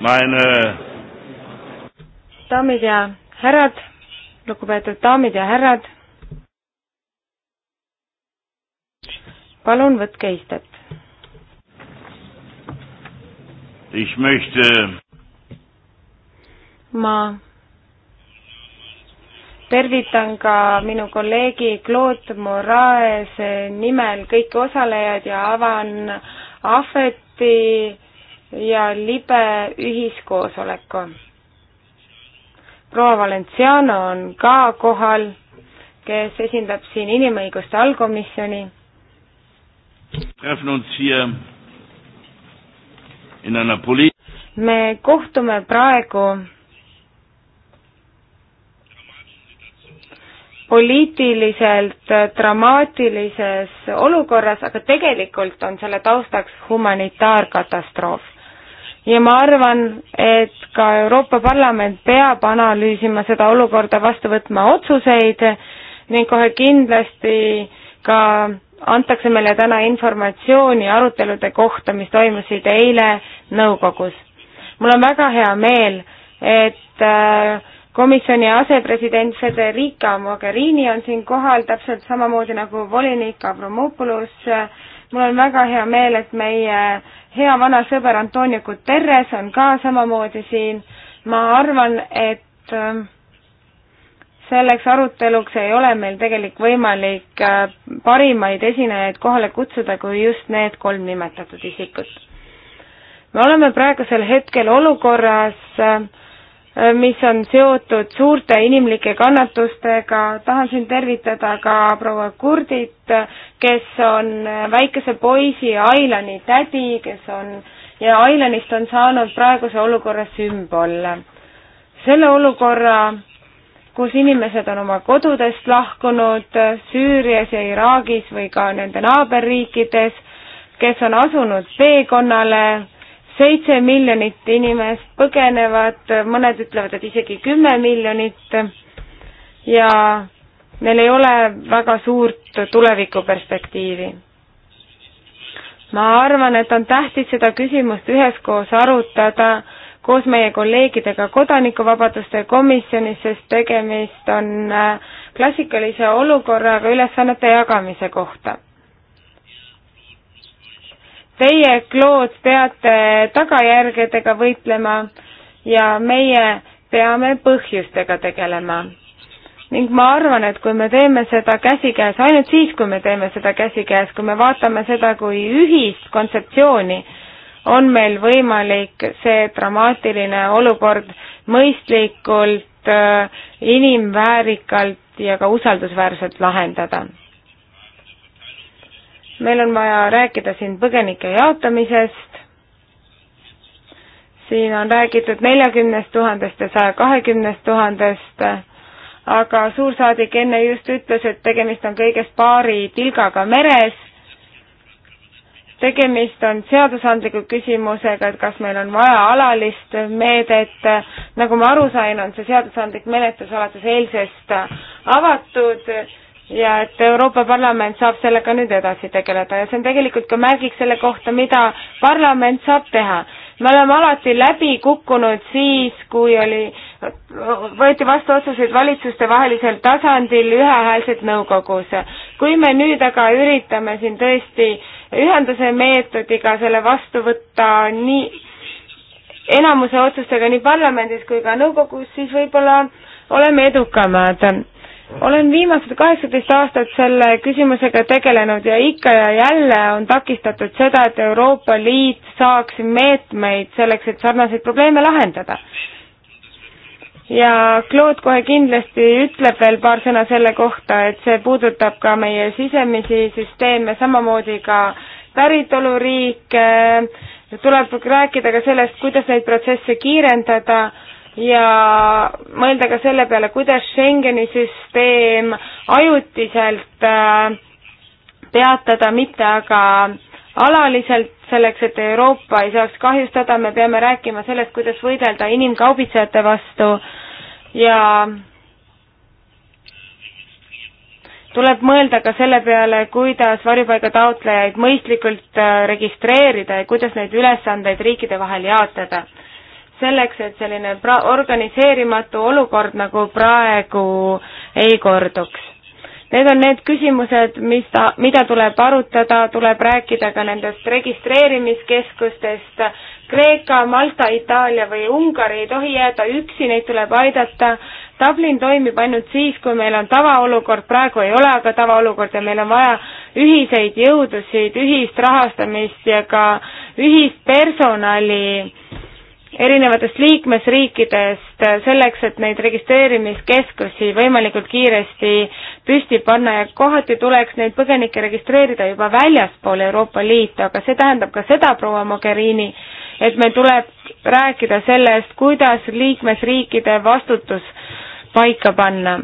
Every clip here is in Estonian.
meine daamid ja härrad, lugupeetud daamid ja härrad. palun võtke istet. Ich möchte ma tervitan ka minu kolleegi Claude Moraese nimel kõiki osalejaid ja avan ahveti ja libe ühiskoosoleku. proua Valenciano on ka kohal, kes esindab siin inimõiguste allkomisjoni. me kohtume praegu poliitiliselt dramaatilises olukorras, aga tegelikult on selle taustaks humanitaarkatastroof ja ma arvan, et ka Euroopa Parlament peab analüüsima seda olukorda, vastu võtma otsuseid ning kohe kindlasti ka antakse meile täna informatsiooni arutelude kohta, mis toimusid eile nõukogus. mul on väga hea meel, et äh, komisjoni asepresident Federica Mogherini on siin kohal, täpselt samamoodi nagu volinik Avramopoulos äh, mul on väga hea meel, et meie hea vana sõber Antonio Guterres on ka samamoodi siin. ma arvan, et ähm, selleks aruteluks ei ole meil tegelik võimalik äh, parimaid esinejaid kohale kutsuda, kui just need kolm nimetatud isikut. me oleme praegusel hetkel olukorras, äh, Äh, mis on seotud suurte inimlike kannatustega. tahan siin tervitada ka proua Kurdit, kes on äh, väikese poisi Ailani tädi, kes on ja Ailanist on saanud praeguse olukorra sümbol. selle olukorra, kus inimesed on oma kodudest lahkunud Süürias ja Iraagis või ka nende naaberriikides, kes on asunud teekonnale seitse miljonit inimest põgenevad, mõned ütlevad, et isegi kümme miljonit ja neil ei ole väga suurt tulevikuperspektiivi. ma arvan, et on tähtis seda küsimust üheskoos arutada koos meie kolleegidega Kodanikuvabaduste komisjonis, sest tegemist on äh, klassikalise olukorraga ülesannete jagamise kohta Teie, Claude, peate tagajärgedega võitlema ja meie peame põhjustega tegelema. ning ma arvan, et kui me teeme seda käsikäes, ainult siis, kui me teeme seda käsikäes, kui me vaatame seda kui ühist kontseptsiooni, on meil võimalik see dramaatiline olukord mõistlikult, äh, inimväärikalt ja ka usaldusväärselt lahendada meil on vaja rääkida siin põgenike jaotamisest, siin on räägitud neljakümnest tuhandest ja saja kahekümnest tuhandest, aga suursaadik enne just ütles, et tegemist on kõigest paari tilgaga meres, tegemist on seadusandliku küsimusega, et kas meil on vaja alalist meedet, nagu ma aru sain, on see seadusandlik menetlus alates eilsest avatud ja et Euroopa Parlament saab sellega nüüd edasi tegeleda ja see on tegelikult ka märgiks selle kohta, mida parlament saab teha. me oleme alati läbi kukkunud siis, kui oli, võeti vastu otsuseid valitsustevahelisel tasandil ühehäälselt nõukogus. kui me nüüd aga üritame siin tõesti ühenduse meetodiga selle vastu võtta nii enamuse otsustega nii parlamendis kui ka nõukogus, siis võib-olla oleme edukamad olen viimased kaheksateist aastat selle küsimusega tegelenud ja ikka ja jälle on takistatud seda, et Euroopa Liit saaks meetmeid selleks, et sarnaseid probleeme lahendada. ja Claude kohe kindlasti ütleb veel paar sõna selle kohta, et see puudutab ka meie sisemisi süsteeme, samamoodi ka päritoluriike, tuleb rääkida ka sellest, kuidas neid protsesse kiirendada ja mõelda ka selle peale, kuidas Schengeni süsteem ajutiselt äh, peatada, mitte aga alaliselt, selleks et Euroopa ei saaks kahjustada, me peame rääkima sellest, kuidas võidelda inimkaubitsejate vastu ja tuleb mõelda ka selle peale, kuidas varjupaiga taotlejaid mõistlikult äh, registreerida ja kuidas neid ülesandeid riikide vahel jaotada selleks, et selline pra-, organiseerimatu olukord nagu praegu ei korduks. Need on need küsimused, mis ta, mida tuleb arutada, tuleb rääkida ka nendest registreerimiskeskustest, Kreeka, Malta, Itaalia või Ungari ei tohi jääda üksi, neid tuleb aidata, Dublin toimib ainult siis, kui meil on tavaolukord, praegu ei ole aga tavaolukord ja meil on vaja ühiseid jõudusid, ühist rahastamist ja ka ühist personali äh, erinevatest liikmesriikidest selleks, et neid registreerimiskeskusi võimalikult kiiresti püsti panna ja kohati tuleks neid põgenikke registreerida juba väljaspool Euroopa Liitu, aga see tähendab ka seda, proua Mogherini, et meil tuleb rääkida sellest, kuidas liikmesriikide vastutus paika panna.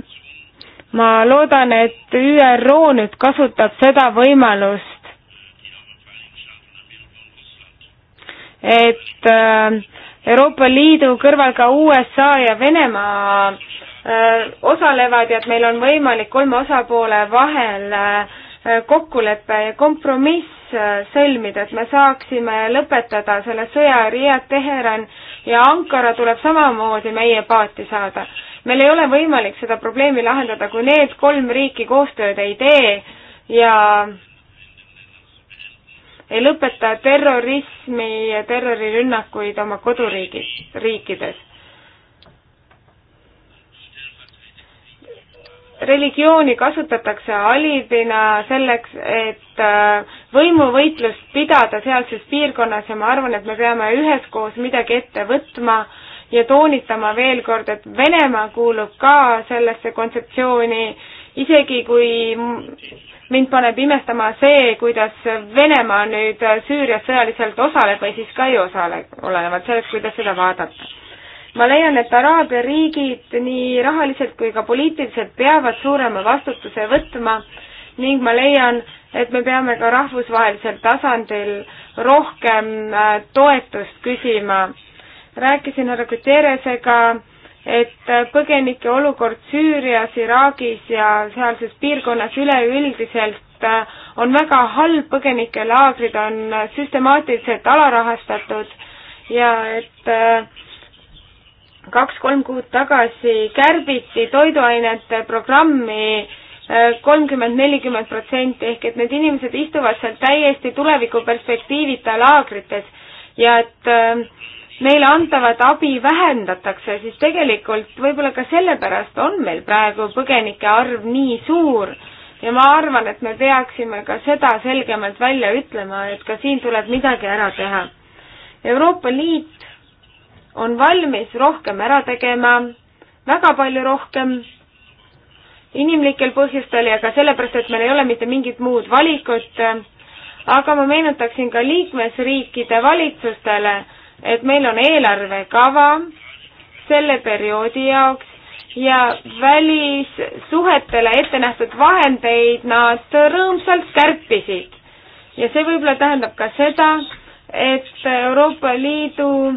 ma loodan, et ÜRO nüüd kasutab seda võimalust, et äh, Euroopa Liidu kõrval ka USA ja Venemaa äh, osalevad ja et meil on võimalik kolme osapoole vahel äh, kokkulepe ja kompromiss äh, sõlmida, et me saaksime lõpetada selle sõja Riiat, Teheran ja Ankara tuleb samamoodi meie paati saada. meil ei ole võimalik seda probleemi lahendada, kui need kolm riiki koostööd ei tee ja ei lõpeta terrorismi ja terrorirünnakuid oma koduriigis, riikides. religiooni kasutatakse alibina selleks, et äh, võimuvõitlust pidada sealses piirkonnas ja ma arvan, et me peame üheskoos midagi ette võtma ja toonitama veel kord, et Venemaa kuulub ka sellesse kontseptsiooni, isegi kui mind paneb imestama see, kuidas Venemaa nüüd Süürias sõjaliselt osaleb või siis ka ei osale, olenevalt sellest, kuidas seda vaadata. ma leian, et Araabia riigid nii rahaliselt kui ka poliitiliselt peavad suurema vastutuse võtma ning ma leian, et me peame ka rahvusvahelisel tasandil rohkem äh, toetust küsima. rääkisin härra Guterresega et põgenike olukord Süürias, Iraagis ja sealses piirkonnas üleüldiselt äh, on väga halb, põgenikelaagrid on süstemaatiliselt alarahastatud ja et äh, kaks-kolm kuud tagasi kärbiti toiduainete programmi äh, kolmkümmend, nelikümmend protsenti, ehk et need inimesed istuvad seal täiesti tulevikuperspektiivita laagrites ja et äh, neile antavat abi vähendatakse, siis tegelikult võib-olla ka sellepärast on meil praegu põgenike arv nii suur ja ma arvan, et me peaksime ka seda selgemalt välja ütlema, et ka siin tuleb midagi ära teha. Euroopa Liit on valmis rohkem ära tegema, väga palju rohkem, inimlikel põhjustel ja ka sellepärast, et meil ei ole mitte mingit muud valikut, aga ma meenutaksin ka liikmesriikide valitsustele, et meil on eelarvekava selle perioodi jaoks ja välissuhetele ette nähtud vahendeid nad rõõmsalt kärpisid. ja see võib-olla tähendab ka seda, et Euroopa Liidu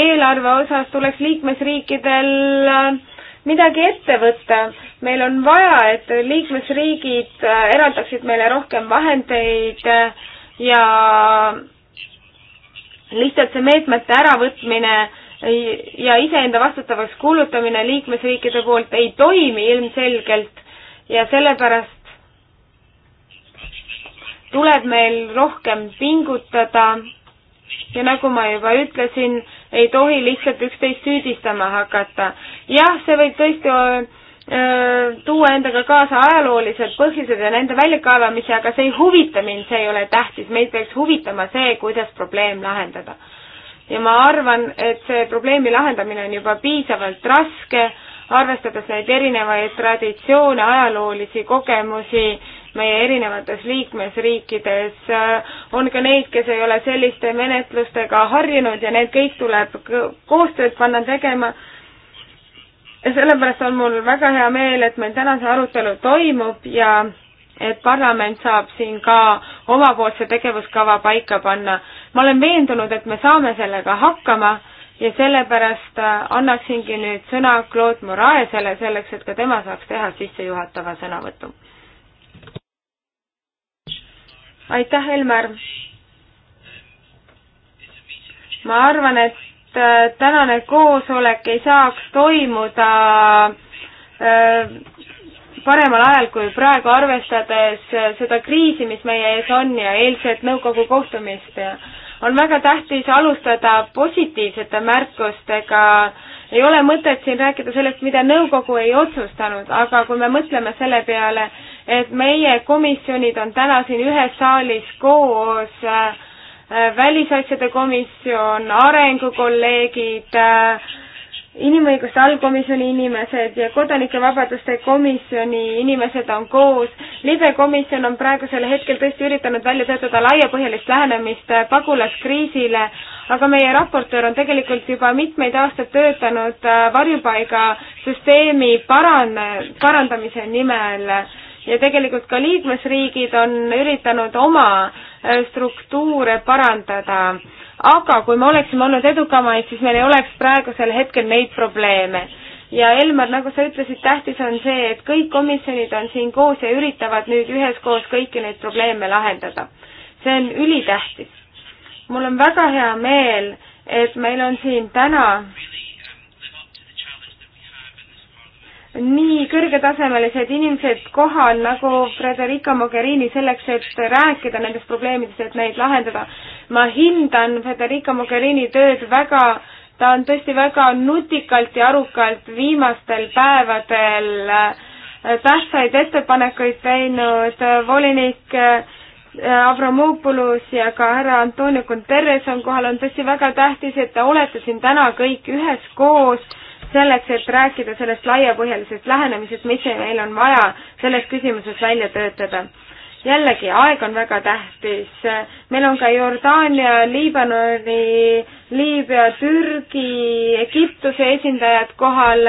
eelarve osas tuleks liikmesriikidel midagi ette võtta. meil on vaja, et liikmesriigid eraldaksid meile rohkem vahendeid ja lihtsalt see meetmete äravõtmine ja iseenda vastutavaks kuulutamine liikmesriikide poolt ei toimi ilmselgelt ja sellepärast tuleb meil rohkem pingutada ja nagu ma juba ütlesin, ei tohi lihtsalt üksteist süüdistama hakata. jah, see võib tõesti Äh, tuua endaga kaasa ajaloolised põhjused ja nende väljakaevamise, aga see ei huvita mind, see ei ole tähtis, meid peaks huvitama see, kuidas probleem lahendada. ja ma arvan, et see probleemi lahendamine on juba piisavalt raske, arvestades neid erinevaid traditsioone, ajaloolisi kogemusi, meie erinevates liikmesriikides äh, on ka neid, kes ei ole selliste menetlustega harjunud ja need kõik tuleb koostööd panna tegema sellepärast on mul väga hea meel, et meil täna see arutelu toimub ja et parlament saab siin ka omapoolse tegevuskava paika panna. ma olen veendunud, et me saame sellega hakkama ja sellepärast äh, annaksingi nüüd sõna Claude Moraesele, selleks et ka tema saaks teha sissejuhatava sõnavõtu. aitäh, Elmar! ma arvan, et Äh, tänane koosolek ei saaks toimuda äh, paremal ajal kui praegu, arvestades äh, seda kriisi, mis meie ees on ja eilset nõukogu kohtumist. on väga tähtis alustada positiivsete märkustega, ei ole mõtet siin rääkida sellest, mida nõukogu ei otsustanud, aga kui me mõtleme selle peale, et meie komisjonid on täna siin ühes saalis koos äh, Äh, välisasjade komisjon, arengukolleegid, äh, inimõiguste allkomisjoni inimesed ja kodanike vabaduste komisjoni inimesed on koos. libe komisjon on praegusel hetkel tõesti üritanud välja töötada laiapõhjalist lähenemist äh, pagulaskriisile, aga meie raportöör on tegelikult juba mitmeid aastaid töötanud varjupaigasüsteemi paran-, parandamise nimel ja tegelikult ka liikmesriigid on üritanud oma äh, struktuure parandada. aga kui me oleksime olnud edukamaid, siis meil ei oleks praegusel hetkel neid probleeme. ja Elmar, nagu sa ütlesid, tähtis on see, et kõik komisjonid on siin koos ja üritavad nüüd üheskoos kõiki neid probleeme lahendada. see on ülitähtis. mul on väga hea meel, et meil on siin täna nii kõrgetasemelised inimesed kohal nagu Frederica Mogherini selleks, et rääkida nendest probleemidest, et neid lahendada. ma hindan Frederica Mogherini tööd väga, ta on tõesti väga nutikalt ja arukalt viimastel päevadel äh, tähtsaid ettepanekuid teinud, äh, volinik äh, Avramopoulos ja ka härra Antonio Guterres on kohal, on tõesti väga tähtis, et te olete siin täna kõik üheskoos selleks, et rääkida sellest laiapõhjalisest lähenemisest, mis meil on vaja selles küsimuses välja töötada. jällegi, aeg on väga tähtis. meil on ka Jordaania, Liibanoni, Liibüa, Türgi, Egiptuse esindajad kohal.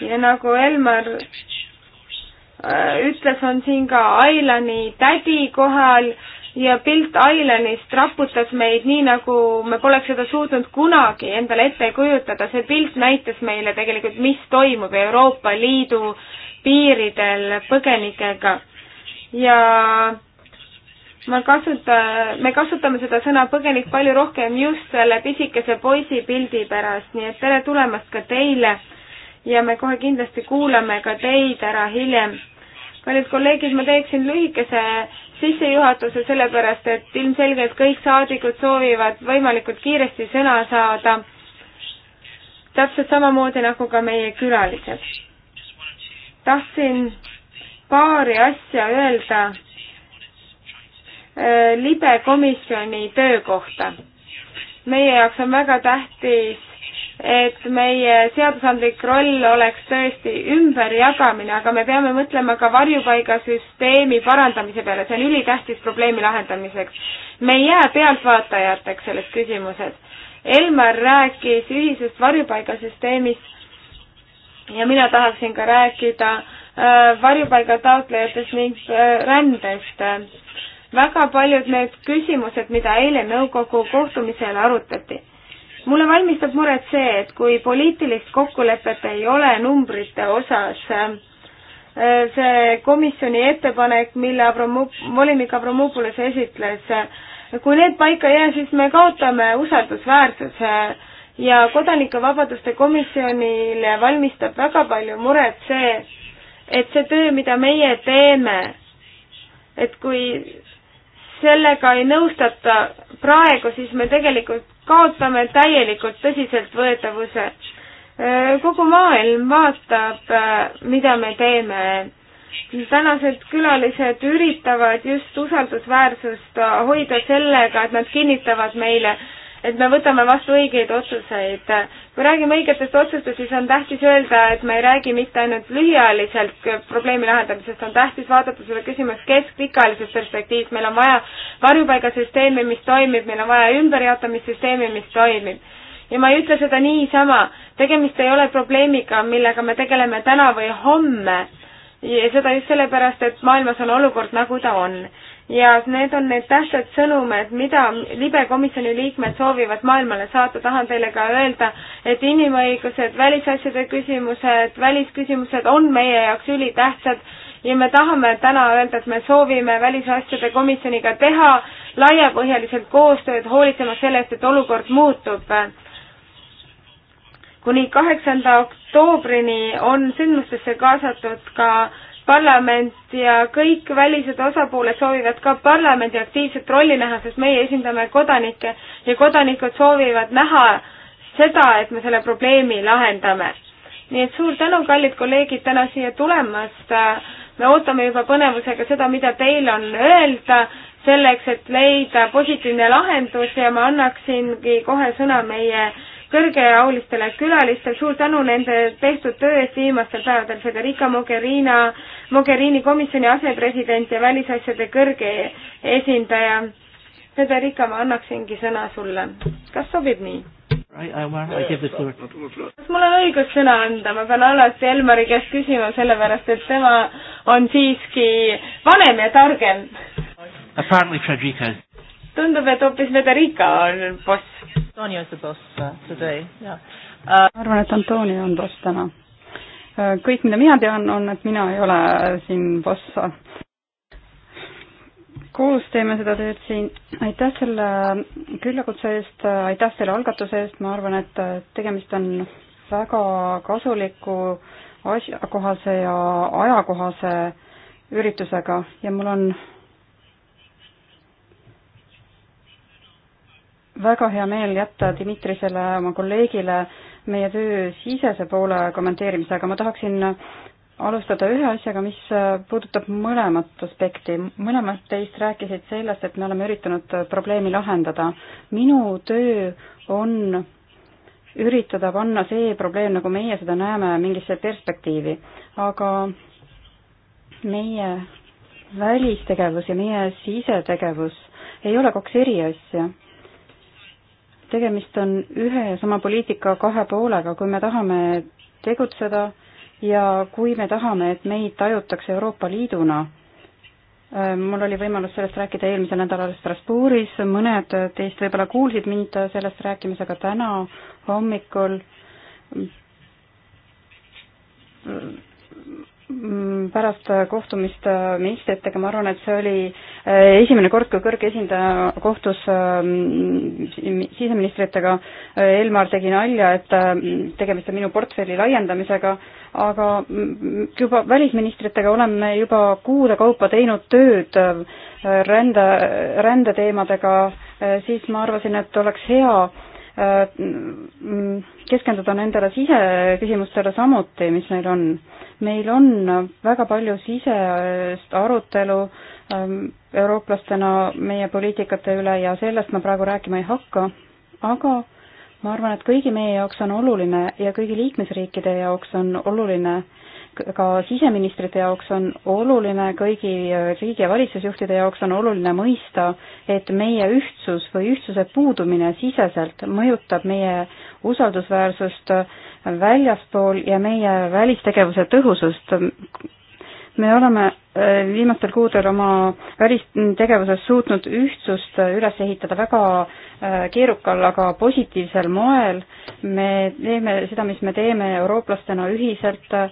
ja nagu Elmar äh, ütles, on siin ka Ailani tädi kohal ja pilt Islandist raputas meid nii, nagu me poleks seda suutnud kunagi endale ette kujutada, see pilt näitas meile tegelikult, mis toimub Euroopa Liidu piiridel põgenikega ja ma kasutan, me kasutame seda sõna põgenik palju rohkem just selle pisikese poisi pildi pärast, nii et tere tulemast ka teile ja me kohe kindlasti kuulame ka teid ära hiljem. kallid kolleegid, ma teeksin lühikese sissejuhatuse, sellepärast et ilmselgelt kõik saadikud soovivad võimalikult kiiresti sõna saada, täpselt samamoodi nagu ka meie külalised. tahtsin paari asja öelda äh, libe komisjoni töö kohta. meie jaoks on väga tähtis et meie seadusandlik roll oleks tõesti ümberjagamine, aga me peame mõtlema ka varjupaigasüsteemi parandamise peale, see on ülitähtis probleemi lahendamiseks. me ei jää pealtvaatajateks selles küsimuses. Elmar rääkis ühisest varjupaigasüsteemist ja mina tahaksin ka rääkida äh, varjupaiga taotlejatest ning äh, rändest. väga paljud need küsimused, mida eile nõukogu kohtumisel arutati mulle valmistab muret see, et kui poliitilist kokkulepet ei ole numbrite osas, äh, see komisjoni ettepanek, mille Abramu-, volinik Abramopoulos esitles, äh, kui need paika ei jää, siis me kaotame usaldusväärsuse ja kodanikuvabaduste komisjonile valmistab väga palju muret see, et see töö, mida meie teeme, et kui sellega ei nõustata praegu, siis me tegelikult kaotame täielikult tõsiseltvõetavuse. Äh, kogu maailm vaatab, äh, mida me teeme. tänased külalised üritavad just usaldusväärsust hoida sellega, et nad kinnitavad meile, et me võtame vastu õigeid otsuseid. kui räägime õigetest otsustest, siis on tähtis öelda, et me ei räägi mitte ainult lühiajaliselt probleemi lahendamisest, on tähtis vaadata seda küsimust keskpikaajalises perspektiivis, meil on vaja varjupaigasüsteemi, mis toimib, meil on vaja ümberjaotamissüsteemi, mis toimib ja ma ei ütle seda niisama, tegemist ei ole probleemiga, millega me tegeleme täna või homme ja seda just sellepärast, et maailmas on olukord, nagu ta on ja need on need tähtsad sõnumid, mida libe komisjoni liikmed soovivad maailmale saata, tahan teile ka öelda, et inimõigused, välisasjade küsimused, välisküsimused on meie jaoks ülitähtsad ja me tahame täna öelda, et me soovime välisasjade komisjoniga teha laiapõhjaliselt koostööd, hoolitsemaks selle eest, et olukord muutub kuni kaheksanda oktoobrini on sündmustesse kaasatud ka parlament ja kõik välised osapooled soovivad ka parlamendi aktiivset rolli näha, sest meie esindame kodanikke ja kodanikud soovivad näha seda, et me selle probleemi lahendame. nii et suur tänu, kallid kolleegid, täna siia tulemast. me ootame juba põnevusega seda, mida teil on öelda selleks, et leida positiivne lahendus ja ma annaksingi kohe sõna meie kõrgeaulistele külalistele, suur tänu nende tehtud töö eest viimastel päevadel, Federica Mogherina, Mogherini komisjoni asepresident ja välisasjade kõrge esindaja. Federica, ma annaksingi sõna sulle. kas sobib nii? kas mul on õigus sõna anda, ma pean alati Elmari käest küsima, sellepärast et tema on siiski vanem ja targem. Apparently Frederica is tundub, et hoopis Federica on boss. Antonio is the boss uh, today, jah. arvan, et Antonio on boss täna. Äh, kõik, mida mina tean, on, et mina ei ole siin boss. koos teeme seda tööd siin. aitäh selle küllakutse eest, aitäh selle algatuse eest, ma arvan, et äh, tegemist on väga kasuliku asjakohase ja ajakohase üritusega ja mul on väga hea meel jätta Dimitrisele, oma kolleegile, meie töö sisese poole kommenteerimise, aga ma tahaksin alustada ühe asjaga, mis puudutab mõlemat aspekti. mõlemad teist rääkisid sellest, et me oleme üritanud probleemi lahendada. minu töö on üritada panna see probleem, nagu meie seda näeme, mingisse perspektiivi. aga meie välistegevus ja meie sisetegevus ei ole kaks eri asja tegemist on ühe ja sama poliitika kahe poolega, kui me tahame tegutseda ja kui me tahame, et meid tajutakse Euroopa Liiduna, äh, mul oli võimalus sellest rääkida eelmisel nädalal Strasbourgis, mõned teist võib-olla kuulsid mind sellest rääkimas, aga täna hommikul Mm, pärast äh, kohtumist äh, ministritega, ma arvan, et see oli äh, esimene kord, kui kõrge esindaja kohtus ähm, siseministritega. Elmar tegi nalja, et tegemist on minu portfelli laiendamisega, aga juba välisministritega oleme juba kuude kaupa teinud tööd rände, rändeteemadega, siis ma arvasin, et oleks hea keskenduda nendele siseküsimustele samuti, mis meil on meil on väga palju sisest arutelu ähm, eurooplastena meie poliitikate üle ja sellest ma praegu rääkima ei hakka, aga ma arvan, et kõigi meie jaoks on oluline ja kõigi liikmesriikide jaoks on oluline, ka siseministrite jaoks on oluline, kõigi äh, riigi ja valitsusjuhtide jaoks on oluline mõista, et meie ühtsus või ühtsuse puudumine siseselt mõjutab meie usaldusväärsust väljaspool ja meie välistegevuse tõhusust. me oleme äh, viimastel kuudel oma välistegevuses suutnud ühtsust üles ehitada väga äh, keerukal, aga positiivsel moel. me teeme seda, mis me teeme eurooplastena ühiselt äh,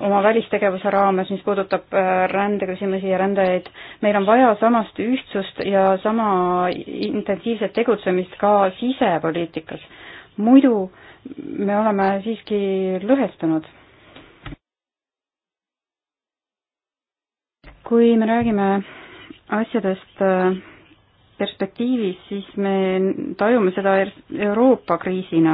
oma välistegevuse raames, mis puudutab rändeküsimusi ja rändajaid. meil on vaja samast ühtsust ja sama intensiivset tegutsemist ka sisepoliitikas. muidu äh, me oleme siiski lõhestunud. kui me räägime asjadest äh, perspektiivis, siis me tajume seda er-, Euroopa kriisina.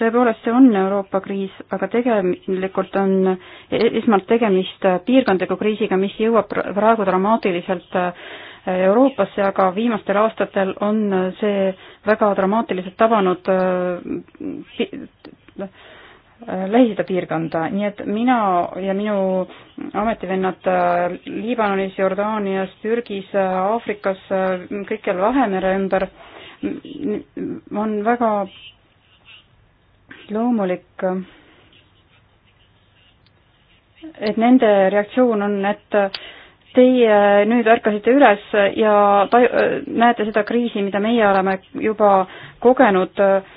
tõepoolest, see on Euroopa kriis, aga tegelikult on e-, esmalt tegemist piirkondliku kriisiga, mis jõuab praegu dramaatiliselt äh, Euroopasse, aga viimastel aastatel on see väga dramaatiliselt tabanud äh, Lähis-Ida piirkonda, nii et mina ja minu ametivennad äh, Liibanonis, Jordaanias, Türgis, äh, Aafrikas, kõikjal Vahemere ümber on väga loomulik, et nende reaktsioon on, et teie äh, nüüd ärkasite üles ja taju-, äh, näete seda kriisi, mida meie oleme juba kogenud äh,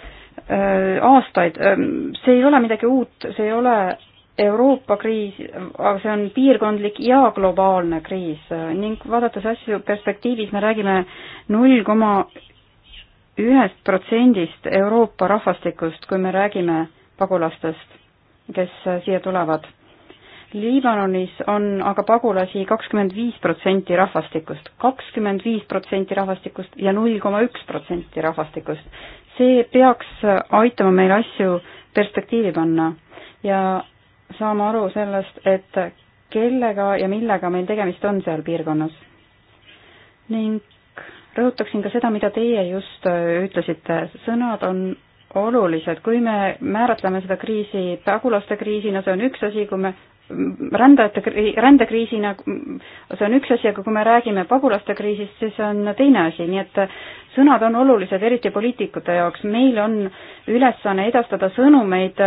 aastaid, ähm, see ei ole midagi uut, see ei ole Euroopa kriis, aga see on piirkondlik ja globaalne kriis ning vaadates asju perspektiivis, me räägime null koma ühest protsendist Euroopa rahvastikust, kui me räägime pagulastest, kes siia tulevad Liibanonis on aga pagulasi kakskümmend viis protsenti rahvastikust, kakskümmend viis protsenti rahvastikust ja null koma üks protsenti rahvastikust. see peaks aitama meil asju perspektiivi panna ja saama aru sellest, et kellega ja millega meil tegemist on seal piirkonnas. ning rõhutaksin ka seda, mida teie just ütlesite, sõnad on olulised, kui me määratleme seda kriisi pagulaste kriisina, see on üks asi, kui me rändajate, rändekriisina, see on üks asi, aga kui me räägime pagulaste kriisist, siis see on teine asi, nii et sõnad on olulised, eriti poliitikute jaoks. meil on ülesanne edastada sõnumeid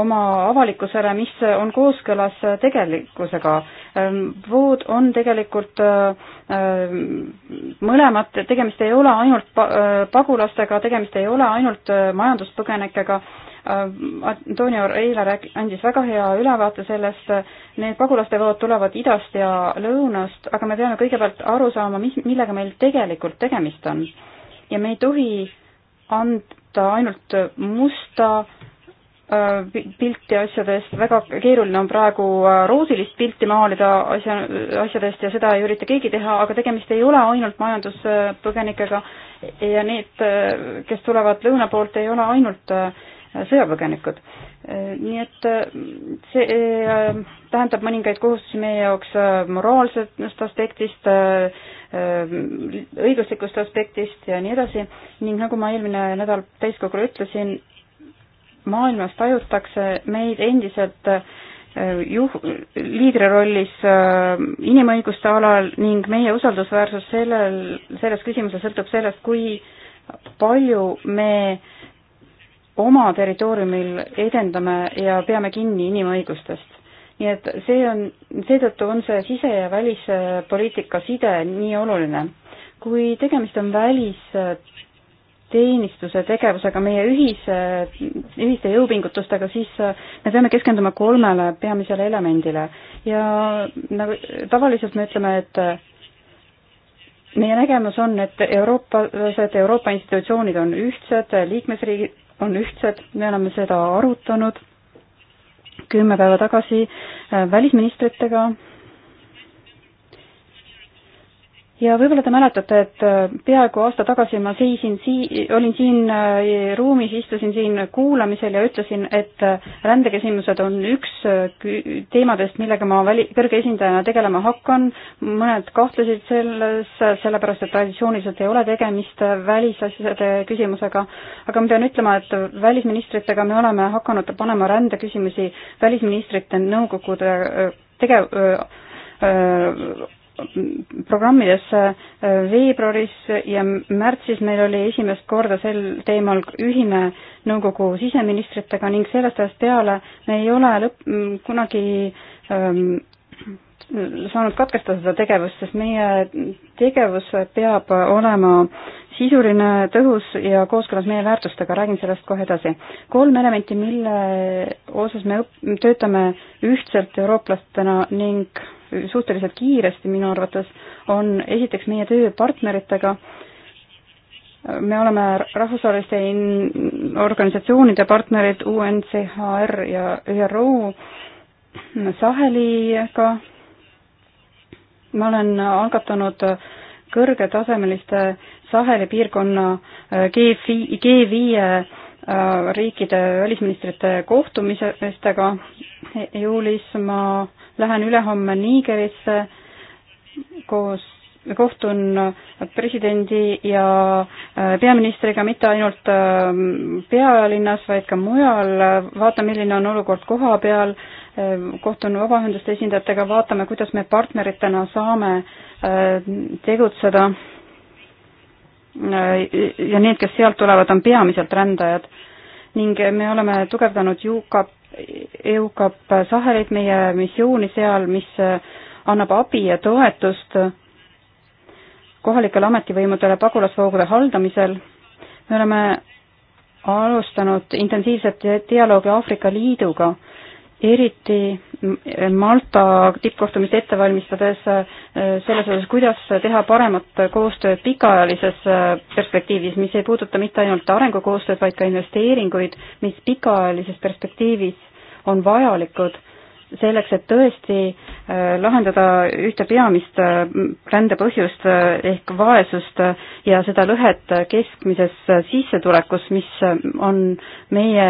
oma avalikkusele, mis on kooskõlas tegelikkusega. Ähm, vood on tegelikult ähm, mõlemad, tegemist ei ole ainult äh, pagulastega, tegemist ei ole ainult äh, majanduspõgenikega Äh, Antonio Reila rääk-, andis väga hea ülevaate sellest, need pagulaste vood tulevad idast ja lõunast, aga me peame kõigepealt aru saama, mis, millega meil tegelikult tegemist on. ja me ei tohi anda ainult musta äh, pilti asjadest, väga keeruline on praegu äh, roosilist pilti maalida asja, asjadest ja seda ei ürita keegi teha, aga tegemist ei ole ainult majanduspõgenikega ja need, kes tulevad lõuna poolt, ei ole ainult äh, sõjapõgenikud. nii et äh, see äh, tähendab mõningaid kohustusi meie jaoks äh, moraalsest aspektist, õiguslikust aspektist ja nii edasi ning nagu ma eelmine nädal täiskogule ütlesin, maailmas tajutakse meid endiselt juh-, liidri rollis inimõiguste alal ning meie usaldusväärsus sellel, selles küsimuses sõltub sellest, kui palju me äh, oma territooriumil edendame ja peame kinni inimõigustest. nii et see on, seetõttu on see sise- ja välispoliitika side nii oluline. kui tegemist on välisteenistuse tegevusega, meie ühise, ühiste jõupingutustega, siis me peame keskenduma kolmele peamisele elemendile ja nagu tavaliselt me ütleme, et meie nägemus on, et eurooplased, Euroopa institutsioonid on ühtsed, liikmesriigid on ühtsed, me oleme seda arutanud kümme päeva tagasi äh, välisministritega ja võib-olla te mäletate, et äh, peaaegu aasta tagasi ma seisin sii-, olin siin äh, ruumis, istusin siin kuulamisel ja ütlesin, et äh, rändeküsimused on üks teemadest, millega ma väli-, kõrge esindajana tegelema hakkan, mõned kahtlesid selles, sellepärast et traditsiooniliselt ei ole tegemist välisasjade küsimusega, aga ma pean ütlema, et välisministritega me oleme hakanud panema rändeküsimusi välisministrite nõukogude tegev-, programmidesse äh, veebruaris ja märtsis meil oli esimest korda sel teemal ühine nõukogu siseministritega ning sellest ajast peale me ei ole lõpp, kunagi ähm, saanud katkestada seda tegevust, sest meie tegevus peab olema sisuline, tõhus ja kooskõlas meie väärtustega, räägin sellest kohe edasi. kolm elementi, mille osas me õp-, töötame ühtselt eurooplastena ning suhteliselt kiiresti minu arvates, on esiteks meie töö partneritega, me oleme rahvusvaheliste organisatsioonide partnerid UNCHR ja ÜRO Saheliga. ma olen algatanud kõrgetasemeliste Saheli piirkonna äh, G5 äh, riikide välisministrite kohtumistega juulis ma lähen ülehomme Nigerisse koos kohtun presidendi ja äh, peaministriga mitte ainult ähm, pealinnas, vaid ka mujal, vaatan, milline on olukord koha peal, äh, kohtun vabaühenduste esindajatega, vaatame, kuidas me partneritena saame äh, tegutseda. ja need, kes sealt tulevad, on peamiselt rändajad ning me oleme tugevdanud UKAP EUCAP Sahelit, meie missiooni seal, mis äh, annab abi ja toetust äh, kohalikele ametivõimudele pagulasvoogude haldamisel. me oleme alustanud intensiivset dialoogi Aafrika Liiduga eriti Malta tippkohtumist ette valmistades äh, selles osas, kuidas teha paremat koostööd pikaajalises äh, perspektiivis, mis ei puuduta mitte ainult arengukoostööd, vaid ka investeeringuid, mis pikaajalises perspektiivis on vajalikud selleks, et tõesti äh, lahendada ühte peamist rände põhjust ehk vaesust ja seda lõhet keskmises sissetulekus, mis on meie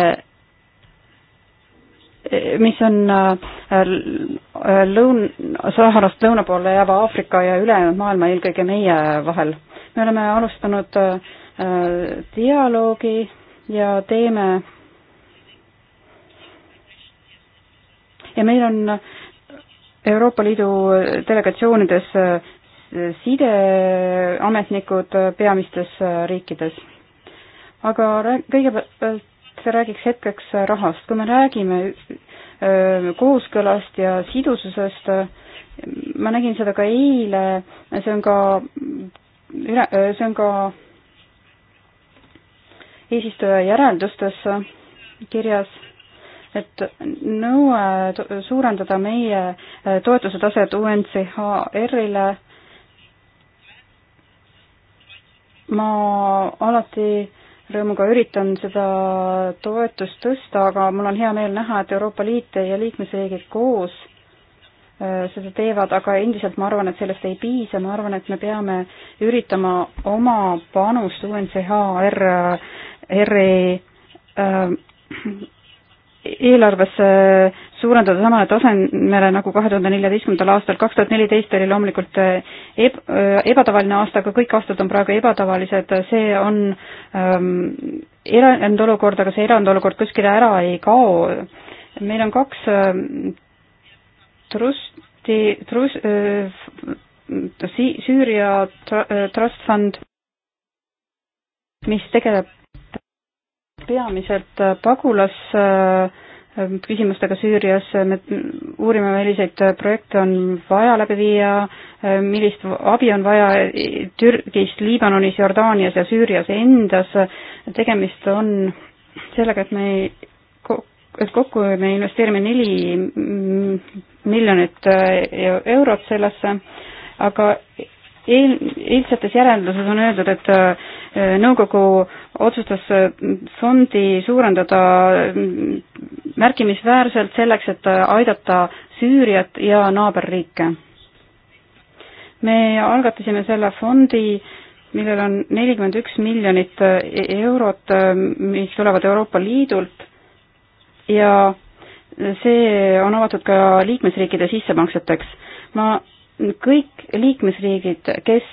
mis on äh, äh, lõun-, Saharast lõuna poole jääva Aafrika ja ülejäänud maailma, eelkõige meie vahel. me oleme alustanud äh, dialoogi ja teeme ja meil on Euroopa Liidu delegatsioonides sideametnikud peamistes riikides. aga kõigepealt räägiks hetkeks rahast. kui me räägime kooskõlast ja sidususest, ma nägin seda ka eile, see on ka, see on ka eesistuja järeldustes kirjas, et nõue suurendada meie toetuse taset UNCHR-ile ma alati rõõmuga üritan seda toetust tõsta, aga mul on hea meel näha, et Euroopa Liit ja liikmesriigid koos äh, seda teevad, aga endiselt ma arvan, et sellest ei piisa, ma arvan, et me peame üritama oma panust UNCHR, R-i äh, e, äh eelarvesse suurendada samale tasemele nagu kahe tuhande neljateistkümnendal aastal. kaks tuhat neliteist oli loomulikult eh, eb-, eh, ebatavaline aasta, aga kõik aastad on praegu ebatavalised, see on ähm, erandolukord, aga see erandolukord kuskile ära ei kao. meil on kaks ähm, trusti, trus- äh,, si-, Süüria tra- äh,, trust fund, mis tegeleb peamiselt pagulas äh, Ehm, küsimustega Süürias, me ehm, uurime, milliseid äh, projekte on vaja läbi viia, ehm, millist abi on vaja e-, Türgis, Liibanonis, Jordaanias ja Süürias endas, tegemist on sellega, et me et kokku me investeerime neli miljonit äh, e-, eurot sellesse, aga eel, eilsetes järelduses on öeldud, et äh, nõukogu otsustas äh, fondi suurendada mm, märkimisväärselt selleks, et äh, aidata Süüriat ja naaberriike. me algatasime selle fondi millel on nelikümmend üks miljonit e-, eurot, mis tulevad Euroopa Liidult ja see on avatud ka liikmesriikide sissemakseteks. ma kõik liikmesriigid, kes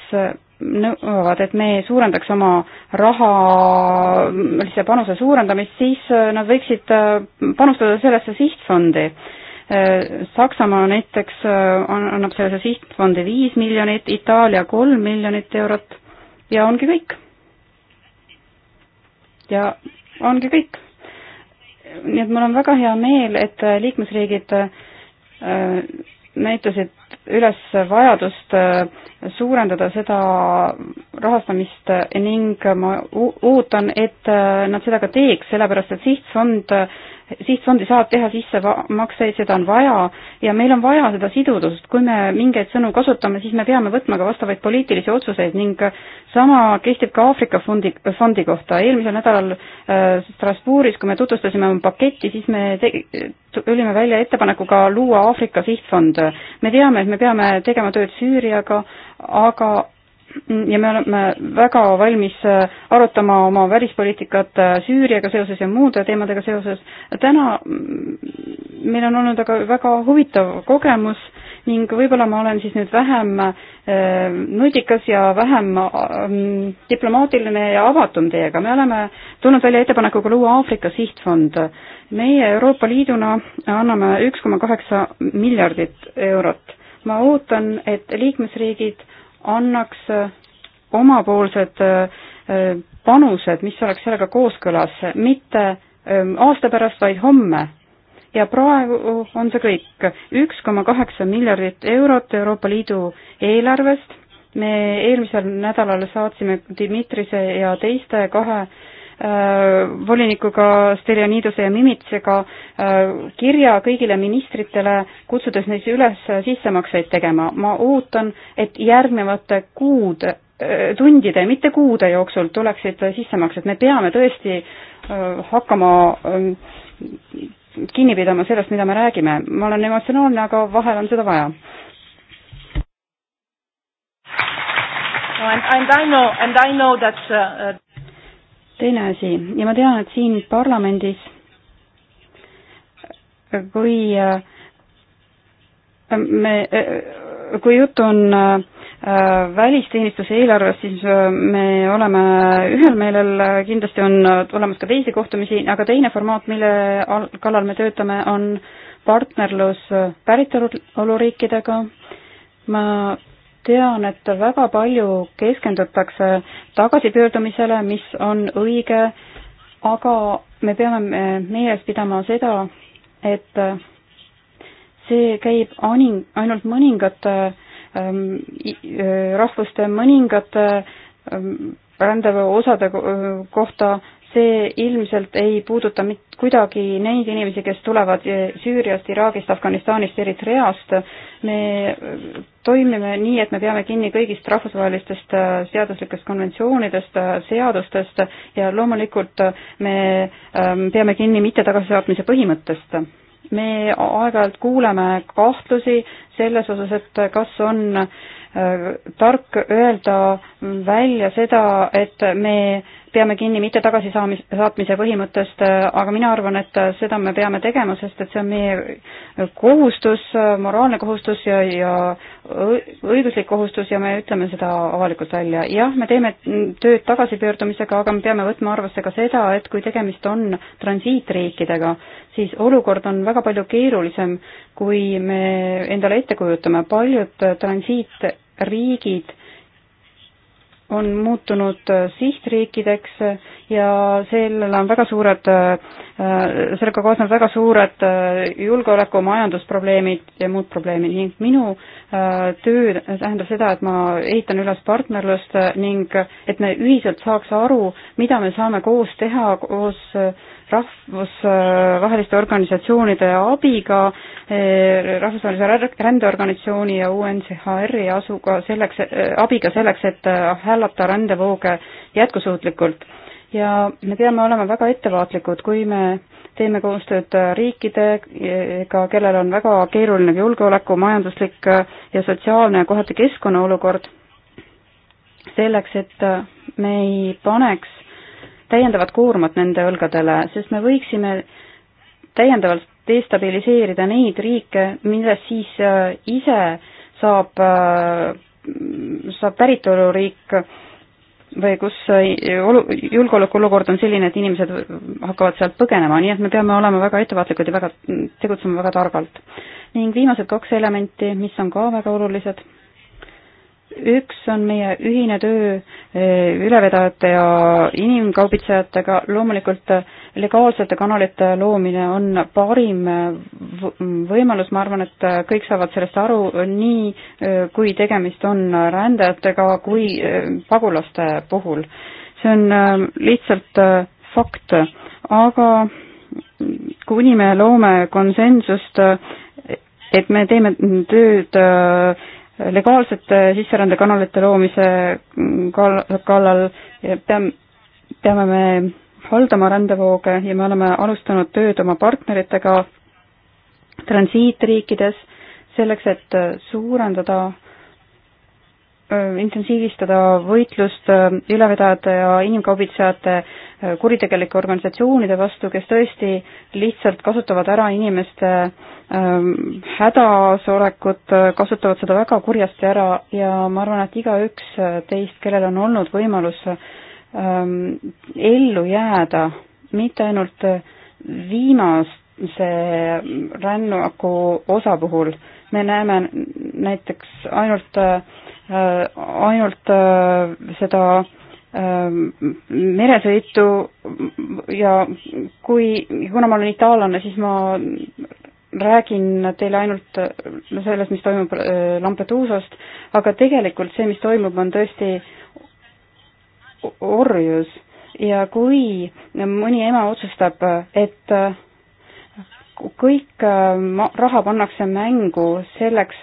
nõuavad, et me suurendaks oma rahalise panuse suurendamist, siis nad võiksid panustada sellesse sihtfondi. Saksamaa näiteks annab sellesse sihtfondi viis miljonit, Itaalia kolm miljonit eurot ja ongi kõik. ja ongi kõik. nii et mul on väga hea meel, et liikmesriigid äh, näitasid üles vajadust äh, suurendada seda rahastamist ning ma ootan, et äh, nad seda ka teeks, sellepärast et sihtfond äh, sihtfondi saab teha sissemakseid, seda on vaja ja meil on vaja seda sidudust, kui me mingeid sõnu kasutame, siis me peame võtma ka vastavaid poliitilisi otsuseid ning sama kehtib ka Aafrika fondi, fondi kohta. eelmisel nädalal äh, Strasbourgis, kui me tutvustasime oma paketti, siis me tulime välja ettepanekuga luua Aafrika sihtfond. me teame, et me peame tegema tööd Süüriaga, aga ja me oleme väga valmis äh, arutama oma välispoliitikat äh, Süüriaga seoses ja muude teemadega seoses. täna mm, meil on olnud aga väga huvitav kogemus ning võib-olla ma olen siis nüüd vähem äh, nutikas ja vähem diplomaatiline ja avatum teiega. me oleme tulnud välja ettepanekuga luua Aafrika sihtfond. meie Euroopa Liiduna anname üks koma kaheksa miljardit eurot. ma ootan, et liikmesriigid annaks äh, omapoolsed äh, äh, panused, mis oleks sellega kooskõlas, mitte ähm, aasta pärast, vaid homme. ja praegu on see kõik üks koma kaheksa miljardit eurot Euroopa Liidu eelarvest. me eelmisel nädalal saatsime Dmitrise ja teiste kahe äh, Äh, volinikuga Steljaniduse ja Mimitsega äh, kirja kõigile ministritele, kutsudes neid üles sissemakseid tegema. ma ootan, et järgnevate kuude, äh, tundide, mitte kuude jooksul tuleksid sissemaksed, me peame tõesti hakkama kinni pidama sellest, mida me räägime. ma olen emotsionaalne, aga vahel on seda vaja no, and, and I know, and I know that uh, teine asi ja ma tean, et siin parlamendis kui äh, me, äh, kui juttu on äh, välisteenistuse eelarvest, siis me oleme ühel meelel, kindlasti on olemas ka teisi kohtumisi, aga teine formaat, mille kallal me töötame, on partnerlus päritoluriikidega. ma tean, et väga palju keskendutakse tagasipöördumisele, mis on õige, aga me peame meeles pidama seda, et see käib aning-, ainult mõningate ähm, äh, rahvuste mõningate ähm, rändeväe osade kohta see ilmselt ei puuduta mitte kuidagi neid inimesi, kes tulevad Süüriast, Iraagist, Afganistanist, Eritreast. me toimime nii, et me peame kinni kõigist rahvusvahelistest äh, seaduslikest konventsioonidest, äh, seadustest ja loomulikult äh, me ähm, peame kinni mitte tagasisaatmise põhimõttest me aeg-ajalt kuuleme kahtlusi selles osas, et kas on äh, tark öelda välja seda, et me peame kinni mitte tagasisaamis-, saatmise põhimõttest, aga mina arvan, et seda me peame tegema, sest et see on meie kohustus, moraalne kohustus ja, ja õiguslik kohustus ja me ütleme seda avalikult välja. jah, me teeme tööd tagasipöördumisega, aga me peame võtma arvesse ka seda, et kui tegemist on transiitriikidega, siis olukord on väga palju keerulisem, kui me endale ette kujutame. paljud transiitriigid on muutunud äh, sihtriikideks äh, ja sellel on väga suured, äh, sellega kaasnevad väga suured julgeoleku, majandusprobleemid ja muud probleemid ning minu töö tähendab seda, et ma ehitan üles partnerlust ning et me ühiselt saaks aru, mida me saame koos teha, koos rahvusvaheliste organisatsioonide abiga, eh, rahvusvahelise rändeorganisatsiooni ja UNCHR-i asuga selleks, eh, abiga selleks, et hallata eh, rändevooge jätkusuutlikult. ja me peame olema väga ettevaatlikud, kui me teeme koostööd riikidega, kellel on väga keeruline julgeoleku, majanduslik ja sotsiaalne ja kohati keskkonnaolukord, selleks, et me ei paneks täiendavat koormat nende õlgadele, sest me võiksime täiendavalt destabiliseerida neid riike, millest siis äh, ise saab, äh, saab päritoluriik või kus äh, olu-, julgeolekuolukord on selline, et inimesed hakkavad sealt põgenema, nii et me peame olema väga ettevaatlikud ja väga, tegutsema väga targalt. ning viimased kaks elementi, mis on ka väga olulised üks on meie ühine töö eh, ülevedajate ja inimkaubitsejatega, loomulikult eh, legaalsete kanalite loomine on parim eh, võimalus, ma arvan, et kõik saavad sellest aru, nii kui tegemist on rändajatega kui pagulaste puhul. see on lihtsalt fakt, aga kuni me loome konsensust, et me teeme tööd äh, legaalsete sisserändekanalite loomise kallal peame, peame me haldama rändevooge ja me oleme alustanud tööd oma partneritega transiitriikides selleks, et suurendada, intensiivistada võitlust ülevedajate ja inimkaubitsejate kuritegelike organisatsioonide vastu, kes tõesti lihtsalt kasutavad ära inimeste Ähm, hädas olekut, äh, kasutavad seda väga kurjasti ära ja ma arvan, et igaüks teist, kellel on olnud võimalus ähm, ellu jääda, mitte ainult äh, viimase rännaku osa puhul, me näeme näiteks ainult, äh, ainult seda ähm, meresõitu ja kui, kuna ma olen itaallane, siis ma räägin teile ainult sellest, mis toimub äh, Lampeduusast, aga tegelikult see, mis toimub, on tõesti orjus ja kui mõni ema otsustab, et äh, kõik äh, raha pannakse mängu selleks,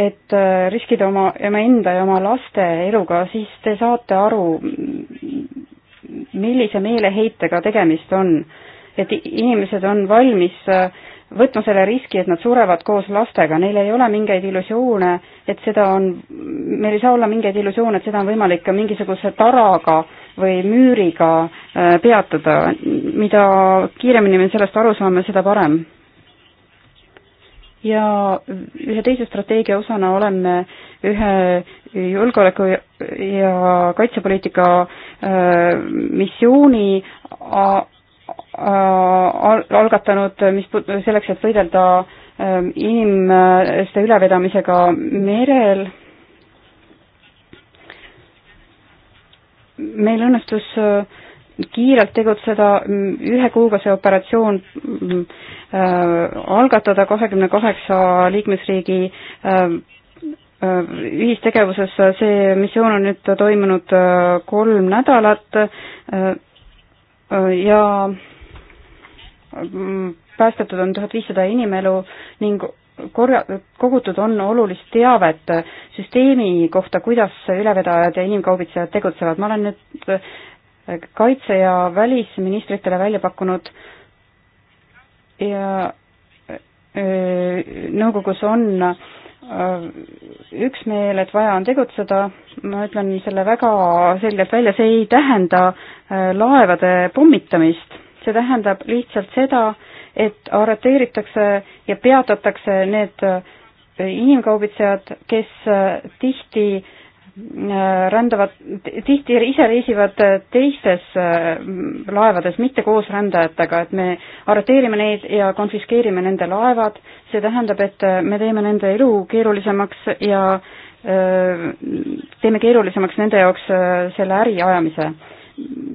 et riskida oma, omaenda ja oma laste eluga, siis te saate aru, millise meeleheitega tegemist on et inimesed on valmis äh, võtma selle riski, et nad surevad koos lastega, neil ei ole mingeid illusioone, et seda on, meil ei saa olla mingeid illusioone, et seda on võimalik ka mingisuguse taraga või müüriga äh, peatada. mida kiiremini me sellest aru saame, seda parem. ja ühe teise strateegia osana oleme ühe julgeoleku ja kaitsepoliitika äh, missiooni Äh, algatanud, mis selleks, et võidelda ähm, inimeste ülevedamisega merel. meil õnnestus äh, kiirelt tegutseda, ühe kuuga see operatsioon mm, äh, algatada kahekümne kaheksa liikmesriigi ühistegevuses, see missioon on nüüd toimunud kolm nädalat ja Mm, päästetud on tuhat viissada inimelu ning korja-, kogutud on olulist teavet süsteemi kohta, kuidas ülevedajad ja inimkaubitsejad tegutsevad. ma olen nüüd äh, kaitse- ja välisministritele välja pakkunud ja äh, nõukogus on äh, üksmeel, et vaja on tegutseda, ma ütlen selle väga selgelt välja, see ei tähenda laevade pommitamist, see tähendab lihtsalt seda, et arreteeritakse ja peatatakse need äh, inimkaubitsejad, kes äh, tihti äh, rändavad, tihti ise reisivad teistes laevades, mitte koos rändajatega, et me arreteerime neid ja konfiskeerime nende laevad, see tähendab, et me teeme nende elu keerulisemaks ja teeme keerulisemaks nende jaoks selle äri ajamise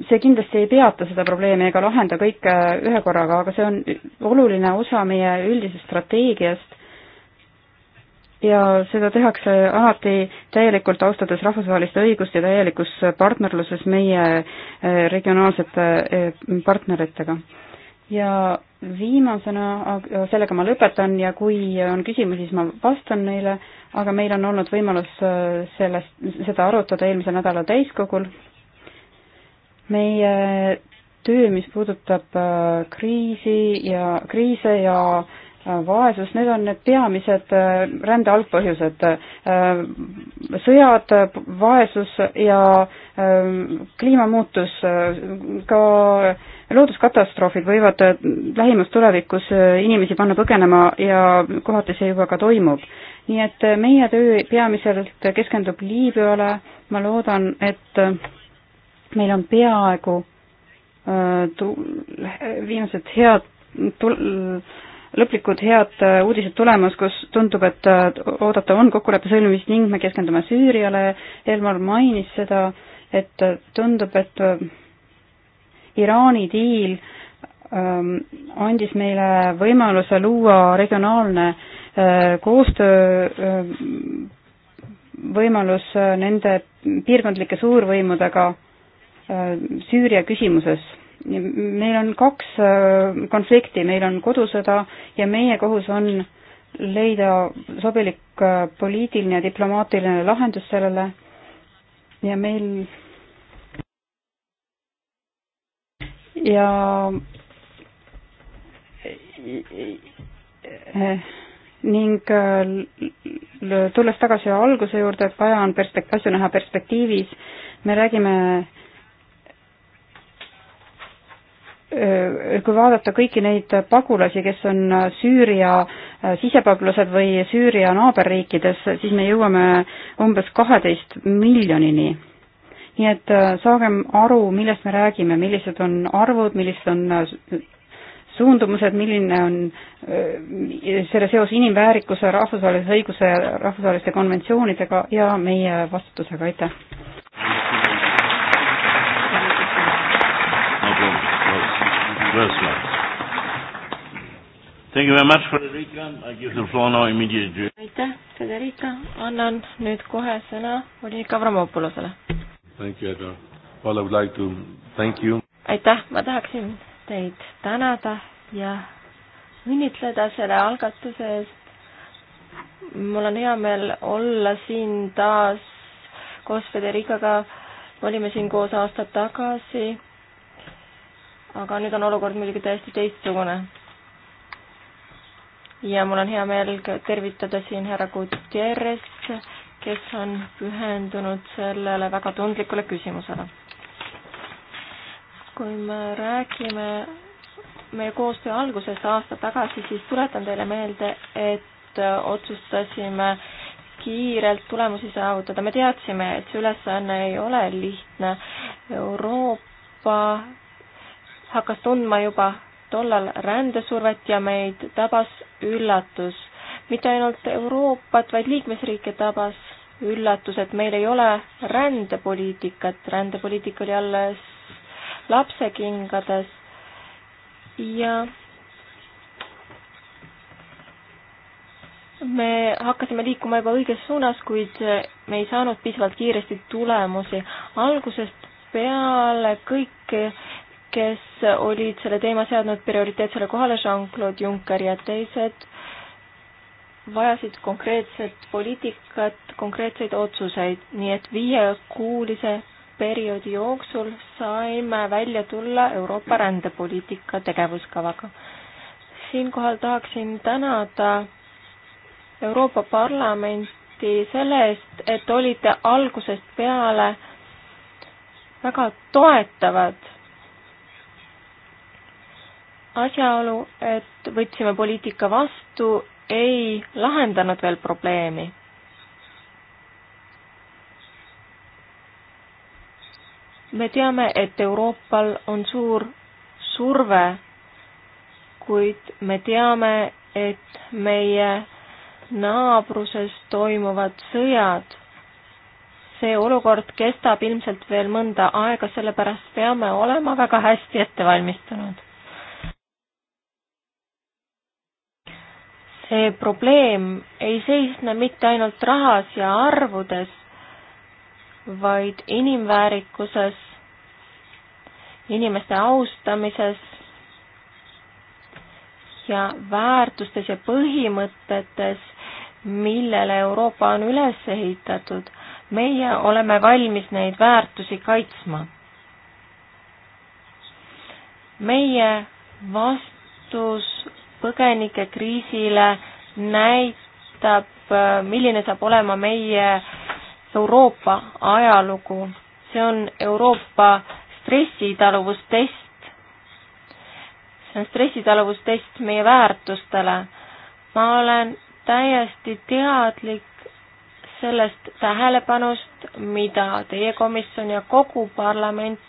see kindlasti ei peata seda probleemi ega lahenda kõike ühekorraga, aga see on oluline osa meie üldisest strateegiast ja seda tehakse alati täielikult austades rahvusvahelist õigust ja täielikus partnerluses meie eh, regionaalsete eh, partneritega. ja viimasena, sellega ma lõpetan ja kui on küsimusi, siis ma vastan neile, aga meil on olnud võimalus eh, sellest, seda arutada eelmisel nädalal täiskogul meie töö, mis puudutab äh, kriisi ja, kriise ja äh, vaesus, need on need peamised äh, rände algpõhjused. sõjad, vaesus ja kliimamuutus, ka looduskatastroofid võivad lähimas tulevikus inimesi panna põgenema ja kohati see juba ka toimub. nii et meie töö peamiselt keskendub Liibüale, ma loodan, et et meil on peaaegu äh, viimased head tul-, lõplikud head äh, uudised tulemas, kus tundub, et äh, oodata on kokkuleppe sõlmimist ning me keskendume Süüriale, Elmar mainis seda, et tundub, et Iraani diil ähm, andis meile võimaluse luua regionaalne koostöö ähm, võimalus nende piirkondlike suurvõimudega Süüria küsimuses. meil on kaks äh, konflikti, meil on kodusõda ja meie kohus on leida sobilik äh, poliitiline ja diplomaatiline lahendus sellele ja meil ja äh, ning tulles tagasi alguse juurde, et vaja on perspekt-, asju näha perspektiivis, me räägime Äh, kui vaadata kõiki neid pagulasi, kes on äh, Süüria äh, sisepagulased või Süüria naaberriikides, siis me jõuame umbes kaheteist miljonini. nii et saagem aru, millest me räägime, millised on arvud, millised on suundumused, milline on selle seos inimväärikuse, rahvusvahelise õiguse, rahvusvaheliste konventsioonidega ja meie vastutusega, aitäh! Rösler. Thank you very much, Federica. I give the floor now immediately. aitäh, Federica. annan nüüd kohe sõna Oleg Avramopolosele. Thank you, Edgar. Well, I would like to thank you. aitäh, ma tahaksin teid tänada ja õnnitleda selle algatuse eest. mul on hea meel olla siin taas koos Federicaga. olime siin koos aasta tagasi aga nüüd on olukord muidugi täiesti teistsugune. ja mul on hea meel tervitada siin härra Gutierrez, kes on pühendunud sellele väga tundlikule küsimusele. kui me räägime meie koostöö algusest aasta tagasi, siis tuletan teile meelde, et otsustasime kiirelt tulemusi saavutada, me teadsime, et see ülesanne ei ole lihtne. Euroopa hakkas tundma juba tollal rändesurvet ja meid tabas üllatus. mitte ainult Euroopat, vaid liikmesriike tabas üllatus, et meil ei ole rändepoliitikat, rändepoliitika oli alles lapsekingades ja me hakkasime liikuma juba õiges suunas, kuid me ei saanud piisavalt kiiresti tulemusi. algusest peale kõik kes olid selle teema seadnud prioriteetsele kohale, Jean-Claude Juncker ja teised, vajasid konkreetset poliitikat, konkreetseid otsuseid, nii et viiekuulise perioodi jooksul saime välja tulla Euroopa rändepoliitika tegevuskavaga. siinkohal tahaksin tänada Euroopa Parlamenti selle eest, et olite algusest peale väga toetavad asjaolu, et võtsime poliitika vastu, ei lahendanud veel probleemi. me teame, et Euroopal on suur surve, kuid me teame, et meie naabruses toimuvad sõjad see olukord kestab ilmselt veel mõnda aega, sellepärast peame olema väga hästi ette valmistunud. see probleem ei seisne mitte ainult rahas ja arvudes, vaid inimväärikuses, inimeste austamises ja väärtustes ja põhimõtetes, millele Euroopa on üles ehitatud. meie oleme valmis neid väärtusi kaitsma. meie vastus põgenikekriisile näitab, milline saab olema meie Euroopa ajalugu. see on Euroopa stressitaluvustest. see on stressitaluvustest meie väärtustele. ma olen täiesti teadlik sellest tähelepanust, mida teie komisjon ja kogu parlament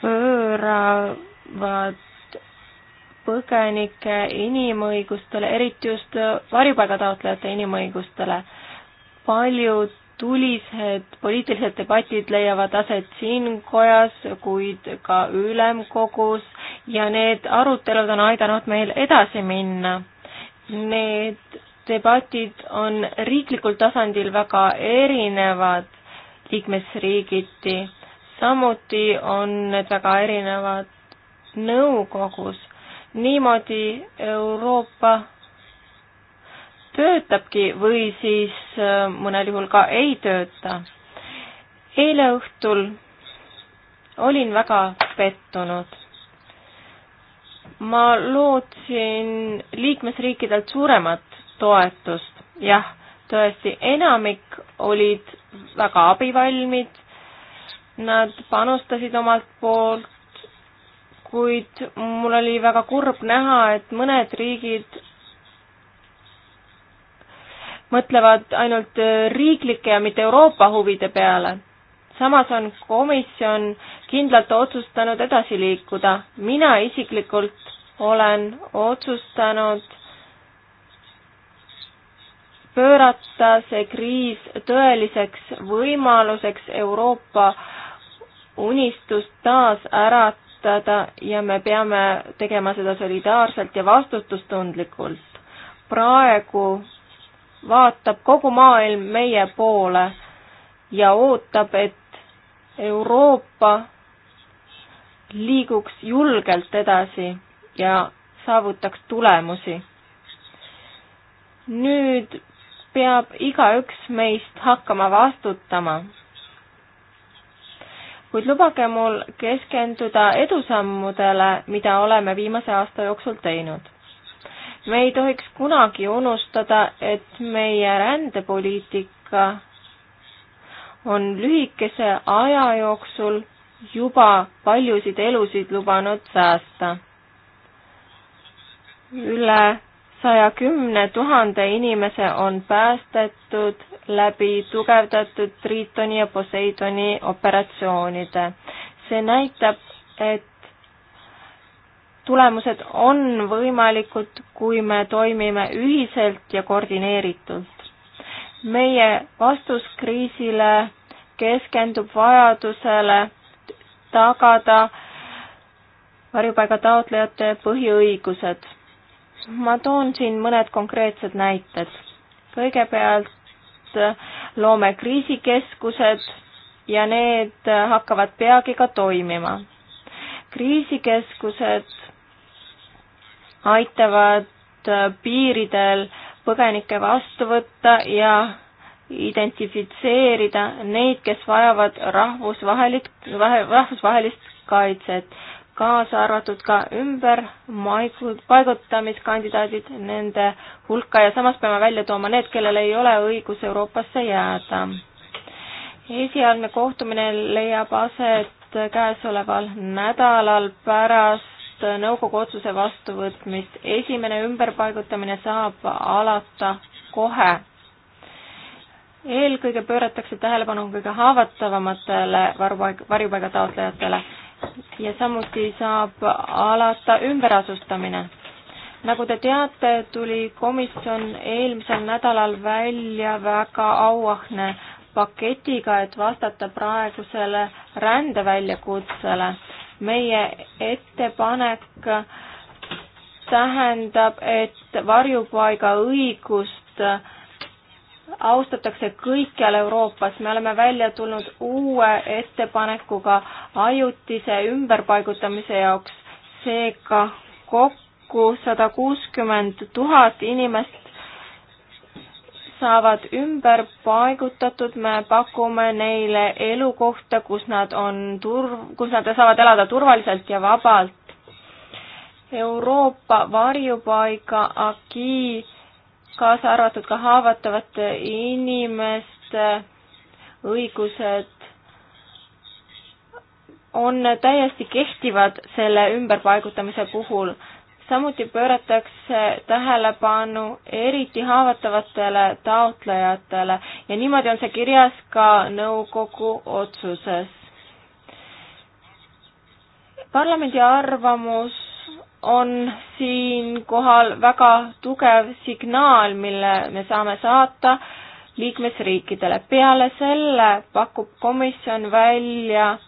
pööravad põgenike inimõigustele, eriti just varjupaigataotlejate inimõigustele. paljud tulised poliitilised debatid leiavad aset siin kojas, kuid ka ülemkogus ja need arutelud on aidanud meil edasi minna. Need debatid on riiklikul tasandil väga erinevad liikmesriigiti, samuti on need väga erinevad nõukogus niimoodi Euroopa töötabki või siis äh, mõnel juhul ka ei tööta. eile õhtul olin väga pettunud. ma lootsin liikmesriikidelt suuremat toetust, jah, tõesti, enamik olid väga abivalmid, nad panustasid omalt poolt, kuid mul oli väga kurb näha, et mõned riigid mõtlevad ainult riiklike ja mitte Euroopa huvide peale. samas on komisjon kindlalt otsustanud edasi liikuda. mina isiklikult olen otsustanud pöörata see kriis tõeliseks võimaluseks Euroopa unistust taas ära kasutada ja me peame tegema seda solidaarselt ja vastutustundlikult. praegu vaatab kogu maailm meie poole ja ootab, et Euroopa liiguks julgelt edasi ja saavutaks tulemusi. nüüd peab igaüks meist hakkama vastutama kuid lubage mul keskenduda edusammudele, mida oleme viimase aasta jooksul teinud. me ei tohiks kunagi unustada, et meie rändepoliitika on lühikese aja jooksul juba paljusid elusid lubanud säästa. üle saja kümne tuhande inimese on päästetud läbi tugevdatud Tritoni ja Poseidoni operatsioonide. see näitab, et tulemused on võimalikud, kui me toimime ühiselt ja koordineeritult. meie vastus kriisile keskendub vajadusele tagada varjupaiga taotlejate põhiõigused ma toon siin mõned konkreetsed näited. kõigepealt äh, loome kriisikeskused ja need äh, hakkavad peagi ka toimima. kriisikeskused aitavad äh, piiridel põgenikke vastu võtta ja identifitseerida neid, kes vajavad rahvusvahelist, rahvusvahelist kaitset kaasa arvatud ka ümber paigutamiskandidaadid nende hulka ja samas peame välja tooma need, kellel ei ole õigus Euroopasse jääda. esialgne kohtumine leiab aset käesoleval nädalal pärast nõukogu otsuse vastuvõtmist. esimene ümberpaigutamine saab alata kohe. eelkõige pööratakse tähelepanu kõige haavatavamatele varjupaiga taotlejatele ja samuti saab alata ümberasustamine. nagu te teate, tuli komisjon eelmisel nädalal välja väga auahne paketiga, et vastata praegusele rändeväljakutsele. meie ettepanek tähendab, et varjupaiga õigust äh, austatakse kõikjal Euroopas, me oleme välja tulnud uue ettepanekuga ajutise ümberpaigutamise jaoks, seega kokku sada kuuskümmend tuhat inimest saavad ümber paigutatud, me pakume neile elukohta, kus nad on turv-, kus nad saavad elada turvaliselt ja vabalt. Euroopa varjupaiga agi kaasa arvatud ka haavatavate inimeste õigused on täiesti kehtivad selle ümberpaigutamise puhul. samuti pööratakse tähelepanu eriti haavatavatele taotlejatele ja niimoodi on see kirjas ka nõukogu otsuses. parlamendi arvamus on siinkohal väga tugev signaal, mille me saame saata liikmesriikidele. peale selle pakub komisjon välja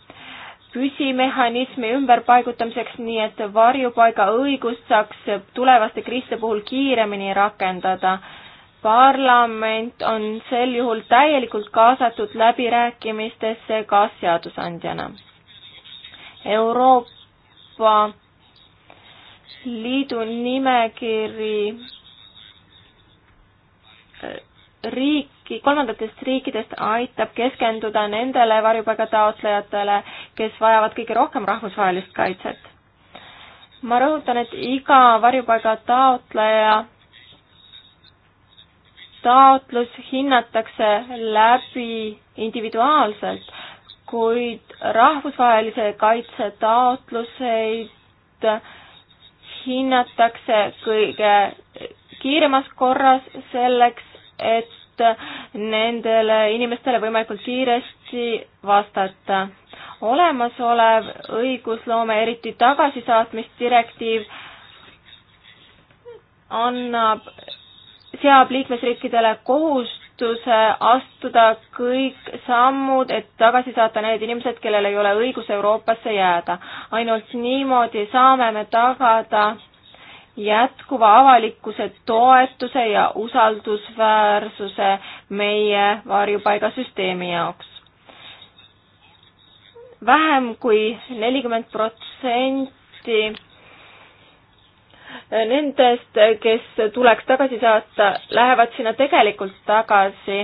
püsimehhanismi ümberpaigutamiseks, nii et varjupaiga õigust saaks tulevaste kriiside puhul kiiremini rakendada. parlament on sel juhul täielikult kaasatud läbirääkimistesse ka seadusandjana. Euroopa Liidu nimekiri äh, riiki, kolmandatest riikidest aitab keskenduda nendele varjupaigataotlejatele, kes vajavad kõige rohkem rahvusvahelist kaitset. ma rõhutan, et iga varjupaigataotleja taotlus hinnatakse läbi individuaalselt, kuid rahvusvahelise kaitse taotluseid hinnatakse kõige kiiremas korras selleks, et nendele inimestele võimalikult kiiresti vastata. olemasolev õigusloome, eriti tagasisaatmisdirektiiv, annab, seab liikmesriikidele kohust kohustuse astuda kõik sammud, et tagasi saata need inimesed, kellel ei ole õigus Euroopasse jääda. ainult niimoodi saame me tagada jätkuva avalikkuse toetuse ja usaldusväärsuse meie varjupaigasüsteemi jaoks. vähem kui nelikümmend protsenti nendest, kes tuleks tagasi saata, lähevad sinna tegelikult tagasi.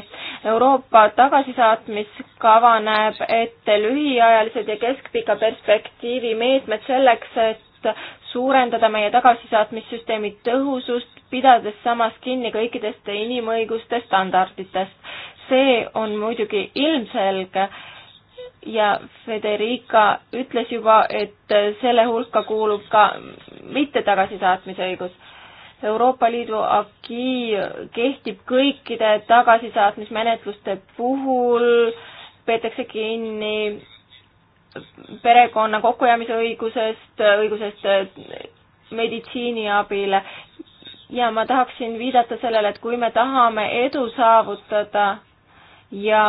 Euroopa tagasisaatmiskava näeb ette lühiajalised ja keskpika perspektiivi meetmed selleks, et suurendada meie tagasisaatmissüsteemi tõhusust, pidades samas kinni kõikidest inimõiguste standarditest. see on muidugi ilmselge ja Federica ütles juba, et selle hulka kuulub ka mitte tagasisaatmise õigus. Euroopa Liidu aki kehtib kõikide tagasisaatmismenetluste puhul, peetakse kinni perekonna kokkujäämise õigusest, õigusest meditsiiniabile ja ma tahaksin viidata sellele, et kui me tahame edu saavutada ja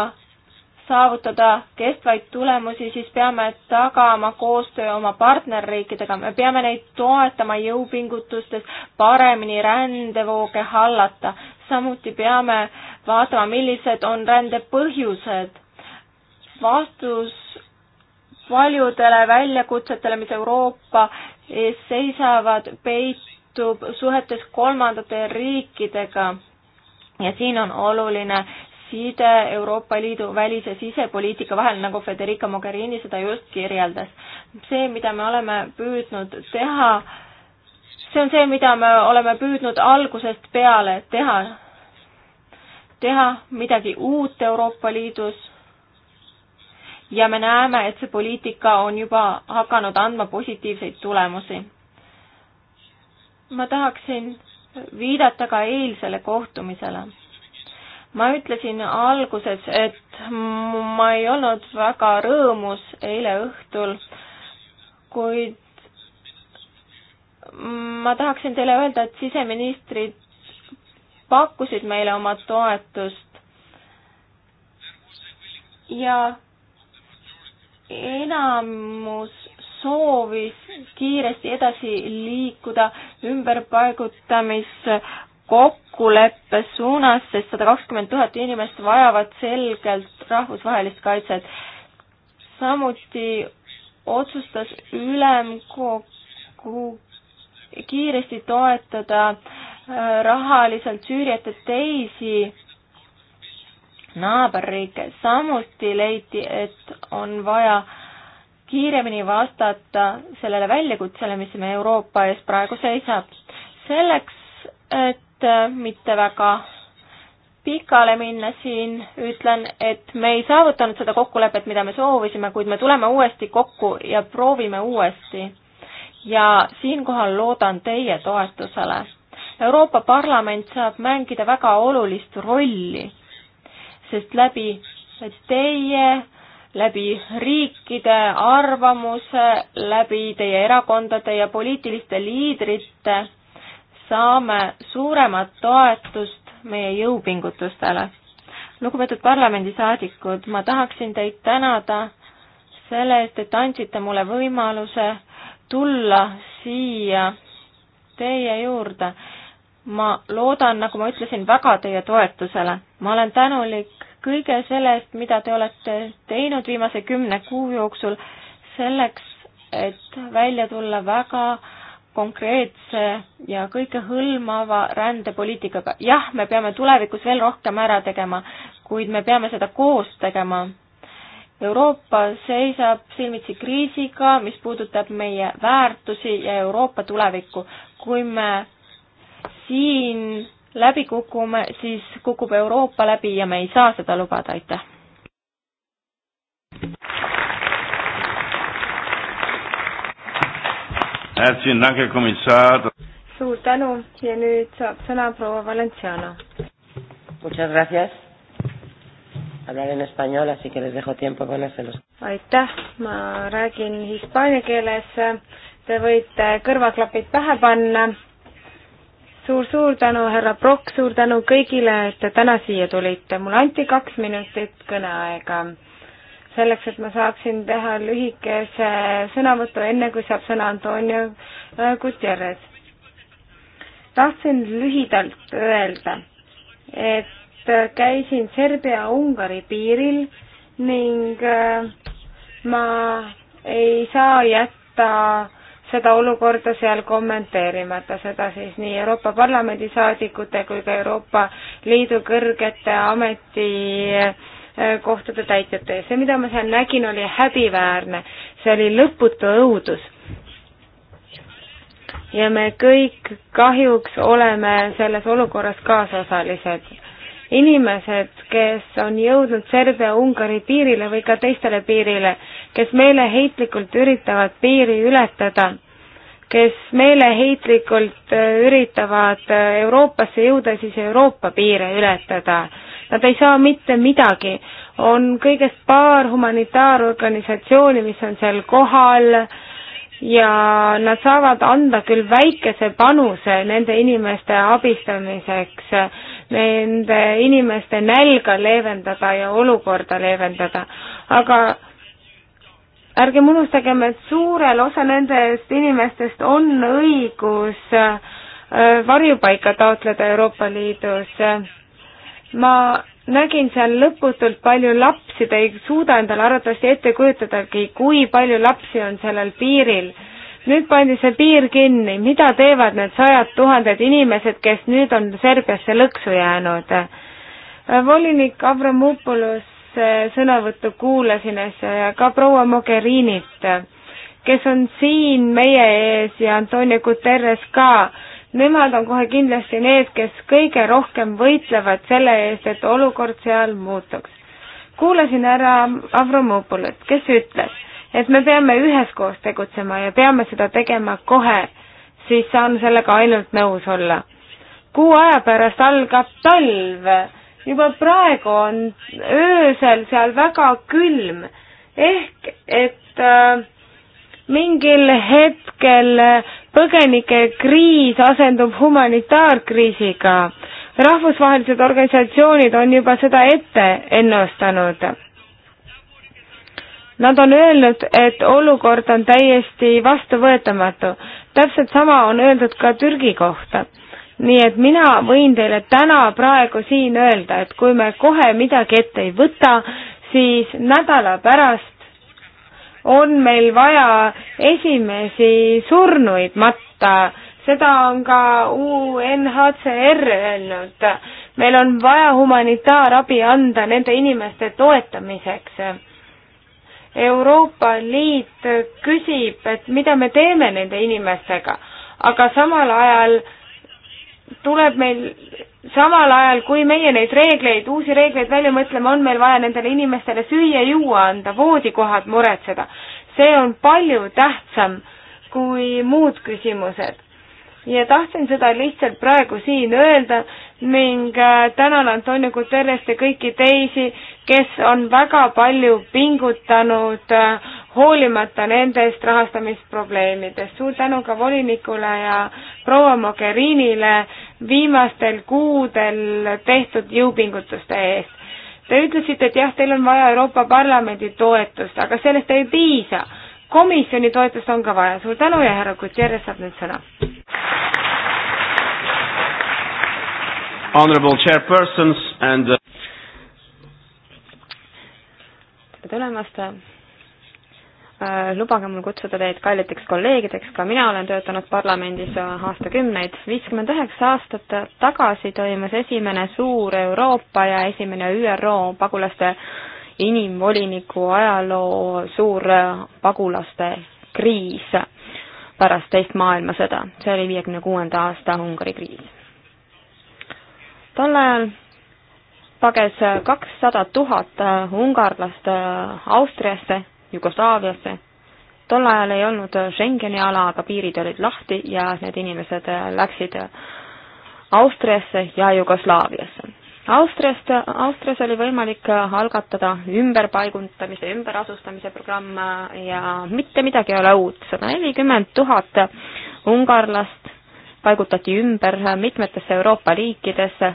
saavutada kestvaid tulemusi, siis peame tagama koostöö oma partnerriikidega, me peame neid toetama jõupingutustes paremini rändevooge hallata. samuti peame vaatama, millised on rände põhjused. vastus paljudele väljakutsetele, mis Euroopa ees seisavad, peitub suhetes kolmandate riikidega ja siin on oluline side Euroopa Liidu välis- ja sisepoliitika vahel, nagu Federica Mogherini seda just kirjeldas. see, mida me oleme püüdnud teha, see on see, mida me oleme püüdnud algusest peale teha, teha midagi uut Euroopa Liidus ja me näeme, et see poliitika on juba hakanud andma positiivseid tulemusi. ma tahaksin viidata ka eilsele kohtumisele ma ütlesin alguses, et ma ei olnud väga rõõmus eile õhtul, kuid ma tahaksin teile öelda, et siseministrid pakkusid meile oma toetust ja enamus soovis kiiresti edasi liikuda ümberpaigutamis kokkuleppe suunas, sest sada kakskümmend tuhat inimest vajavad selgelt rahvusvahelist kaitset. samuti otsustas ülemkogu kiiresti toetada äh, rahaliselt Süüriat ja teisi naaberriike. samuti leiti, et on vaja kiiremini vastata sellele väljakutsele, mis me Euroopa ees praegu seisab. selleks, et et äh, mitte väga pikale minna siin, ütlen, et me ei saavutanud seda kokkulepet, mida me soovisime, kuid me tuleme uuesti kokku ja proovime uuesti. ja siinkohal loodan teie toetusele. Euroopa Parlament saab mängida väga olulist rolli, sest läbi teie, läbi riikide arvamuse, läbi teie erakondade ja poliitiliste liidrite saame suuremat toetust meie jõupingutustele. lugupeetud parlamendisaadikud, ma tahaksin teid tänada selle eest, et andsite mulle võimaluse tulla siia teie juurde. ma loodan, nagu ma ütlesin, väga teie toetusele. ma olen tänulik kõige selle eest, mida te olete teinud viimase kümne kuu jooksul selleks, et välja tulla väga äh, konkreetse ja kõikehõlmava rändepoliitikaga. jah, me peame tulevikus veel rohkem ära tegema, kuid me peame seda koos tegema. Euroopa seisab silmitsi kriisiga, mis puudutab meie väärtusi ja Euroopa tulevikku. kui me siin läbi kukume, siis kukub Euroopa läbi ja me ei saa seda lubada, aitäh! suur tänu ja nüüd saab sõna proua Valenciano. aitäh, ma räägin hispaania keeles. Te võite kõrvaklapid pähe panna suur-suur tänu, härra Prokk, suur tänu kõigile, et te täna siia tulite. mulle anti kaks minutit kõneaega selleks, et ma saaksin teha lühikese sõnavõtu, enne kui saab sõna Antonio äh, Gutierrez. tahtsin lühidalt öelda, et äh, käisin Serbia-Ungari piiril ning äh, ma ei saa jätta seda olukorda seal kommenteerimata, seda siis nii Euroopa Parlamendi saadikute kui ka Euroopa Liidu kõrgete ameti äh, Äh, kohtade täitjate ja see, mida ma seal nägin, oli häbiväärne. see oli lõputu õudus. ja me kõik kahjuks oleme selles olukorras kaasosalised. inimesed, kes on jõudnud Serbia-Ungari piirile või ka teistele piirile, kes meeleheitlikult üritavad piiri ületada kes meeleheitlikult äh, üritavad äh, Euroopasse jõuda, siis Euroopa piire ületada. Nad ei saa mitte midagi. on kõigest paar humanitaarorganisatsiooni, mis on seal kohal ja nad saavad anda küll väikese panuse nende inimeste abistamiseks, nende inimeste nälga leevendada ja olukorda leevendada, aga ärgem unustagem, et suurel osa nendest inimestest on õigus äh, varjupaika taotleda Euroopa Liidus ma nägin seal lõputult palju lapsi, te ei suuda endale arvatavasti ette kujutadagi, kui palju lapsi on sellel piiril. nüüd pandi see piir kinni, mida teevad need sajad tuhanded inimesed, kes nüüd on Serbiasse lõksu jäänud? volinik Avramopoulos eh, sõnavõttu kuulasin äsja ja ka proua Mogherinit, kes on siin meie ees ja Antonio Guterres ka nemad on kohe kindlasti need, kes kõige rohkem võitlevad selle eest, et olukord seal muutuks. kuulasin ära Avramopolit, kes ütles, et me peame üheskoos tegutsema ja peame seda tegema kohe, siis saan sellega ainult nõus olla. kuu aja pärast algab talv, juba praegu on öösel seal väga külm, ehk et äh, mingil hetkel põgenikekriis asendub humanitaarkriisiga. rahvusvahelised organisatsioonid on juba seda ette ennustanud. Nad on öelnud, et olukord on täiesti vastuvõetamatu. täpselt sama on öeldud ka Türgi kohta nii et mina võin teile täna praegu siin öelda, et kui me kohe midagi ette ei võta, siis nädala pärast on meil vaja esimesi surnuid matta, seda on ka UNHCR öelnud. meil on vaja humanitaarabi anda nende inimeste toetamiseks. Euroopa Liit küsib, et mida me teeme nende inimestega, aga samal ajal tuleb meil samal ajal, kui meie neid reegleid, uusi reegleid välja mõtleme, on meil vaja nendele inimestele süüa-juua anda, voodikohad muretseda. see on palju tähtsam kui muud küsimused. ja tahtsin seda lihtsalt praegu siin öelda ning äh, tänan Antonio Guterres ja kõiki teisi, kes on väga palju pingutanud äh, hoolimata nendest rahastamisprobleemidest. suur tänu ka volinikule ja proua Mogherinile viimastel kuudel tehtud jõupingutuste eest. Te ütlesite, et jah, teil on vaja Euroopa Parlamendi toetust, aga sellest ei piisa. komisjoni toetust on ka vaja. suur tänu ja härra Gutierrez saab nüüd sõna. Honorable chairpersons and uh, tere tulemast Äh, lubage mul kutsuda teid kalliteks kolleegideks, ka mina olen töötanud parlamendis aastakümneid. viiskümmend üheksa aastat tagasi toimus esimene suur Euroopa ja esimene ÜRO pagulaste inimvoliniku ajaloo suur pagulaste kriis pärast teist maailmasõda. see oli viiekümne kuuenda aasta Ungari kriis. tol ajal pages kakssada tuhat ungarlast Austriasse Jugoslaaviasse. tol ajal ei olnud Schengeni ala, aga piirid olid lahti ja need inimesed äh, läksid äh, Austriasse ja Jugoslaaviasse. Austriast, Austrias oli võimalik äh, algatada ümberpaigutamise, ümberasustamise programm ja mitte midagi ei ole uut, sada nelikümmend tuhat ungarlast paigutati ümber mitmetesse Euroopa riikidesse,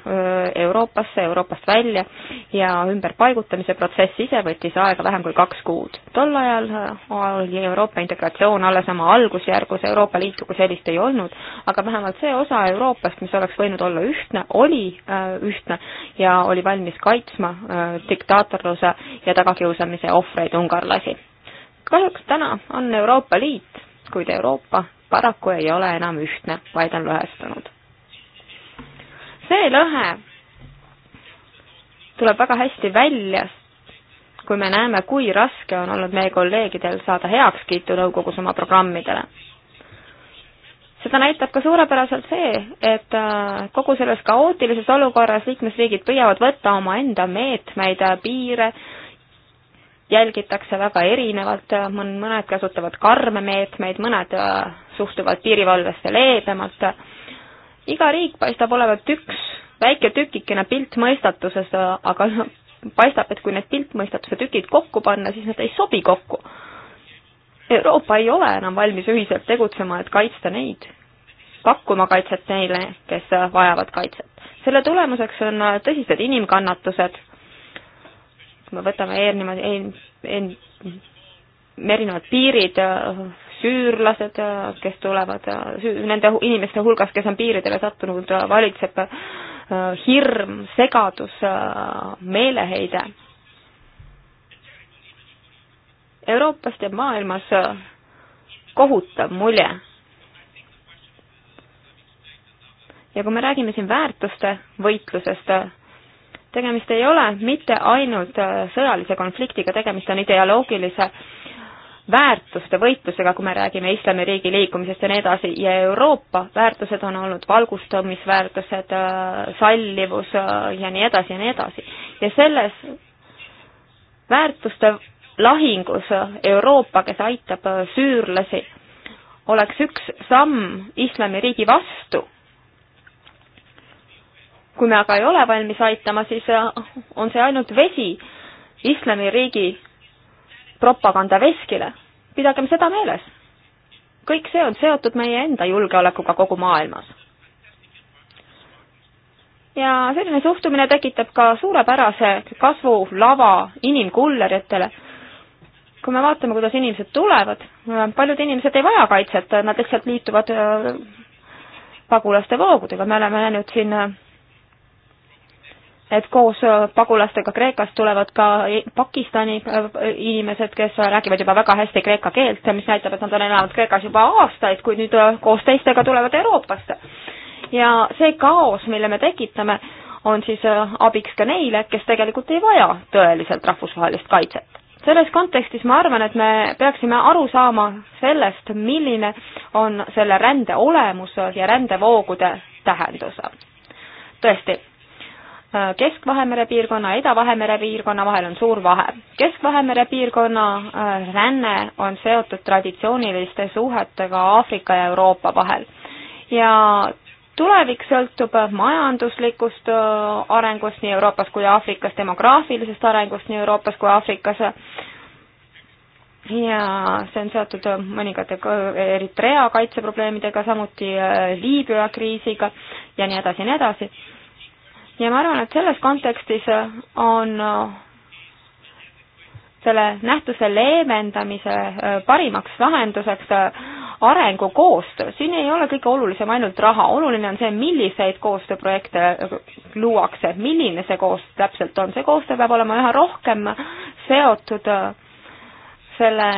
Euroopasse, Euroopast välja ja ümberpaigutamise protsess ise võttis aega vähem kui kaks kuud. tol ajal äh, oli Euroopa integratsioon alles oma algusjärgus, Euroopa Liitu kui sellist ei olnud, aga vähemalt see osa Euroopast, mis oleks võinud olla ühtne, oli äh, ühtne ja oli valmis kaitsma äh, diktaatorluse ja tagakiusamise ohvreid ungarlasi. kahjuks täna on Euroopa Liit, kuid Euroopa paraku ei ole enam ühtne, vaid on lõhestunud. see lõhe tuleb väga hästi välja, kui me näeme, kui raske on olnud meie kolleegidel saada heakskiitu nõukogus oma programmidele. seda näitab ka suurepäraselt see, et äh, kogu selles kaootilises olukorras liikmesriigid püüavad võtta omaenda meetmeid, äh, piire, jälgitakse väga erinevalt, äh, mõned kasutavad karme meetmeid, mõned suhtuvad piirivalvesse leebemalt. iga riik paistab olevat üks väike tükikene piltmõistatusest, aga paistab, et kui need piltmõistatuse tükid kokku panna, siis nad ei sobi kokku. Euroopa ei ole enam valmis ühiselt tegutsema, et kaitsta neid, pakkuma kaitset neile, kes vajavad kaitset. selle tulemuseks on tõsised inimkannatused, kui me võtame eelnevad, eel-, eel-, erinevad piirid, süürlased, kes tulevad, nende inimeste hulgas, kes on piiridele sattunud, valitseb äh, hirm, segadus, äh, meeleheide. Euroopast ja maailmas äh, kohutav mulje. ja kui me räägime siin väärtuste võitlusest, tegemist ei ole mitte ainult sõjalise konfliktiga, tegemist on ideoloogilise äh, väärtuste võitlusega, kui me räägime islamiriigi liikumisest ja nii edasi, ja Euroopa väärtused on olnud valgustamisväärtused, äh, sallivus äh, ja nii edasi ja nii edasi. ja selles väärtuste lahingus Euroopa, kes aitab äh, süürlasi, oleks üks samm islamiriigi vastu. kui me aga ei ole valmis aitama, siis on see ainult vesi islamiriigi propagandaveskile. pidagem seda meeles. kõik see on seotud meie enda julgeolekuga kogu maailmas. ja selline suhtumine tekitab ka suurepärase kasvulava inimkulleritele kui me vaatame, kuidas inimesed tulevad, paljud inimesed ei vaja kaitset, nad lihtsalt liituvad äh, pagulaste voogudega, me oleme näinud siin äh, et koos äh, pagulastega Kreekast tulevad ka Pakistani äh, inimesed, kes äh, räägivad juba väga hästi kreeka keelt, mis näitab, et nad on elanud Kreekas juba aastaid, kuid nüüd koos teistega tulevad Euroopasse. ja see kaos, mille me tekitame, on siis abiks ka neile, kes tegelikult ei vaja tõeliselt rahvusvahelist kaitset. selles kontekstis ma arvan, et me peaksime aru saama sellest, milline on selle rände olemus ja rändevoogude tähendus. tõesti Äh, Kesk-Vahemere piirkonna ja Ida-Vahemere piirkonna vahel on suur vahe. Kesk-Vahemere piirkonna äh, ränne on seotud traditsiooniliste suhetega Aafrika ja Euroopa vahel ja tulevik sõltub majanduslikust äh, arengust nii Euroopas kui Aafrikas, demograafilisest arengust nii Euroopas kui Aafrikas ja see on seotud mõningate Eritrea kaitseprobleemidega, samuti Liibüa kriisiga ja nii edasi ja nii edasi ja ma arvan, et selles kontekstis äh, on äh, selle nähtuse leevendamise äh, parimaks lahenduseks arengukoostöö, siin ei ole kõige olulisem ainult raha, oluline on see, milliseid koostööprojekte luuakse, milline see koostöö täpselt on, see koostöö peab olema üha rohkem seotud selle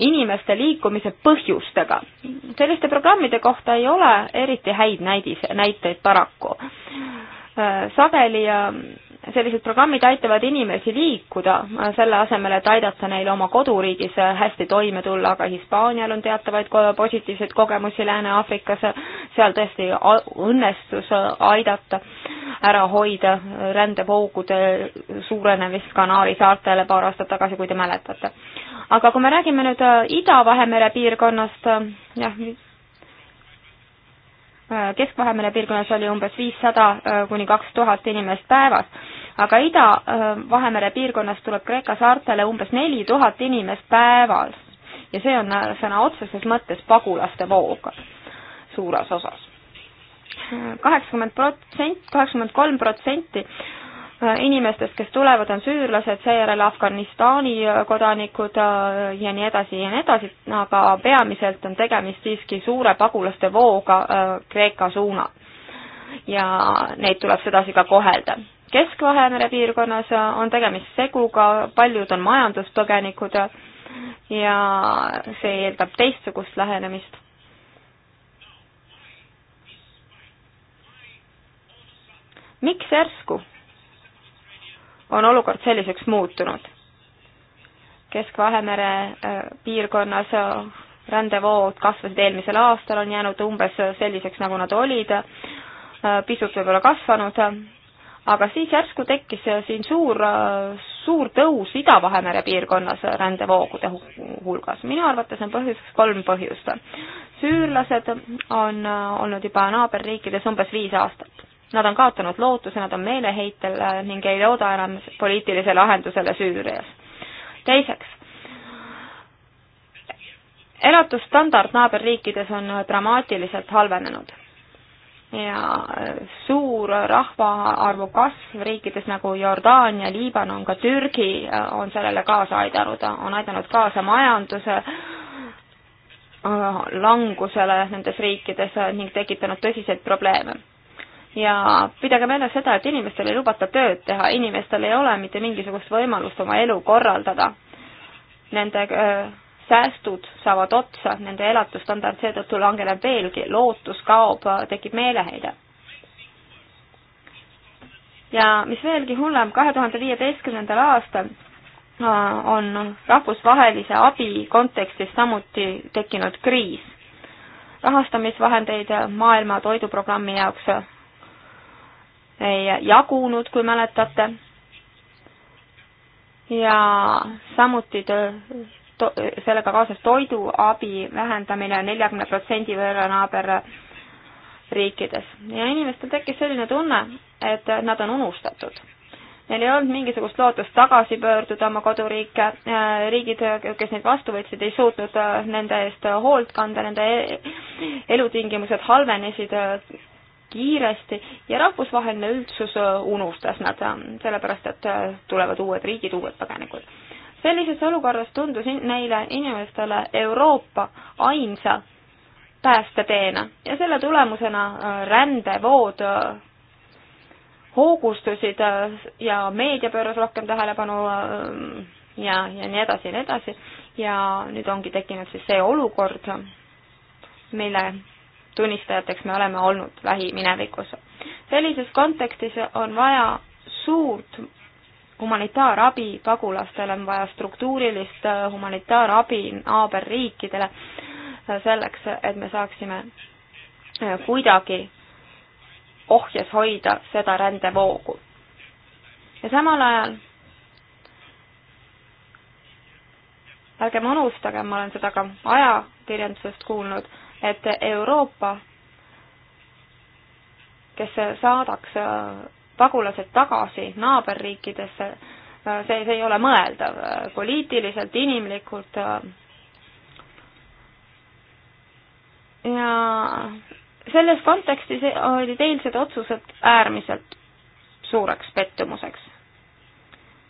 inimeste liikumise põhjustega. selliste programmide kohta ei ole eriti häid näidis, näiteid paraku Äh, sageli äh, sellised programmid aitavad inimesi liikuda, äh, selle asemel, et aidata neil oma koduriigis hästi toime tulla, aga Hispaanial on teatavaid positiivseid kogemusi Lääne-Aafrikas, seal tõesti õnnestus aidata ära hoida rändevoogude suurenemist Kanaari saartele paar aastat tagasi, kui te mäletate. aga kui me räägime nüüd Ida-Vahemere piirkonnast, jah, Äh, Kesk-Vahemere piirkonnas oli umbes viissada äh, kuni kaks tuhat inimest päevas, aga Ida-Vahemere äh, piirkonnas tuleb Kreeka saartele umbes neli tuhat inimest päevas ja see on sõna otseses mõttes pagulaste voog suures osas. kaheksakümmend protsenti, kaheksakümmend kolm protsenti inimestest, kes tulevad, on süürlased, seejärel Afganistani kodanikud äh, ja nii edasi ja nii edasi, aga peamiselt on tegemist siiski suure pagulaste vooga äh, Kreeka suunal. ja neid tuleb sedasi ka kohelda. Kesk-Vahemere piirkonnas äh, on tegemist seguga, paljud on majanduspõgenikud ja see eeldab teistsugust lähenemist miks järsku on olukord selliseks muutunud. Kesk-Vahemere äh, piirkonnas äh, rändevood kasvasid eelmisel aastal, on jäänud umbes äh, selliseks, nagu nad olid, pisut võib-olla kasvanud, aga siis järsku tekkis siin suur, suur tõus Ida-Vahemere piirkonnas rändevoogude hulgas. minu arvates on põhjuseks kolm põhjust. süürlased on olnud juba naaberriikides umbes viis aastat. Nad on kaotanud lootuse, nad on meeleheitel ning ei looda enam poliitilise lahendusele Süürias. teiseks, elatusstandard naaberriikides on dramaatiliselt halvenenud ja suur rahvaarvu kasv riikides nagu Jordaania, Liibanon, ka Türgi on sellele kaasa aidanud, on aidanud kaasa majanduse äh, langusele nendes riikides ning tekitanud tõsiseid probleeme ja pidage meeles seda, et inimestel ei lubata tööd teha, inimestel ei ole mitte mingisugust võimalust oma elu korraldada. Nende öö, säästud saavad otsa, nende elatusstandard seetõttu langeneb veelgi, lootus kaob, tekib meeleheide. ja mis veelgi hullem, kahe tuhande viieteistkümnendal aastal on rahvusvahelise abi kontekstis samuti tekkinud kriis. rahastamisvahendeid Maailma Toiduprogrammi jaoks ei jagunud, kui mäletate. ja samuti töö, to, sellega kaasas toiduabi vähendamine neljakümne protsendi võrra naaberriikides ja inimestel tekkis selline tunne, et nad on unustatud neil ei olnud mingisugust lootust tagasi pöörduda oma koduriike, äh, riigid, kes neid vastu võtsid, ei suutnud äh, nende eest hoolt kanda, nende e-, elutingimused halvenesid kiiresti ja rahvusvaheline üldsus äh, unustas nad, äh, sellepärast et äh, tulevad uued riigid, uued põgenikud. sellises olukorras tundus neile inimestele Euroopa ainsa päästeteena ja selle tulemusena rändevood hoogustusid ja meedia pööras rohkem tähelepanu ja, ja nii edasi ja nii edasi ja nüüd ongi tekkinud siis see olukord, mille tunnistajateks me oleme olnud lähiminevikus. sellises kontekstis on vaja suurt humanitaarabi pagulastele, on vaja struktuurilist äh, humanitaarabi naaberriikidele äh, selleks, et me saaksime äh, kuidagi ohjes hoida seda rändevoogu. ja samal ajal ärgem unustagem, ma olen seda ka ajakirjandusest kuulnud, et Euroopa, kes saadaks äh, pagulased tagasi naaberriikidesse, äh, see, see ei ole mõeldav poliitiliselt, inimlikult. Äh, ja selles kontekstis olid eilsed otsused äärmiselt suureks pettumuseks.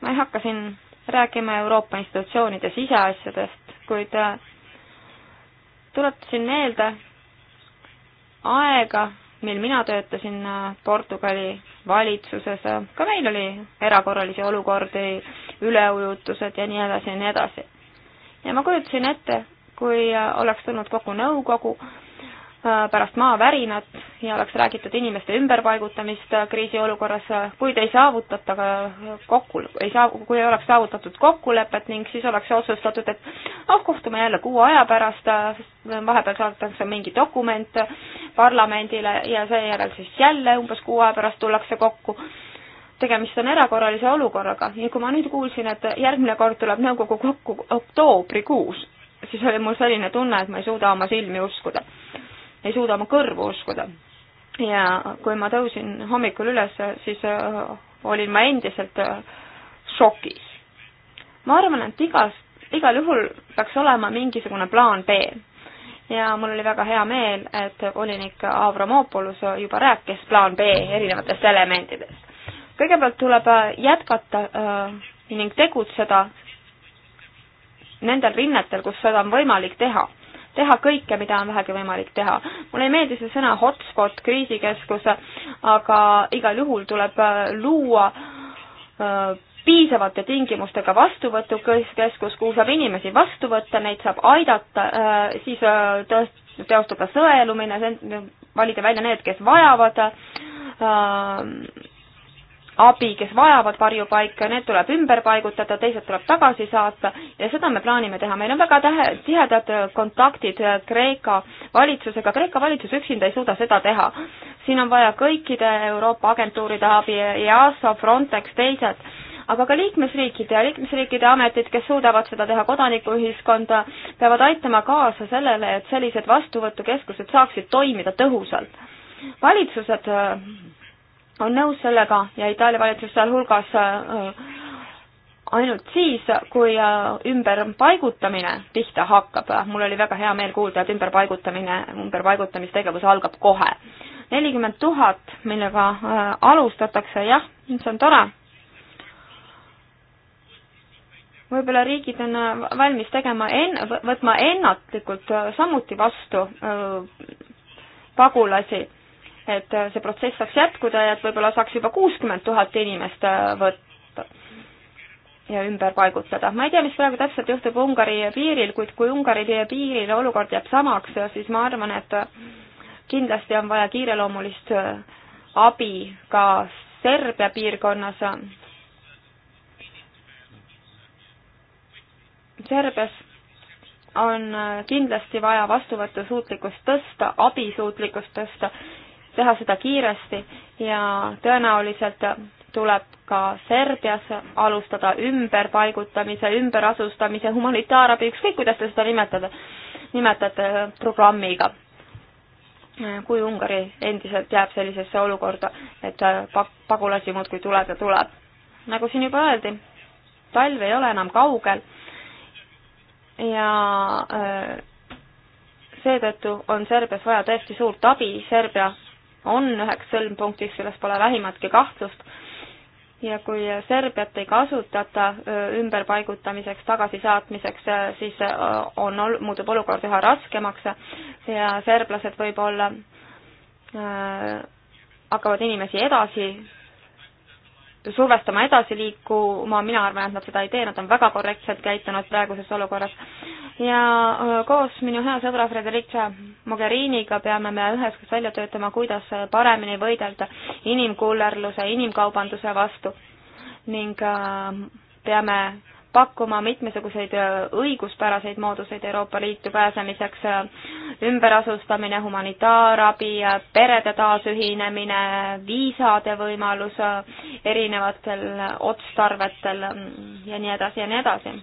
ma ei hakka siin rääkima Euroopa institutsioonide siseasjadest, kuid tuletasin meelde aega, mil mina töötasin äh, Portugali valitsuses, ka meil oli erakorralisi olukordi, üleujutused ja nii edasi ja nii edasi. ja ma kujutasin ette, kui äh, oleks tulnud kogu nõukogu Äh, pärast maavärinat ja oleks räägitud inimeste ümberpaigutamist äh, kriisiolukorras, äh, kuid ei saavutata ka kokku, ei saa, kui ei oleks saavutatud kokkulepet ning siis oleks otsustatud, et noh, kohtume jälle kuu aja pärast, vahepeal saadetakse mingi dokument parlamendile ja seejärel siis jälle umbes kuu aja pärast tullakse kokku tegemist on erakorralise olukorraga ja kui ma nüüd kuulsin, et järgmine kord tuleb nõukogu kokku oktoobrikuus, siis oli mul selline tunne, et ma ei suuda oma silmi uskuda ei suuda oma kõrvu uskuda. ja kui ma tõusin hommikul üles, siis äh, olin ma endiselt äh, šokis. ma arvan, et igas, igal juhul peaks olema mingisugune plaan B ja mul oli väga hea meel, et volinik Avramopoulos juba rääkis plaan B erinevatest elementidest. kõigepealt tuleb äh, jätkata ning tegutseda nendel rinnetel, kus seda on võimalik teha teha kõike, mida on vähegi võimalik teha. mulle ei meeldi see sõna hotspot, kriisikeskus, aga igal juhul tuleb äh, luua äh, piisavate tingimustega vastuvõtukeskus, kuhu saab inimesi vastu võtta, neid saab aidata, äh, siis teostada sõelumine, valida välja need, kes vajavad abi, kes vajavad varjupaika, need tuleb ümber paigutada, teised tuleb tagasi saata ja seda me plaanime teha. meil on väga tähe, tihedad äh, kontaktid äh, Kreeka valitsusega, Kreeka valitsus üksinda ei suuda seda teha. siin on vaja kõikide Euroopa agentuuride abi, EASO, Frontex, teised, aga ka liikmesriikide ja liikmesriikide ametid, kes suudavad seda teha, kodanikuühiskonda, peavad aitama kaasa sellele, et sellised vastuvõtukeskused saaksid toimida tõhusalt. valitsused äh, on nõus sellega ja Itaalia valitsus sealhulgas äh, ainult siis, kui äh, ümberpaigutamine pihta hakkab. mul oli väga hea meel kuulda, et ümberpaigutamine, ümberpaigutamistegevus algab kohe. nelikümmend tuhat, millega äh, alustatakse, jah, see on tore. võib-olla riigid on valmis tegema en-, võtma ennatlikult samuti vastu öö, pagulasi et äh, see protsess saaks jätkuda ja et võib-olla saaks juba kuuskümmend tuhat inimest äh, võtta ja ümber paigutada. ma ei tea, mis praegu täpselt juhtub Ungari piiril, kuid kui Ungari piiril olukord jääb samaks, siis ma arvan, et äh, kindlasti on vaja kiireloomulist abi ka Serbia piirkonnas. Serbias on kindlasti vaja vastuvõtusuutlikkust tõsta, abisuutlikkust tõsta teha seda kiiresti ja tõenäoliselt tuleb ka Serbias alustada ümberpaigutamise, ümberasustamise, humanitaarabi, ükskõik kuidas te seda nimetada, nimetate, äh, programmiga. kui Ungari endiselt jääb sellisesse olukorda, et äh, pagulasi muudkui tuleb ja tuleb. nagu siin juba öeldi, talv ei ole enam kaugel ja äh, seetõttu on Serbias vaja tõesti suurt abi, Serbia on üheks sõlmpunktiks, selles pole vähimatki kahtlust. ja kui Serbiat ei kasutata ümberpaigutamiseks, tagasisaatmiseks, siis on, muutub olukord üha raskemaks ja serblased võib-olla hakkavad inimesi edasi survestama edasi liikuma, mina arvan, et nad seda ei tee, nad on väga korrektselt käitunud praeguses olukorras. ja äh, koos minu hea sõbra Frederica Mogheriniga peame me üheskoos välja töötama, kuidas paremini võidelda inimkullerluse, inimkaubanduse vastu ning äh, peame pakkuma mitmesuguseid äh, õiguspäraseid mooduseid Euroopa Liitu pääsemiseks, äh, ümberasustamine, humanitaarabi, äh, perede taasühinemine, viisade võimalus erinevatel otstarvetel mm, ja nii edasi ja nii edasi.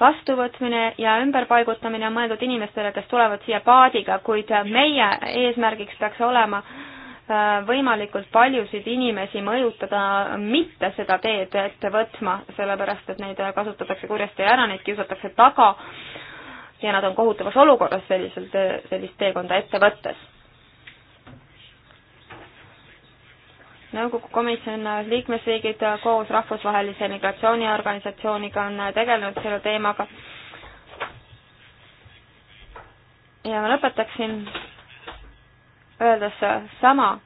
vastuvõtmine ja ümberpaigutamine on mõeldud inimestele, kes tulevad siia paadiga, kuid meie eesmärgiks peaks olema äh, võimalikult paljusid inimesi mõjutada mitte seda teed ette võtma, sellepärast et neid kasutatakse kurjasti ära, neid kiusatakse taga ja nad on kohutavas olukorras selliselt, sellist teekonda ette võttes. nõukogu komisjon, liikmesriigid koos Rahvusvahelise Migratsiooniorganisatsiooniga on tegelenud selle teemaga ja ma lõpetaksin öeldes sama,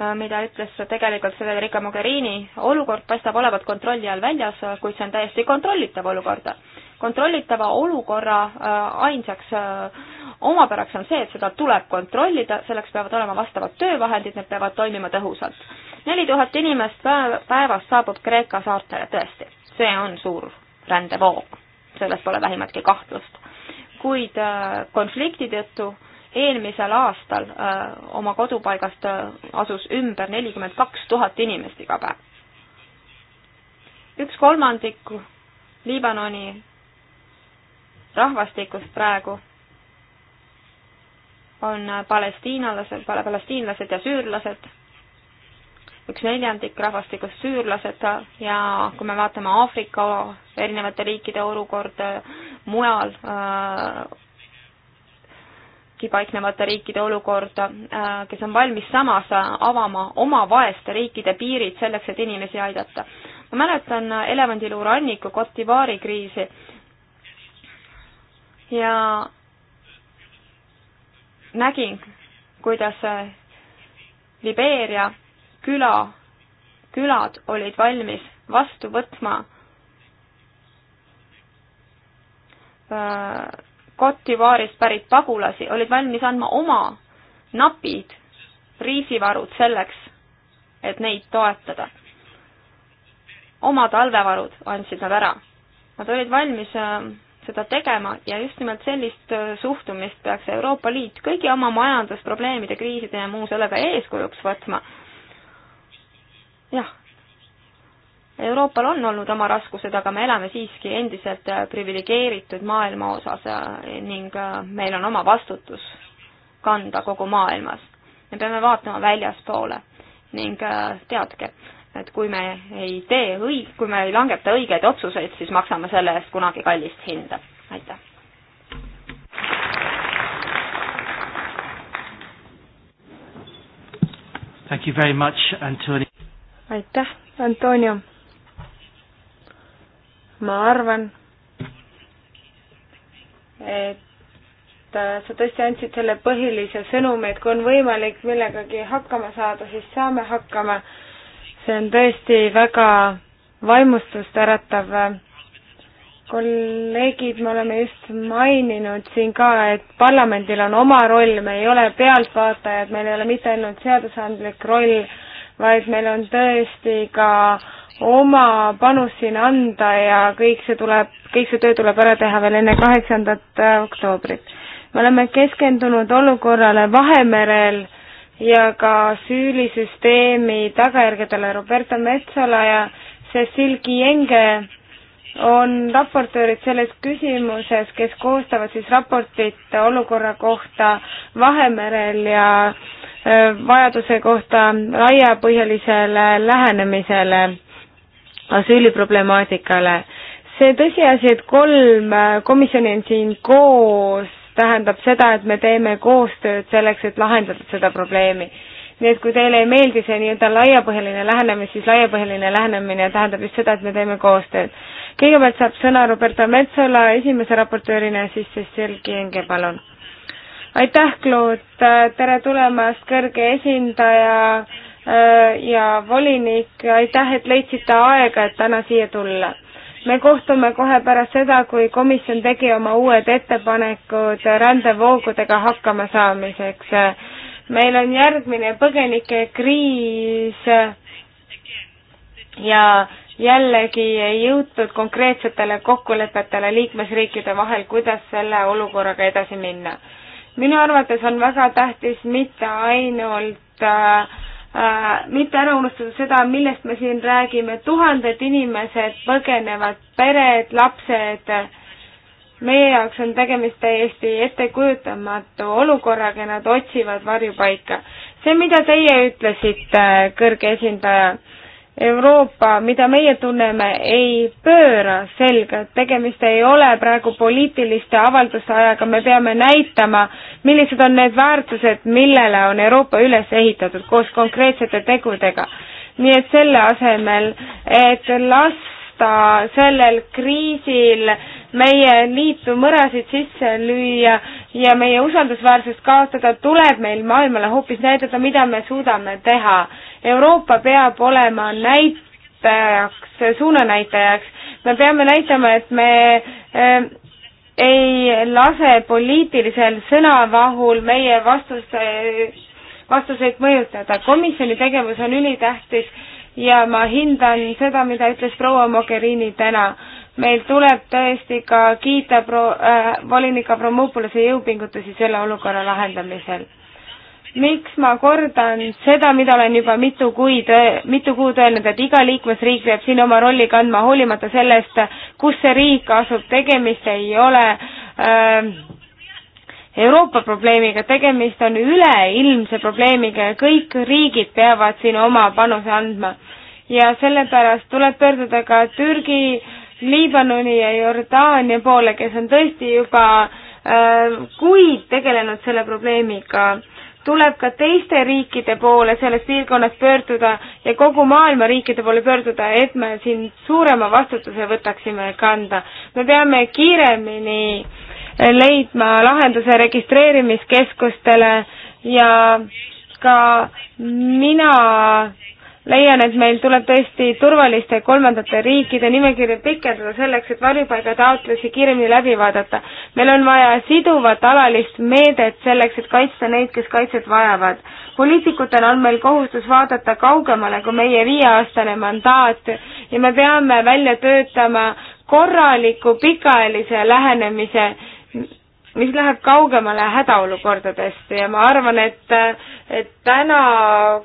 äh, mida ütles tegelikult Federica Mogherini, olukord paistab olevat kontrolli all väljas, kuid see on täiesti kontrollitav olukord. kontrollitava olukorra äh, ainsaks äh, omapäraks on see, et seda tuleb kontrollida, selleks peavad olema vastavad töövahendid, need peavad toimima tõhusalt. neli tuhat inimest päevas saabub Kreeka saartele, tõesti, see on suur rändevoog, selles pole vähimatki kahtlust. kuid konflikti tõttu eelmisel aastal öö, äh, oma kodupaigast öö, äh, asus ümber nelikümmend kaks tuhat inimest iga päev. üks kolmandik Liibanoni rahvastikust praegu on äh, palestiinalased, palestiinlased ja süürlased, üks neljandik rahvastikust süürlased ja kui me vaatame Aafrika erinevate riikide olukorda mujal öö, paiknevate riikide olukorda, äh, kes on valmis samas avama oma vaeste riikide piirid selleks, et inimesi aidata. ma mäletan äh, elevandiluu ranniku Cote d'Ivoire'i kriisi ja nägin, kuidas äh, Libeeria küla, külad olid valmis vastu võtma äh, Kotivaarist pärit pagulasi olid valmis andma oma napid riisivarud selleks, et neid toetada. oma talvevarud andsid nad ära. Nad olid valmis äh, seda tegema ja just nimelt sellist äh, suhtumist peaks Euroopa Liit kõigi oma majandusprobleemide, kriiside ja muu sellega eeskujuks võtma. jah, Euroopal on olnud oma raskused, aga me elame siiski endiselt äh, priviligeeritud maailma osas äh, ning äh, meil on oma vastutus kanda kogu maailmas. me peame vaatama väljaspoole ning teadke, et kui me ei tee õig-, kui me ei langeta õigeid otsuseid, siis maksame selle eest kunagi kallist hinda. aitäh! Thank you very much, Antoni. aitäh, Antonio! ma arvan, et äh, sa tõesti andsid selle põhilise sõnumi, et kui on võimalik millegagi hakkama saada, siis saame hakkama. see on tõesti väga vaimustust äratav. kolleegid, me oleme just maininud siin ka, et parlamendil on oma roll, me ei ole pealtvaatajad, meil ei ole mitte ainult seadusandlik roll, vaid meil on tõesti ka äh, oma panus siin anda ja kõik see tuleb, kõik see töö tuleb ära teha veel enne kaheksandat äh, oktoobrit. me oleme keskendunud olukorrale Vahemerel ja ka süülisüsteemi tagajärgedele Roberta Metsola ja Cecil Kienge on raportöörid selles küsimuses, kes koostavad siis raportit olukorra kohta Vahemerel ja äh, vajaduse kohta laiapõhjalisele lähenemisele asüüliproblemaatikale. see tõsiasi, et kolm äh, komisjoni on siin koos, tähendab seda, et me teeme koostööd selleks, et lahendada seda probleemi. nii et kui teile ei meeldi see nii-öelda laiapõhjaline lähenemine, siis laiapõhjaline lähenemine tähendab just seda, et me teeme koostööd. kõigepealt saab sõna Roberta Metsola esimese raportöörina ja siis Cecil Kienge, palun. aitäh, Claude, tere tulemast, kõrge esindaja Äh, ja volinik, aitäh, et leidsite aega, et täna siia tulla. me kohtume kohe pärast seda, kui komisjon tegi oma uued ettepanekud rändevoogudega hakkama saamiseks. meil on järgmine põgenikekriis ja jällegi ei jõutud konkreetsetele kokkulepetele liikmesriikide vahel, kuidas selle olukorraga edasi minna. minu arvates on väga tähtis mitte ainult äh, Äh, mitte ära unustada seda, millest me siin räägime, tuhanded inimesed põgenevad, pered, lapsed, meie jaoks on tegemist täiesti ettekujutamatu olukorraga, nad otsivad varjupaika. see, mida teie ütlesite, kõrge esindaja, Euroopa, mida meie tunneme, ei pööra selga, et tegemist ei ole praegu poliitiliste avalduste ajaga, me peame näitama, millised on need väärtused, millele on Euroopa üles ehitatud koos konkreetsete tegudega. nii et selle asemel, et lasta sellel kriisil meie liitu mõrasid sisse lüüa ja meie usaldusväärsust kaotada, tuleb meil maailmale hoopis näidata, mida me suudame teha. Euroopa peab olema näitajaks, suunanäitajaks. me peame näitama, et me äh, ei lase poliitilisel sõnavahul meie vastuse, vastuseid mõjutada. komisjoni tegevus on ülitähtis ja ma hindan seda, mida ütles proua Mogherini täna meil tuleb tõesti ka kiita pro-, äh, volinik Avramopolose jõupingutusi selle olukorra lahendamisel. miks ma kordan seda, mida olen juba mitu kuid, mitu kuud öelnud, et iga liikmesriik peab siin oma rolli kandma, hoolimata sellest, kus see riik asub, tegemist ei ole äh, Euroopa probleemiga, tegemist on üleilmse probleemiga ja kõik riigid peavad siin oma panuse andma. ja sellepärast tuleb pöörduda ka Türgi äh, Liibanoni ja Jordaania poole, kes on tõesti juba äh, kuid tegelenud selle probleemiga. tuleb ka teiste riikide poole selles piirkonnas pöörduda ja kogu maailma riikide poole pöörduda, et me siin suurema vastutuse võtaksime kanda. me peame kiiremini leidma lahenduse registreerimiskeskustele ja ka mina äh, leian, et meil tuleb tõesti turvaliste kolmandate riikide nimekirja pikendada selleks, et varjupaigataotlusi kiiremini läbi vaadata. meil on vaja siduvat alalist meedet selleks, et kaitsta neid, kes kaitset vajavad. poliitikutena on meil kohustus vaadata kaugemale kui meie viieaastane mandaat ja me peame välja töötama korraliku pikaajalise lähenemise mis läheb kaugemale hädaolukordadest ja ma arvan, et, et täna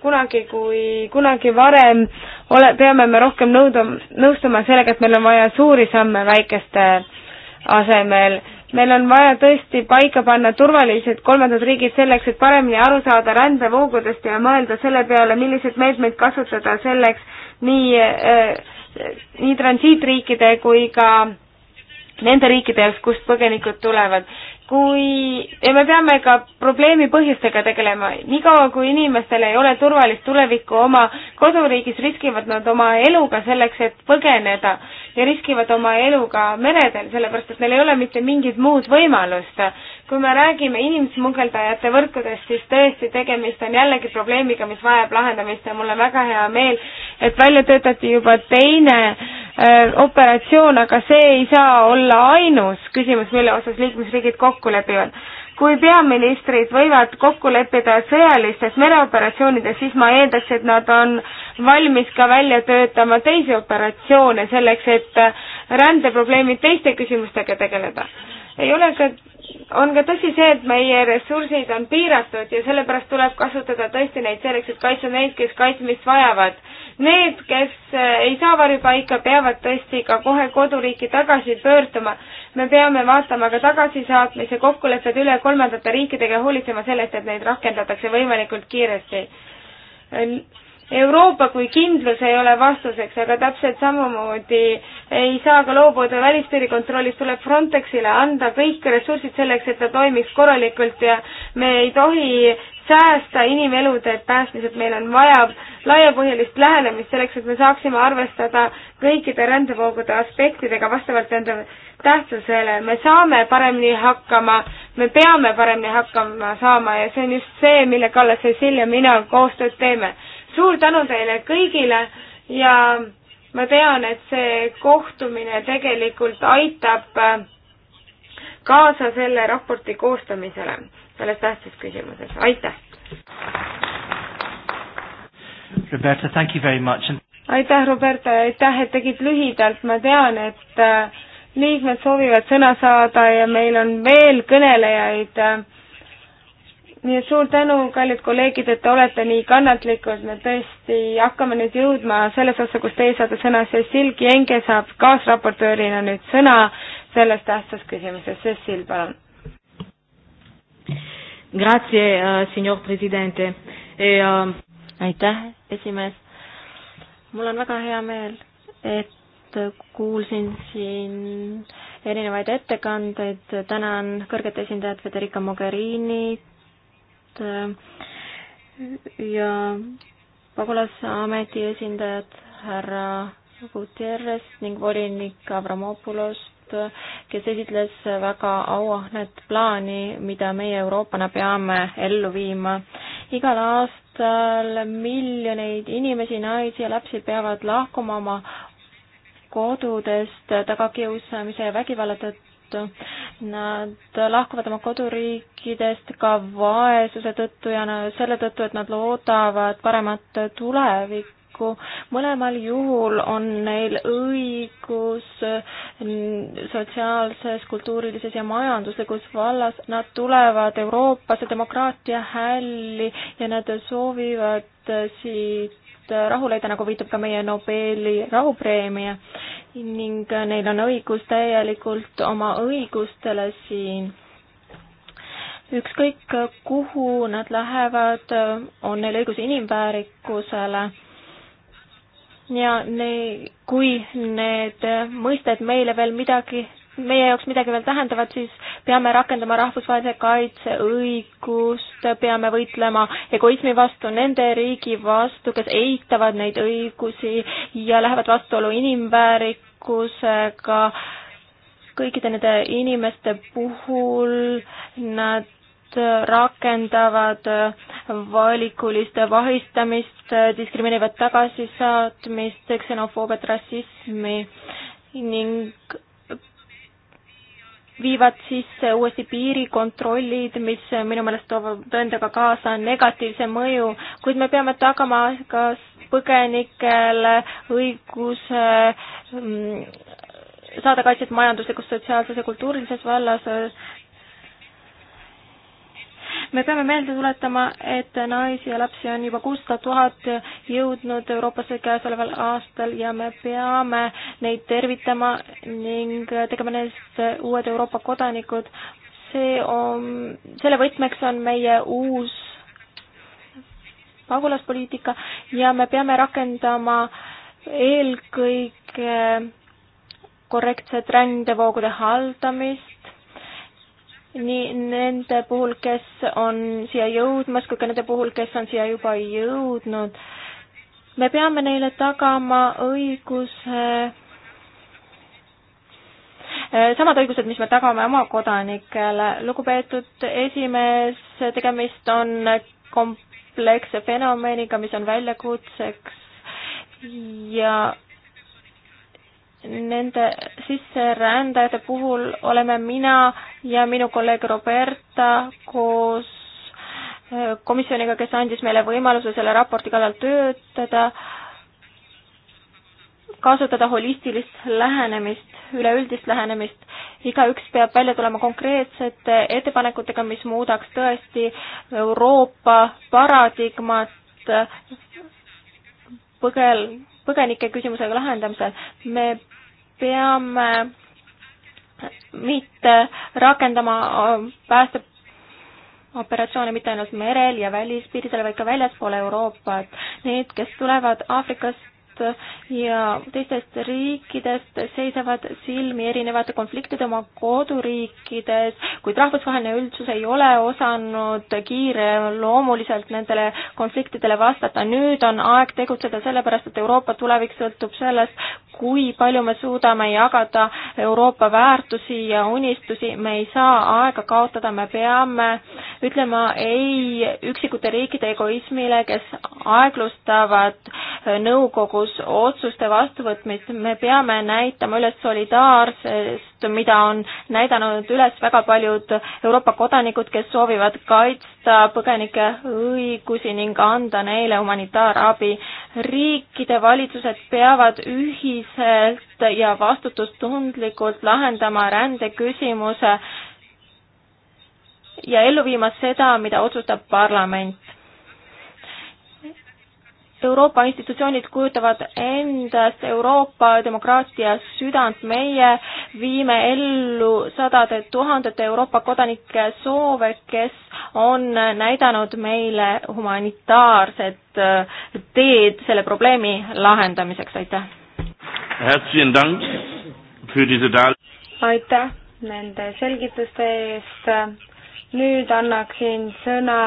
kunagi kui kunagi varem ole, peame me rohkem nõuda, nõustuma sellega, et meil on vaja suuri samme väikeste asemel. meil on vaja tõesti paika panna turvalised kolmandad riigid selleks, et paremini aru saada rändevoogudest ja mõelda selle peale, milliseid meetmeid kasutada selleks nii äh,, nii transiitriikide kui ka nende riikide jaoks, kust põgenikud tulevad kui, ja me peame ka probleemi põhjustega tegelema, niikaua kui inimestel ei ole turvalist tulevikku oma koduriigis, riskivad nad oma eluga selleks, et põgeneda ja riskivad oma eluga meredel, sellepärast et neil ei ole mitte mingit muud võimalust. kui me räägime inimsmugeldajate võrkudest, siis tõesti, tegemist on jällegi probleemiga, mis vajab lahendamist ja mul on väga hea meel, et välja töötati juba teine äh, Äh, operatsioon, aga see ei saa olla ainus küsimus, mille osas liikmesriigid kokku lepivad. kui peaministrid võivad kokku leppida sõjalistes mereoperatsioonides, siis ma eeldaks, et nad on valmis ka välja töötama teisi operatsioone selleks, et äh, rändeprobleemid teiste küsimustega tegeleda. ei ole ka on ka tõsi see, et meie ressursid on piiratud ja sellepärast tuleb kasutada tõesti neid selleks, et kaitsta neid, kes kaitsmist vajavad Need, kes äh, ei saa varjupaika, peavad tõesti ka kohe koduriiki tagasi pöörduma. me peame vaatama ka tagasisaatmise kokkulepped üle kolmandate riikidega ja hoolitsema sellest, et neid rakendatakse võimalikult kiiresti. Euroopa kui kindlus ei ole vastuseks, aga täpselt samamoodi ei saa ka loobuda välispiirikontrollist, tuleb Frontexile anda kõik ressursid selleks, et ta toimiks korralikult ja me ei tohi säästa inimelude päästmised, meil on vaja laiapõhjalist lähenemist selleks, et me saaksime arvestada kõikide rändevoogude aspektidega vastavalt nende tähtsusele. me saame paremini hakkama, me peame paremini hakkama saama ja see on just see, mille kallal Cecil ja mina koostööd teeme. suur tänu teile kõigile ja ma tean, et see kohtumine tegelikult aitab kaasa selle raporti koostamisele selles tähtsas küsimuses, aitäh! Roberta, thank you very much and.... aitäh, Roberta ja aitäh, et tegid lühidalt, ma tean, et äh, liikmed soovivad sõna saada ja meil on veel kõnelejaid. nii et suur tänu, kallid kolleegid, et te olete nii kannatlikud, me tõesti hakkame nüüd jõudma selles osa, kus teie saate sõna, Cecil Kienge saab kaasraportöörina nüüd sõna selles tähtsas küsimuses, Cecil, palun Grazie, eh, signor presidente e,. Eh, aitäh, esimees. mul on väga hea meel, et kuulsin siin erinevaid ettekandeid, tänan kõrget esindajat Federica Mogherinit eh, ja pagulasameti esindajat härra Gutierrez ning volinik Avramopulost kes esitles väga auahnet plaani, mida meie Euroopana peame ellu viima. igal aastal miljoneid inimesi, naisi ja lapsi peavad lahkuma oma kodudest tagakiusamise ja vägivalla tõttu tõttu. Nad lahkuvad oma koduriikidest ka vaesuse tõttu ja selle tõttu, et nad loodavad paremat tulevikku kokku. mõlemal juhul on neil õigus sotsiaalses, kultuurilises ja majanduslikus vallas, nad tulevad Euroopasse demokraatia hälli ja nad soovivad siit rahu leida, nagu viitab ka meie Nobeli rahupreemia ning neil on õigus täielikult oma õigustele siin ükskõik kuhu nad lähevad, on neil õigus inimväärikusele ja ne-, kui need mõisted meile veel midagi, meie jaoks midagi veel tähendavad, siis peame rakendama rahvusvahelise kaitse õigust, peame võitlema egoismi vastu, nende riigi vastu, kes eitavad neid õigusi ja lähevad vastuolu inimväärikusega, kõikide nende inimeste puhul nad Äh, rakendavad äh, valikulist vahistamist, äh, diskrimineerivat tagasisaatmist, ksenofoobiat, rassismi ning viivad sisse uuesti piirikontrollid, mis minu meelest toovad endaga kaasa negatiivse mõju, kuid me peame tagama ka põgenikele õiguse mm, saada kaitset majanduslikus, sotsiaalses ja kultuurilises vallas me peame meelde tuletama, et naisi ja lapsi on juba kuussada tuhat jõudnud Euroopasse käesoleval aastal ja me peame neid tervitama ning tegema neist uued Euroopa kodanikud. see on, selle võtmeks on meie uus pagulaspoliitika ja me peame rakendama eelkõige korrektset rändevoogude haldamist, nii nende puhul, kes on siia jõudmas, kui ka nende puhul, kes on siia juba jõudnud. me peame neile tagama õiguse, eh, samad õigused, mis me tagame oma kodanikele. lugupeetud esimees, tegemist on kompleksse fenomeniga, mis on väljakutseks ja nende sisserändajate puhul oleme mina ja minu kolleeg Roberta koos äh, komisjoniga, kes andis meile võimaluse selle raporti kallal töötada, kasutada holistilist lähenemist, üleüldist lähenemist. igaüks peab välja tulema konkreetsete ettepanekutega, mis muudaks tõesti Euroopa paradigmat põgel-, põgenike küsimusega lahendamisel. me peame mitte rakendama äh, pääste operatsioone mitte ainult merel ja välispiiridel, vaid ka väljaspool Euroopat. Need, kes tulevad Aafrikast ja teistest riikidest seisavad silmi erinevate konfliktide oma koduriikides, kuid rahvusvaheline üldsus ei ole osanud kiireloomuliselt nendele konfliktidele vastata. nüüd on aeg tegutseda, sellepärast et Euroopa tulevik sõltub sellest, kui palju me suudame jagada Euroopa väärtusi ja unistusi, me ei saa aega kaotada, me peame ütlema ei üksikute riikide egoismile, kes aeglustavad nõukogu otsuste vastuvõtmist, me peame näitama üles solidaarsust, mida on näidanud üles väga paljud Euroopa kodanikud, kes soovivad kaitsta põgenike õigusi ning anda neile humanitaarabi. riikide valitsused peavad ühiselt ja vastutustundlikult lahendama rändeküsimuse ja ellu viima seda, mida otsustab parlament Euroopa institutsioonid kujutavad endast Euroopa demokraatia südant. meie viime ellu sadade tuhandete Euroopa kodanike soove, kes on näidanud meile humanitaarset äh, teed selle probleemi lahendamiseks, aitäh! aitäh nende selgituste eest, nüüd annaksin sõna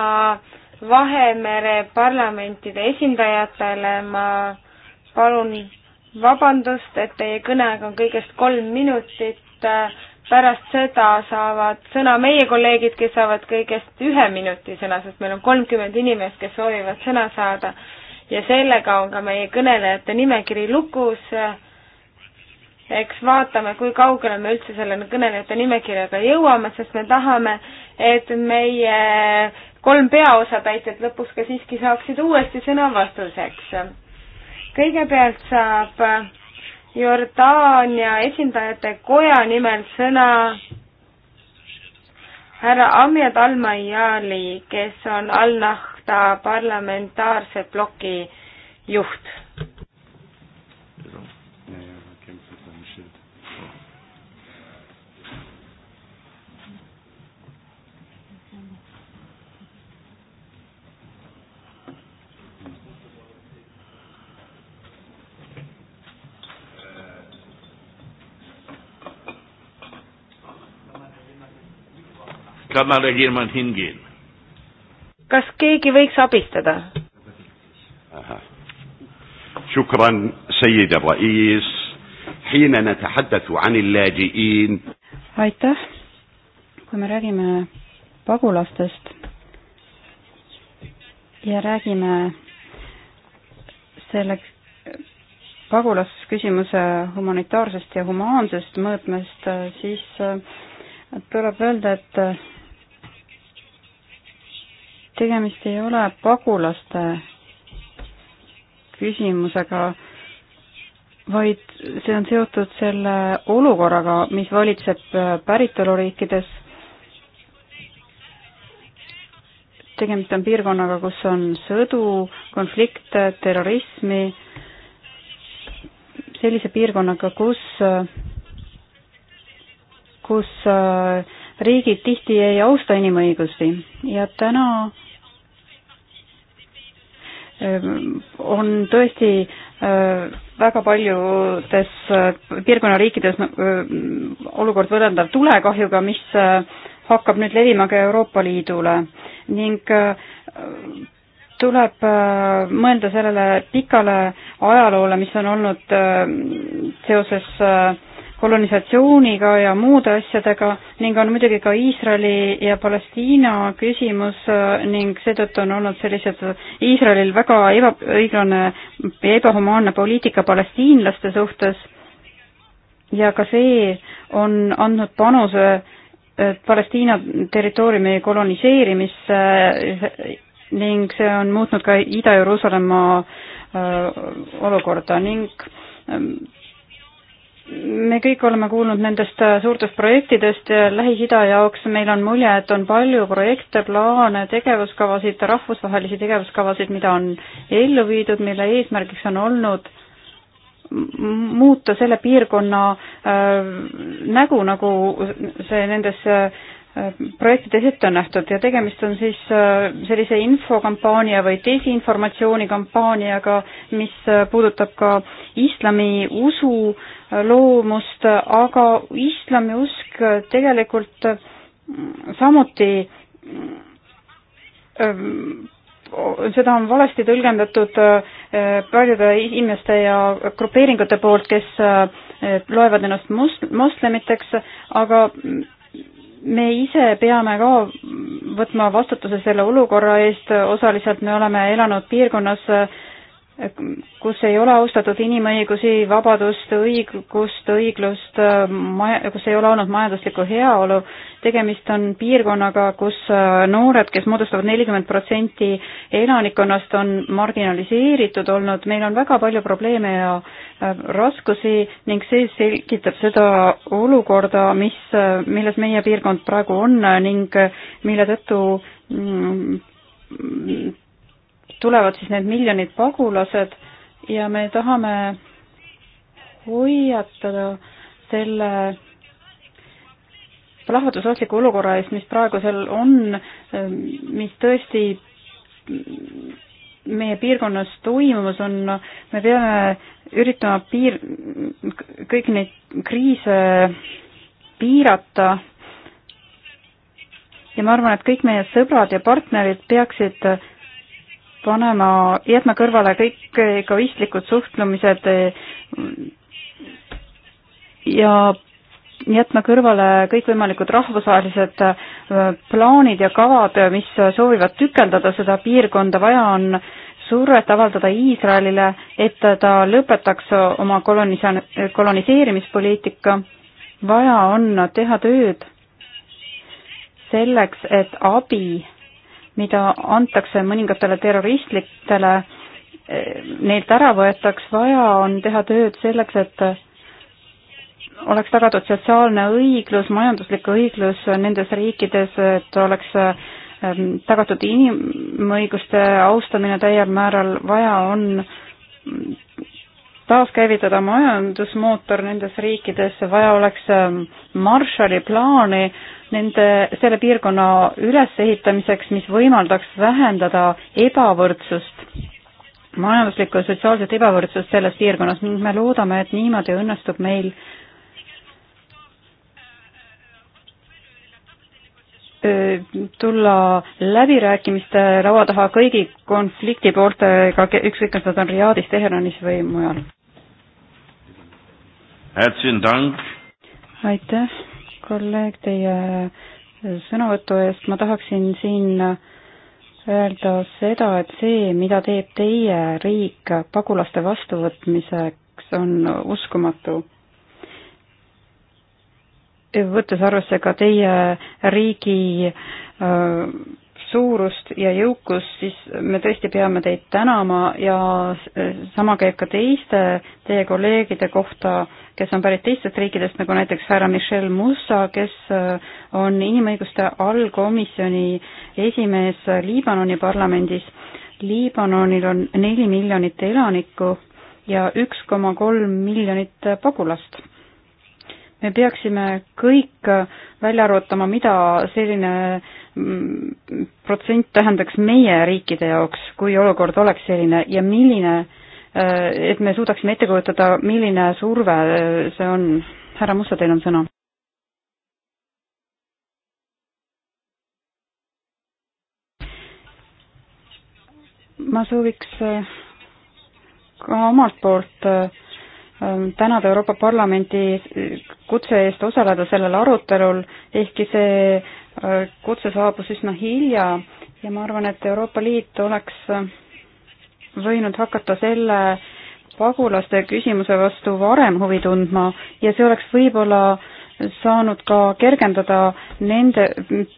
Vahemere parlamentide esindajatele, ma palun vabandust, et teie kõneaeg on kõigest kolm minutit, pärast seda saavad sõna meie kolleegid, kes saavad kõigest ühe minuti sõna, sest meil on kolmkümmend inimest, kes soovivad sõna saada ja sellega on ka meie kõnelejate nimekiri lukus. eks vaatame, kui kaugele me üldse selle kõnelejate nimekirjaga jõuame, sest me tahame, et meie kolm peaosatäitjat lõpuks ka siiski saaksid uuesti sõna vastuseks. kõigepealt saab Jordaania esindajate koja nimel sõna härra Amjad Almajali, kes on Al-Nahda parlamentaarse ploki juht kann mal da jemand hingehen? kas keegi võiks abistada? شكرا سيد الرئيس حين نتحدث عن اللاجئين aitäh, kui me räägime pagulastest ja räägime selle pagulasküsimuse humanitaarsest ja humaansest mõõtmest, siis äh, tuleb öelda, et tegemist ei ole pagulaste küsimusega, vaid see on seotud selle olukorraga, mis valitseb äh, päritoluriikides. tegemist on piirkonnaga, kus on sõdu, konflikte, terrorismi, sellise piirkonnaga, kus, äh, kus äh, riigid tihti ei austa inimõigusi ja täna Ehm, on tõesti äh, väga paljudes äh, piirkonna riikides äh, olukord võrreldav tulekahjuga, mis hakkab nüüd levima ka Euroopa Liidule ning tuleb mõelda sellele pikale ajaloole, mis on olnud seoses kolonisatsiooniga ja muude asjadega ning on muidugi ka Iisraeli ja Palestiina küsimus äh, ning seetõttu on olnud sellised Iisraelil väga ebaõiglane ja ebahumaanne poliitika palestiinlaste suhtes ja ka see on andnud panuse äh, Palestiina territooriumi koloniseerimisse äh, ning see on muutnud ka Ida-Jeruusalemma olukorda ning ähm, me kõik oleme kuulnud nendest äh, suurtest projektidest Lähis-Ida jaoks, meil on mulje, et on palju projekte, plaane, tegevuskavasid, rahvusvahelisi tegevuskavasid, mida on ellu viidud, mille eesmärgiks on olnud muuta selle piirkonna äh, nägu, nagu see nendes äh, projektides ette on nähtud ja tegemist on siis äh, sellise infokampaania või desinformatsioonikampaaniaga, mis äh, puudutab ka islami usu loomust, aga islamiusk tegelikult samuti ähm, seda on valesti tõlgendatud äh, paljude inimeste ja grupeeringute poolt, kes äh, loevad ennast mus-, moslemiteks, aga me ise peame ka võtma vastutuse selle olukorra eest, osaliselt me oleme elanud piirkonnas äh, kus ei ole austatud inimõigusi, vabadust, õigust, õiglust, kus ei ole olnud majanduslikku heaolu. tegemist on piirkonnaga, kus äh, noored, kes moodustavad nelikümmend protsenti elanikkonnast, on marginaliseeritud olnud. meil on väga palju probleeme ja äh, raskusi ning see selgitab seda olukorda, mis, äh, milles meie piirkond praegu on ning mille tõttu mm, tulevad siis need miljonid pagulased ja me tahame hoiatada selle plahvatusohtliku olukorra eest, mis praegusel on, mis tõesti meie piirkonnas toimumas on, me peame üritama piir, kõiki neid kriise piirata ja ma arvan, et kõik meie sõbrad ja partnerid peaksid panema, jätma kõrvale kõik egoistlikud suhtlemised eh, ja jätma kõrvale kõikvõimalikud rahvusvahelised eh, plaanid ja kavad, mis soovivad tükeldada seda piirkonda, vaja on survet avaldada Iisraelile, et ta lõpetaks oma kolonisa-, koloniseerimispoliitika, vaja on teha tööd selleks, et abi mida antakse mõningatele terroristlikele, neilt ära võetaks, vaja on teha tööd selleks, et oleks tagatud sotsiaalne õiglus, majanduslik õiglus nendes riikides, et oleks ähm, tagatud inimõiguste austamine täiel määral, vaja on taaskäivitada majandusmootor nendes riikides, vaja oleks ähm, Marshalli plaani, nende, selle piirkonna ülesehitamiseks, mis võimaldaks vähendada ebavõrdsust, majanduslikku ja sotsiaalset ebavõrdsust selles piirkonnas ning me loodame, et niimoodi õnnestub meil tulla läbirääkimiste laua taha kõigi konfliktipooltega, ükskõik kas nad on Riadis, Teheranis või mujal. aitäh kolleeg, teie sõnavõtu eest. ma tahaksin siin öelda seda, et see, mida teeb teie riik pagulaste vastuvõtmiseks, on uskumatu. võttes arvesse ka teie riigi öö, äh, suurust ja jõukust, siis me tõesti peame teid tänama ja sama käib ka teiste teie kolleegide kohta, kes on pärit teistest riikidest, nagu näiteks härra Michel Moussa, kes äh, on inimõiguste allkomisjoni esimees Liibanoni parlamendis. Liibanonil on neli miljonit elanikku ja üks koma kolm miljonit pagulast me peaksime kõik välja arvutama, mida selline protsent tähendaks meie riikide jaoks, kui olukord oleks selline ja milline, äh, et me suudaksime ette kujutada, milline surve äh, see on. härra Musta, teil on sõna. ma sooviks äh, ka omalt poolt tänada Euroopa Parlamendi kutse eest osaleda sellel arutelul, ehkki see äh, kutse saabus üsna hilja ja ma arvan, et Euroopa Liit oleks äh, võinud hakata selle pagulaste küsimuse vastu varem huvi tundma ja see oleks võib-olla saanud ka kergendada nende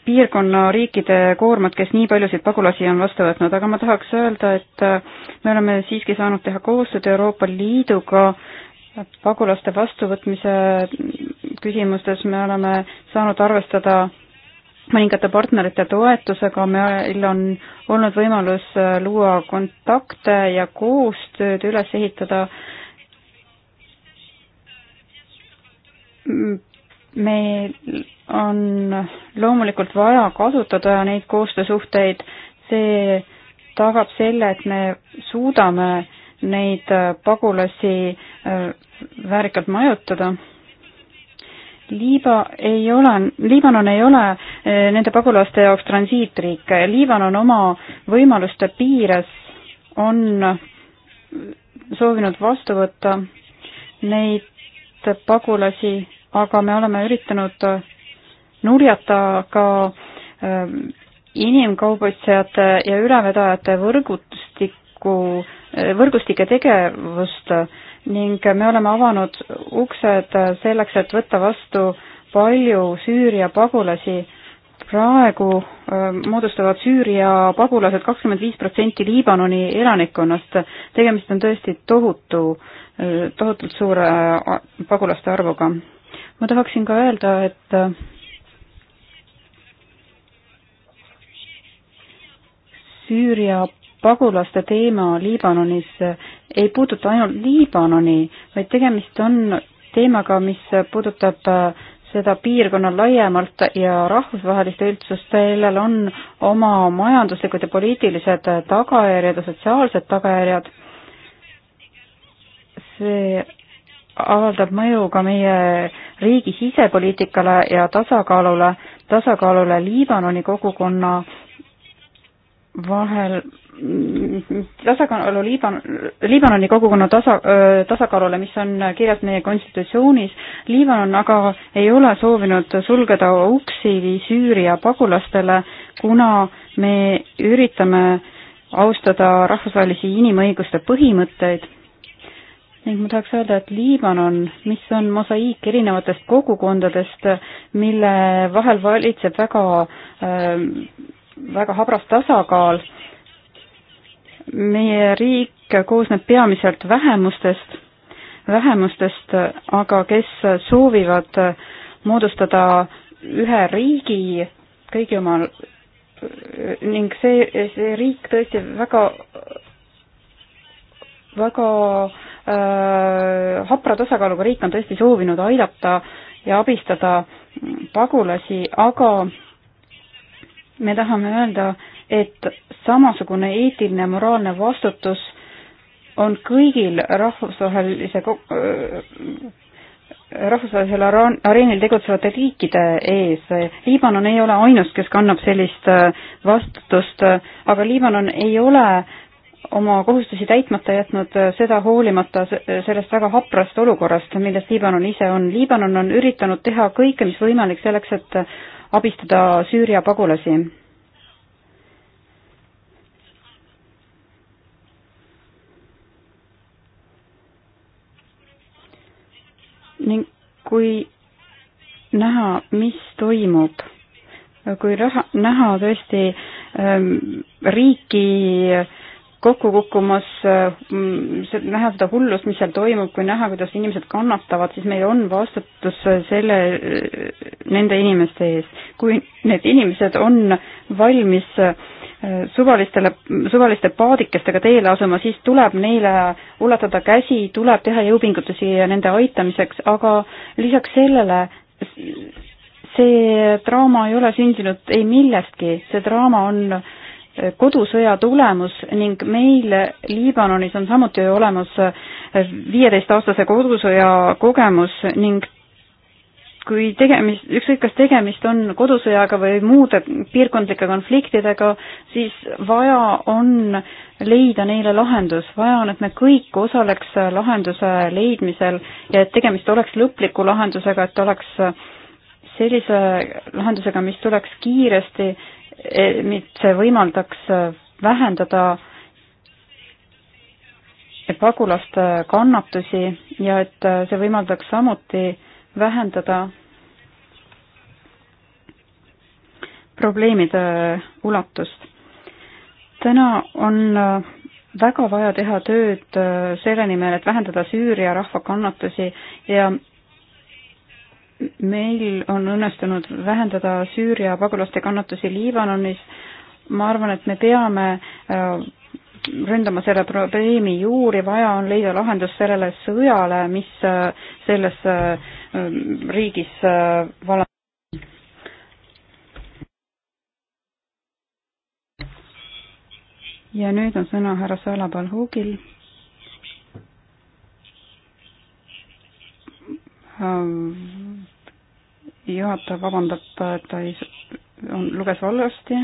piirkonna riikide koormat, kes nii paljusid pagulasi on vastu võtnud, aga ma tahaks öelda, et äh, me oleme siiski saanud teha koostööd Euroopa Liiduga pagulaste vastuvõtmise küsimustes me oleme saanud arvestada mõningate partnerite toetusega, meil on olnud võimalus luua kontakte ja koostööd üles ehitada. meil on loomulikult vaja kasutada neid koostöösuhteid, see tagab selle, et me suudame neid äh, pagulasi äh, väärikalt majutada. Liiba ei ole, Liibanon ei ole äh, nende pagulaste jaoks transiitriik, Liibanon oma võimaluste piires on soovinud vastu võtta neid pagulasi, aga me oleme üritanud nurjata ka inimkaubitsejate ja ülevedajate võrgustikku võrgustike tegevust ning me oleme avanud uksed selleks, et võtta vastu palju Süüria pagulasi. praegu moodustavad Süüria pagulased kakskümmend viis protsenti Liibanoni elanikkonnast. tegemist on tõesti tohutu, tohutult suure pagulaste arvuga. ma tahaksin ka öelda, et Süüria pagulaste teema Liibanonis ei puuduta ainult Liibanoni, vaid tegemist on teemaga, mis puudutab äh, seda piirkonna laiemalt ja rahvusvahelist üldsust, sellel on oma majanduslikud ja poliitilised tagajärjed ja sotsiaalsed tagajärjed. see avaldab mõju ka meie riigi sisepoliitikale ja tasakaalule, tasakaalule Liibanoni kogukonna vahel tasakaalu Liiban-, Liibanoni kogukonna tasa, tasakaalule, mis on kirjas meie konstitutsioonis. Liibanon aga ei ole soovinud sulgeda uksi Süüria pagulastele, kuna me üritame austada rahvusvahelisi inimõiguste põhimõtteid ning ma tahaks öelda, et Liibanon, mis on mosaiik erinevatest kogukondadest, mille vahel valitseb väga äh, väga habras tasakaal, meie riik koosneb peamiselt vähemustest, vähemustest aga, kes soovivad moodustada ühe riigi kõigi oma ning see, see riik tõesti väga, väga äh, hapra tasakaaluga riik on tõesti soovinud aidata ja abistada pagulasi, aga me tahame öelda, et samasugune eetiline ja moraalne vastutus on kõigil rahvusvahelise äh, rahvusvahelisel areenil tegutsevate riikide ees. Liibanon ei ole ainus, kes kannab sellist äh, vastutust, äh, aga Liibanon ei ole oma kohustusi täitmata jätnud, seda hoolimata sellest väga haprast olukorrast, milles Liibanon ise on. Liibanon on üritanud teha kõike, mis võimalik selleks, et abistada Süüria pagulasi ning kui näha, mis toimub, kui raha, näha tõesti ähm, riiki kokku kukkumas äh,, näha seda hullust, mis seal toimub, kui näha, kuidas inimesed kannatavad, siis meil on vastutus selle, äh, nende inimeste ees. kui need inimesed on valmis äh, suvalistele, suvaliste paadikestega teele asuma, siis tuleb neile ulatada käsi, tuleb teha jõupingutusi nende aitamiseks, aga lisaks sellele see draama ei ole sündinud ei millestki, see draama on kodusõja tulemus ning meil Liibanonis on samuti olemas viieteist-aastase kodusõja kogemus ning kui tegemist, ükskõik kas tegemist on kodusõjaga või muude piirkondlike konfliktidega, siis vaja on leida neile lahendus, vaja on, et me kõik osaleks lahenduse leidmisel ja et tegemist oleks lõpliku lahendusega, et oleks sellise lahendusega, mis tuleks kiiresti, mis võimaldaks vähendada pagulaste kannatusi ja et see võimaldaks samuti vähendada probleemide ulatust. täna on äh, väga vaja teha tööd äh, selle nimel, et vähendada Süüria rahva kannatusi ja meil on õnnestunud vähendada Süüria pagulaste kannatusi Liibanonis. ma arvan, et me peame äh, ründama selle probleemi juuri, vaja on leida lahendus sellele sõjale, mis selles Äh, riigis äh, vala-. ja nüüd on sõna härra Salabal Hugil. Äh, juhataja vabandab, et ta ei, on, luges valesti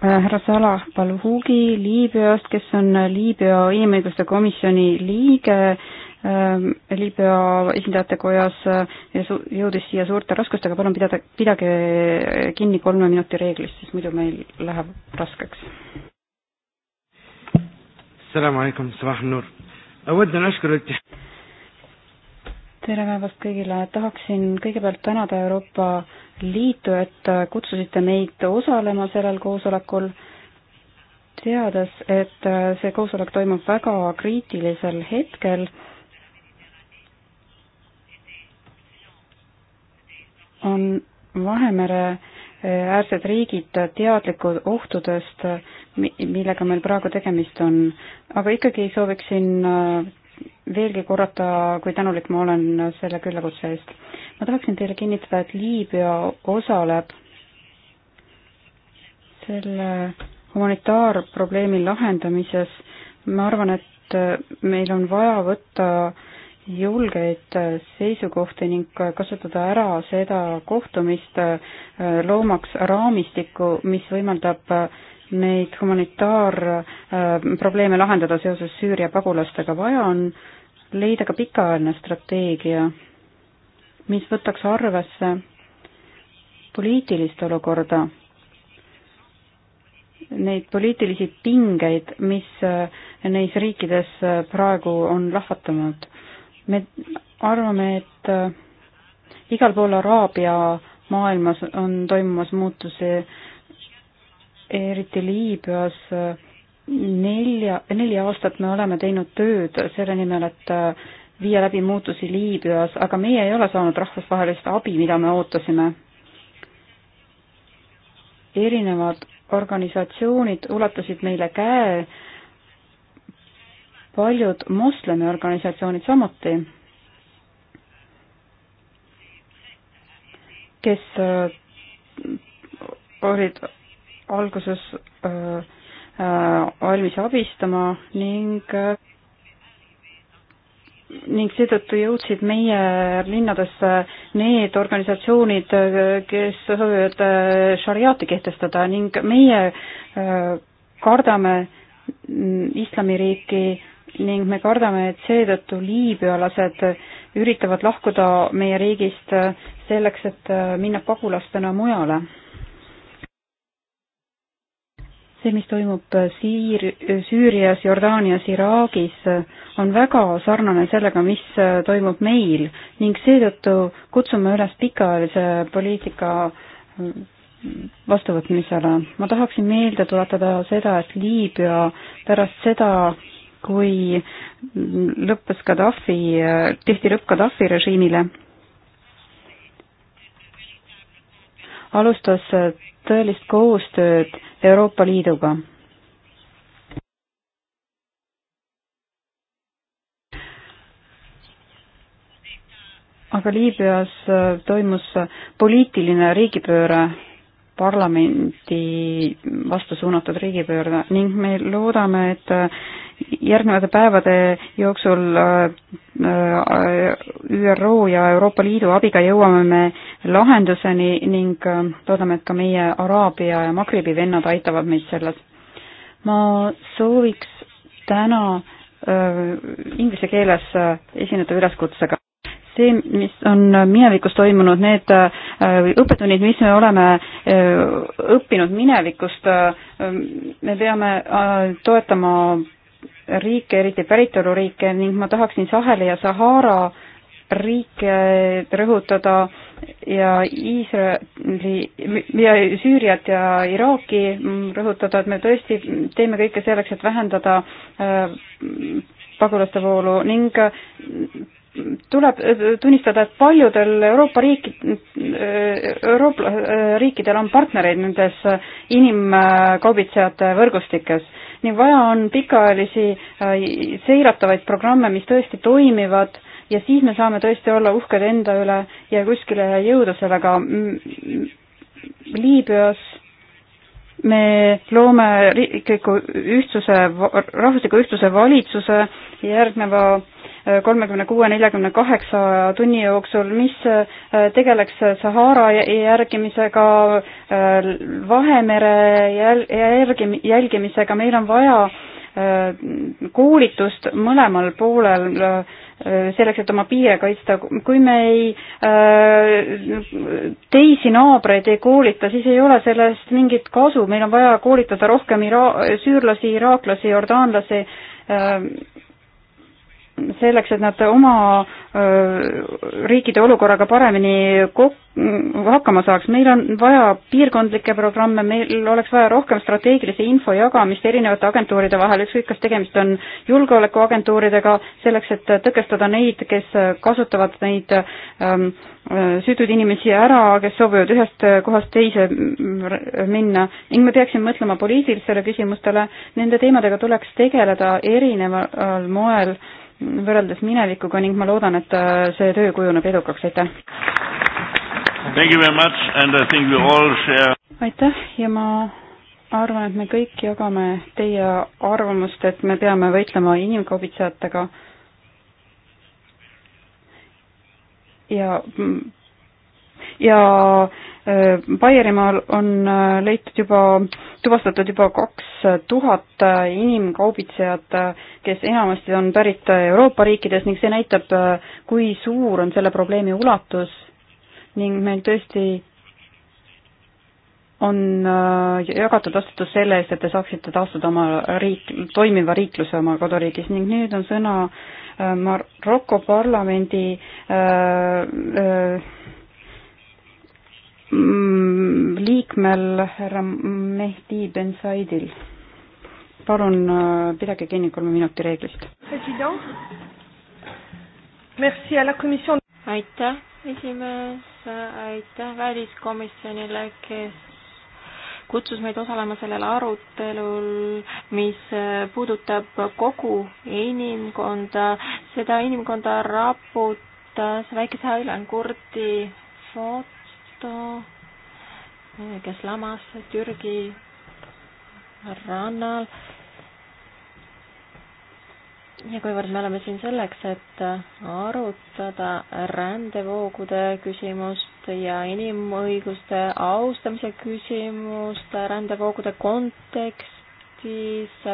härra Salah Balhugi Liibüast, kes on Liibüa inimõiguste komisjoni liige ähm, Liibüa esindajate kojas ja jõudis siia suurte raskustega, palun pidada, pidage kinni kolme minuti reeglist, sest muidu meil läheb raskeks. tere päevast kõigile, tahaksin kõigepealt tänada Euroopa Liitu, et äh, kutsusite meid osalema sellel koosolekul, teades, et äh, see koosolek toimub väga kriitilisel hetkel. on Vahemere äh, äärsed riigid teadlikud ohtudest, millega meil praegu tegemist on, aga ikkagi sooviksin veelgi korrata, kui tänulik ma olen selle küllakutse eest ma tahaksin teile kinnitada, et Liibüa osaleb selle humanitaarprobleemi lahendamises. ma arvan, et meil on vaja võtta julgeid seisukohti ning kasutada ära seda kohtumist, loomaks raamistikku, mis võimaldab neid humanitaarprobleeme lahendada seoses Süüria pagulastega. vaja on leida ka pikaajaline strateegia mis võtaks arvesse poliitilist olukorda, neid poliitilisi pingeid, mis äh, neis riikides äh, praegu on lahvatanud. me arvame, et äh, igal pool Araabia maailmas on toimumas muutusi, eriti Liibüas, nelja, neli aastat me oleme teinud tööd selle nimel, et viia läbi muutusi Liibüas, aga meie ei ole saanud rahvusvahelist abi, mida me ootasime. erinevad organisatsioonid ulatasid meile käe, paljud moslemi organisatsioonid samuti, kes äh, olid alguses äh, äh, valmis abistama ning ning seetõttu jõudsid meie linnadesse need organisatsioonid, kes soovivad äh, šariaati kehtestada ning meie äh, kardame mm, islamiriiki ning me kardame, et seetõttu liibüalased üritavad lahkuda meie riigist äh, selleks, et minna pagulastena mujale see, mis toimub Siir-, Süürias, Jordaanias, Iraagis, on väga sarnane sellega, mis toimub meil ning seetõttu kutsume üles pikaajalise poliitika vastuvõtmisele. ma tahaksin meelde tuletada seda, et Liibüa pärast seda, kui lõppes Gaddafi, tehti lõpp Gaddafi režiimile, alustas tõelist koostööd Euroopa Liiduga. aga Liibüas toimus poliitiline riigipööre, parlamendi vastu suunatud riigipööre ning me loodame, et järgnevate päevade jooksul äh, äh, ÜRO ja Euroopa Liidu abiga jõuame me lahenduseni ning loodame, äh, et ka meie Araabia ja Magribi vennad aitavad meid selles. ma sooviks täna inglise keeles esineda üleskutsega. see, mis on minevikus toimunud, need õppetunnid, mis me oleme õppinud minevikust, me peame toetama riike, eriti päritoluriike ning ma tahaksin Saheli ja Sahara riike rõhutada ja Iisraeli ja Süüriat ja Iraaki rõhutada, et me tõesti teeme kõike selleks, et vähendada äh, pagulaste voolu ning tuleb äh, tunnistada, et paljudel Euroopa riikid, äh, Euroopa äh, riikidel on partnereid nendes inimkaubitsejate võrgustikes ning vaja on pikaajalisi seiratavaid programme, mis tõesti toimivad ja siis me saame tõesti olla uhked enda üle ja kuskile jõuda sellega. Liibüas me loome riikliku ühtsuse, rahvusliku ühtsuse valitsuse järgneva kolmekümne kuue, neljakümne kaheksa tunni jooksul, mis äh, tegeleks Sahara järgimisega, äh, Vahemere jäl-, järgi, jälgimisega, meil on vaja äh, koolitust mõlemal poolel selleks, et oma piire kaitsta. kui me ei, teisi naabreid ei koolita, siis ei ole sellest mingit kasu. meil on vaja koolitada rohkem ira-, süürlasi, iraaklasi, jordaanlasi selleks, et nad oma riikide olukorraga paremini kok-, hakkama saaks, meil on vaja piirkondlikke programme, meil oleks vaja rohkem strateegilise info jagamist erinevate agentuuride vahel, ükskõik kas tegemist on julgeolekuagentuuridega, selleks et tõkestada neid, kes kasutavad neid ähm, äh, süütuid inimesi ära, kes soovivad ühest kohast teise mm, minna ning me peaksime mõtlema poliitilistele küsimustele, nende teemadega tuleks tegeleda erineval moel äh, võrreldes minevikuga ning ma loodan, et äh, see töö kujuneb edukaks, aitäh! aitäh ja ma arvan, et me kõik jagame teie arvamust, et me peame võitlema inimkaubitsejatega ja mm, ja äh, Baierimaal on äh, leitud juba, tuvastatud juba kaks tuhat äh, inimkaubitsejat, kes enamasti on pärit Euroopa riikides ning see näitab, kui suur on selle probleemi ulatus ning meil tõesti on jagatud vastutus selle eest, et te saaksite taastada oma riik, toimiva riikluse oma koduriigis ning nüüd on sõna Maroko parlamendi äh, äh, Mm, liikmel härra Mehdi Ben Saidil. palun äh, pidage kinni kolme minuti reeglist. aitäh, esimees, aitäh väliskomisjonile, kes kutsus meid osalema sellel arutelul, mis äh, puudutab kogu inimkonda, seda inimkonda raputas väikese Highland Courti foto, NATO, kes eh, lamas Türgi rannal. ja kuivõrd me oleme siin selleks, et arutada rändevoogude küsimust ja inimõiguste austamise küsimust rändevoogude kontekstis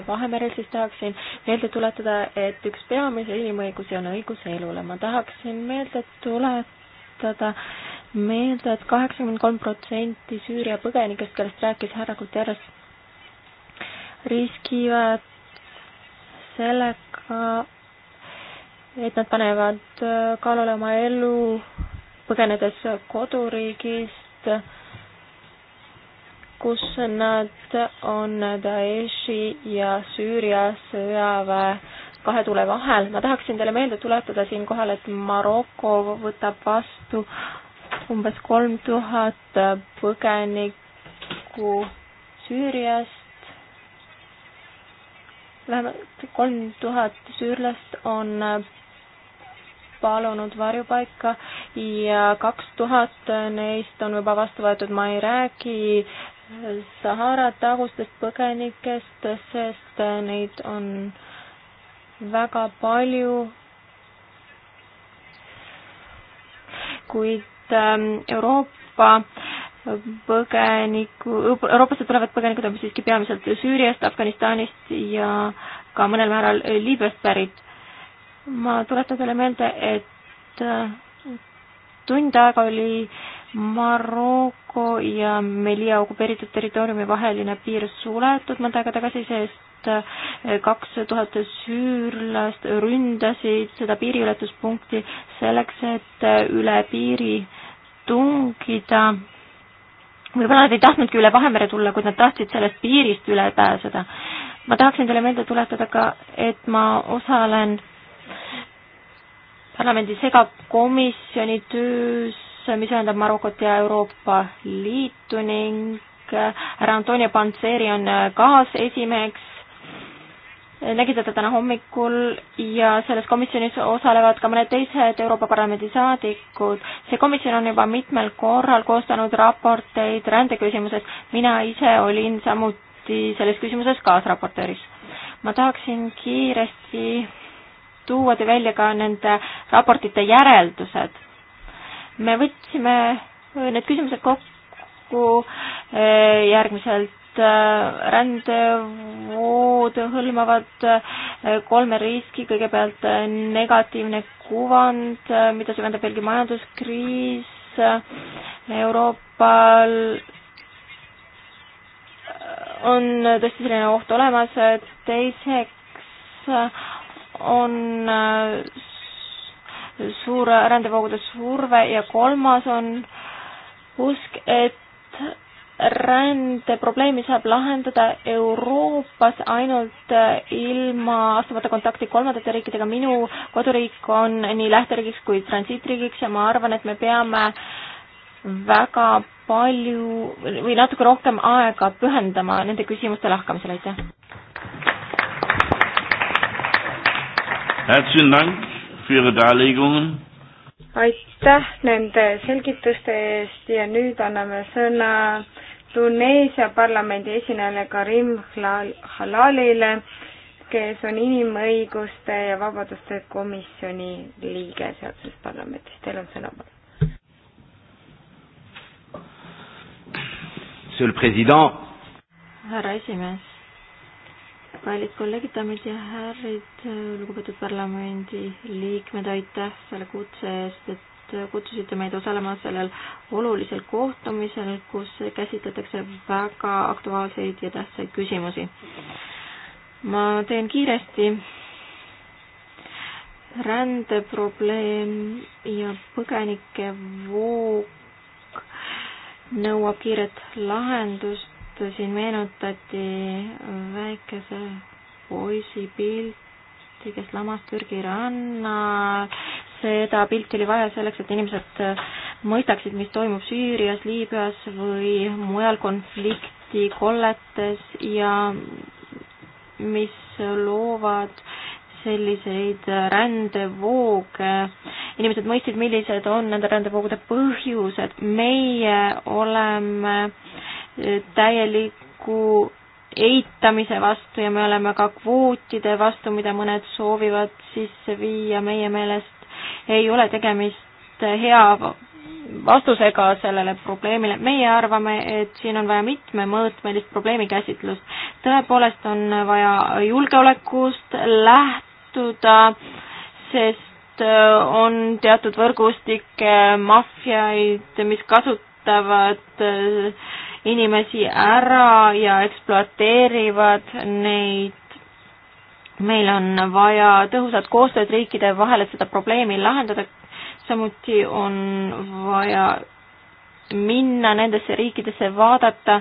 Vahemerel, siis tahaksin meelde tuletada, et üks peamisi inimõigusi on õigus elule. ma tahaksin meelde tuletada, meelde, et kaheksakümmend kolm protsenti Süüria põgenikest, kellest rääkis härra Guterres, riskivad sellega, et nad panevad äh, kaalule oma elu, põgenedes koduriigist, kus nad on Daeshi ja Süüria sõjaväe kahe tule vahel. ma tahaksin teile meelde tuletada siinkohal, et Maroko võtab vastu umbes kolm tuhat äh, põgenikku Süüriast. vähemalt kolm tuhat süürlast on äh, palunud varjupaika ja kaks tuhat neist on juba vastu võetud, ma ei räägi äh, Sahara tagustest põgenikest, sest neid on väga palju kuid Ähm, Euroopa põgeniku, Euroopasse tulevad põgenikud on siiski peamiselt Süüriast, Afganistanist ja ka mõnel määral Liibüast pärit. ma tuletan teile meelde, et äh, tund aega oli Maroko ja Melia okupeeritud territooriumi vaheline piir suletud mõnda aega tagasi, sest äh, kaks tuhat süürlast ründasid seda piiriületuspunkti selleks, et äh, üle piiri äh, tungida. võib-olla nad ei tahtnudki üle Vahemere tulla, kuid nad tahtsid sellest piirist üle pääseda. ma tahaksin teile meelde tuletada ka, et ma osalen parlamendi segakomisjoni töös, mis ühendab Marokot ja Euroopa Liitu ning härra Antonio Panseri on kaasesimeheks nägid seda täna hommikul ja selles komisjonis osalevad ka mõned teised Euroopa Parlamendi saadikud. see komisjon on juba mitmel korral koostanud raporteid rändeküsimuses, mina ise olin samuti selles küsimuses kaasraportööris. ma tahaksin kiiresti tuua välja ka nende raportite järeldused. me võtsime need küsimused kokku eh, järgmiselt Äh, rändevood hõlmavad äh, kolme riski, kõigepealt äh, negatiivne kuvand, mida süvendab veelgi majanduskriis, Euroopal on tõesti selline oht olemas, teiseks on suur rändevoogude surve ja kolmas on usk, et rändeprobleemi saab lahendada Euroopas ainult äh, ilma astumata kontakti kolmandate riikidega. minu koduriik on nii lähteriigiks kui transiitriigiks ja ma arvan, et me peame väga palju või natuke rohkem aega pühendama nende küsimuste lahkamisele, aitäh! Herzlichen Dank für Ihre Darlegungen aitäh nende selgituste eest ja nüüd anname sõna Tuneesia parlamendi esinejale Karim Halalile, kes on inimõiguste ja vabaduste komisjoni liige sealses parlamendis. Teil on sõna. härra esimees, kallid kolleegid, daamid ja härrid, lugupeetud parlamendi liikmed, aitäh selle kutse eest, et et kutsusite meid osalema sellel olulisel kohtumisel, kus käsitletakse väga aktuaalseid ja tähtsaid küsimusi. ma teen kiiresti rändeprobleem ja põgenikevoog nõuab kiiret lahendust. siin meenutati väikese poisi pilti, kes lamas Türgi rannal seda pilti oli vaja selleks, et inimesed äh, mõistaksid, mis toimub Süürias, Liibüas või mujal konflikti kolletes ja mis loovad selliseid rändevooge. inimesed mõistsid, millised on nende rändevoogude põhjused. meie oleme äh, täieliku eitamise vastu ja me oleme ka kvootide vastu, mida mõned soovivad sisse viia meie meelest ei ole tegemist hea vastusega sellele probleemile. meie arvame, et siin on vaja mitmemõõtmelist probleemikäsitlust. tõepoolest on vaja julgeolekust lähtuda, sest äh, on teatud võrgustikke, maffiaid, mis kasutavad äh, inimesi ära ja ekspluateerivad neid meil on vaja tõhusat koostööd riikide vahel, et seda probleemi lahendada. samuti on vaja minna nendesse riikidesse, vaadata,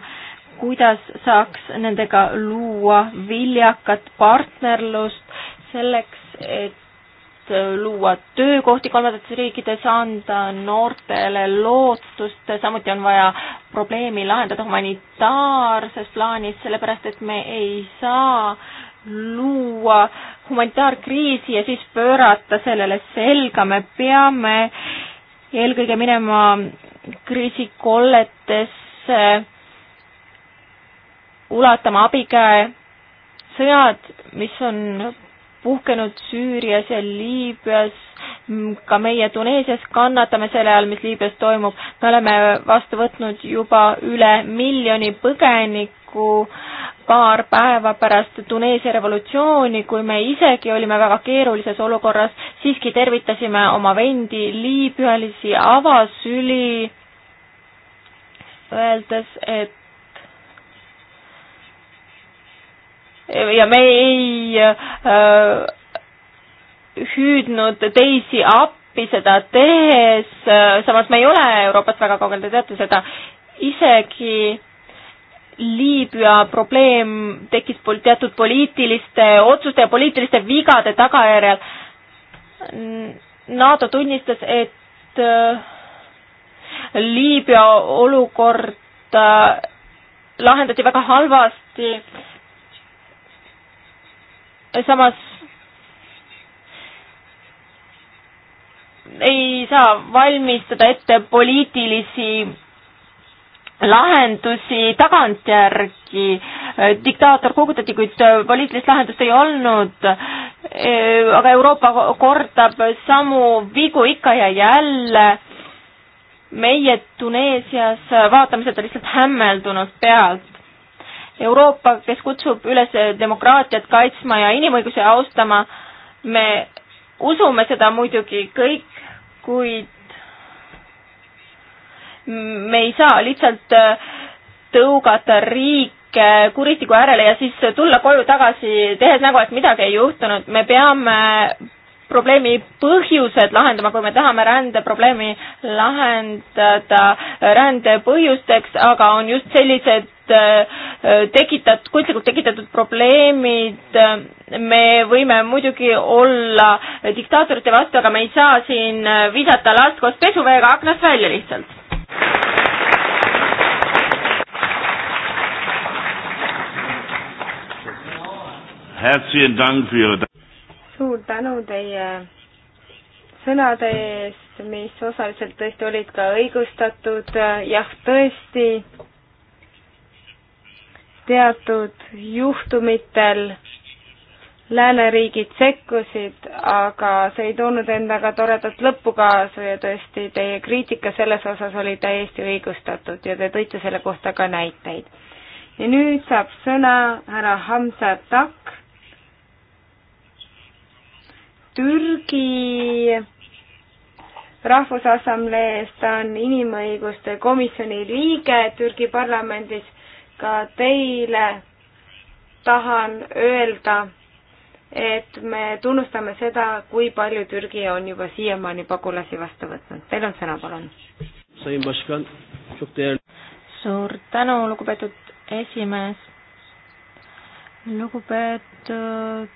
kuidas saaks nendega luua viljakat partnerlust selleks, et luua töökohti kolmandates riikides, anda noortele lootust, samuti on vaja probleemi lahendada humanitaarses plaanis, sellepärast et me ei saa äh, luua humanitaarkriisi ja siis pöörata sellele selga, me peame eelkõige minema kriisikolletesse, ulatama abikäe, sõjad, mis on puhkenud Süürias ja Liibüas, Mm, ka meie Tuneesias kannatame selle all, mis Liibüas toimub. me oleme vastu võtnud juba üle miljoni põgenikku paar päeva pärast Tuneesia revolutsiooni, kui me isegi olime väga keerulises olukorras, siiski tervitasime oma vendi liibüalisi avasüli, öeldes, et ja me ei äh, hüüdnud teisi appi seda tehes, samas me ei ole Euroopast väga kaugel, te teate seda, isegi Liibüa probleem tekkis pol-, teatud poliitiliste otsuste ja poliitiliste vigade tagajärjel. NATO tunnistas, et äh, Liibüa olukorda lahendati väga halvasti. samas ei saa valmistada ette poliitilisi lahendusi tagantjärgi. diktaator kogutati, kuid poliitilist lahendust ei olnud. E, aga Euroopa kordab samu vigu ikka ja jälle. meie Tuneesias vaatame seda lihtsalt hämmeldunult pealt. Euroopa, kes kutsub üles demokraatiat kaitsma ja inimõigusi austama, me usume seda muidugi kõik, kuid me ei saa lihtsalt äh, tõugata riike kuritegu äärele ja siis tulla koju tagasi, tehes nägu, et midagi ei juhtunud, me peame probleemi põhjused lahendama, kui me tahame rändeprobleemi lahendada rände põhjusteks, aga on just sellised äh, tekitat-, kunstlikult tekitatud probleemid, me võime muidugi olla diktaatorite vastu, aga me ei saa siin visata last koos pesuveega aknast välja lihtsalt. Herzlichen Dank für Ihre suur tänu teie sõnade eest, mis osaliselt tõesti olid ka õigustatud, jah, tõesti, teatud juhtumitel lääneriigid sekkusid, aga see ei toonud endaga toredat lõppu kaasa ja tõesti, teie kriitika selles osas oli täiesti õigustatud ja te tõite selle kohta ka näiteid. ja nüüd saab sõna härra Hamza Takk Türgi Rahvusassamblees, ta on inimõiguste komisjoni liige Türgi parlamendis. ka teile tahan öelda, et me tunnustame seda, kui palju Türgi on juba siiamaani pagulasi vastu võtnud. Teil on sõna, palun. suur tänu, lugupeetud esimees. lugupeetud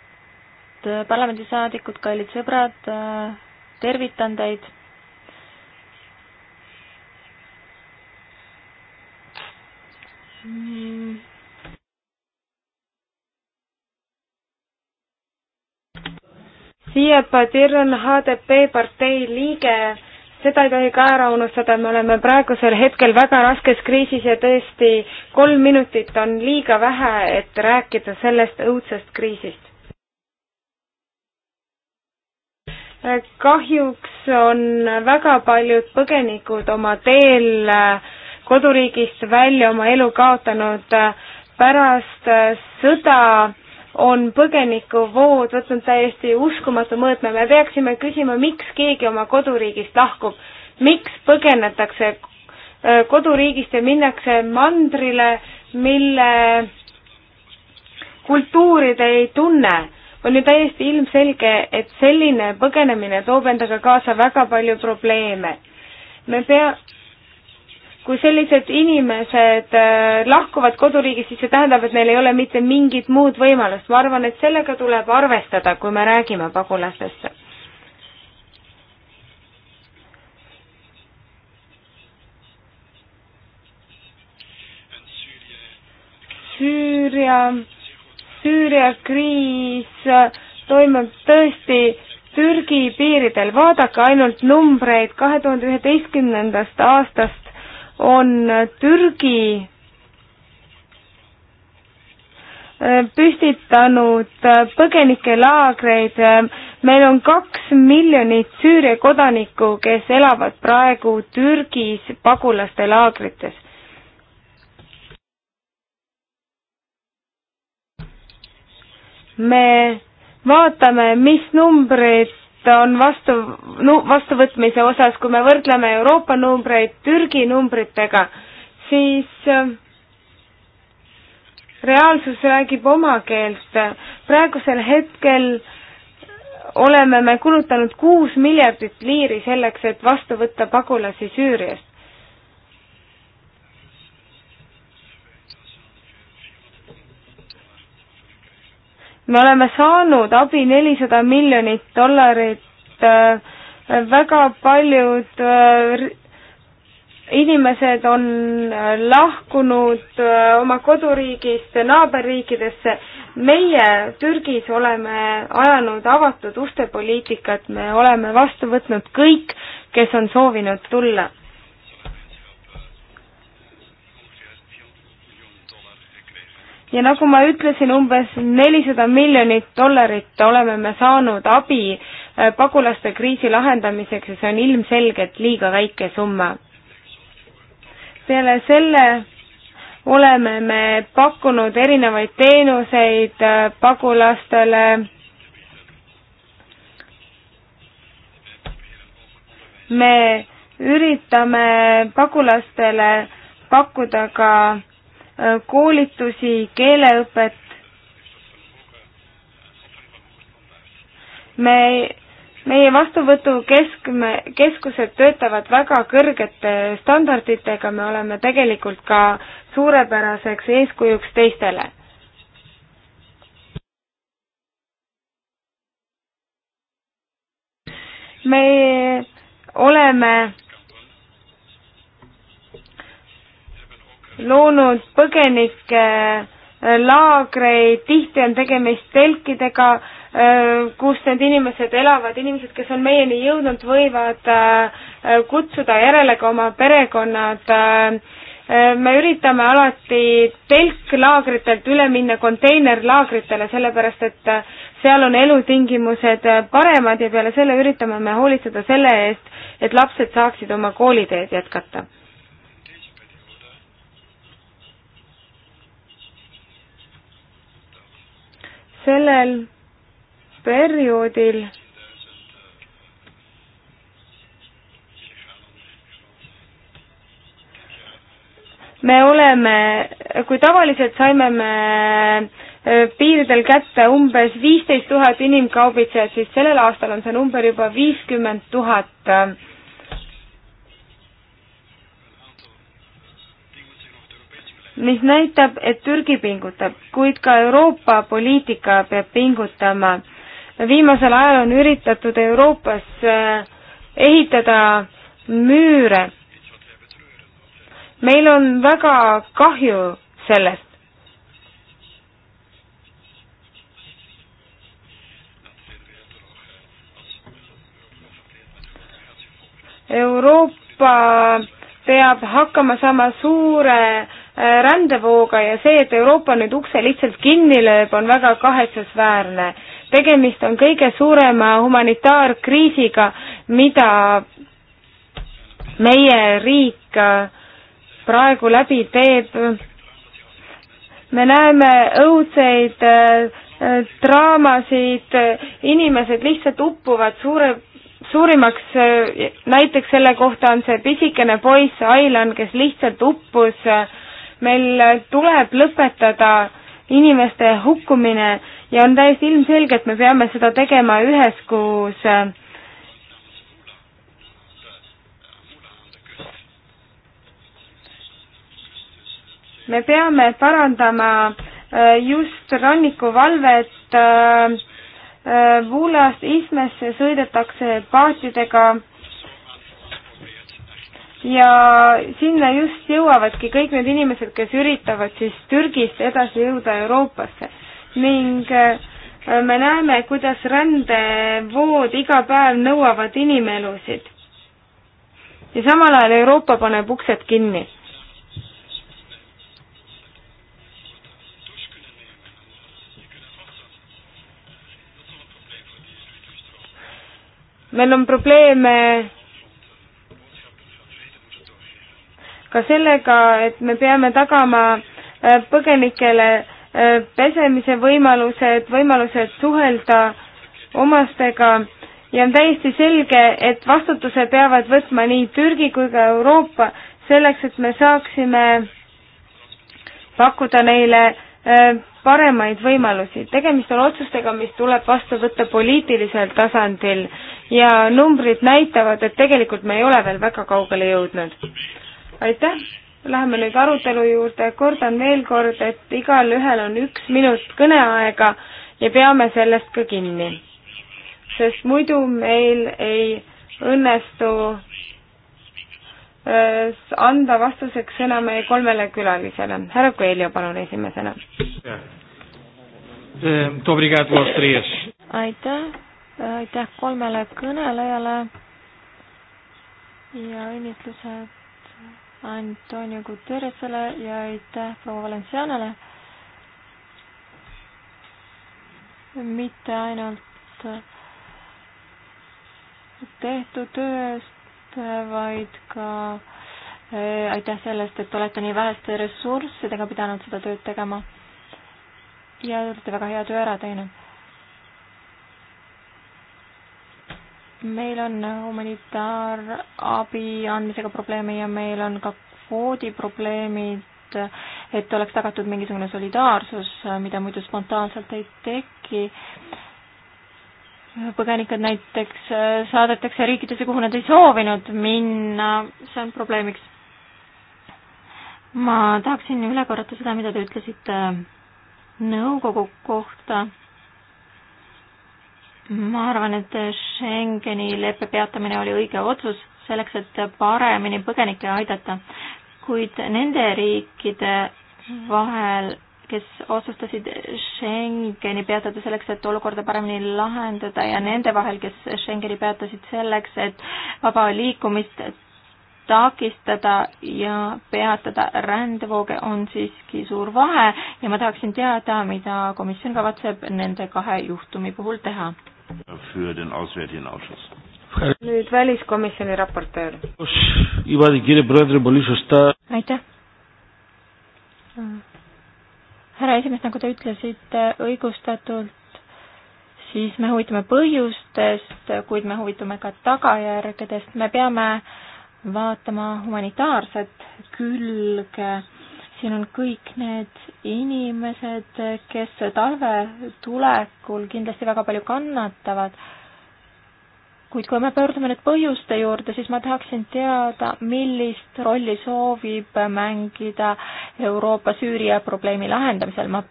head äh, parlamendisaadikud, kallid sõbrad, äh, tervitan teid. Siia Padir on HDP partei liige, seda ei tohi ka ära unustada, me oleme praegusel hetkel väga raskes kriisis ja tõesti kolm minutit on liiga vähe, et rääkida sellest õudsest kriisist. kahjuks on väga paljud põgenikud oma teel äh, koduriigist välja oma elu kaotanud. pärast äh, sõda on põgenikuvood võtnud täiesti uskumatu mõõtme. me peaksime küsima, miks keegi oma koduriigist lahkub, miks põgenetakse äh, koduriigist ja minnakse mandrile, mille kultuuri te ei tunne on ju täiesti ilmselge, et selline põgenemine toob endaga kaasa väga palju probleeme. me pea-, kui sellised inimesed äh, lahkuvad koduriigist, siis see tähendab, et neil ei ole mitte mingit muud võimalust. ma arvan, et sellega tuleb arvestada, kui me räägime pagulastest. Süüria Süüria kriis toimub tõesti Türgi piiridel, vaadake ainult numbreid, kahe tuhande üheteistkümnendast aastast on Türgi äh, püstitanud äh, põgenikelaagreid. meil on kaks miljonit Süüria kodanikku, kes elavad praegu Türgis pagulaste laagrites. me vaatame, mis numbrid on vastu nu,, vastuvõtmise osas, kui me võrdleme Euroopa numbreid Türgi numbritega, siis äh, reaalsus räägib oma keelt. praegusel hetkel oleme me kulutanud kuus miljardit liiri selleks, et vastu võtta pagulasi Süüriast. me oleme saanud abi nelisada miljonit dollarit, äh, väga paljud äh, inimesed on äh, lahkunud oma koduriigist naaberriikidesse. meie Türgis oleme ajanud avatud uste poliitikat, me oleme vastu võtnud kõik, kes on soovinud tulla ja nagu ma ütlesin, umbes nelisada miljonit dollarit oleme me saanud abi äh, pagulaste kriisi lahendamiseks ja see on ilmselgelt liiga väike summa. peale selle oleme me pakkunud erinevaid teenuseid äh, pagulastele. me üritame pagulastele pakkuda ka koolitusi, keeleõpet. me, meie vastuvõtukeskme, keskused töötavad väga kõrgete standarditega, me oleme tegelikult ka suurepäraseks eeskujuks teistele me oleme loonud põgenike äh, laagreid, tihti on tegemist telkidega, äh, kus need inimesed elavad, inimesed, kes on meieni jõudnud, võivad äh, kutsuda järele ka oma perekonnad. me üritame alati telklaagritelt üle minna konteinerlaagritele, sellepärast et seal on elutingimused paremad ja peale selle üritame me hoolitseda selle eest, et lapsed saaksid oma kooliteed jätkata sellel perioodil me oleme, kui tavaliselt saime me äh, piiridel kätte umbes viisteist tuhat inimkaubitsejat, siis sellel aastal on see number juba viiskümmend tuhat mis näitab, et Türgi pingutab, kuid ka Euroopa poliitika peab pingutama. viimasel ajal on üritatud Euroopas äh, ehitada müüre. meil on väga kahju sellest. Euroopa peab hakkama saama suure Äh, rändevooga ja see, et Euroopa nüüd ukse lihtsalt kinni lööb, on väga kahetsusväärne. tegemist on kõige suurema humanitaarkriisiga, mida meie riik äh, praegu läbi teeb. me näeme õudseid äh, draamasid, inimesed lihtsalt uppuvad suure suurimaks näiteks selle kohta on see pisikene poiss Ailan, kes lihtsalt uppus äh, meil tuleb lõpetada inimeste hukkumine ja on täiesti ilmselge, et me peame seda tegema üheskoos. me peame parandama äh, just rannikuvalvet, äh, äh, Vuulast Ismesse sõidetakse paatidega ja sinna just jõuavadki kõik need inimesed, kes üritavad siis Türgist edasi jõuda Euroopasse ning äh, me näeme, kuidas rändevood iga päev nõuavad inimelusid. ja samal ajal Euroopa paneb uksed kinni. meil on probleeme ka sellega, et me peame tagama äh, põgenikele äh, pesemise võimalused, võimalused suhelda omastega ja on täiesti selge, et vastutuse peavad võtma nii Türgi kui ka Euroopa selleks, et me saaksime pakkuda neile äh, paremaid võimalusi. tegemist on otsustega, mis tuleb vastu võtta poliitilisel tasandil ja numbrid näitavad, et tegelikult me ei ole veel väga kaugele jõudnud aitäh, läheme nüüd arutelu juurde, kordan veel kord, et igalühel on üks minut kõneaega ja peame sellest ka kinni. sest muidu meil ei õnnestu anda vastuseks sõna meie kolmele külalisele. härra Koeljo, palun esimesena. aitäh, aitäh kolmele kõnelejale ja õnnitlused Antonio Guterresele ja aitäh proua Valencianale. mitte ainult äh, tehtud töö eest, vaid ka äh, aitäh sellest, et olete nii väheste ressurssidega pidanud seda tööd tegema ja olete väga hea töö ära teinud meil on humanitaarabi andmisega probleeme ja meil on ka kvoodiprobleemid, et oleks tagatud mingisugune solidaarsus, mida muidu spontaanselt ei teki. põgenikud näiteks saadetakse riikidesse, kuhu nad ei soovinud minna, see on probleemiks. ma tahaksin üle korrata seda, mida te ütlesite nõukogu kohta ma arvan, et Schengeni leppe peatamine oli õige otsus selleks, et paremini põgenikke aidata, kuid nende riikide vahel, kes otsustasid Schengeni peatada selleks, et olukorda paremini lahendada ja nende vahel, kes Schengeni peatasid selleks, et vaba liikumist takistada ja peatada rändevooge, on siiski suur vahe ja ma tahaksin teada, mida komisjon kavatseb nende kahe juhtumi puhul teha nüüd väliskomisjoni raportöör. aitäh. härra esimees, nagu te ütlesite õigustatult, siis me huvitume põhjustest, kuid me huvitume ka tagajärgedest, me peame vaatama humanitaarset külge siin on kõik need inimesed, kes talve tulekul kindlasti väga palju kannatavad. kuid kui me pöördume nüüd põhjuste juurde, siis ma tahaksin teada, millist rolli soovib mängida Euroopa Süüria probleemi lahendamisel. ma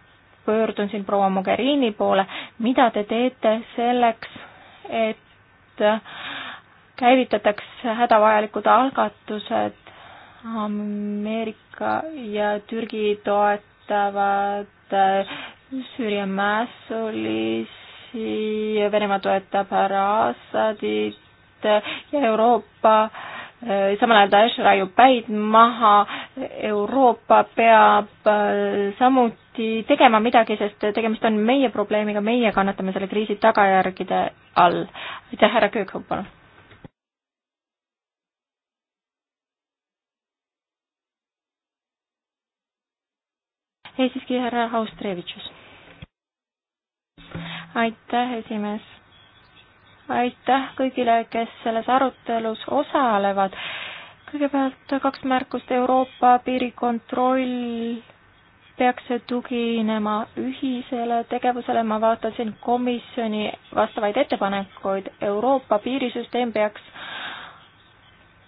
pöördun siin proua Mogherini poole, mida te teete selleks, et käivitataks hädavajalikud algatused Ameerika Kreeka ja Türgi toetavad äh, Süüria mässulisi, Venemaa toetab härra Assadit äh, ja Euroopa äh, samal ajal Daesh raiub päid maha, Euroopa peab samuti tegema midagi, sest tegemist on meie probleemiga, meie kannatame selle kriisi tagajärgede all. aitäh, härra Köökhop, palun! ei siiski härra Austrevitšus. aitäh, esimees. aitäh kõigile, kes selles arutelus osalevad. kõigepealt kaks märkust, Euroopa piirikontroll peaks tuginema ühisele tegevusele, ma vaatasin komisjoni vastavaid ettepanekuid, Euroopa piirisüsteem peaks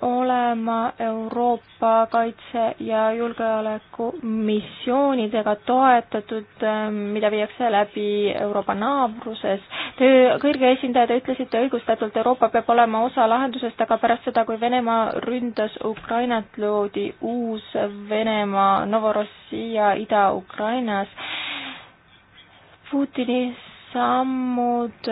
olema Euroopa kaitse- ja julgeolekumissioonidega toetatud, mida viiakse läbi Euroopa naabruses. Te, kõrge esindaja, te ütlesite õigustatult, Euroopa peab olema osa lahendusest, aga pärast seda, kui Venemaa ründas Ukrainat, loodi uus Venemaa Novorossija Ida-Ukrainas. Putini sammud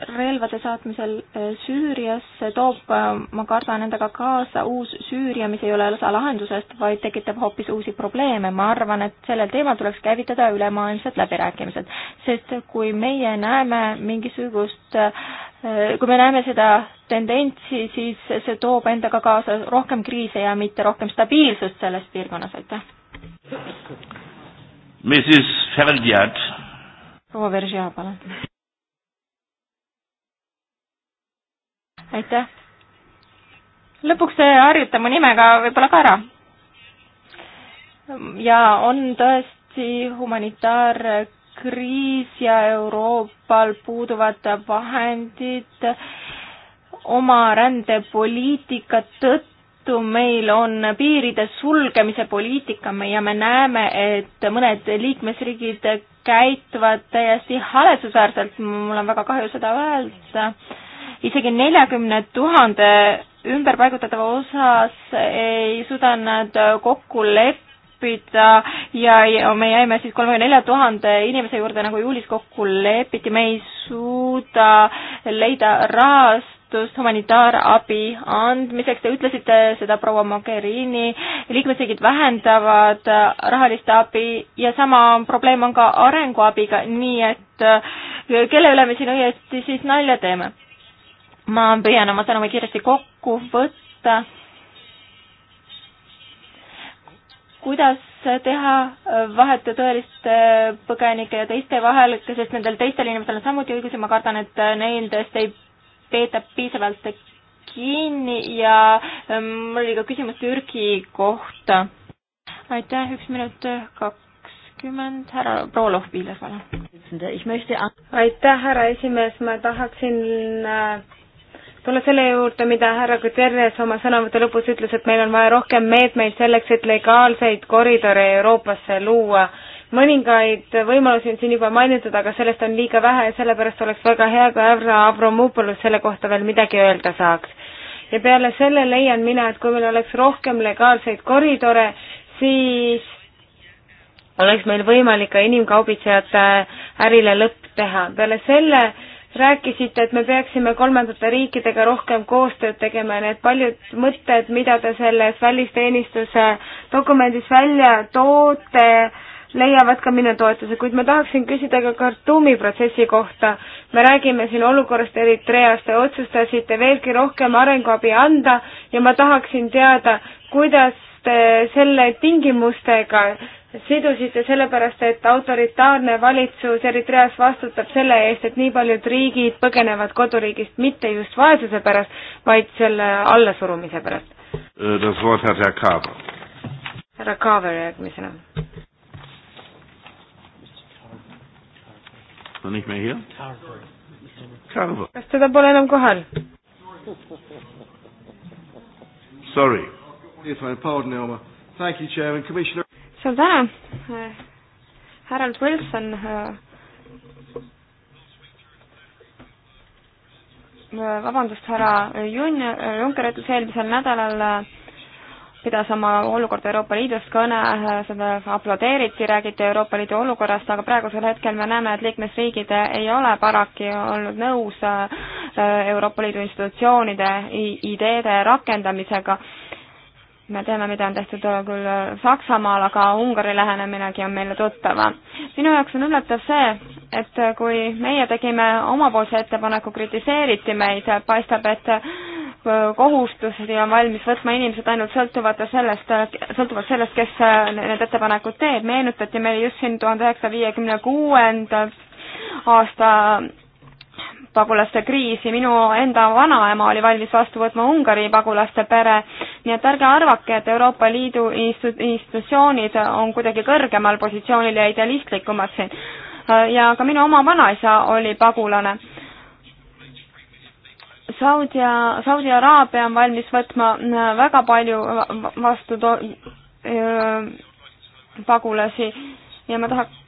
relvade saatmisel eh, Süüriasse toob, eh, ma kardan, endaga kaasa uus Süüria, mis ei ole osa lahendusest, vaid tekitab hoopis uusi probleeme. ma arvan, et sellel teemal tuleks käivitada ülemaailmsed läbirääkimised, sest kui meie näeme mingisugust, eh, kui me näeme seda tendentsi, siis see toob endaga kaasa rohkem kriise ja mitte rohkem stabiilsust selles piirkonnas, aitäh. Mrs Ferdiad. proua Veržea, palun aitäh. lõpuks harjuta mu nimega võib-olla ka ära. ja on tõesti humanitaarkriis ja Euroopal puuduvad vahendid oma rändepoliitika tõttu tõttu meil on piiride sulgemise poliitika ja me näeme, et mõned liikmesriigid käituvad täiesti haletsusväärselt, mul on väga kahju seda öelda, isegi neljakümne tuhande ümberpaigutatava osas ei suuda nad kokku leppida ja, ja me jäime siis kolmekümne nelja tuhande inimese juurde, nagu juulis kokku lepiti, me ei suuda leida rahast, toetust humanitaarabi andmiseks, te ütlesite seda proua Mogherini, liikmesriigid vähendavad rahalist abi ja sama probleem on ka arenguabiga, nii et kelle üle me siin õieti siis nalja teeme? ma püüan oma sõnumi kiiresti kokku võtta. kuidas teha vahet tõeliste põgenike ja teiste vahel, sest nendel teistel inimestel on samuti õigusi, ma kardan, et nendest ei peeta piisavalt kinni ja ähm, mul oli ka küsimus Türgi kohta. aitäh, üks minut kakskümmend, härra proua Lohviler, palun. aitäh, härra esimees, ma tahaksin äh, tulla selle juurde, mida härra Guterres oma sõnavõtu lõpus ütles, et meil on vaja rohkem meetmeid selleks, et legaalseid koridore Euroopasse luua. mõningaid võimalusi on siin juba mainitud, aga sellest on liiga vähe ja sellepärast oleks väga hea, kui härra Avramopoulos selle kohta veel midagi öelda saaks. ja peale selle leian mina, et kui meil oleks rohkem legaalseid koridore, siis oleks meil võimalik ka inimkaubitsejate ärile lõpp teha. peale selle rääkisite, et me peaksime kolmandate riikidega rohkem koostööd tegema ja need paljud mõtted, mida te selles välisteenistuse dokumendis välja toote, leiavad ka minu toetuse, kuid ma tahaksin küsida ka Khartoumi protsessi kohta. me räägime siin olukorrast Eritreas, te otsustasite veelgi rohkem arenguabi anda ja ma tahaksin teada, kuidas te selle tingimustega sidusite sellepärast, et autoritaarne valitsus Eritreas vastutab selle eest, et nii paljud riigid põgenevad koduriigist mitte just vaesuse pärast, vaid selle allasurumise pärast. Eh, härra Kaaver järgmisena. kas teda pole enam kohal? Sorry. If I pardon, Elmer. Thank you, Chairman. Commissioner suur tänu, Harald Wilson vabandust, härra Jun-, Juncker ütles eelmisel nädalal, pidas oma olukorda Euroopa Liidus kõne, seda aplodeeriti, räägiti Euroopa Liidu olukorrast, aga praegusel hetkel me näeme, et liikmesriigid ei ole paraku olnud nõus äh, Euroopa Liidu institutsioonide ideede rakendamisega me teame, mida on tehtud küll Saksamaal, aga Ungari läheneminegi on meile tuttav. minu jaoks on üllatav see, et kui meie tegime omapoolse ettepaneku, kritiseeriti meid, paistab, et kohustusi on valmis võtma inimesed ainult sõltuvalt sellest, sõltuvalt sellest, kes need ettepanekud teeb. meenutati meile just siin tuhande üheksasaja viiekümne kuuenda aasta pagulaste kriisi, minu enda vanaema oli valmis vastu võtma Ungari pagulaste pere, nii et ärge arvake, et Euroopa Liidu institutsioonid on kuidagi kõrgemal positsioonil ja idealistlikumad siin. ja ka minu oma vanaisa oli pagulane Saudi, Saudi Araabia on valmis võtma äh, väga palju vastu to- äh,, pagulasi ja ma tahaks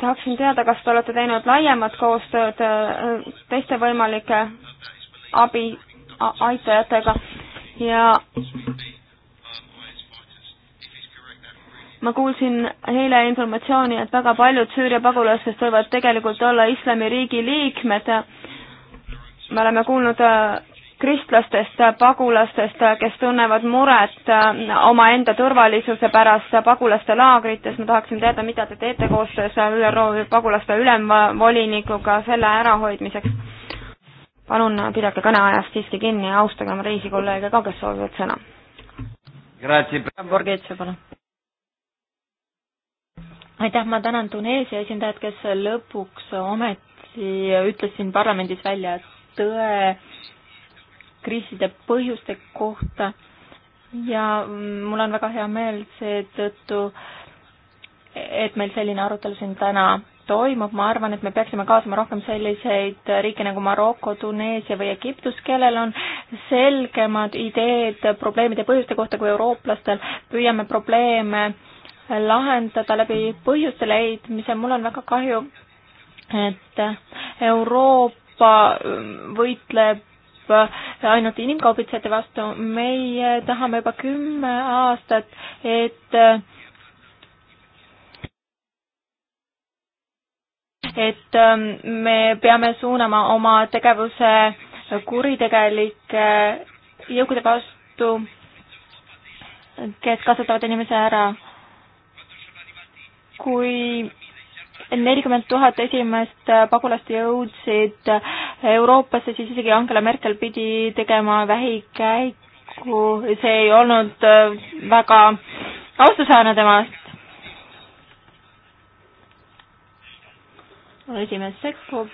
tahaksin teada, kas te olete teinud laiemat koostööd äh, teiste võimalike abi aitajatega ja ma kuulsin eile informatsiooni, et väga paljud Süüria pagulastest võivad tegelikult olla islamiriigi liikmed. me oleme kuulnud äh, kristlastest pagulastest, kes tunnevad muret äh, omaenda turvalisuse pärast pagulaste laagrites, ma tahaksin teada, mida te teete koostöös ÜRO pagulaste ülemvolinikuga selle ärahoidmiseks. palun pidage kõneajast siiski kinni ja austage oma teisi kolleege ka, kes soovivad sõna. aitäh, ma tänan Tuneesia esindajat, kes lõpuks ometi ütles siin parlamendis välja tõe kriiside põhjuste kohta ja mm, mul on väga hea meel seetõttu, et meil selline arutelu siin täna toimub, ma arvan, et me peaksime kaasama rohkem selliseid riike nagu Maroko, Tuneesia või Egiptus, kellel on selgemad ideed probleemide põhjuste kohta kui eurooplastel, püüame probleeme lahendada läbi põhjuste leidmise, mul on väga kahju, et Euroopa mm, võitleb ainult inimkaubitsejate vastu. meie tahame juba kümme aastat, et et ähm, me peame suunama oma tegevuse kuritegelike jõugude vastu, kes kasutavad inimesi ära. kui nelikümmend tuhat esimest pagulast jõudsid Euroopasse, siis isegi Angela Merkel pidi tegema vähikäiku, see ei olnud äh, väga austusväärne temast. esimees sekkub.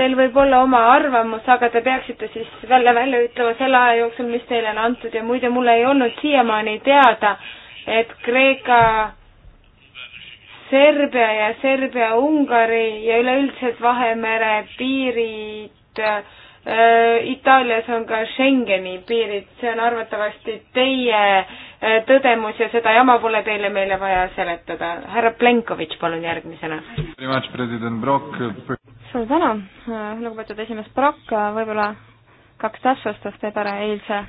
Teil võib olla oma arvamus, aga te peaksite siis välja, välja ütlema selle aja jooksul, mis teile on antud ja muide, mul ei olnud siiamaani teada, et Kreeka Serbia ja Serbia-Ungari ja üleüldiselt Vahemere piirid äh,. Itaalias on ka Schengeni piirid, see on arvatavasti teie äh, tõdemus ja seda jama pole teile meile vaja seletada. härra Plenkovitš, palun järgmisena. suur tänu, äh, lugupeetud esimees Brock, äh, võib-olla kaks täpsustust võib-olla eilse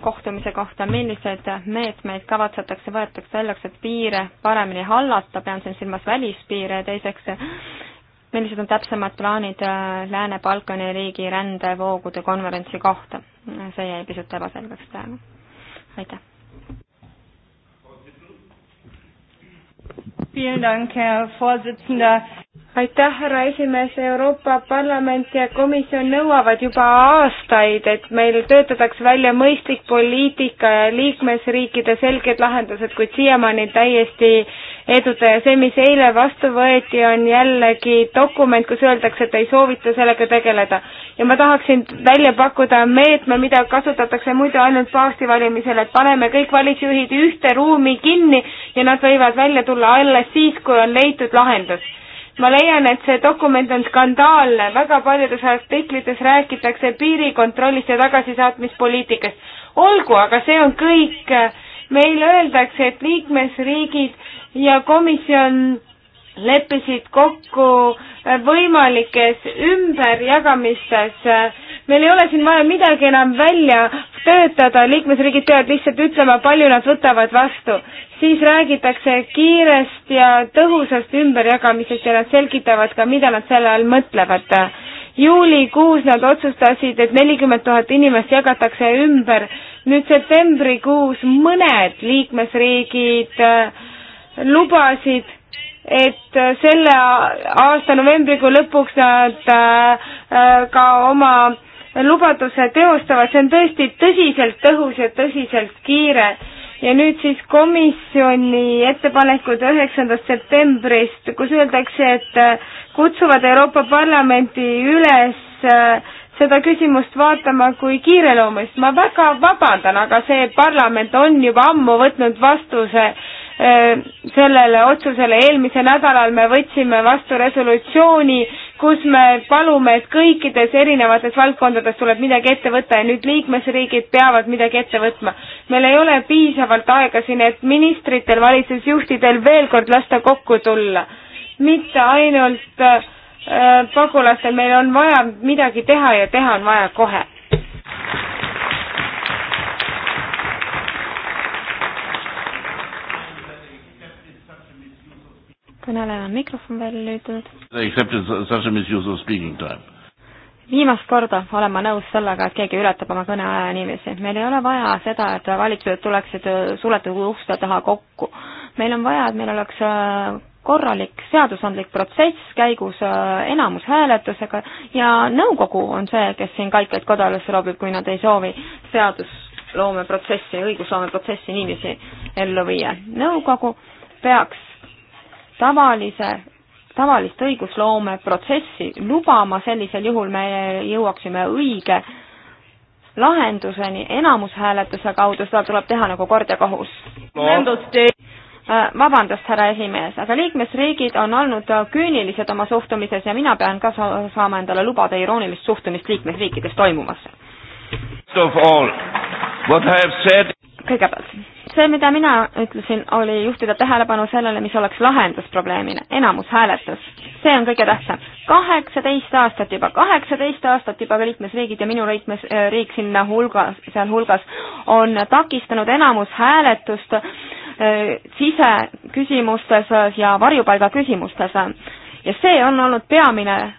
kohtumise kohta, millised meetmeid kavatsetakse, võetakse selleks, et piire paremini hallata, pean siin silmas välispiire ja teiseks, millised on täpsemad plaanid äh, Lääne-Balkani riigi rändevoogude konverentsi kohta? see jäi pisut ebaselgeks praegu. aitäh aitäh, härra esimees, Euroopa Parlament ja komisjon nõuavad juba aastaid, et meil töötataks välja mõistlik poliitika ja liikmesriikide selged lahendused, kuid siiamaani täiesti eduta ja see, mis eile vastu võeti, on jällegi dokument, kus öeldakse, et ei soovita sellega tegeleda. ja ma tahaksin välja pakkuda meetme, mida kasutatakse muidu ainult paavsti valimisel, et paneme kõik valitsusjuhid ühte ruumi kinni ja nad võivad välja tulla alles siis, kui on leitud lahendus ma leian, et see dokument on skandaalne, väga paljudes artiklites räägitakse piirikontrollist ja tagasisaatmispoliitikast. olgu, aga see on kõik. meile öeldakse, et liikmesriigid ja komisjon leppisid kokku võimalikes ümberjagamistes meil ei ole siin vaja midagi enam välja töötada, liikmesriigid peavad lihtsalt ütlema, palju nad võtavad vastu. siis räägitakse kiirest ja tõhusast ümberjagamisest ja nad selgitavad ka, mida nad selle all mõtlevad. juulikuus nad otsustasid, et nelikümmend tuhat inimest jagatakse ümber, nüüd septembrikuus mõned liikmesriigid äh, lubasid et selle aasta novembrikuu lõpuks nad äh, äh, ka oma lubaduse teostavad, see on tõesti tõsiselt tõhus ja tõsiselt kiire. ja nüüd siis komisjoni ettepanekud üheksandast septembrist, kus öeldakse, et äh, kutsuvad Euroopa Parlamenti üles äh, seda küsimust vaatama kui kiireloomulist. ma väga vabandan, aga see parlament on juba ammu võtnud vastuse äh, sellele otsusele, eelmisel nädalal me võtsime vastu resolutsiooni, kus me palume, et kõikides erinevates valdkondades tuleb midagi ette võtta ja nüüd liikmesriigid peavad midagi ette võtma. meil ei ole piisavalt aega siin, et ministritel, valitsusjuhtidel veel kord lasta kokku tulla. mitte ainult äh, pagulastel, meil on vaja midagi teha ja teha on vaja kohe kõnelejal on mikrofon välja lülitatud. viimast korda olen ma nõus sellega, et keegi ületab oma kõneaja niiviisi. meil ei ole vaja seda, et valitsused tuleksid suletud uste taha kokku. meil on vaja, et meil oleks äh, korralik seadusandlik protsess käigus äh, enamushääletusega ja nõukogu on see, kes siin kaikaid kodarusse loobib, kui nad ei soovi seadusloomeprotsessi, õigusloomeprotsessi niiviisi ellu viia. nõukogu peaks tavalise, tavalist õigusloome protsessi lubama, sellisel juhul me jõuaksime õige lahenduseni enamushääletuse kaudu, seda tuleb teha nagu kord ja kohus no.. Äh, vabandust, härra esimees, aga liikmesriigid on olnud küünilised oma suhtumises ja mina pean ka saama endale lubada iroonilist suhtumist liikmesriikides toimuvasse. kõigepealt see, mida mina ütlesin, oli juhtida tähelepanu sellele, mis oleks lahendus probleemile, enamushääletus. see on kõige tähtsam. kaheksateist aastat juba, kaheksateist aastat juba liikmesriigid ja minu liikmesriik äh, sinna hulgas, sealhulgas, on takistanud enamushääletust äh, siseküsimustes ja varjupaiga küsimustes. ja see on olnud peamine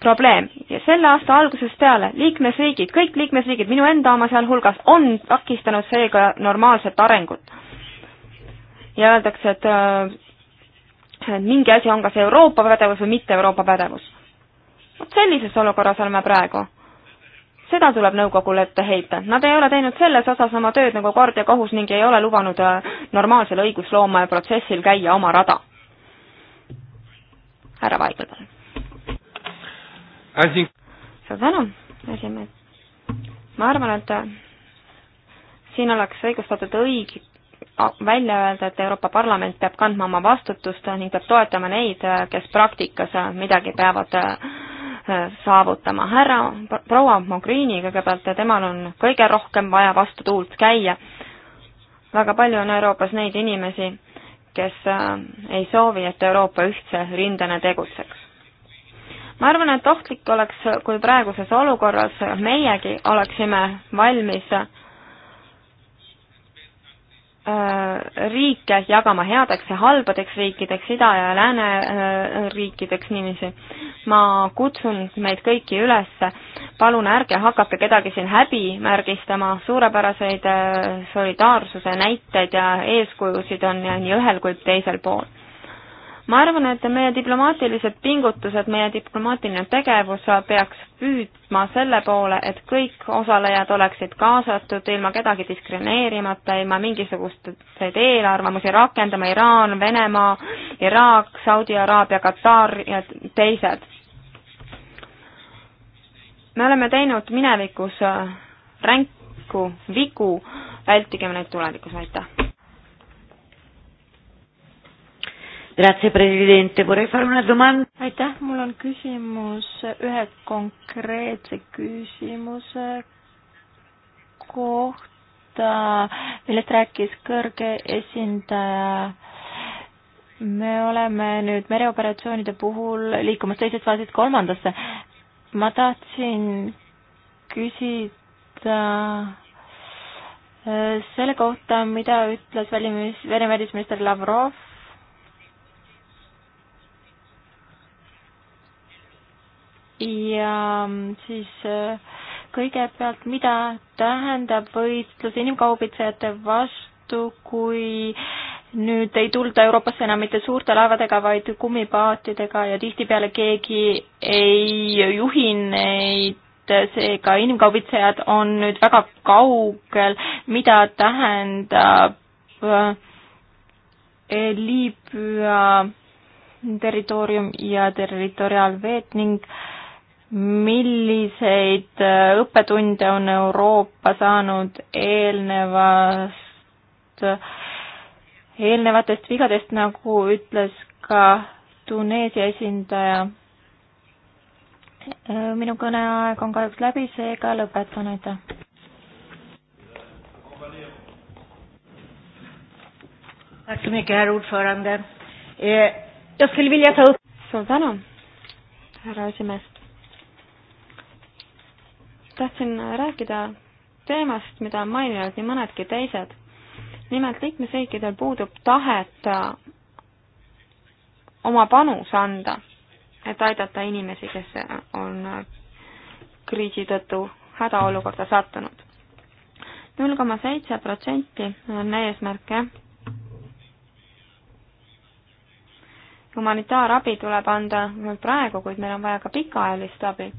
probleem ja selle aasta algusest peale liikmesriigid, kõik liikmesriigid, minu enda oma sealhulgas, on takistanud seega normaalset arengut. ja öeldakse, et äh, mingi asi on kas Euroopa pädevus või mitte Euroopa pädevus. vot sellises olukorras oleme praegu. seda tuleb nõukogule ette heita, nad ei ole teinud selles osas oma tööd nagu kord ja kohus ning ei ole lubanud äh, normaalsel õigusloome protsessil käia oma rada. härra Vaigel, palun think... suur tänu, esimees. ma arvan, et siin oleks õigustatud õig-, välja öelda, et Euroopa Parlament peab kandma oma vastutust ning peab toetama neid, kes praktikas midagi peavad äh, saavutama. härra proua Mogherini kõigepealt, temal on kõige rohkem vaja vastu tuult käia. väga palju on Euroopas neid inimesi, kes äh, ei soovi, et Euroopa ühtse rindena tegutseks ma arvan, et ohtlik oleks, kui praeguses olukorras meiegi oleksime valmis äh, riike jagama headeks ja halbadeks riikideks, ida- ja lääneriikideks äh, niiviisi. ma kutsun meid kõiki üles, palun ärge hakake kedagi siin häbimärgistama, suurepäraseid äh, solidaarsuse näiteid ja eeskujusid on nii ühel kui teisel pool ma arvan, et meie diplomaatilised pingutused, meie diplomaatiline tegevus peaks püüdma selle poole, et kõik osalejad oleksid kaasatud ilma kedagi diskrimineerimata, ilma mingisuguseid eelarvamusi rakendama, Iraan, Venemaa, Iraak, Saudi Araabia, Katar ja teised. me oleme teinud minevikus ränku vigu, vältigem neid tulevikus, aitäh! Grazie Presidente, vorrei fare una domanda. aitäh, mul on küsimus, ühe konkreetse küsimuse kohta, millest rääkis kõrge esindaja. me oleme nüüd mereoperatsioonide puhul liikumas teisest faasist kolmandasse. ma tahtsin küsida äh, selle kohta, mida ütles välimis-, Vene välisminister Lavrov ja mm, siis äh, kõigepealt, mida tähendab võistlus inimkaubitsejate vastu, kui nüüd ei tulda Euroopasse enam mitte suurte laevadega, vaid kummipaatidega ja tihtipeale keegi ei juhi neid seega inimkaubitsejad on nüüd väga kaugel, mida tähendab äh, Liibüa territoorium ja territoriaalveed ning äh, milliseid äh, õppetunde on Euroopa saanud eelnevast, eelnevatest vigadest, nagu ütles ka Tuneesia esindaja. Äh, minu kõneaeg on kahjuks läbi, seega lõpetan, aitäh. Eh, suur tänu, härra esimees tahtsin rääkida teemast, mida on maininud nii mõnedki teised. nimelt liikmesriikidel puudub tahet oma panus anda, et aidata inimesi, kes on kriisi tõttu hädaolukorda sattunud. null koma seitse protsenti on eesmärk, jah. humanitaarabi tuleb anda praegu, kuid meil on vaja ka pikaajalist abi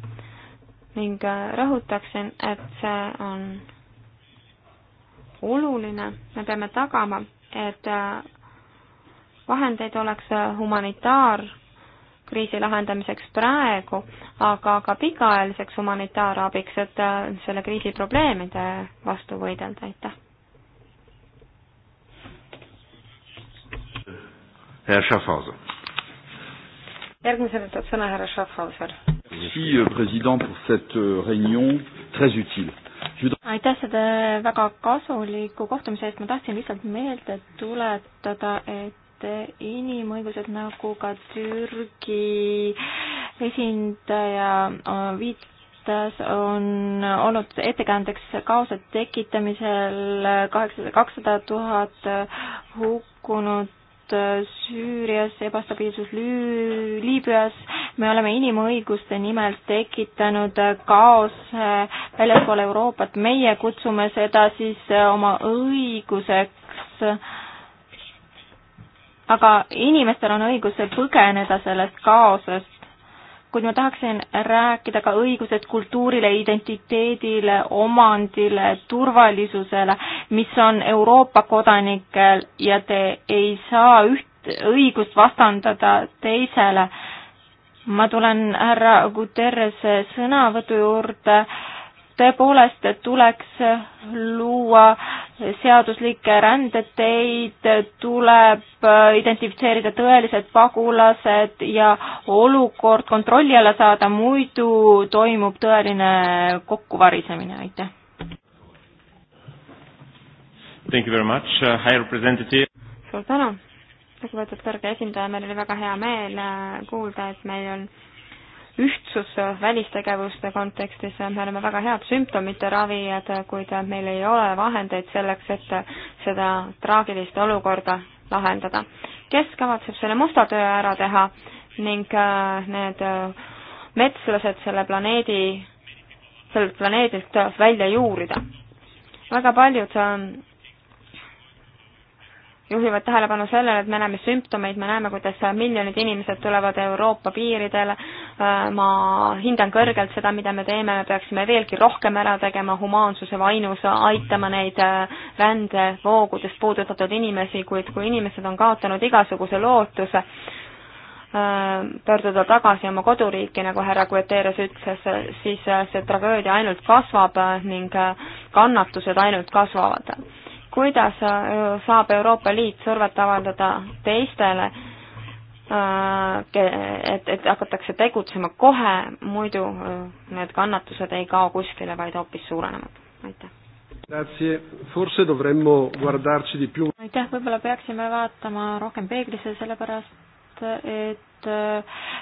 ning äh, rõhutaksin, et see on oluline, me peame tagama, et äh, vahendeid oleks äh, humanitaarkriisi lahendamiseks praegu, aga ka pikaajaliseks humanitaarabiks, et selle kriisi probleemide vastu võidelda, aitäh. järgmisena saab sõna härra Schaffhauser merci, euh, president, pour cette euh, réunion très utile. aitäh selle väga kasuliku kohtumise eest, ma tahtsin lihtsalt meelde tuletada, et inimõigused nagu ka Türgi esindaja äh, viit-, aastas on olnud ettekäändeks kaose tekitamisel kaheksasada, kakssada tuhat hukkunut olukord äh, Süürias, ebastabiilsus Liibüas, me oleme inimõiguste nimel tekitanud äh, kaos äh, väljaspool Euroopat, meie kutsume seda siis oma õiguseks aga inimestel on õigus põgeneda sellest kaosest kuid ma tahaksin rääkida ka õigusest kultuurile, identiteedile, omandile, turvalisusele, mis on Euroopa kodanikel ja te ei saa üht õigust vastandada teisele. ma tulen härra Guterrese sõnavõtu juurde äh, tõepoolest tuleks luua seaduslikke rändeteid, tuleb identifitseerida tõelised pagulased ja olukord kontrolli alla saada, muidu toimub tõeline kokkuvarisemine, aitäh. Thank you very much uh,, high representative. suur tänu, lugupeetud kõrge esindaja, meil oli väga hea meel uh, kuulda, et meil on ühtsus välistegevuste kontekstis, me oleme väga head sümptomite ravijad, kuid meil ei ole vahendeid selleks, et seda traagilist olukorda lahendada. kes kavatseb selle musta töö ära teha ning äh, need äh, metslased selle planeedi, sellelt planeedilt välja juurida? väga paljud äh, juhivad tähelepanu sellele, et me näeme sümptomeid, me näeme, kuidas miljonid inimesed tulevad Euroopa piiridele, äh, ma hindan kõrgelt seda, mida me teeme, me peaksime veelgi rohkem ära tegema humaansuse vainus, aitama neid äh, rändevoogudest puudutatud inimesi, kuid kui inimesed on kaotanud igasuguse lootuse, äh, pöörduda tagasi oma koduriiki, nagu härra Guterres ütles, siis see tragöödia ainult kasvab ning kannatused ainult kasvavad kuidas äh, saab Euroopa Liit survet avaldada teistele, äh, et, et hakatakse tegutsema kohe, muidu äh, need kannatused ei kao kuskile, vaid hoopis suurenevad. aitäh! Grazie, forse dovremmo guardarci di più. aitäh, võib-olla peaksime vaatama rohkem peeglisse, sellepärast sellest, et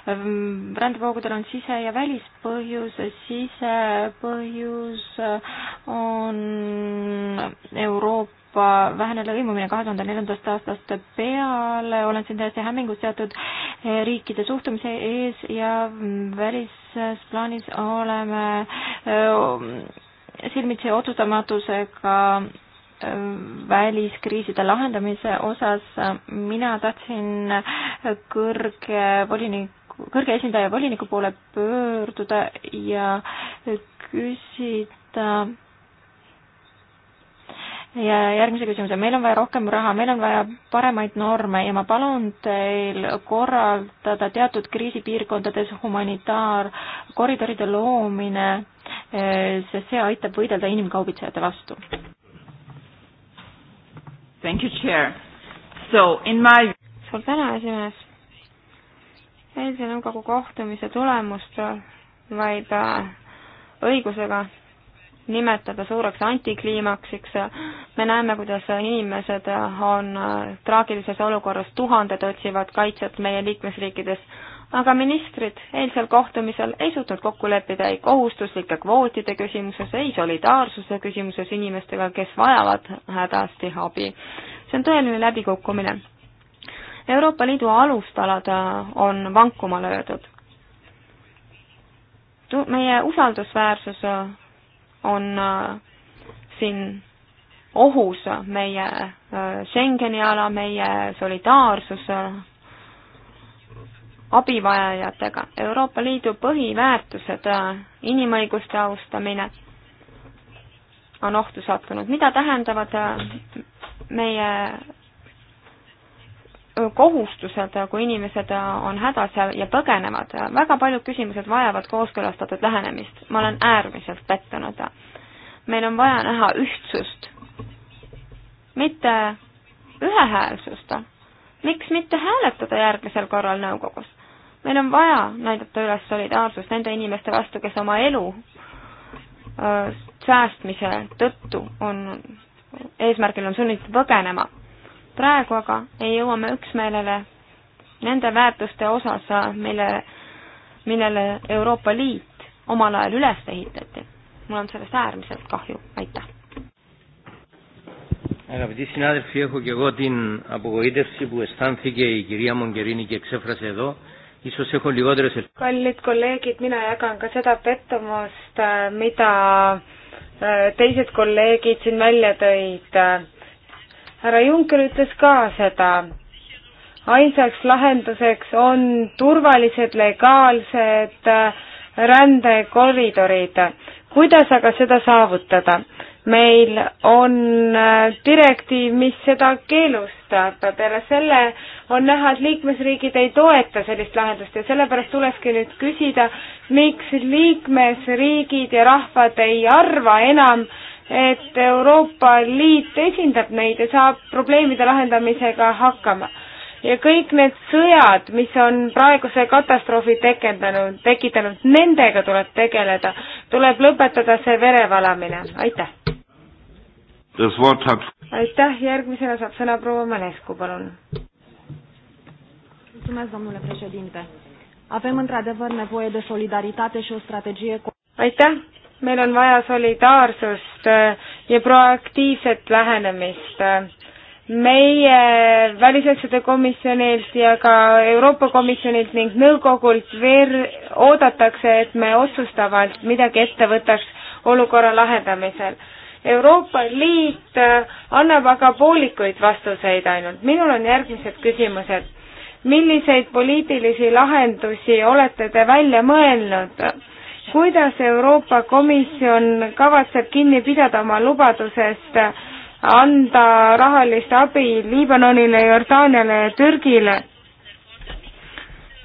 äh, rändevoogudel on sise- ja välispõhjus, sisepõhjus äh, on Euroopa Euroopa vähene lõimumine kahe tuhande neljandast aastast peale, olen siin täiesti hämmingus teatud äh, riikide suhtumise ees ja välises plaanis oleme silmitsi otsustamatusega väliskriiside lahendamise osas. mina tahtsin kõrge volinik, kõrge esindaja voliniku poole pöörduda ja küsida ja järgmise küsimuse, meil on vaja rohkem raha, meil on vaja paremaid norme ja ma palun teil korraldada teatud kriisipiirkondades humanitaarkoridoride loomine, sest see aitab võidelda inimkaubitsejate vastu. Thank you, Chair. So in my suur tänu, esimees. eilse nõukogu kohtumise tulemust vaid äh, õigusega nimetada suureks antikliimaksiks. me näeme, kuidas inimesed on äh, traagilises olukorras, tuhanded otsivad kaitset meie liikmesriikides aga ministrid eilsel kohtumisel ei suutnud kokku leppida ei kohustuslike kvootide küsimuses, ei solidaarsuse küsimuses inimestega, kes vajavad hädasti abi. see on tõeline läbikukkumine. Euroopa Liidu alustalad äh, on vankuma löödud. meie usaldusväärsus äh, on äh, siin ohus, meie Schengeni ala, meie solidaarsus abivajajatega. Euroopa Liidu põhiväärtused, äh, inimõiguste austamine on ohtu sattunud. mida tähendavad äh, meie äh, kohustused, kui inimesed on hädas ja, ja põgenevad, väga paljud küsimused vajavad kooskõlastatud lähenemist. ma olen äärmiselt pettunud. meil on vaja näha ühtsust, mitte ühehäälsust. miks mitte hääletada järgmisel korral nõukogus? meil on vaja näidata üles solidaarsust nende inimeste vastu, kes oma elu öö, säästmise tõttu on, eesmärgil on sunnitud põgenema. praegu aga ei jõua me üksmeelele nende väärtuste osas, mille, millele Euroopa Liit omal ajal üles ehitati. mul on sellest äärmiselt kahju, aitäh. Αγαπητοί συνάδελφοι, έχω και εγώ την απογοήτευση που αισθάνθηκε η κυρία Μογκερίνη και εξέφρασε εδώ kallid kolleegid, mina jagan ka seda pettumust, äh, mida äh, teised kolleegid siin välja tõid. härra Juncker ütles ka seda, ainsaks lahenduseks on turvalised legaalsed äh, rändekoridorid. kuidas aga seda saavutada? meil on äh, direktiiv, mis seda keelustab. peale selle on näha, et liikmesriigid ei toeta sellist lahendust ja sellepärast tulekski nüüd küsida, miks liikmesriigid ja rahvad ei arva enam, et Euroopa Liit esindab neid ja saab probleemide lahendamisega hakkama ja kõik need sõjad, mis on praeguse katastroofi tekendanud, tekitanud, nendega tuleb tegeleda. tuleb lõpetada see verevalamine, aitäh! Hat... aitäh, järgmisena saab sõna proua Mälescu, palun. aitäh, meil on vaja solidaarsust ja proaktiivset lähenemist meie välisasjade komisjonilt ja ka Euroopa Komisjonilt ning nõukogult veel oodatakse, et me otsustavalt midagi ette võtaks olukorra lahendamisel Euroopa Liit äh, annab aga poolikuid vastuseid ainult. minul on järgmised küsimused. milliseid poliitilisi lahendusi olete te välja mõelnud? kuidas Euroopa Komisjon kavatseb kinni pidada oma lubadusest anda rahalist abi Liibanonile, Jordaaniale ja Türgile?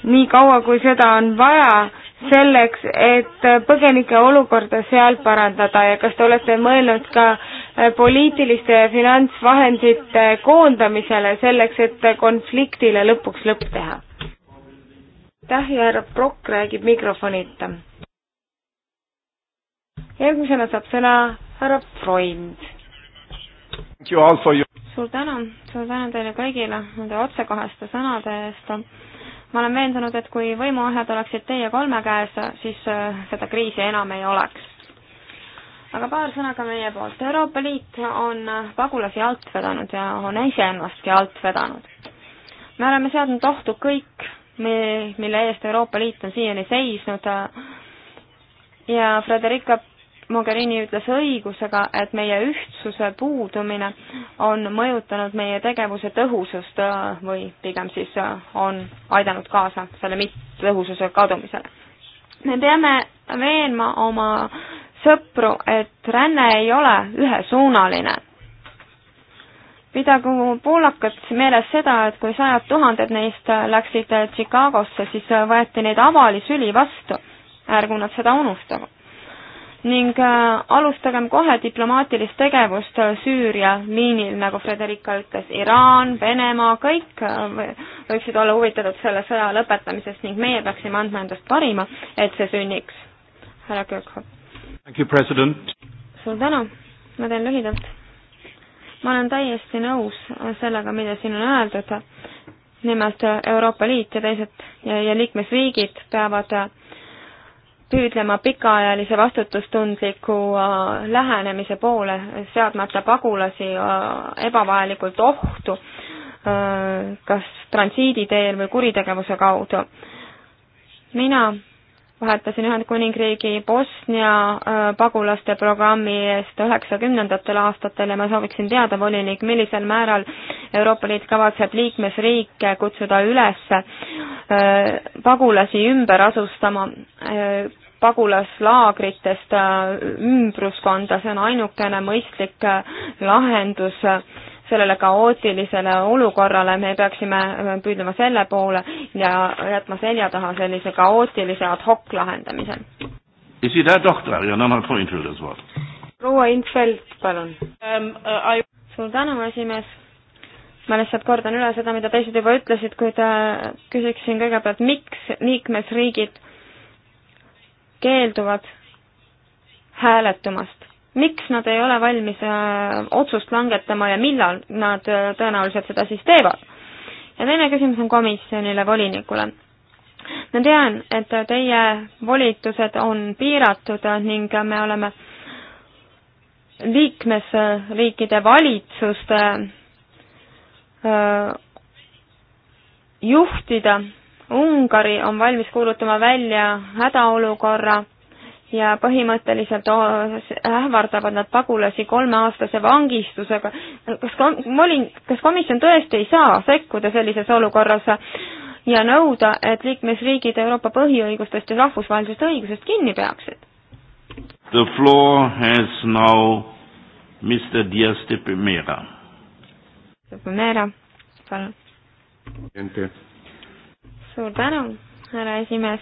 nii kaua, kui seda on vaja selleks, et põgenike olukorda seal parandada ja kas te olete mõelnud ka äh, poliitiliste ja finantsvahendite koondamisele selleks, et konfliktile lõpuks lõpp teha? aitäh ja härra Prokk räägib mikrofonita. järgmisena saab sõna härra Freund. suur tänu, suur tänu teile kõigile nende otsekoheste sõnade eest ma olen veendunud, et kui võimuohjad oleksid teie kolme käes, siis äh, seda kriisi enam ei oleks. aga paar sõna ka meie poolt. Euroopa Liit on äh, pagulasi alt vedanud ja on iseennastki alt vedanud. me oleme seadnud ohtu kõik, mille eest Euroopa Liit on siiani seisnud äh, ja Frederica Mogherini ütles õigusega, et meie ühtsuse puudumine on mõjutanud meie tegevuse tõhusust äh, või pigem siis äh, on aidanud kaasa selle mittetõhususe kadumisele. me peame veenma oma sõpru, et ränne ei ole ühesuunaline. pidagu poolakad meeles seda, et kui sajad tuhanded neist läksid Chicagosse, siis võeti neid avalisüli vastu. ärgu nad seda unustavad ning äh, alustagem kohe diplomaatilist tegevust äh, Süüria liinil, nagu Frederica ütles, Iraan, Venemaa, kõik äh, võiksid olla huvitatud selle sõja lõpetamisest ning meie peaksime andma endast parima, et see sünniks. härra Kirkhoff. suur tänu, ma teen lühidalt. ma olen täiesti nõus sellega, mida siin on öeldud, nimelt Euroopa Liit ja teised ja, ja liikmesriigid peavad püüdlema pikaajalise vastutustundliku äh, lähenemise poole, seadmata pagulasi äh, ebavajalikult ohtu, äh, kas transiidi teel või kuritegevuse kaudu. mina vahetasin Ühendkuningriigi Bosnia äh, pagulaste programmi eest üheksakümnendatel aastatel ja ma sooviksin teada, volinik, millisel määral Euroopa Liit kavatseb liikmesriike kutsuda üles äh, pagulasi ümber asustama äh, pagulaslaagritest ümbruskonna, see on ainukene mõistlik lahendus sellele kaootilisele olukorrale, me peaksime püüdlema selle poole ja jätma selja taha sellise kaootilise ad hoc lahendamise. proua Infeld, palun um,. Uh, I... suur tänu, esimees ma lihtsalt kordan üle seda, mida teised juba ütlesid, kuid äh, küsiksin kõigepealt, miks liikmesriigid keelduvad hääletumast? miks nad ei ole valmis äh, otsust langetama ja millal nad äh, tõenäoliselt seda siis teevad. ja teine küsimus on komisjonile, volinikule. ma tean, et teie volitused on piiratud ning me oleme liikmesriikide valitsuste äh, juhtida. Ungari on valmis kuulutama välja hädaolukorra ja põhimõtteliselt ähvardavad nad pagulasi kolmeaastase vangistusega. kas kom-, ma olin, kas komisjon tõesti ei saa sekkuda sellises olukorras ja nõuda, et liikmesriigid Euroopa põhiõigustest ja rahvusvahelisest õigusest kinni peaksid? The floor has now Mr Dias de Primera. De Primera, palun. suur tänu, härra esimees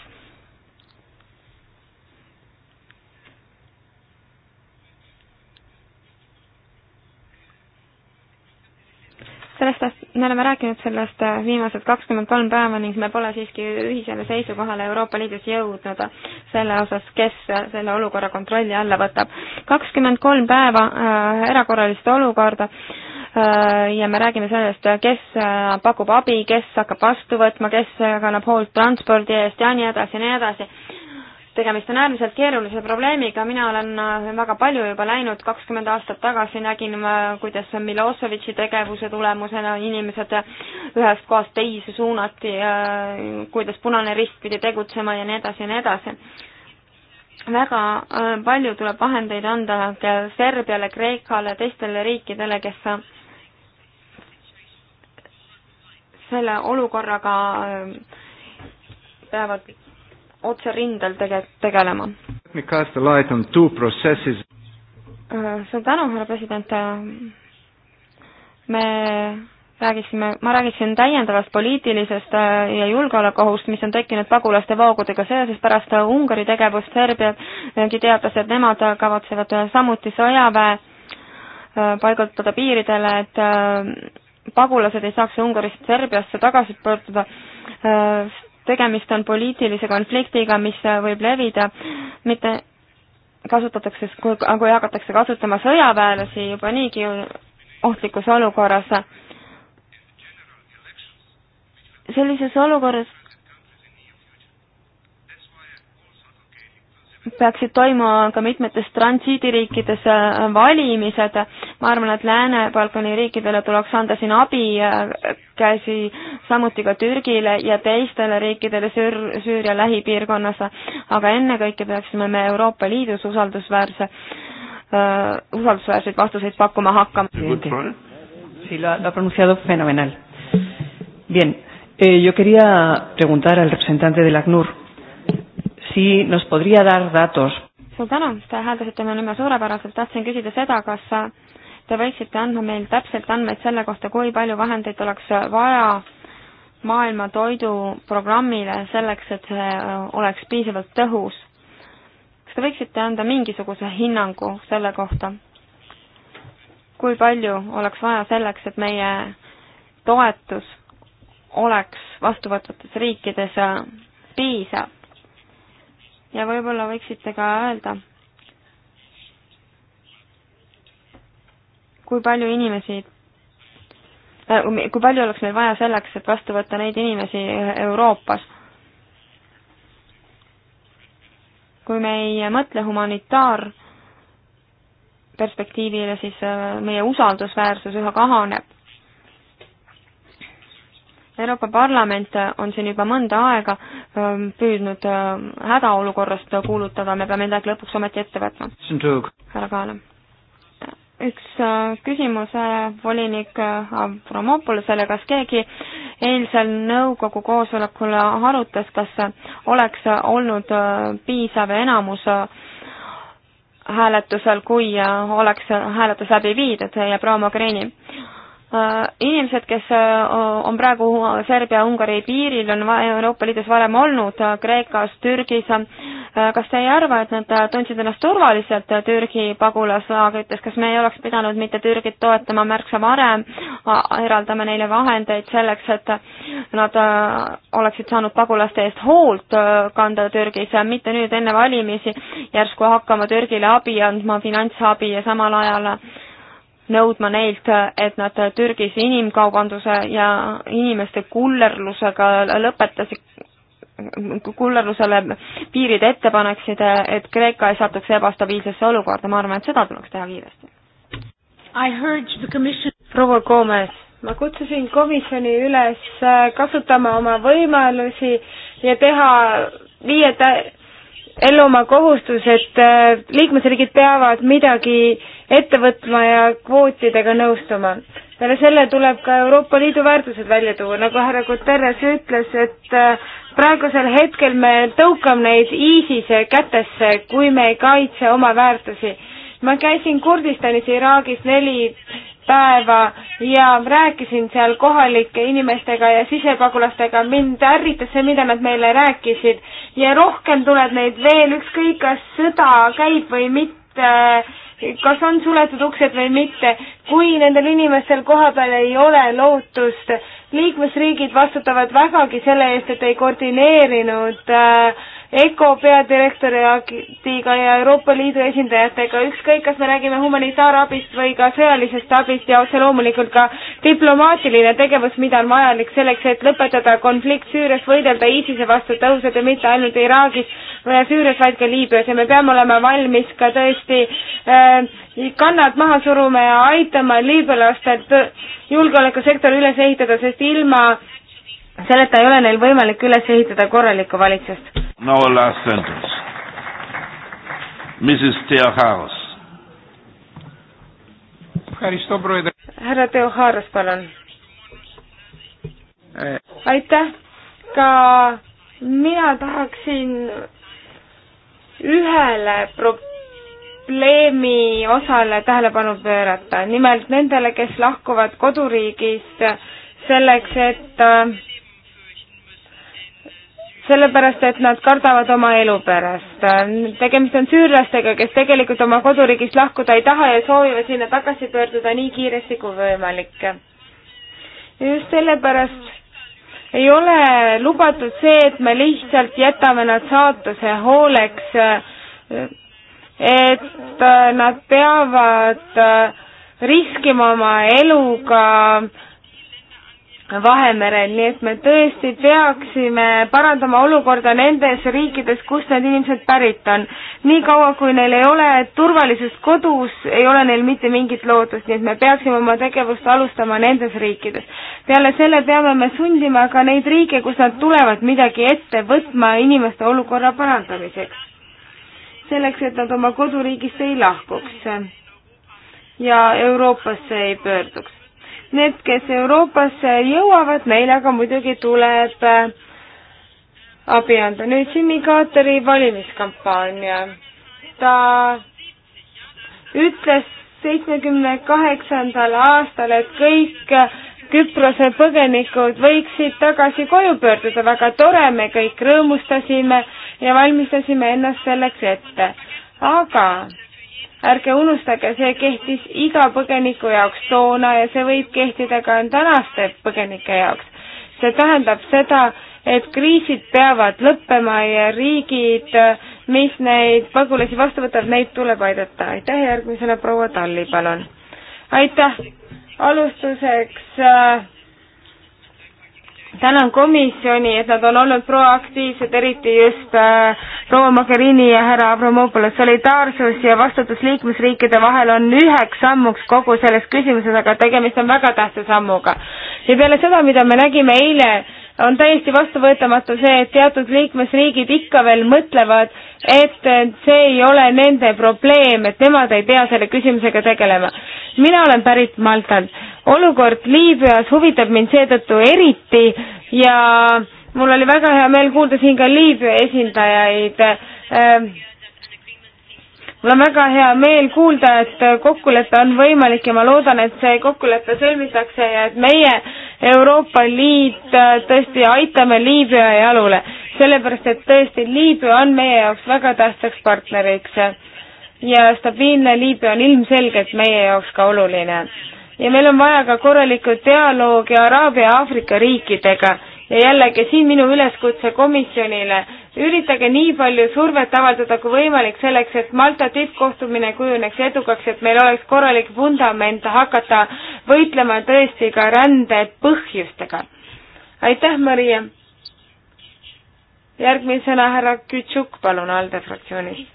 sellest, me oleme rääkinud sellest äh, viimased kakskümmend kolm päeva ning me pole siiski ühisele seisukohale Euroopa Liidus jõudnud selle osas, kes äh, selle olukorra kontrolli alla võtab. kakskümmend kolm päeva äh, erakorralist olukorda äh, ja me räägime sellest, äh, kes äh, pakub abi, kes hakkab vastu võtma, kes kannab hoolt transpordi eest ja nii edasi ja nii edasi tegemist on äärmiselt keerulise probleemiga, mina olen äh, väga palju juba näinud, kakskümmend aastat tagasi nägin ma, kuidas Miloševitši tegevuse tulemusena inimesed ühest kohast teise suunati, äh, kuidas Punane Rist pidi tegutsema ja nii edasi ja nii edasi. väga äh, palju tuleb vahendeid anda Serbiale, Kreekale, teistele riikidele, kes selle olukorraga peavad otse rindel tege-, tegelema. Äh, suur tänu, härra president. Äh, me räägiksime, ma räägiksin täiendavast poliitilisest äh, ja julgeolekuohust, mis on tekkinud pagulaste voogudega seoses pärast Ungari tegevust, Serbiagi teatas, et nemad kavatsevad samuti sõjaväe paigutada piiridele, et pagulased ei saaks Ungarist Serbiasse tagasi pöörduda tegemist on poliitilise konfliktiga, mis võib levida, mitte kasutatakse, kui, kui hakatakse kasutama sõjaväelasi juba niigi ohtlikus olukorras. sellises olukorras peaksid toimuma ka mitmetes transiidiriikides äh, valimised. ma arvan, et Lääne-Balkani riikidele tuleks anda siin abikäsi, äh, samuti ka Türgile ja teistele riikidele Süür-, Süüria lähipiirkonnas. aga ennekõike peaksime me Euroopa Liidus usaldusväärse uh,, usaldusväärseid vastuseid pakkuma hakkama. Sí, lo ha, lo ha pronunciado fenomenal. Bien, eh, yo quería preguntar al representante del ACNUR si nos podría dar datos. suur tänu, te hääldasite mu nime suurepäraselt, tahtsin küsida seda, kas te võiksite anda meil täpselt andmeid selle kohta, kui palju vahendeid oleks vaja maailma toiduprogrammile selleks, et see äh, oleks piisavalt tõhus. kas te võiksite anda mingisuguse hinnangu selle kohta? kui palju oleks vaja selleks, et meie toetus oleks vastuvõtvates riikides äh, piisav? ja võib-olla võiksite ka öelda, kui palju inimesi äh, um, kui palju oleks meil vaja selleks, et vastu võtta neid inimesi äh, Euroopas? kui me ei mõtle humanitaarperspektiivile, siis äh, meie usaldusväärsus üha kahaneb. Euroopa Parlament on siin juba mõnda aega ähm, püüdnud ähm, hädaolukorrast kuulutada, me peame midagi lõpuks ometi ette võtma. härra Kaala. üks äh, küsimus äh, volinik äh, Avramopolisele, kas keegi eilsel nõukogu koosolekul arutas, kas oleks olnud piisav enamus hääletusel, kui oleks hääletus läbi viidud ja proua Mogherini Äh, inimesed, kes äh, on praegu Serbia-Ungari piiril, on Euroopa Liidus varem olnud äh, Kreekas, Türgis. kas te ei arva, et nad tundsid ennast turvaliselt Türgi pagulaslaagrites, kas me ei oleks pidanud mitte Türgit toetama märksa varem, eraldama neile vahendeid selleks, et nad oleksid saanud pagulaste eest hoolt kanda Türgis, mitte nüüd enne valimisi järsku hakkama Türgile abi andma, finantsabi ja samal ajal nõudma neilt, et nad Türgis inimkaubanduse ja inimeste kullerlusega lõpetasid, kullerlusele piirid ette paneksid, et Kreeka ei satuks ebastabiilsesse olukorda, ma arvan, et seda tuleks teha kiiresti. proua Gomes, ma kutsusin komisjoni üles äh, kasutama oma võimalusi ja teha viie tä-, ellu oma kohustused, äh, liikmesriigid peavad midagi ette võtma ja kvootidega nõustuma. peale selle tuleb ka Euroopa Liidu väärtused välja tuua, nagu härra Guterres ütles, et äh, praegusel hetkel me tõukame neid ISISe kätesse, kui me ei kaitse oma väärtusi. ma käisin Kurdistanis, Iraagis neli päeva ja rääkisin seal kohalike inimestega ja sisepagulastega, mind ärritas see, mida nad meile rääkisid ja rohkem tuleb neid veel, ükskõik kas sõda käib või mitte, kas on suletud uksed või mitte, kui nendel inimestel kohapeal ei ole lootust, liikmesriigid vastutavad vägagi selle eest, et ei koordineerinud äh, ECO peadirektoriga ja Euroopa Liidu esindajatega, ükskõik, kas me räägime humanitaarabist või ka sõjalisest abist ja otse loomulikult ka diplomaatiline tegevus, mida on vajalik selleks, et lõpetada konflikt Süürias, võidelda ISISe vastu tõhusalt ja mitte ainult Iraagis ja Süürias, vaid ka Liibüas ja me peame olema valmis ka tõesti äh, kannad maha suruma ja aitama liibüalastel julgeolekusektori üles ehitada, sest ilma selleta ei ole neil võimalik üles ehitada korralikku valitsust. no last sentence. Mrs Theoharos. härra Theoharos, palun. Eh. aitäh, ka mina tahaksin ühele pro-, probleemi osale tähelepanu pöörata, nimelt nendele, kes lahkuvad koduriigist selleks, et sellepärast, et nad kardavad oma elu pärast. tegemist on süürlastega, kes tegelikult oma koduriigist lahkuda ei taha ja soovivad sinna tagasi pöörduda nii kiiresti kui võimalik. just sellepärast ei ole lubatud see, et me lihtsalt jätame nad saatuse hooleks, et nad peavad riskima oma eluga, Vahemerel, nii et me tõesti peaksime parandama olukorda nendes riikides, kust need inimesed pärit on. niikaua, kui neil ei ole turvalisust kodus, ei ole neil mitte mingit lootust, nii et me peaksime oma tegevust alustama nendes riikides. peale selle peame me sundima ka neid riike, kust nad tulevad, midagi ette võtma inimeste olukorra parandamiseks. selleks, et nad oma koduriigist ei lahkuks ja Euroopasse ei pöörduks Need, kes Euroopasse jõuavad, neile aga muidugi tuleb äh, abi anda. nüüd Jimmy Carteri valimiskampaania. ta ütles seitsmekümne kaheksandal aastal, et kõik Küprose põgenikud võiksid tagasi koju pöörduda, väga tore, me kõik rõõmustasime ja valmistasime ennast selleks ette. aga ärge unustage, see kehtis iga põgeniku jaoks toona ja see võib kehtida ka tänaste põgenike jaoks. see tähendab seda, et kriisid peavad lõppema ja riigid, mis neid pagulasi vastu võtavad, neid tuleb aidata. aitäh, järgmisena proua Talli, palun. aitäh, alustuseks äh, tänan komisjoni, et nad on olnud proaktiivsed, eriti just äh, proua Mogherini ja härra Avramopoulos. solidaarsus ja vastutus liikmesriikide vahel on üheks sammuks kogu selles küsimuses, aga tegemist on väga tähtsa sammuga. ja peale seda, mida me nägime eile, on täiesti vastuvõetamatu see, et teatud liikmesriigid ikka veel mõtlevad, et see ei ole nende probleem, et nemad ei pea selle küsimusega tegelema. mina olen pärit Maltalt olukord Liibüas huvitab mind seetõttu eriti ja mul oli väga hea meel kuulda siin ka Liibüa esindajaid. Ähm, mul on väga hea meel kuulda, et kokkulepe on võimalik ja ma loodan, et see kokkulepe sõlmitakse ja et meie, Euroopa Liit, äh, tõesti aitame Liibüa jalule, sellepärast et tõesti Liibüa on meie jaoks väga tähtsaks partneriks ja stabiilne Liibüa on ilmselgelt meie jaoks ka oluline ja meil on vaja ka korralikku dialoogi Araabia ja Aafrika riikidega ja jällegi siin minu üleskutse komisjonile, üritage nii palju survet avaldada kui võimalik selleks, et Malta tippkohtumine kujuneks edukaks, et meil oleks korralik vundament hakata võitlema tõesti ka rände põhjustega. aitäh, Maria! järgmisena härra Kütšuk, palun, ALDE fraktsioonist.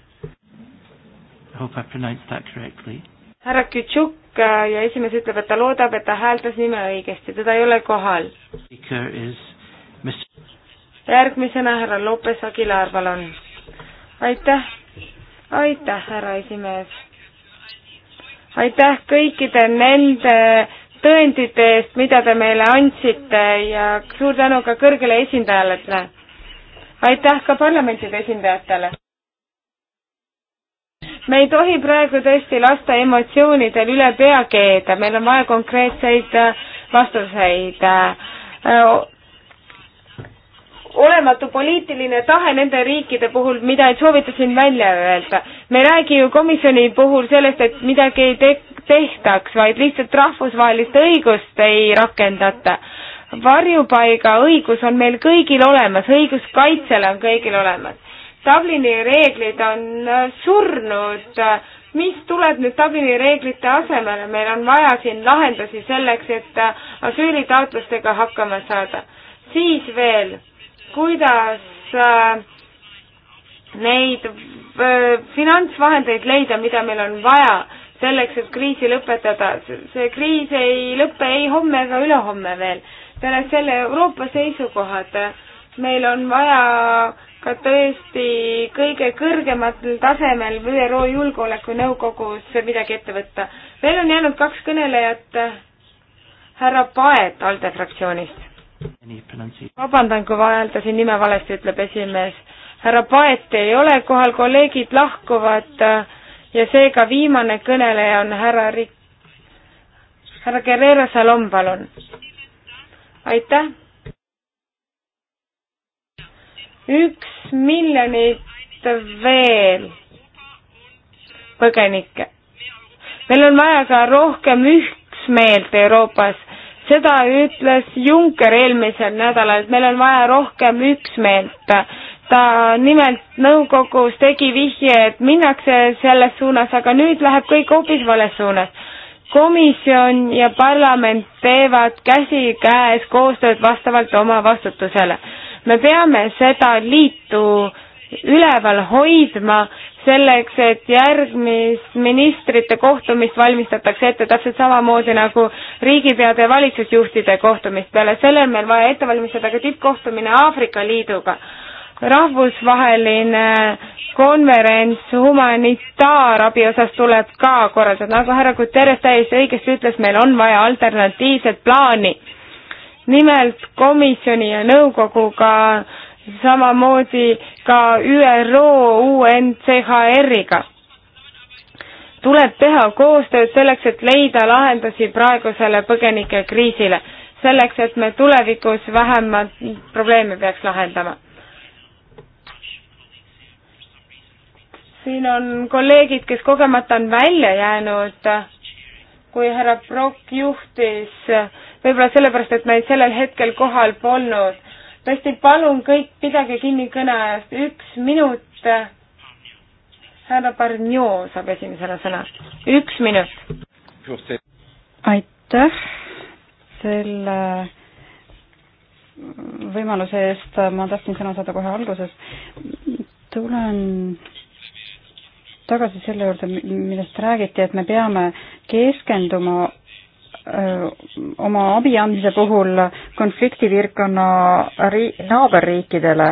härra Kütšuk Äh, ja esimees ütleb, et ta loodab, et ta hääldas nime õigesti, teda ei ole kohal. järgmisena härra Lopes Aguilar, palun. aitäh, aitäh, härra esimees. aitäh kõikide nende tõendite eest, mida te meile andsite ja suur tänu ka kõrgele esindajale. aitäh ka parlamentide esindajatele me ei tohi praegu tõesti lasta emotsioonidel üle pea keeda, meil on vaja konkreetseid äh, vastuseid. Äh, olematu poliitiline tahe nende riikide puhul, mida ei soovita siin välja öelda. me ei räägi ju komisjoni puhul sellest, et midagi ei te tehtaks, vaid lihtsalt rahvusvahelist õigust ei rakendata varjupaiga õigus on meil kõigil olemas, õigus kaitsele on kõigil olemas Dublini reeglid on äh, surnud, mis tuleb nüüd Dublini reeglite asemele, meil on vaja siin lahendusi selleks, et äh, asüülitaotlustega hakkama saada. siis veel, kuidas äh, neid finantsvahendeid leida, mida meil on vaja selleks, et kriisi lõpetada. see kriis ei lõpe ei homme ega ülehomme veel. peale selle Euroopa seisukohad, meil on vaja ka tõesti kõige kõrgematel tasemel ÜRO Julgeolekunõukogus midagi ette võtta. veel on jäänud kaks kõnelejat, härra Paet ALDE fraktsioonist. vabandan, kui hääldasin nime valesti, ütleb esimees. härra Paet ei ole kohal, kolleegid lahkuvad ja seega viimane kõneleja on härra Rik-, härra Guerrero Salom, palun. aitäh üks miljonit veel põgenikke. meil on vaja ka rohkem üksmeelt Euroopas, seda ütles Juncker eelmisel nädalal, et meil on vaja rohkem üksmeelt. ta nimelt nõukogus tegi vihje, et minnakse selles suunas, aga nüüd läheb kõik hoopis vales suunas. komisjon ja parlament teevad käsikäes koostööd vastavalt oma vastutusele me peame seda liitu üleval hoidma selleks, et järgmist ministrite kohtumist valmistatakse ette täpselt samamoodi nagu riigipeade ja valitsusjuhtide kohtumist peale. selle on meil vaja ette valmistada ka tippkohtumine Aafrika Liiduga. rahvusvaheline konverents humanitaarabi osas tuleb ka korraldada, nagu härra Guterres täiesti õigesti ütles, meil on vaja alternatiivset plaani nimelt komisjoni ja nõukoguga, samamoodi ka ÜRO UNCHR-iga. tuleb teha koostööd selleks, et leida lahendusi praegusele põgenikekriisile, selleks, et me tulevikus vähemalt probleeme peaks lahendama siin on kolleegid, kes kogemata on välja jäänud, kui härra Brock juhtis võib-olla sellepärast, et meid sellel hetkel kohal polnud. tõesti, palun kõik, pidage kinni kõneajast, üks minut. härra Barnio saab esimesena sõna, üks minut. aitäh selle võimaluse eest, ma tahtsin sõna saada kohe alguses. tulen tagasi selle juurde, millest räägiti, et me peame keskenduma oma abi andmise puhul konfliktipiirkonna ri-, naaberriikidele,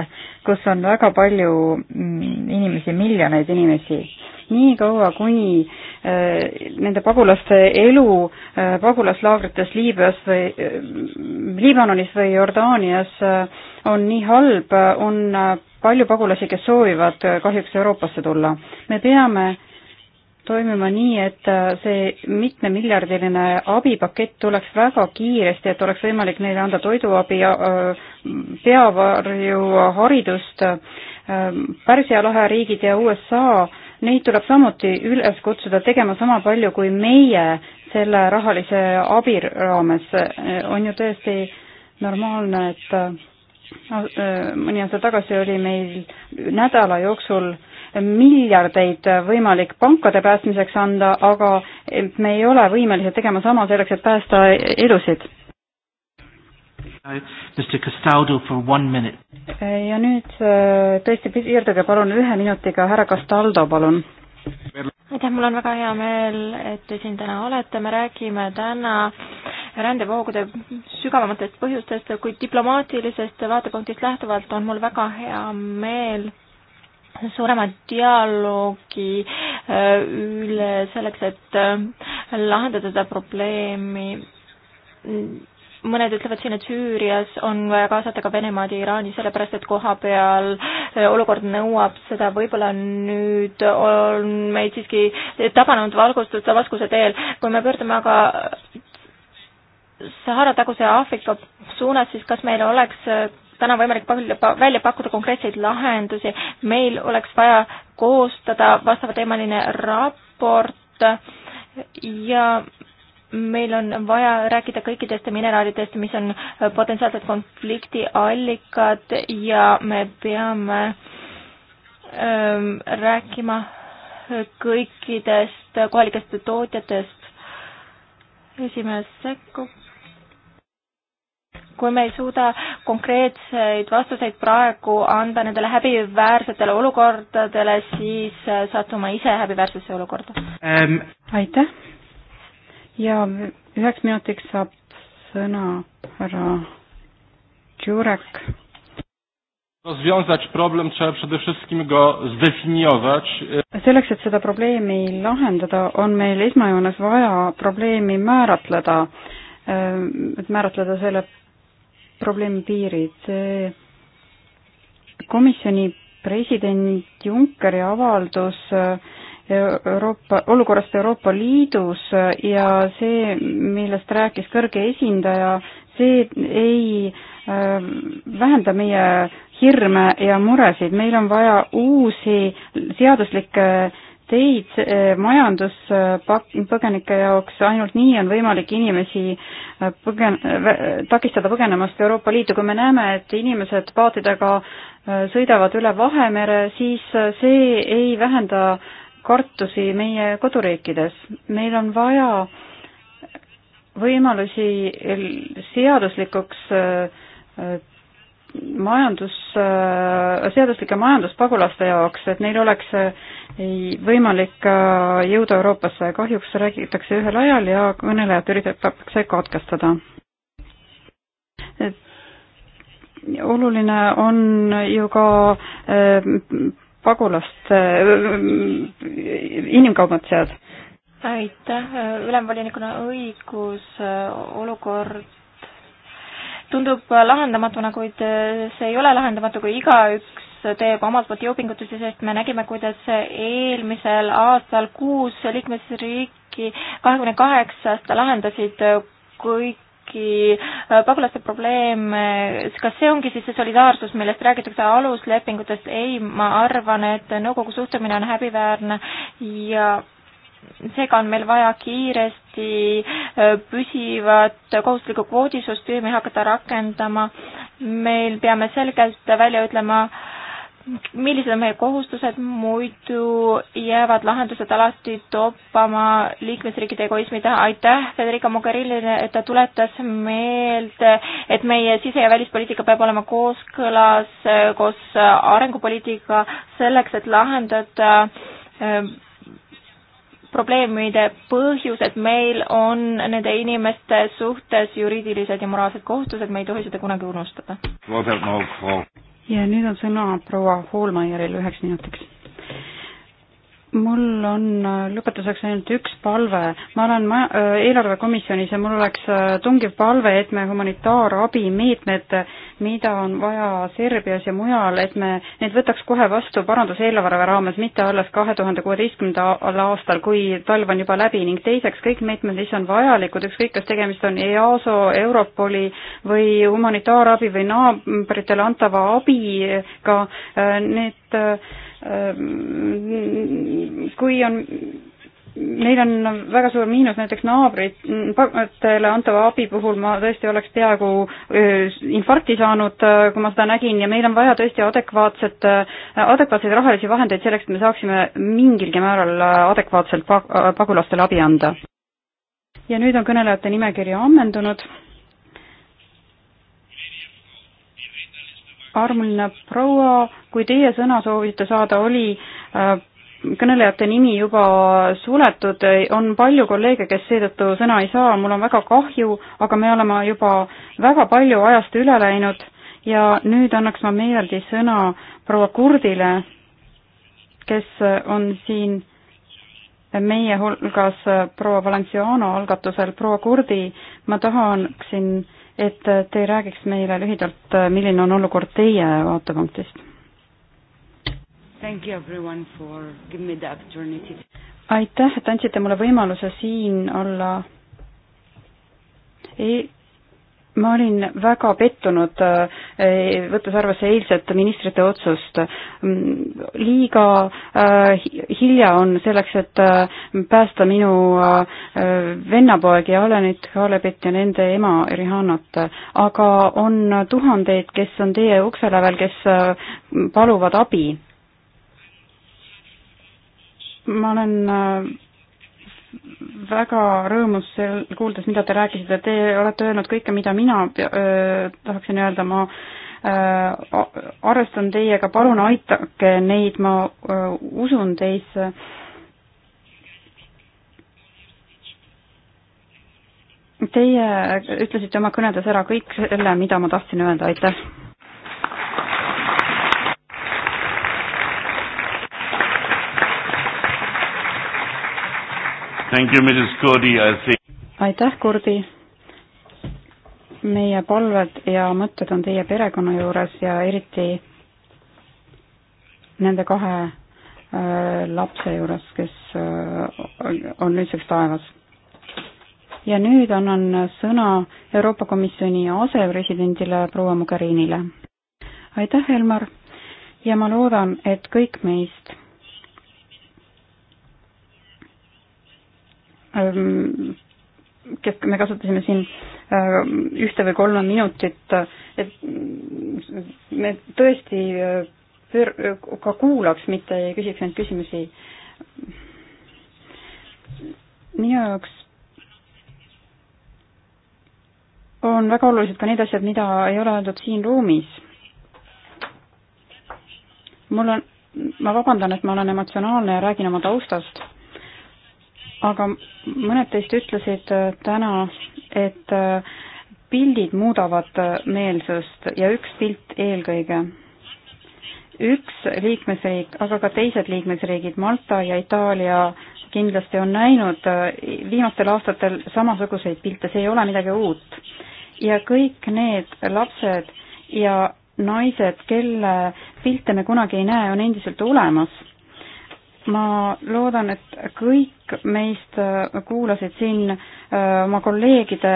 kus on väga palju mm, inimesi, miljoneid inimesi. niikaua, kuni äh, nende pagulaste elu äh, pagulaslaagrites Liibüas või äh, Liibanonis või Jordaanias on nii halb, on palju pagulasi, kes soovivad kahjuks Euroopasse tulla. me peame toimima nii, et äh, see mitmemiljardiline abipakett tuleks väga kiiresti, et oleks võimalik neile anda toiduabi, äh, peavarju, haridust, äh, Pärsia lahe riigid ja USA, neid tuleb samuti üles kutsuda tegema sama palju kui meie selle rahalise abi raames. on ju tõesti normaalne, et mõni aasta tagasi oli meil nädala jooksul miljardeid võimalik pankade päästmiseks anda, aga me ei ole võimelised tegema sama selleks, et päästa elusid. ja nüüd äh, tõesti piirduge palun ühe minutiga, härra Castaldo, palun aitäh, mul on väga hea meel, et te siin täna olete, me räägime täna rändevoogude sügavamatest põhjustest, kuid diplomaatilisest vaatepunktist lähtuvalt on mul väga hea meel suurema dialoogi äh, üle selleks, et äh, lahendada seda probleemi. mõned ütlevad siin, et Süürias on vaja kaasata ka Venemaad ja Iraani, sellepärast et kohapeal äh, olukord nõuab seda, võib-olla nüüd on meid siiski tabanud valgustus vaskuse teel, kui me pöördume aga Sahara taguse Aafrika suunas, siis kas meil oleks täna võimalik välja pakkuda konkreetseid lahendusi. meil oleks vaja koostada vastavateemaline raport ja meil on vaja rääkida kõikidest mineraalidest, mis on potentsiaalsed konfliktiallikad ja me peame ähm, rääkima kõikidest kohalikest tootjatest. esimees sekkub kui me ei suuda konkreetseid vastuseid praegu anda nendele häbiväärsetele olukordadele, siis satume ise häbiväärsesse olukorda ähm.. aitäh ja üheks minutiks saab sõna härra Jurek. Rozwiązać problem trzeba przede wszystkim go zdefiniować. Selleks, et seda probleemi lahendada, on meil esmajoones vaja probleemi määratleda, äh, et määratleda selle probleemi piirid. komisjoni president Junckeri avaldus Euroopa, olukorrast Euroopa Liidus ja see, millest rääkis kõrge esindaja, see ei äh, vähenda meie hirme ja muresid, meil on vaja uusi seaduslikke äh, tehid eh, majandus eh, põgenike jaoks, ainult nii on võimalik inimesi eh, põgen-, takistada põgenemast Euroopa Liitu, kui me näeme, et inimesed paatidega sõidavad üle Vahemere, siis see ei vähenda kartusi meie koduriikides. meil on vaja võimalusi seaduslikuks majandus, äh, seaduslike majanduspagulaste jaoks, et neil oleks äh, võimalik äh, jõuda Euroopasse. kahjuks räägitakse ühel ajal ja kõnelejat üritatakse katkestada. oluline on ju ka pagulaste, inimkaubandused. aitäh, ülemvolinikuna õigus olukord tundub lahendamatuna, kuid äh, see ei ole lahendamatu, kui igaüks teeb omalt poolt jõupingutusi, sest me nägime, kuidas eelmisel aastal kuus liikmesriiki kahekümne kaheksast lahendasid kõiki äh, pagulaste probleeme, kas see ongi siis see solidaarsus, millest räägitakse aluslepingutest, ei, ma arvan, et nõukogu suhtumine on häbiväärne ja seega on meil vaja kiiresti äh, püsivat kohustuslikku kvoodisüsteemi hakata rakendama. meil peame selgelt välja ütlema, millised on meie kohustused, muidu jäävad lahendused alati toppama liikmesriikide egoismi taha. aitäh Federica Mogherinile, et ta tuletas meelde, et meie sise- ja välispoliitika peab olema kooskõlas äh, koos äh, arengupoliitika selleks, et lahendada probleemide põhjused, meil on nende inimeste suhtes juriidilised ja moraalsed kohustused, me ei tohi seda kunagi unustada. ja nüüd on sõna proua Hoolmeieril üheks minutiks mul on äh, lõpetuseks ainult üks palve. ma olen ma-, äh, eelarvekomisjonis ja mul oleks äh, tungiv palve, et me humanitaarabimeetmed, mida on vaja Serbias ja mujal, et me need võtaks kohe vastu paranduseelarve raames, mitte alles kahe tuhande kuueteistkümnendal aastal, kui talv on juba läbi ning teiseks, kõik meetmed, mis on vajalikud, ükskõik kas tegemist on EASO, Europoli või humanitaarabi või naabritele antava abiga, need Ehm, kui on neil on väga suur miinus näiteks naabritele antava abi puhul ma tõesti oleks peaaegu infarkti saanud, kui ma seda nägin ja meil on vaja tõesti adekvaatset, adekvaatseid rahalisi vahendeid selleks, et me saaksime mingilgi määral adekvaatselt pagulastele abi anda. ja nüüd on kõnelejate nimekiri ammendunud armuline proua, kui teie sõna soovite saada, oli äh, kõnelejate nimi juba suletud, on palju kolleege, kes seetõttu sõna ei saa, mul on väga kahju, aga me oleme juba väga palju ajast üle läinud ja nüüd annaks ma meeldi sõna proua Kurdile, kes on siin meie hulgas proua Valenciano algatusel, proua Kurdi, ma tahaksin et te räägiks meile lühidalt, milline on olukord teie vaatepunktist? aitäh, et andsite mulle võimaluse siin olla e ma olin väga pettunud, eh, võttes arvesse eilset ministrite otsust. Mm, liiga eh, hilja on selleks, et eh, päästa minu vennapoeg ja Alenit, Kalebit ja nende ema Rihannat, aga on tuhandeid, kes on teie ukse lävel, kes paluvad abi. ma olen väga rõõmus sel-, kuuldes, mida te rääkisite, te olete öelnud kõike, mida mina öö, tahaksin öelda, ma öö, arvestan teiega, palun aidake neid, ma öö, usun teisse. Teie ütlesite oma kõnedes ära kõik selle, mida ma tahtsin öelda, aitäh! aitäh, Kurdi! meie palved ja mõtted on teie perekonna juures ja eriti nende kahe äh, lapse juures, kes äh, on nüüdseks taevas. ja nüüd annan sõna Euroopa Komisjoni asepresidendile proua Mogherinile. aitäh, Elmar, ja ma loodan, et kõik meist kes, me kasutasime siin ühte või kolme minutit, et me tõesti pöör-, ka kuulaks, mitte ei küsiks ainult küsimusi. minu jaoks on väga olulised ka need asjad, mida ei ole öeldud siin ruumis. mul on, ma vabandan, et ma olen emotsionaalne ja räägin oma taustast aga mõned teist ütlesid äh, täna, et äh, pildid muudavad äh, meelsust ja üks pilt eelkõige. üks liikmesriik, aga ka teised liikmesriigid, Malta ja Itaalia kindlasti on näinud viimastel aastatel samasuguseid pilte, see ei ole midagi uut. ja kõik need lapsed ja naised, kelle pilte me kunagi ei näe, on endiselt olemas ma loodan, et kõik meist kuulasid siin äh, oma kolleegide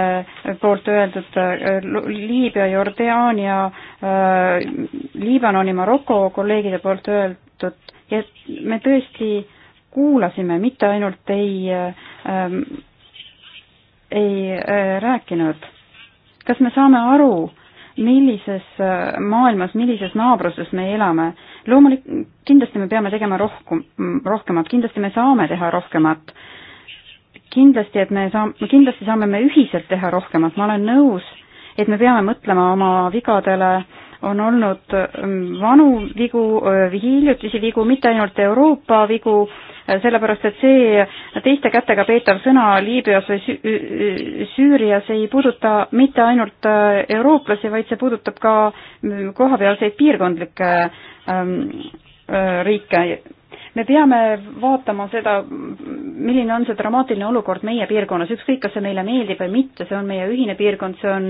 poolt öeldud äh, Liibüa, Jordaania, äh, Liibanoni, Maroko kolleegide poolt öeldud, et me tõesti kuulasime, mitte ainult ei ähm,, ei äh, rääkinud. kas me saame aru, millises äh, maailmas, millises naabruses me elame. loomulik-, kindlasti me peame tegema rohkem, mm, rohkemat, kindlasti me saame teha rohkemat. kindlasti, et me saa-, kindlasti saame me ühiselt teha rohkemat, ma olen nõus, et me peame mõtlema oma vigadele, on olnud mm, vanu vigu, äh, hiljutisi vigu, mitte ainult Euroopa vigu, sellepärast et see teiste kätega peetav sõna Liibüas või Süürias ei puuduta mitte ainult äh, eurooplasi, vaid see puudutab ka mm, kohapealseid piirkondlikke ähm, äh, riike. me peame vaatama seda, milline on see dramaatiline olukord meie piirkonnas, ükskõik, kas see meile meeldib või mitte, see on meie ühine piirkond, see on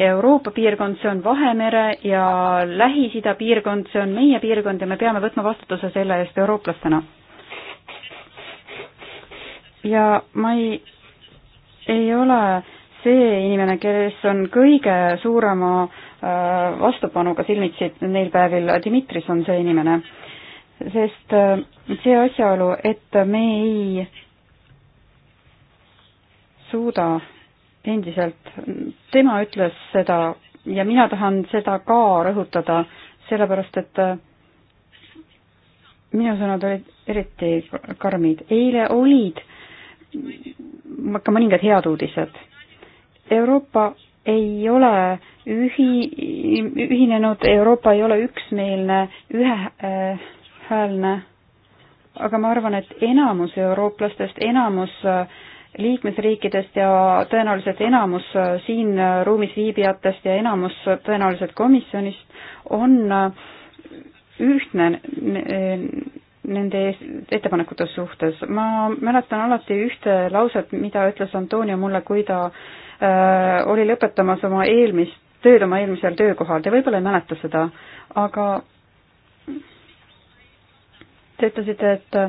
Euroopa piirkond, see on Vahemere ja Lähis-Ida piirkond, see on meie piirkond ja me peame võtma vastutuse selle eest eurooplastena ja ma ei, ei ole see inimene, kes on kõige suurema äh, vastupanuga silmitsi neil päevil, Dimitris on see inimene. sest äh, see asjaolu, et me ei suuda endiselt, tema ütles seda ja mina tahan seda ka rõhutada, sellepärast et äh, minu sõnad olid eriti karmid. eile olid ka mõningad head uudised. Euroopa ei ole ühi-, ühinenud, Euroopa ei ole üksmeelne, ühehäälne, aga ma arvan, et enamus eurooplastest, enamus äh, liikmesriikidest ja tõenäoliselt enamus äh, siin ruumis viibijatest ja enamus äh, tõenäoliselt komisjonist on ühtne nende ettepanekute suhtes. ma mäletan alati ühte lauset, mida ütles Antonio mulle, kui ta äh, oli lõpetamas oma eelmist tööd oma eelmisel töökohal, te võib-olla ei mäleta seda, aga te ütlesite, et äh,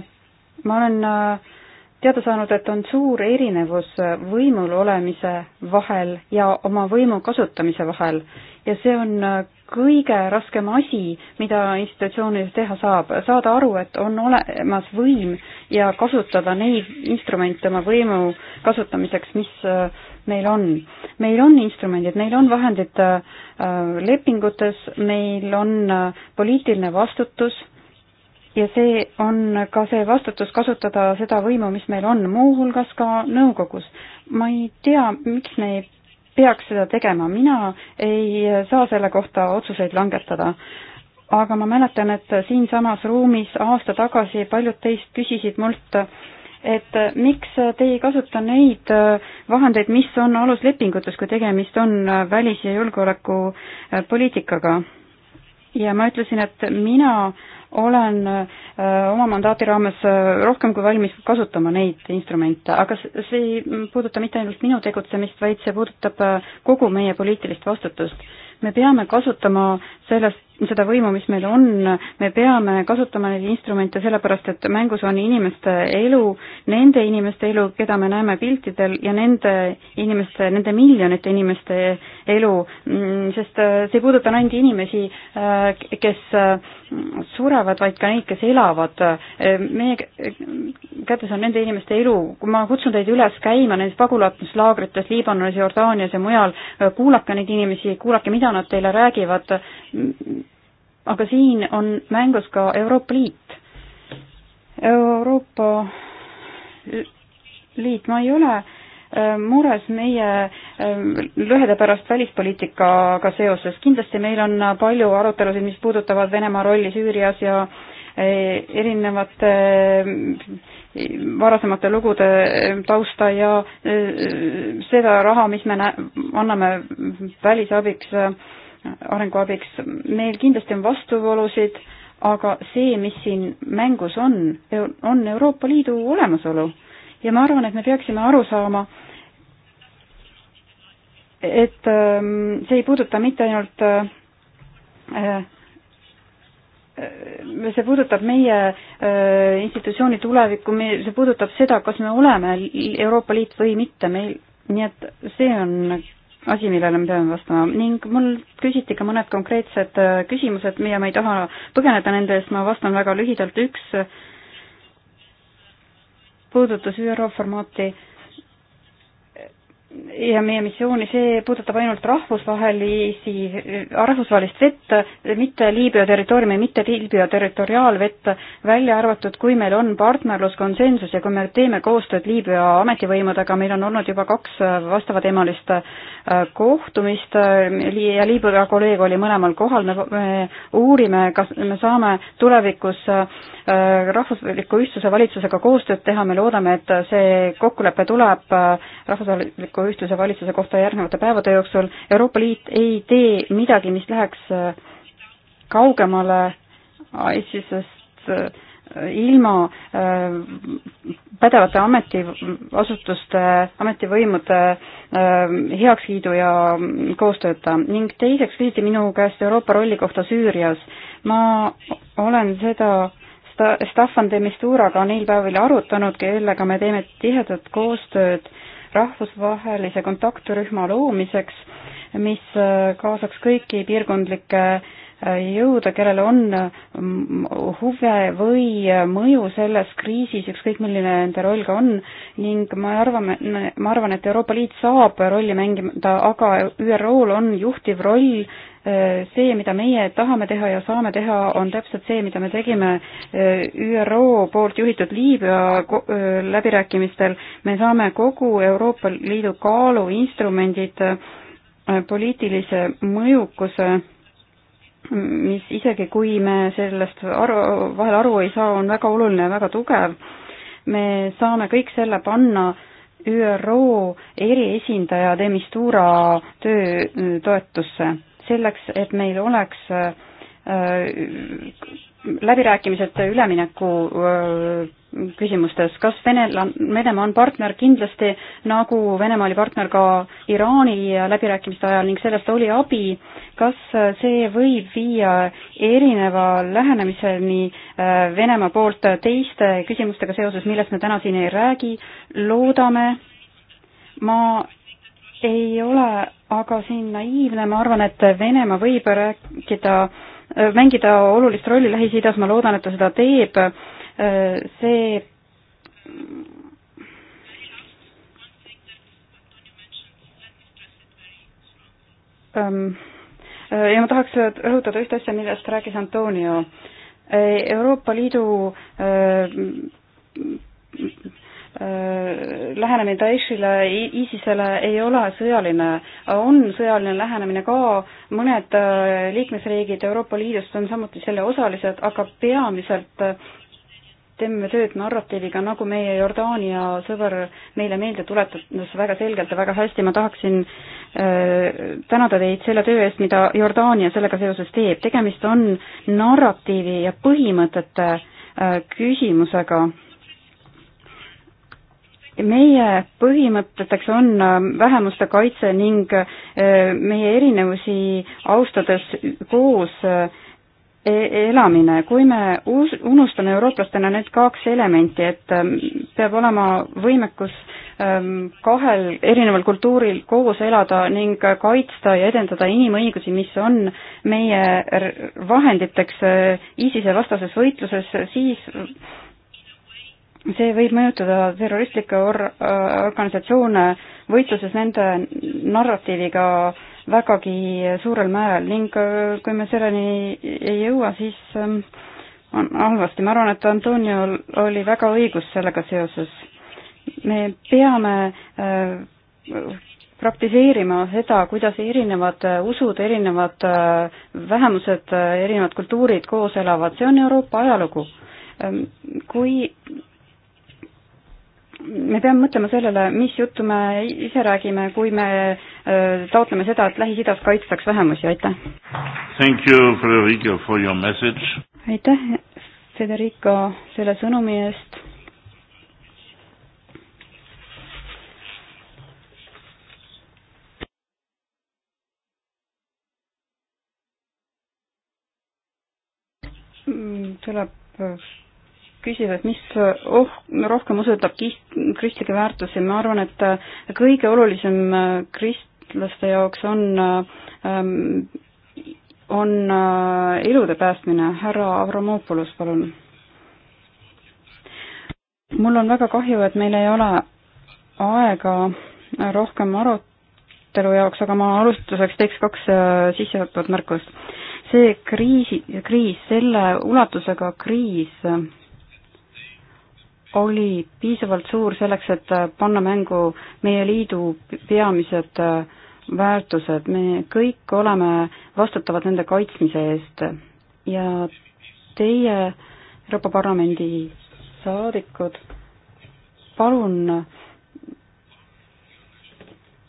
ma olen äh, teada saanud, et on suur erinevus äh, võimul olemise vahel ja oma võimu kasutamise vahel ja see on äh, kõige raskem asi, mida institutsioonides teha saab, saada aru, et on olemas võim ja kasutada neid instrumente oma võimu kasutamiseks, mis äh, meil on. meil on instrumendid, meil on vahendid äh, lepingutes, meil on äh, poliitiline vastutus ja see on ka see vastutus kasutada seda võimu, mis meil on, muuhulgas ka nõukogus. ma ei tea, miks me ei peaks seda tegema, mina ei saa selle kohta otsuseid langetada. aga ma mäletan, et siinsamas ruumis aasta tagasi paljud teist küsisid mult, et miks te ei kasuta neid vahendeid, mis on aluslepingutes, kui tegemist on välis- ja julgeolekupoliitikaga ja ma ütlesin, et mina olen äh, oma mandaati raames äh, rohkem kui valmis kasutama neid instrumente, aga see ei puuduta mitte ainult minu tegutsemist, vaid see puudutab äh, kogu meie poliitilist vastutust. me peame kasutama sellest seda võimu, mis meil on, me peame kasutama neid instrumente sellepärast, et mängus on inimeste elu, nende inimeste elu, keda me näeme piltidel ja nende inimeste, nende miljonite inimeste elu, mm, sest äh, see ei puuduta ainult inimesi, äh, kes äh, surevad, vaid ka neid, kes elavad. meie kätes on nende inimeste elu, kui ma kutsun teid üles käima nendes pagulaslaagrites Liibanonis, Jordaanias ja mujal, kuulake neid inimesi, kuulake, mida nad teile räägivad, mm, aga siin on mängus ka Euroopa Liit. Euroopa Liit, ma ei ole äh, mures meie äh, lõhede pärast välispoliitikaga seoses. kindlasti meil on palju arutelusid, mis puudutavad Venemaa rolli Süürias ja äh, erinevate varasemate lugude tausta ja seda raha, mis me anname välisabiks arenguabiks. meil kindlasti on vastuolusid, aga see, mis siin mängus on, on Euroopa Liidu olemasolu ja ma arvan, et me peaksime aru saama, et ähm, see ei puuduta mitte ainult äh, äh, see puudutab meie äh, institutsiooni tulevikku, see puudutab seda, kas me oleme Euroopa Liit või mitte, meil, nii et see on asi, millele me peame vastama ning mul küsiti ka mõned konkreetsed äh, küsimused, mida ma ei taha põgeneda nende eest, ma vastan väga lühidalt, üks äh, puudutas ÜRO formaati ja meie missiooni, see puudutab ainult rahvusvahelisi, äh, rahvusvahelist vett, mitte Liibüa territooriumi, mitte Liibüa territoriaalvett, välja arvatud, kui meil on partnerlus, konsensus ja kui me teeme koostööd Liibüa ametivõimudega, meil on olnud juba kaks vastavateemalist Äh, kohtumist äh, ja Liibüa kolleeg oli mõlemal kohal, me uurime, kas me saame tulevikus äh, rahvusliku ühtsuse valitsusega koostööd teha, me loodame, et see kokkulepe tuleb rahvusliku ühtsuse valitsuse kohta järgnevate päevade jooksul. Euroopa Liit ei tee midagi, mis läheks kaugemale ISISest ilma äh, pädevate ametiasutuste, ametivõimude äh, heakskiidu ja koostööta ning teiseks küsiti minu käest Euroopa rolli kohta Süürias. ma olen seda sta-, Staffan de Misturaga neil päevil arutanud, kellega me teeme tihedat koostööd rahvusvahelise kontaktrühma loomiseks, mis äh, kaasaks kõiki piirkondlikke äh, jõuda, kellel on mm, huve või mõju selles kriisis, ükskõik milline nende roll ka on, ning ma arvame, ma arvan, et Euroopa Liit saab rolli mängida, aga ÜRO-l on juhtiv roll, eh, see, mida meie tahame teha ja saame teha, on täpselt see, mida me tegime eh, ÜRO poolt juhitud Liibüa eh, läbirääkimistel, me saame kogu Euroopa Liidu kaalu instrumendid poliitilise mõjukuse mis isegi, kui me sellest aru, vahel aru ei saa, on väga oluline ja väga tugev. me saame kõik selle panna ÜRO eriesindaja Demistura töö äh, toetusse, selleks, et meil oleks äh, läbirääkimised ülemineku äh, küsimustes, kas Venela-, Venemaa on partner kindlasti, nagu Venemaa oli partner ka Iraani läbirääkimiste ajal ning sellest oli abi äh, kas äh, see võib viia erineva lähenemiseni äh, Venemaa poolt teiste küsimustega seoses, millest me täna siin ei räägi, loodame, ma ei ole aga siin naiivne, ma arvan, et Venemaa võib rääkida, äh, mängida olulist rolli Lähis-Idas, ma loodan, et ta seda teeb, see um, ähm ja ma tahaks rõhutada ühte asja, millest rääkis Antonio. Euroopa Liidu äh, äh, lähenemine Daeshile, ISISele ei ole sõjaline, on sõjaline lähenemine ka, mõned äh, liikmesriigid Euroopa Liidust on samuti selle osalised, aga peamiselt teeme tööd narratiiviga, nagu meie Jordaania sõber meile meelde tuletas väga selgelt ja väga hästi, ma tahaksin äh, tänada teid selle töö eest, mida Jordaania sellega seoses teeb. tegemist on narratiivi ja põhimõtete äh, küsimusega. meie põhimõteteks on äh, vähemuste kaitse ning äh, meie erinevusi austades koos äh, E, elamine, kui me unustame eurooplastena need kaks elementi, et ähm, peab olema võimekus ähm, kahel erineval kultuuril koos elada ning kaitsta ja edendada inimõigusi, mis on meie vahenditeks äh, ISISe vastases võitluses, siis see võib mõjutada terroristlikke or-, äh, organisatsioone võitluses nende narratiiviga äh, vägagi suurel määral ning äh, kui me selleni ei jõua, siis ähm, on halvasti, ma arvan, et Antoniol oli väga õigus sellega seoses. me peame äh, praktiseerima seda, kuidas erinevad äh, usud, erinevad vähemused, erinevad kultuurid koos elavad, see on Euroopa ajalugu. Ähm, kui me peame mõtlema sellele, mis juttu me ise räägime, kui me Äh, taotleme seda, et Lähis-Idas kaitstaks vähemusi, aitäh! aitäh, Federico, selle sõnumi eest! Mm, tuleb äh, küsida, et mis oh, rohkem usutab kristlikke väärtusi, ma arvan, et äh, kõige olulisem krist-, kristlaste jaoks on ähm, on äh, elude päästmine. härra Avramopoulos, palun. mul on väga kahju, et meil ei ole aega rohkem arutelu jaoks, aga ma alustuseks teeks kaks äh, sissejuhatavat märkust. see kriisi, kriis, selle ulatusega kriis äh, oli piisavalt suur selleks, et panna mängu meie liidu peamised äh, väärtused, me kõik oleme vastutavad nende kaitsmise eest ja teie, Euroopa Parlamendi saadikud, palun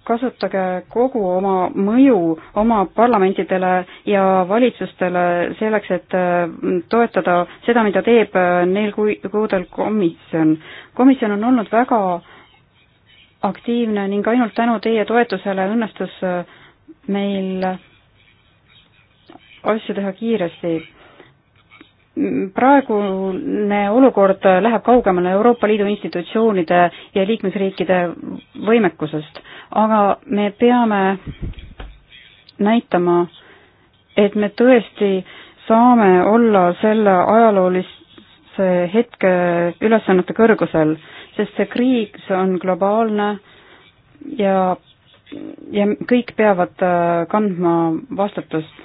kasutage kogu oma mõju oma parlamentidele ja valitsustele selleks, et mm, toetada seda, mida teeb äh, neil kuudel komisjon. komisjon on olnud väga äh, aktiivne ning ainult tänu teie toetusele õnnestus äh, meil asju teha kiiresti. praegune olukord läheb kaugemale Euroopa Liidu institutsioonide ja liikmesriikide võimekusest, aga me peame näitama, et me tõesti saame olla selle ajaloolise hetke ülesannete kõrgusel sest see kriis on globaalne ja, ja kõik peavad äh, kandma vastutust.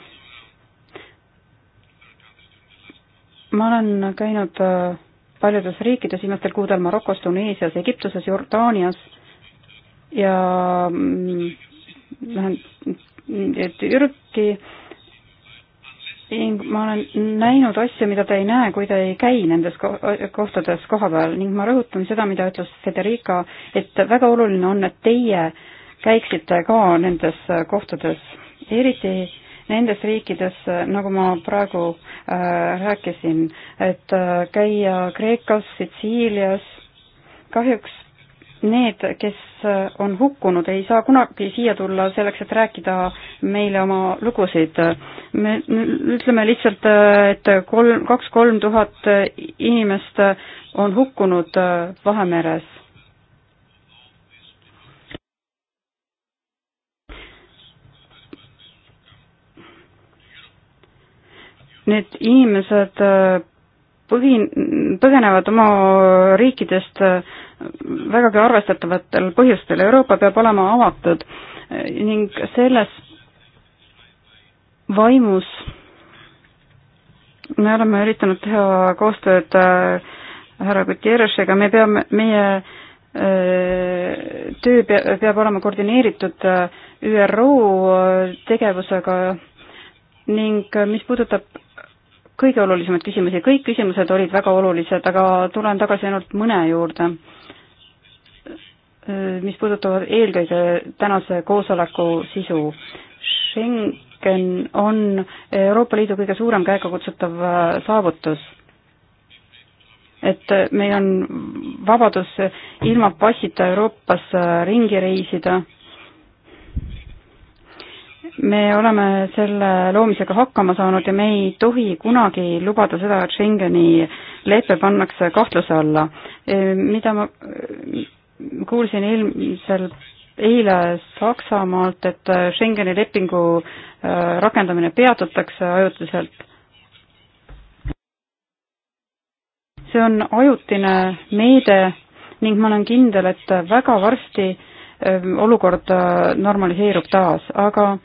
ma olen käinud äh, paljudes riikides viimastel kuudel Marokos, Tuneesias, Egiptuses, Jordaanias ja mm, lähen Türki ning ma olen näinud asju, mida te ei näe, kui te ei käi nendes kohtades koha peal ning ma rõhutan seda, mida ütles Federica, et väga oluline on, et teie käiksite ka nendes kohtades, eriti nendes riikides, nagu ma praegu äh, rääkisin, et äh, käia Kreekas, Sitsiilias, kahjuks need, kes on hukkunud, ei saa kunagi siia tulla selleks, et rääkida meile oma lugusid. me ütleme lihtsalt, et kolm, kaks-kolm tuhat inimest on hukkunud Vahemeres. Need inimesed põhi, põgenevad oma riikidest äh, vägagi arvestatavatel põhjustel. Euroopa peab olema avatud ning selles vaimus me oleme üritanud teha koostööd äh, härra Gutierrezega, me peame, meie äh, töö peab olema koordineeritud äh, ÜRO tegevusega ning mis puudutab kõige olulisemaid küsimusi, kõik küsimused olid väga olulised, aga tulen tagasi ainult mõne juurde, äh, mis puudutavad eelkõige tänase koosoleku sisu. Schengen on Euroopa Liidu kõige suurem käegakutsutav äh, saavutus et äh, meil on vabadus ilma passita Euroopas ringi reisida me oleme selle loomisega hakkama saanud ja me ei tohi kunagi lubada seda, et Schengeni lepe pannakse kahtluse alla. E, mida ma kuulsin eelmisel eile Saksamaalt, et Schengeni lepingu e, rakendamine peatatakse ajutiselt. see on ajutine meede ning ma olen kindel, et väga varsti e, olukord normaliseerub taas, aga äh,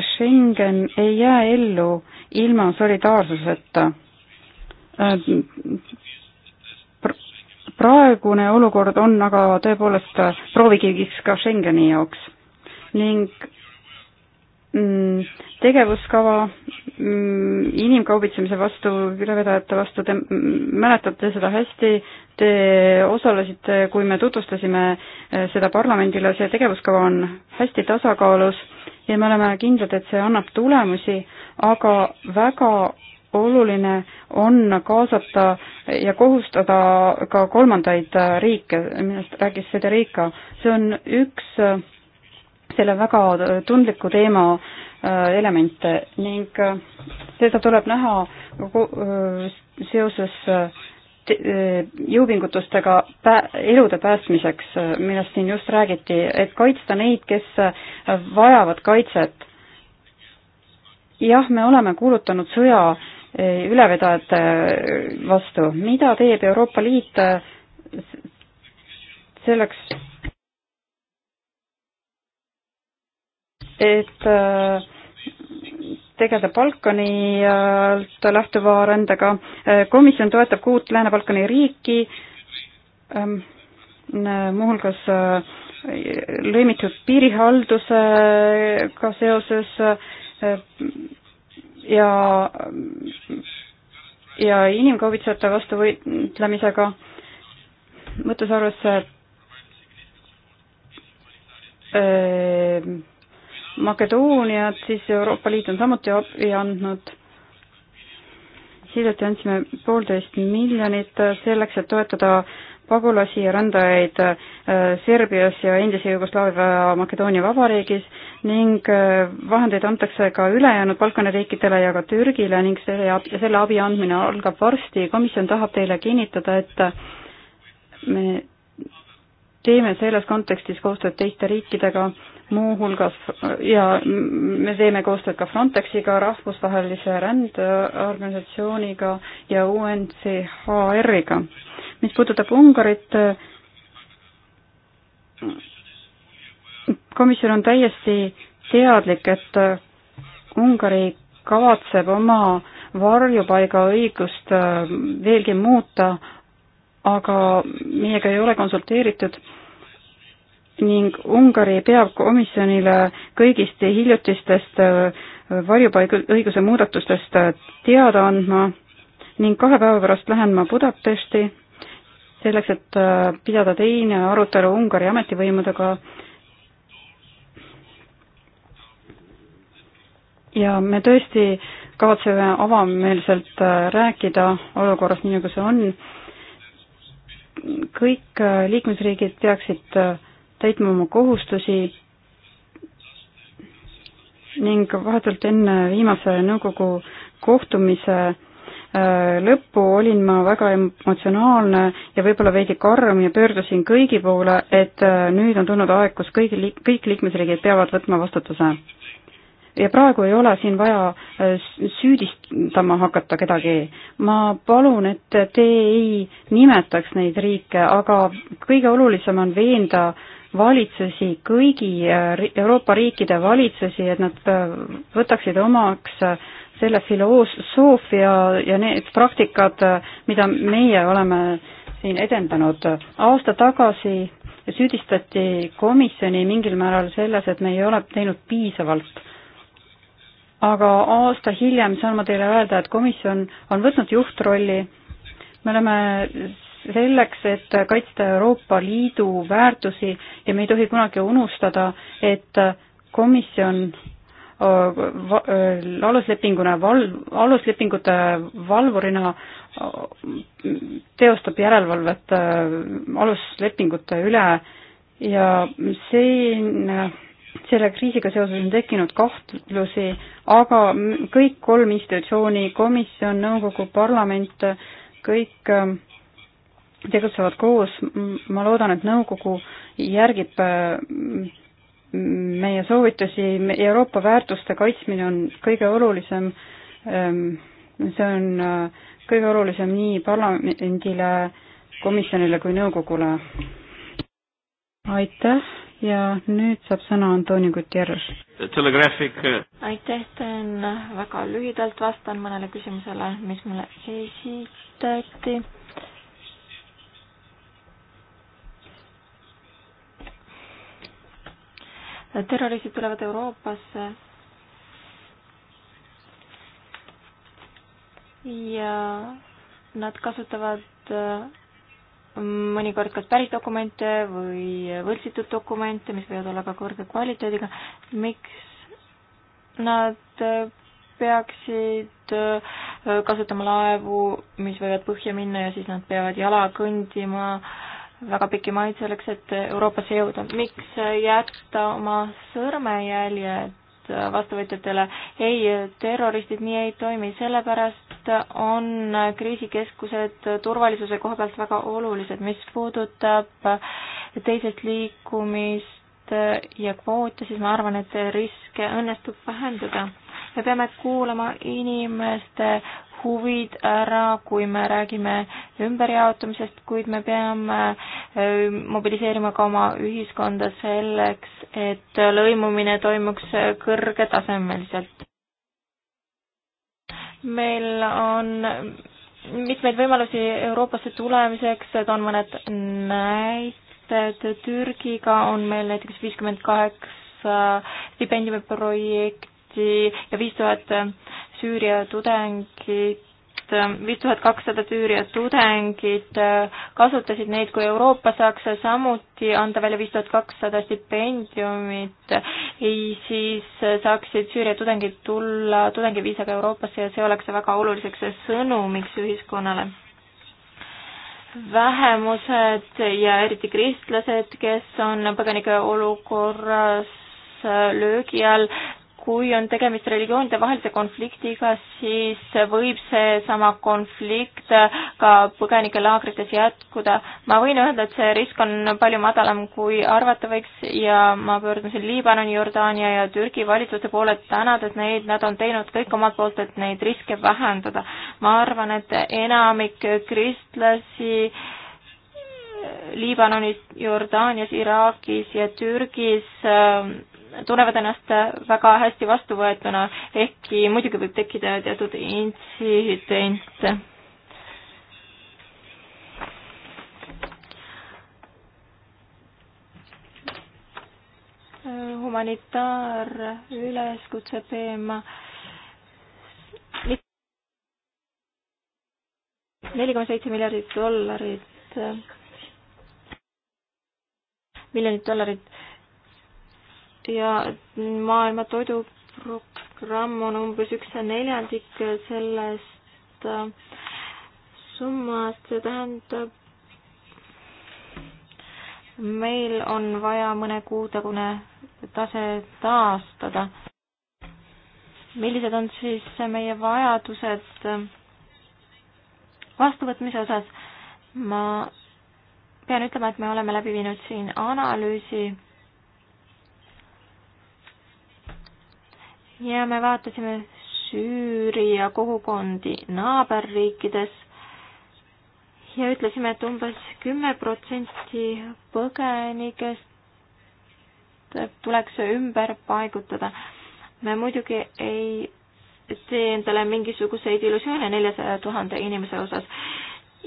Schengen ei jää ellu ilma solidaarsuseta. Äh, praegune olukord on aga tõepoolest äh, proovikiviks ka Schengeni jaoks ning mm, tegevuskava mm, inimkaubitsemise vastu, ülevedajate vastu, te mäletate seda hästi, Te osalesite, kui me tutvustasime eh, seda parlamendile, see tegevuskava on hästi tasakaalus ja me oleme kindlad, et see annab tulemusi, aga väga oluline on kaasata ja kohustada ka kolmandaid riike, millest rääkis Federica. see on üks eh, selle väga tundliku teema eh, elemente ning seda tuleb näha seoses jõupingutustega pää-, elude päästmiseks, millest siin just räägiti, et kaitsta neid, kes vajavad kaitset. jah, me oleme kuulutanud sõja e, ülevedajate vastu. mida teeb Euroopa Liit selleks, et äh, tegeleda Balkanilt lähtuva rändega. komisjon toetab kuut Lääne-Balkani riiki, ähm, muuhulgas äh, lõimitud piirihaldusega seoses äh, ja, ja inimkaubitsejate vastu võitlemisega, võttes arvesse äh, Makedooniat, siis Euroopa Liit on samuti abi andnud. hiljuti andsime poolteist miljonit selleks, et toetada pagulasi ja rändajaid äh, Serbias ja endise Jugoslaavia Makedoonia vabariigis ning äh, vahendeid antakse ka ülejäänud Balkani riikidele ja ka Türgile ning selle, selle abi andmine algab varsti. komisjon tahab teile kinnitada, et me teeme selles kontekstis koostööd teiste riikidega muuhulgas ja me teeme koostööd ka Frontexiga, rahvusvahelise rändeorganisatsiooniga ja UNCHR-iga. mis puudutab Ungarit, komisjon on täiesti teadlik, et Ungari kavatseb oma varjupaigaõigust äh, veelgi muuta, aga meiega ei ole konsulteeritud ning Ungari peab komisjonile kõigist hiljutistest äh, varjupaigaõiguse muudatustest äh, teada andma ning kahe päeva pärast lähen ma Budapesti selleks, et äh, pidada teine arutelu Ungari ametivõimudega. ja me tõesti kavatseme avameelselt rääkida olukorrast, nii nagu see on. kõik liikmesriigid peaksid äh, täitma oma kohustusi ning vahetult enne viimase nõukogu kohtumise äh, lõppu olin ma väga emotsionaalne ja võib-olla veidi karm ja pöördusin kõigi poole, et äh, nüüd on tulnud aeg, kus kõigi liik-, kõik liikmesriigid peavad võtma vastutuse. ja praegu ei ole siin vaja äh, süüdistama hakata kedagi. ma palun, et te ei nimetaks neid riike, aga kõige olulisem on veenda äh, valitsusi, kõigi äh, Euroopa riikide valitsusi, et nad äh, võtaksid omaks äh, selle filosoofia ja need praktikad, mida meie oleme siin edendanud. aasta tagasi süüdistati komisjoni mingil määral selles, et me ei ole teinud piisavalt. aga aasta hiljem saan ma teile öelda, et komisjon on võtnud juhtrolli me oleme selleks, et kaitsta Euroopa Liidu väärtusi ja me ei tohi kunagi unustada, et komisjon äh, äh, aluslepinguna val-, aluslepingute valvurina äh, teostab järelevalvet aluslepingute üle ja siin selle kriisiga seoses on tekkinud kahtlusi, aga kõik kolm institutsiooni, komisjon, nõukogu, parlament, kõik äh, tegutsevad koos, ma loodan, et nõukogu järgib meie soovitusi, Euroopa väärtuste kaitsmine on kõige olulisem, ehm, see on kõige olulisem nii parlamendile, komisjonile kui nõukogule. aitäh ja nüüd saab sõna Antonio Gutierrez. Telegraphic. Äh, aitäh, teen väga lühidalt, vastan mõnele küsimusele, mis mulle esitati terroristid tulevad Euroopasse ja nad kasutavad äh, mõnikord kas pärisdokumente või võltsitud dokumente, mis võivad olla ka kõrge kvaliteediga, miks nad äh, peaksid äh, kasutama laevu, mis võivad põhja minna ja siis nad peavad jala kõndima äh, väga pikki maid selleks, et Euroopasse jõuda. miks jätta oma sõrmejäljed vastuvõtjatele? ei, terroristid nii ei toimi, sellepärast on kriisikeskused turvalisuse koha pealt väga olulised, mis puudutab teisest liikumist ja kvoote, siis ma arvan, et riske õnnestub vähendada me peame kuulama inimeste huvid ära, kui me räägime ümberjaotamisest, kuid me peame äh, mobiliseerima ka oma ühiskonda selleks, et lõimumine toimuks kõrgetasemeliselt. meil on mitmeid võimalusi Euroopasse tulemiseks, toon mõned näited, Türgiga on meil näiteks viiskümmend kaheksa stipendiumiprojekt, tuhanti ja viis tuhat äh, Süüria tudengit äh, viis tuhat kakssada Süüria tudengid äh, kasutasid neid, kui Euroopa saaks samuti anda välja viis tuhat kakssada stipendiumit, siis saaksid Süüria tudengid tulla tudengiviisaga Euroopasse ja see oleks väga oluliseks sõnumiks ühiskonnale. vähemused ja eriti kristlased, kes on põgenike olukorras löögi all, kui on tegemist religioonide vahelise konfliktiga, siis võib seesama konflikt ka põgenikelaagrites jätkuda. ma võin öelda, et see risk on palju madalam, kui arvata võiks ja ma pöördun siin Liibanoni, Jordaania ja Türgi valitsuste poole, et tänades neid, nad on teinud kõik omalt poolt, et neid riske vähendada. ma arvan, et enamik kristlasi Liibanonis, Jordaanias, Iraagis ja Türgis ähm, tunnevad ennast väga hästi vastuvõetuna, ehkki muidugi võib tekkida teatud intsidente. humanitaarüleskutse teema neli koma seitse miljardit dollarit, miljonit dollarit ja Maailma Toiduprogramm on umbes üks neljandik sellest äh, summast, see tähendab, meil on vaja mõne kuu tagune tase taastada. millised on siis meie vajadused äh, vastuvõtmise osas? ma pean ütlema, et me oleme läbi viinud siin analüüsi ja me vaatasime Süüria kogukondi naaberriikides ja ütlesime, et umbes kümme protsenti põgenikest tuleks ümber paigutada. me muidugi ei tee endale mingisuguseid illusioone neljasaja tuhande inimese osas.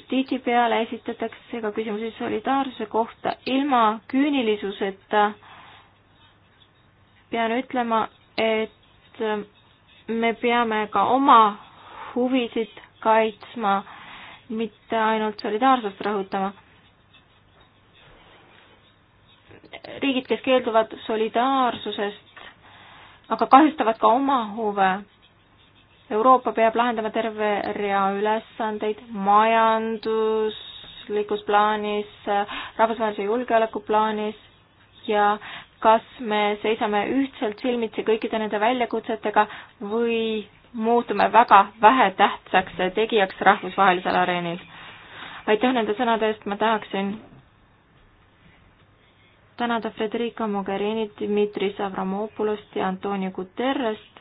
tihtipeale esitatakse ka küsimusi solidaarsuse kohta. ilma küünilisuseta pean ütlema, et et äh, me peame ka oma huvisid kaitsma, mitte ainult solidaarsust rõhutama. riigid, kes keelduvad solidaarsusest, aga kahjustavad ka oma huve. Euroopa peab lahendama terve rea ülesandeid majanduslikus plaanis, rahvusvahelise julgeoleku plaanis ja kas me seisame ühtselt silmitsi kõikide nende väljakutsetega või muutume väga vähetähtsaks tegijaks rahvusvahelisel areenil. aitäh nende sõnade eest, ma tahaksin tänada Federica Mogherinit, Dmitri Savramopulost ja Antonio Guterrest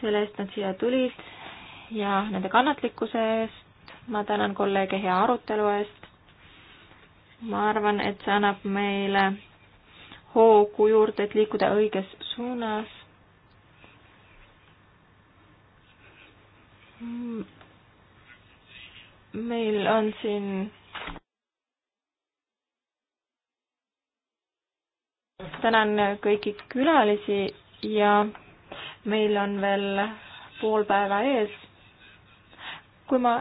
selle eest nad siia tulid ja nende kannatlikkuse eest. ma tänan kolleege hea arutelu eest. ma arvan, et see annab meile hoogu juurde, et liikuda õiges suunas. meil on siin tänan kõiki külalisi ja meil on veel pool päeva ees. kui ma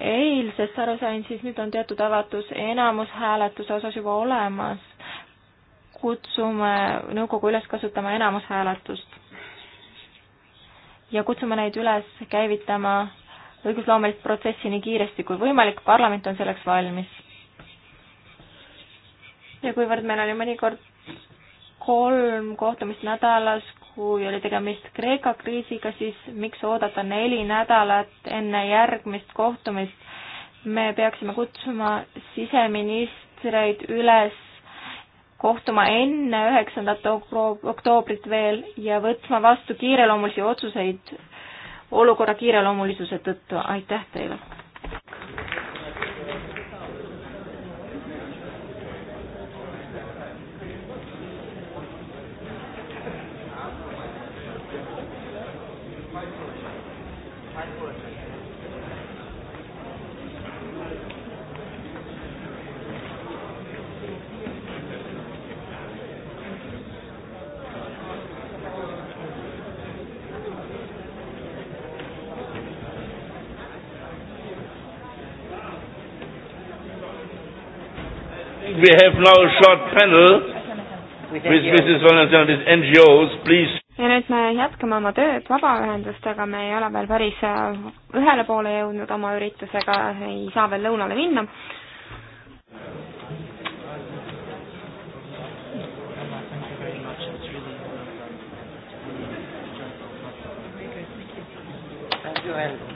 eilsest aru sain, siis nüüd on teatud avatus enamushääletuse osas juba olemas kutsume nõukogu üles kasutama enamushääletust ja kutsume neid üles käivitama õigusloomelist protsessi nii kiiresti kui võimalik, parlament on selleks valmis. ja kuivõrd meil oli mõnikord kolm kohtumist nädalas, kui oli tegemist Kreeka kriisiga, siis miks oodata neli nädalat enne järgmist kohtumist? me peaksime kutsuma siseministreid üles kohtuma enne üheksandat oktoobrit veel ja võtma vastu kiireloomulisi otsuseid olukorra kiireloomulisuse tõttu. aitäh teile! we have now a short panel with Mrs. Valentin with NGOs, please. ja nüüd me jätkame oma tööd vabaühendustega, me ei ole veel päris äh, ühele poole jõudnud oma üritusega, ei saa veel lõunale minna. Joel.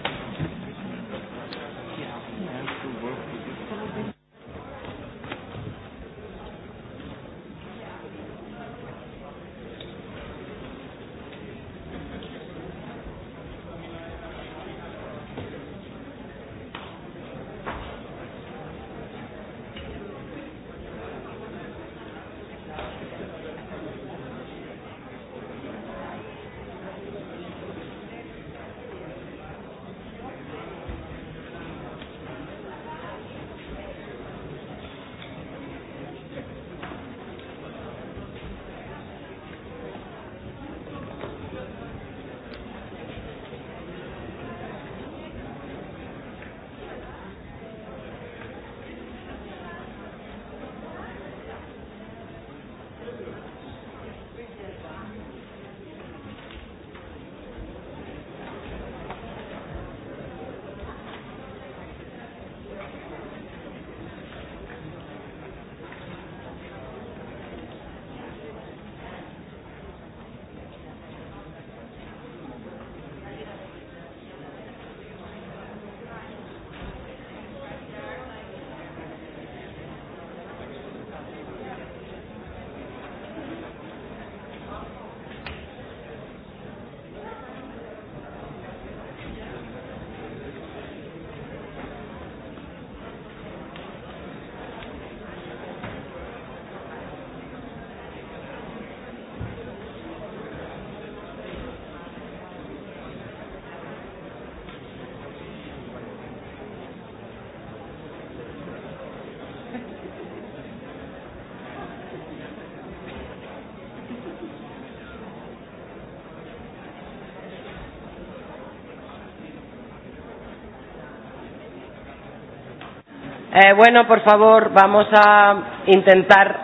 Eh, bueno, por favor, vamos a intentar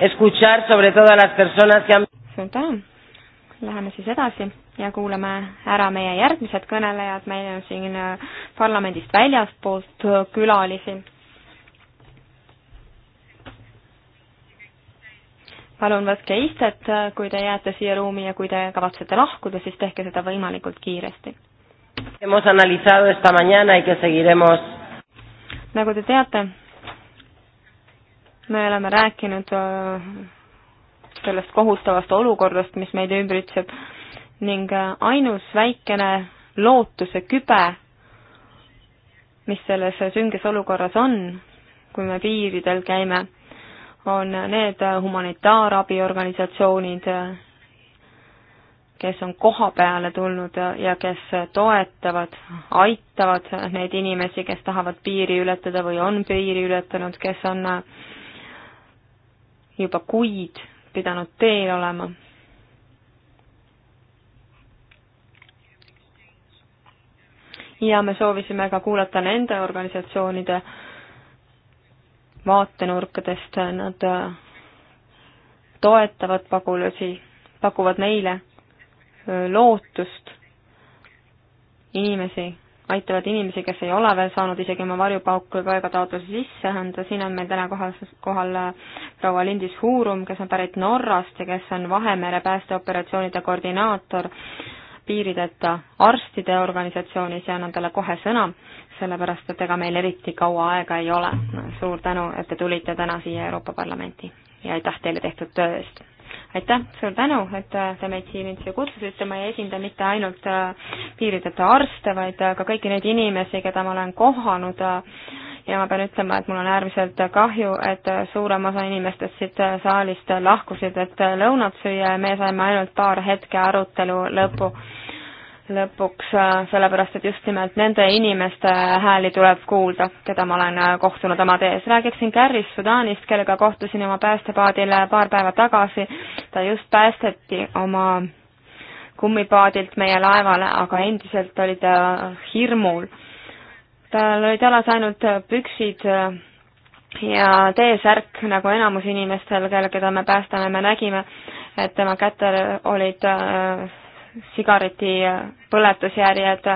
escuchar sobre todo a las personas que han... suur tänu! Läheme siis edasi ja kuulame ära meie järgmised kõnelejad, meil on siin äh, parlamendist väljaspoolt äh, külalisi. palun võtke istet, äh, kui te jääte siia ruumi ja kui te kavatsete lahkuda, siis tehke seda võimalikult kiiresti. Hemos analizado esta mañana y que seguiremos nagu te teate, me oleme rääkinud äh, sellest kohutavast olukorrast, mis meid ümbritseb ning äh, ainus väikene lootuse kübe, mis selles sünges olukorras on, kui me piiridel käime, on need humanitaarabiorganisatsioonid kes on koha peale tulnud ja, ja kes toetavad, aitavad neid inimesi, kes tahavad piiri ületada või on piiri ületanud, kes on äh, juba kuid pidanud teel olema. ja me soovisime ka kuulata nende organisatsioonide vaatenurkadest, nad äh, toetavad pagulasi, pakuvad neile lootust, inimesi, aitavad inimesi, kes ei ole veel saanud isegi oma varjupauku või paigataotluse sisse anda, siin on meil täna kohal, kohal äh, proua Lindis Huurum, kes on pärit Norrast ja kes on Vahemere päästeoperatsioonide koordinaator piirideta arstide organisatsioonis ja annan talle kohe sõna, sellepärast et ega meil eriti kaua aega ei ole. suur tänu, et te tulite täna siia Euroopa Parlamenti ja aitäh teile tehtud töö eest! aitäh, suur tänu, et äh, te meid siin üldse kutsusite, ma ei esinda mitte ainult äh, piirideta arste, vaid äh, ka kõiki neid inimesi, keda ma olen kohanud ja ma pean ütlema, et mul on äärmiselt kahju, et suurem osa inimestest siit saalist lahkusid, et lõunat süüa ja me saime ainult paar hetke arutelu lõpu lõpuks, äh, sellepärast et just nimelt nende inimeste hääli tuleb kuulda, keda ma olen äh, kohtunud oma tees. räägiksin Carrist Sudaanist, kellega kohtusin oma päästepaadil äh, paar päeva tagasi. ta just päästeti oma kummipaadilt meie laevale, aga endiselt oli ta hirmul. tal olid jalas ainult püksid ja T-särk, nagu enamus inimestel, kelle, keda me päästame, me nägime, et tema kätel olid äh, sigaretipõletusjärjed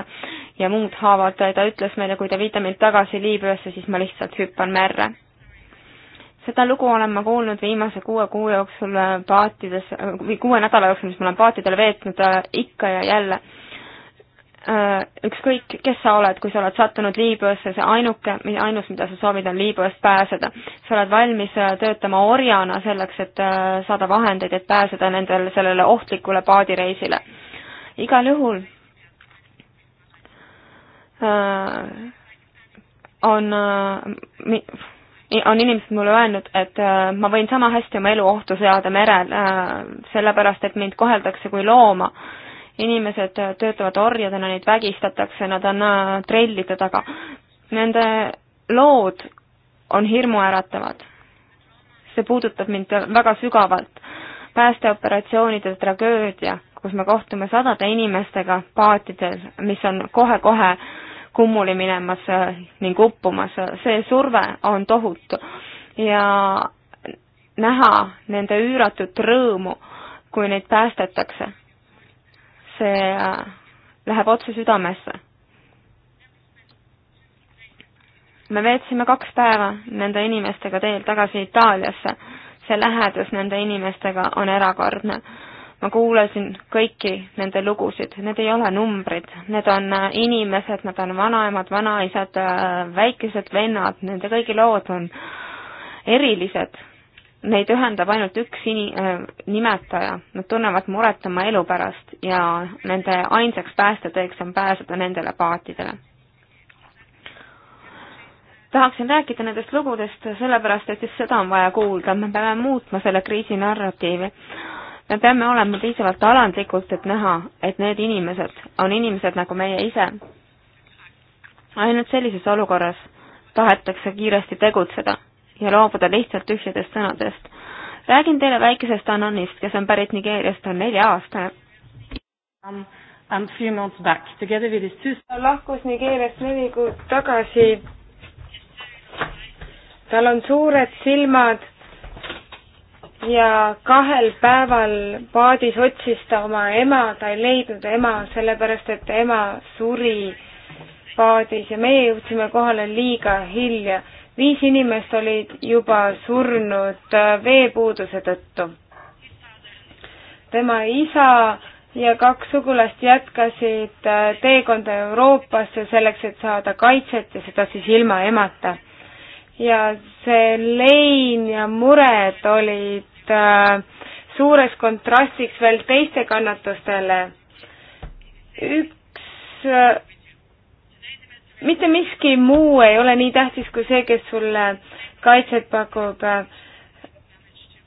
ja muud haavad, ta ütles meile, kui te viite mind tagasi Liibüasse, siis ma lihtsalt hüppan merre. seda lugu olen ma kuulnud viimase kuue kuu jooksul paatides, või kuue nädala jooksul, mis ma olen paatidel veetnud, ikka ja jälle. Ükskõik, kes sa oled, kui sa oled sattunud Liibüasse, see ainuke, ainus, mida sa soovid, on Liibüast pääseda. sa oled valmis töötama orjana selleks, et saada vahendeid, et pääseda nendel, sellele ohtlikule paadireisile igal juhul äh, on, äh, on inimesed mulle öelnud, et äh, ma võin sama hästi oma elu ohtu seada merel, sellepärast et mind koheldakse kui looma. inimesed töötavad orjadena, neid vägistatakse, nad on trellide taga. Nende lood on hirmuäratavad. see puudutab mind väga sügavalt. päästeoperatsioonide tragöödia kus me kohtume sadade inimestega paatidel, mis on kohe-kohe kummuli minemas äh, ning uppumas, see surve on tohutu. ja näha nende üüratut rõõmu, kui neid päästetakse, see äh, läheb otse südamesse. me veetsime kaks päeva nende inimestega teel tagasi Itaaliasse, see lähedus nende inimestega on erakordne ma kuulasin kõiki nende lugusid, need ei ole numbrid, need on äh, inimesed, nad on vanaemad, vanaisad, äh, väikesed vennad, nende kõigi lood on erilised. Neid ühendab ainult üks ini- äh,, nimetaja, nad tunnevad muret oma elu pärast ja nende ainsaks päästetõeks on pääseda nendele paatidele tahaksin rääkida nendest lugudest, sellepärast et just seda on vaja kuulda, me peame muutma selle kriisi narratiivi me peame olema piisavalt alandlikud, et näha, et need inimesed on inimesed nagu meie ise. ainult sellises olukorras tahetakse kiiresti tegutseda ja loobuda lihtsalt tühjadest sõnadest. räägin teile väikesest Anonist, kes on pärit Nigeeriast, on nelja-aastane um,. I'm few months back together with his two ta lahkus Nigeeriast neli kuud tagasi. tal on suured silmad ja kahel päeval paadis otsis ta oma ema, ta ei leidnud ema, sellepärast et ema suri paadis ja meie jõudsime kohale liiga hilja. viis inimest olid juba surnud äh, veepuuduse tõttu. tema isa ja kaks sugulast jätkasid äh, teekonda Euroopasse selleks, et saada kaitset ja seda siis ilma emata. ja see lein ja mured olid Äh, suures kontrastiks veel teiste kannatustele. üks, äh, mitte miski muu ei ole nii tähtis kui see, kes sulle kaitset pakub.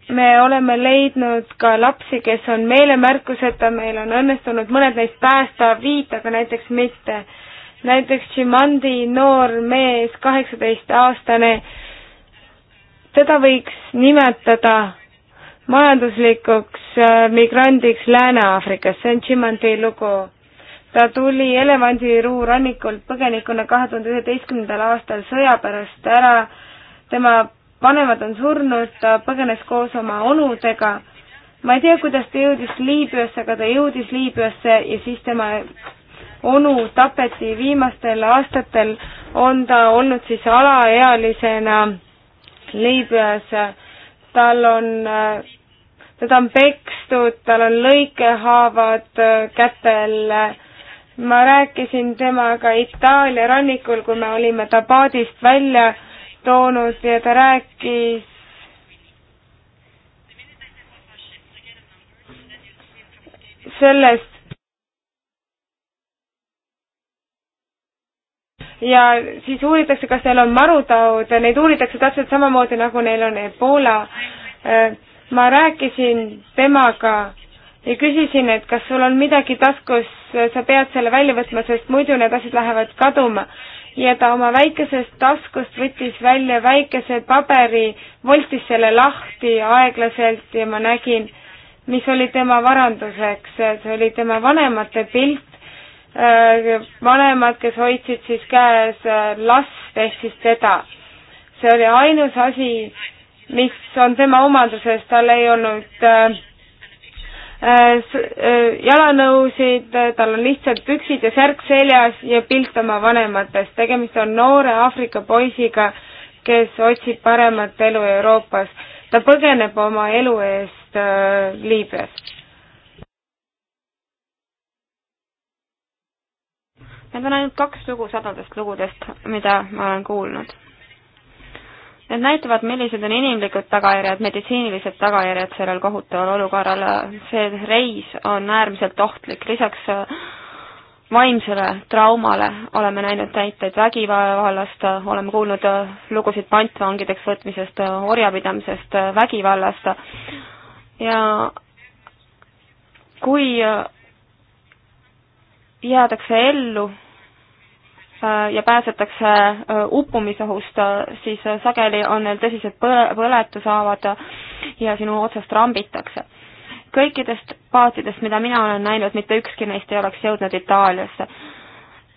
me oleme leidnud ka lapsi, kes on meelemärkuseta, meil on õnnestunud mõned neist päästa, viit aga näiteks mitte. näiteks Chimandi noor mees, kaheksateist aastane, teda võiks nimetada majanduslikuks äh, migrandiks Lääne-Aafrikas, see on Chimanti lugu. ta tuli elevandiruu rannikult põgenikuna kahe tuhande üheteistkümnendal aastal sõja pärast ära, tema vanemad on surnud, ta põgenes koos oma onudega, ma ei tea, kuidas ta jõudis Liibüasse, aga ta jõudis Liibüasse ja siis tema onu tapeti, viimastel aastatel on ta olnud siis alaealisena Liibüas äh, tal on, teda on pekstud, tal on lõikehaavad äh, kätel. ma rääkisin temaga Itaalia rannikul, kui me olime ta paadist välja toonud ja ta rääkis sellest, ja siis uuritakse, kas neil on marutaud, neid uuritakse täpselt samamoodi, nagu neil on Ebola. Äh, ma rääkisin temaga ja küsisin, et kas sul on midagi taskus, sa pead selle välja võtma, sest muidu need asjad lähevad kaduma. ja ta oma väikesest taskust võttis välja väikese paberi, voltis selle lahti aeglaselt ja ma nägin, mis oli tema varanduseks, see oli tema vanemate pilt Äh, vanemad, kes hoidsid siis käes äh, last ehk siis teda. see oli ainus asi, mis on tema omaduses, tal ei olnud äh, äh, äh jalanõusid, tal on lihtsalt püksid ja särk seljas ja pilt oma vanematest. tegemist on noore Aafrika poisiga, kes otsib paremat elu Euroopas. ta põgeneb oma elu eest äh, Liibüas Need on ainult kaks lugu sadadest lugudest, mida ma olen kuulnud. Need näitavad, millised on inimlikud tagajärjed, meditsiinilised tagajärjed sellel kohutaval olukorral. see reis on äärmiselt ohtlik, lisaks äh, vaimsele traumale oleme näinud näiteid vägivallast, äh, oleme kuulnud äh, lugusid pantvangideks võtmisest, orjapidamisest, vägivallast ja kui jäädakse ellu Äh, ja pääsetakse äh, uppumisohust, äh, siis sageli on neil tõsised põle, põletushaavad ja sinu otsast rambitakse. kõikidest paatidest, mida mina olen näinud, mitte ükski neist ei oleks jõudnud Itaaliasse.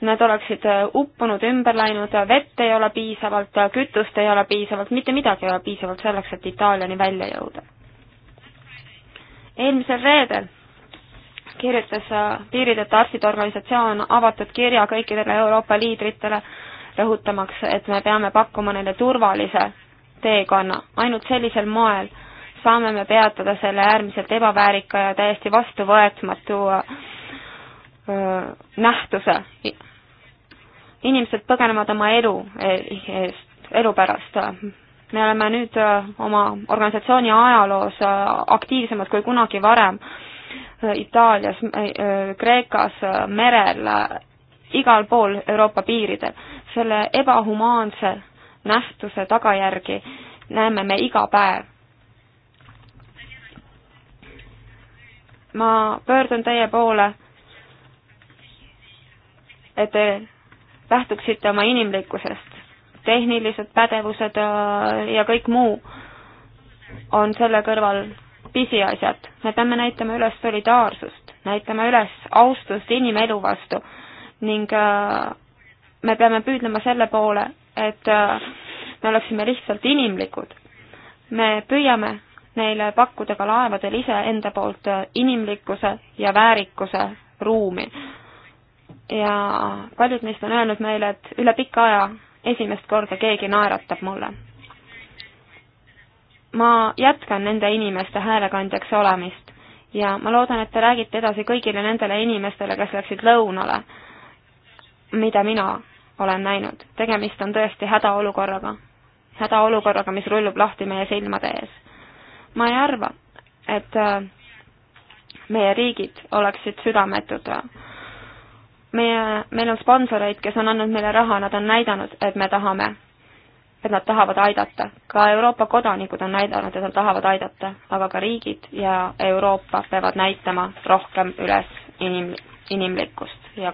Nad oleksid uppunud, ümber läinud, vett ei ole piisavalt, kütust ei ole piisavalt, mitte midagi ei ole piisavalt selleks, et Itaaliani välja jõuda. eelmisel reedel kirjutas Piirideta Arstide Organisatsioon avatud kirja kõikidele Euroopa liidritele, rõhutamaks, et me peame pakkuma neile turvalise teekonna. ainult sellisel moel saame me peatada selle äärmiselt ebaväärika ja täiesti vastuvõetmatu nähtuse. inimesed põgenevad oma elu e-, eest, elu pärast. me oleme nüüd oma organisatsiooni ajaloos aktiivsemad kui kunagi varem Äh, Itaalias, äh, äh, Kreekas, merel, igal pool Euroopa piiridel. selle ebahumaanse nähtuse tagajärgi näeme me iga päev. ma pöördun teie poole, et te lähtuksite oma inimlikkusest. tehnilised pädevused ja kõik muu on selle kõrval pisiasjad. me peame näitama üles solidaarsust, näitama üles austust inimelu vastu ning äh, me peame püüdlema selle poole, et äh, me oleksime lihtsalt inimlikud. me püüame neile pakkuda ka laevadel iseenda poolt äh, inimlikkuse ja väärikuse ruumi. ja paljud neist on öelnud meile, et üle pika aja esimest korda keegi naeratab mulle ma jätkan nende inimeste häälekandjaks olemist ja ma loodan, et te räägite edasi kõigile nendele inimestele, kes läksid lõunale, mida mina olen näinud. tegemist on tõesti hädaolukorraga. hädaolukorraga, mis rullub lahti meie silmade ees. ma ei arva, et äh, meie riigid oleksid südametud. meie, meil on sponsoreid, kes on andnud meile raha, nad on näidanud, et me tahame et nad tahavad aidata. ka Euroopa kodanikud on näidanud, et nad tahavad aidata, aga ka riigid ja Euroopa peavad näitama rohkem üles inim-, inimlikkust ja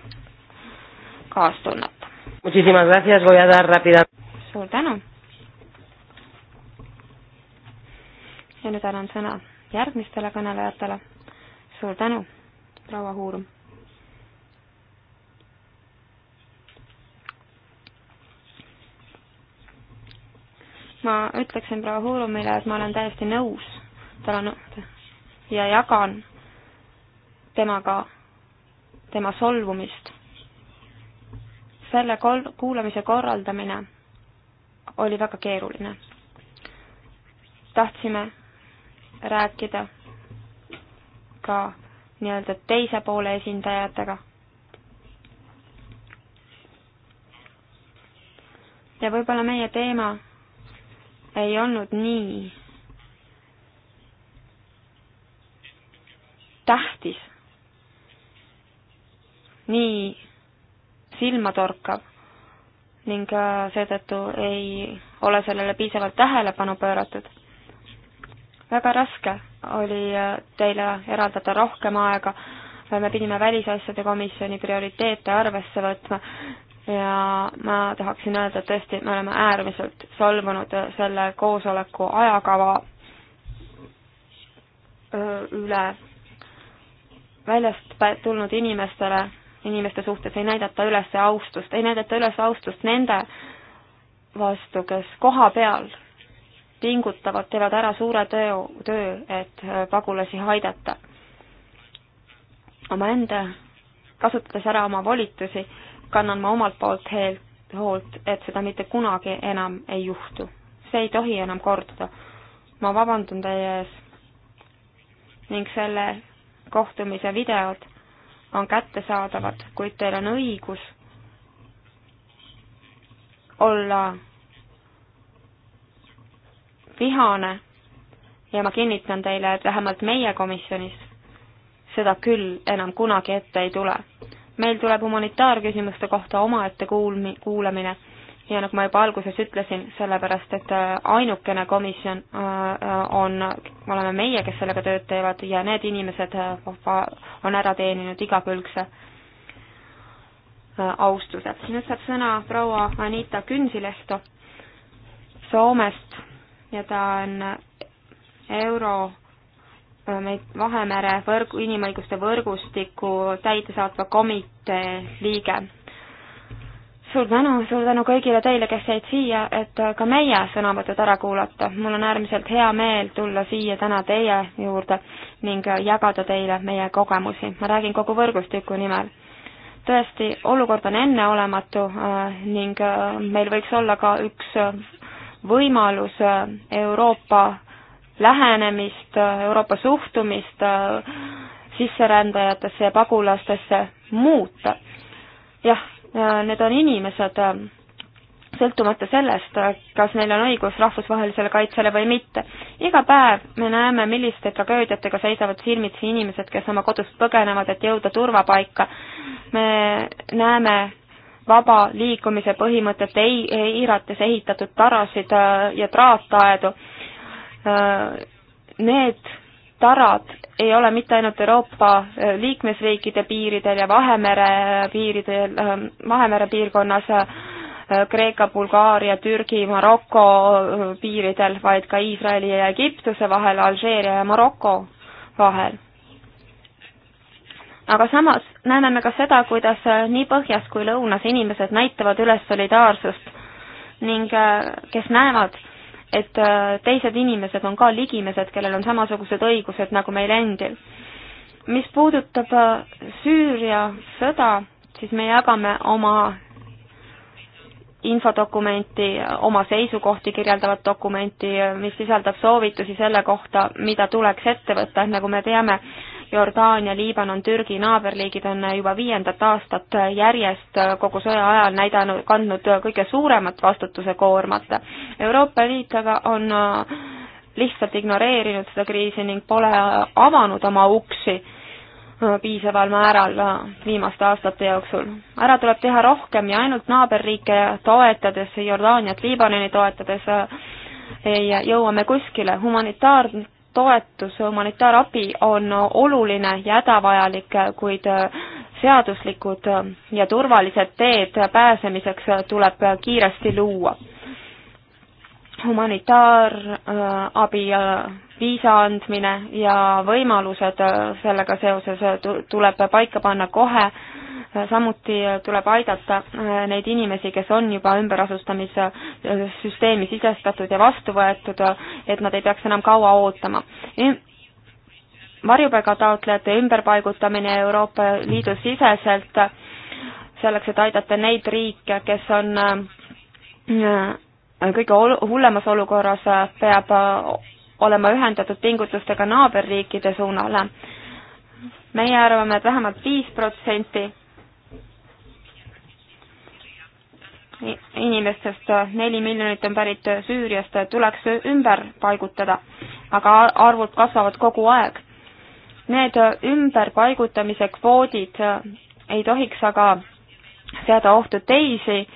kaastunnet. suur tänu! ja nüüd annan sõna järgmistele kõnelejatele. suur tänu, proua Huurum! ma ütleksin proua Huulumile, et ma olen täiesti nõus, tal on ja jagan temaga, tema solvumist. selle kol-, kuulamise korraldamine oli väga keeruline. tahtsime rääkida ka nii-öelda teise poole esindajatega. ja võib-olla meie teema ei olnud nii tähtis, nii silmatorkav ning äh, seetõttu ei ole sellele piisavalt tähelepanu pööratud. väga raske oli äh, teile eraldada rohkem aega, me pidime välisasjade komisjoni prioriteete arvesse võtma ja ma tahaksin öelda, et tõesti, me oleme äärmiselt solvunud äh, selle koosoleku ajakava äh, üle. väljast tulnud inimestele, inimeste suhtes ei näidata üles austust, ei näidata üles austust nende vastu, kes koha peal pingutavad, teevad ära suure töö, töö, et äh, pagulasi aidata. omaenda, kasutades ära oma volitusi kannan ma omalt poolt heelt, hoolt, et seda mitte kunagi enam ei juhtu. see ei tohi enam korduda. ma vabandan teie ees ning selle kohtumise videod on kättesaadavad, kuid teil on õigus olla vihane ja ma kinnitan teile, et vähemalt meie komisjonis seda küll enam kunagi ette ei tule meil tuleb humanitaarküsimuste kohta omaette kuulmi-, kuulamine ja nagu ma juba alguses ütlesin, sellepärast et äh, ainukene komisjon äh, äh, on, oleme meie, kes sellega tööd teevad ja need inimesed on ära teeninud igakülgse austuse. nüüd saab sõna proua Anita Künsilehto Soomest ja ta on euro meid Vahemere võrgu, inimõiguste võrgustiku täidesaatva komitee liige. suur tänu, suur tänu kõigile teile, kes jäid siia, et ka meie sõnavõtud ära kuulata. mul on äärmiselt hea meel tulla siia täna teie juurde ning jagada teile meie kogemusi. ma räägin kogu võrgustiku nimel tõesti, olukord on enneolematu äh, ning äh, meil võiks olla ka üks äh, võimalus Euroopa lähenemist, Euroopa suhtumist äh, sisserändajatesse ja pagulastesse muuta. jah, äh, need on inimesed, äh, sõltumata sellest, kas neil on õigus rahvusvahelisele kaitsele või mitte. iga päev me näeme, milliste tragöödiatega seisavad silmitsi inimesed, kes oma kodust põgenevad, et jõuda turvapaika. me näeme vaba liikumise põhimõtet ei, eirates ehitatud tarasid ja traataedu Äh, need tarad ei ole mitte ainult Euroopa äh, liikmesriikide piiridel ja Vahemere piiridel, äh, Vahemere piirkonnas, Kreeka, Bulgaaria, Türgi, Maroko piiridel, vaid ka Iisraeli ja Egiptuse vahel, Alžeeria ja Maroko vahel. aga samas näeme me ka seda, kuidas nii põhjas kui lõunas inimesed näitavad üles solidaarsust ning kes näevad, et äh, teised inimesed on ka ligimesed, kellel on samasugused õigused nagu meil endil. mis puudutab äh, Süüria sõda, siis me jagame oma infodokumenti, oma seisukohti kirjeldavat dokumenti, mis sisaldab soovitusi selle kohta, mida tuleks ette võtta, nagu me teame, Jordaania, Liibanon, Türgi naaberliigid on juba viiendat aastat järjest kogu sõja ajal näidanud, kandnud kõige suuremat vastutuse koormat. Euroopa Liit aga on äh, lihtsalt ignoreerinud seda kriisi ning pole äh, avanud oma uksi äh, piisaval määral viimaste aastate jooksul. ära tuleb teha rohkem ja ainult naaberriike toetades, Jordaaniat, Liibanoni toetades ei jõua me kuskile. humanitaar- toetus, humanitaarabi on oluline ja hädavajalik, kuid äh, seaduslikud äh, ja turvalised teed pääsemiseks äh, tuleb kiiresti luua humanitaarabi viisa andmine ja võimalused äh, sellega seoses äh, tuleb paika panna kohe, äh, samuti tuleb aidata neid inimesi, kes on juba ümberasustamise süsteemi sisestatud ja vastu võetud, et nad ei peaks enam kaua ootama. varjupaigataotlejate ümberpaigutamine Euroopa Liidu siseselt selleks, et aidata neid riike, kes on kõige hullemas olukorras, peab olema ühendatud pingutustega naaberriikide suunale. meie arvame, et vähemalt viis protsenti inimestest, neli miljonit on pärit Süüriast, tuleks ümber paigutada, aga arvud kasvavad kogu aeg. Need ümberpaigutamise kvoodid ei tohiks aga seada ohtu teisi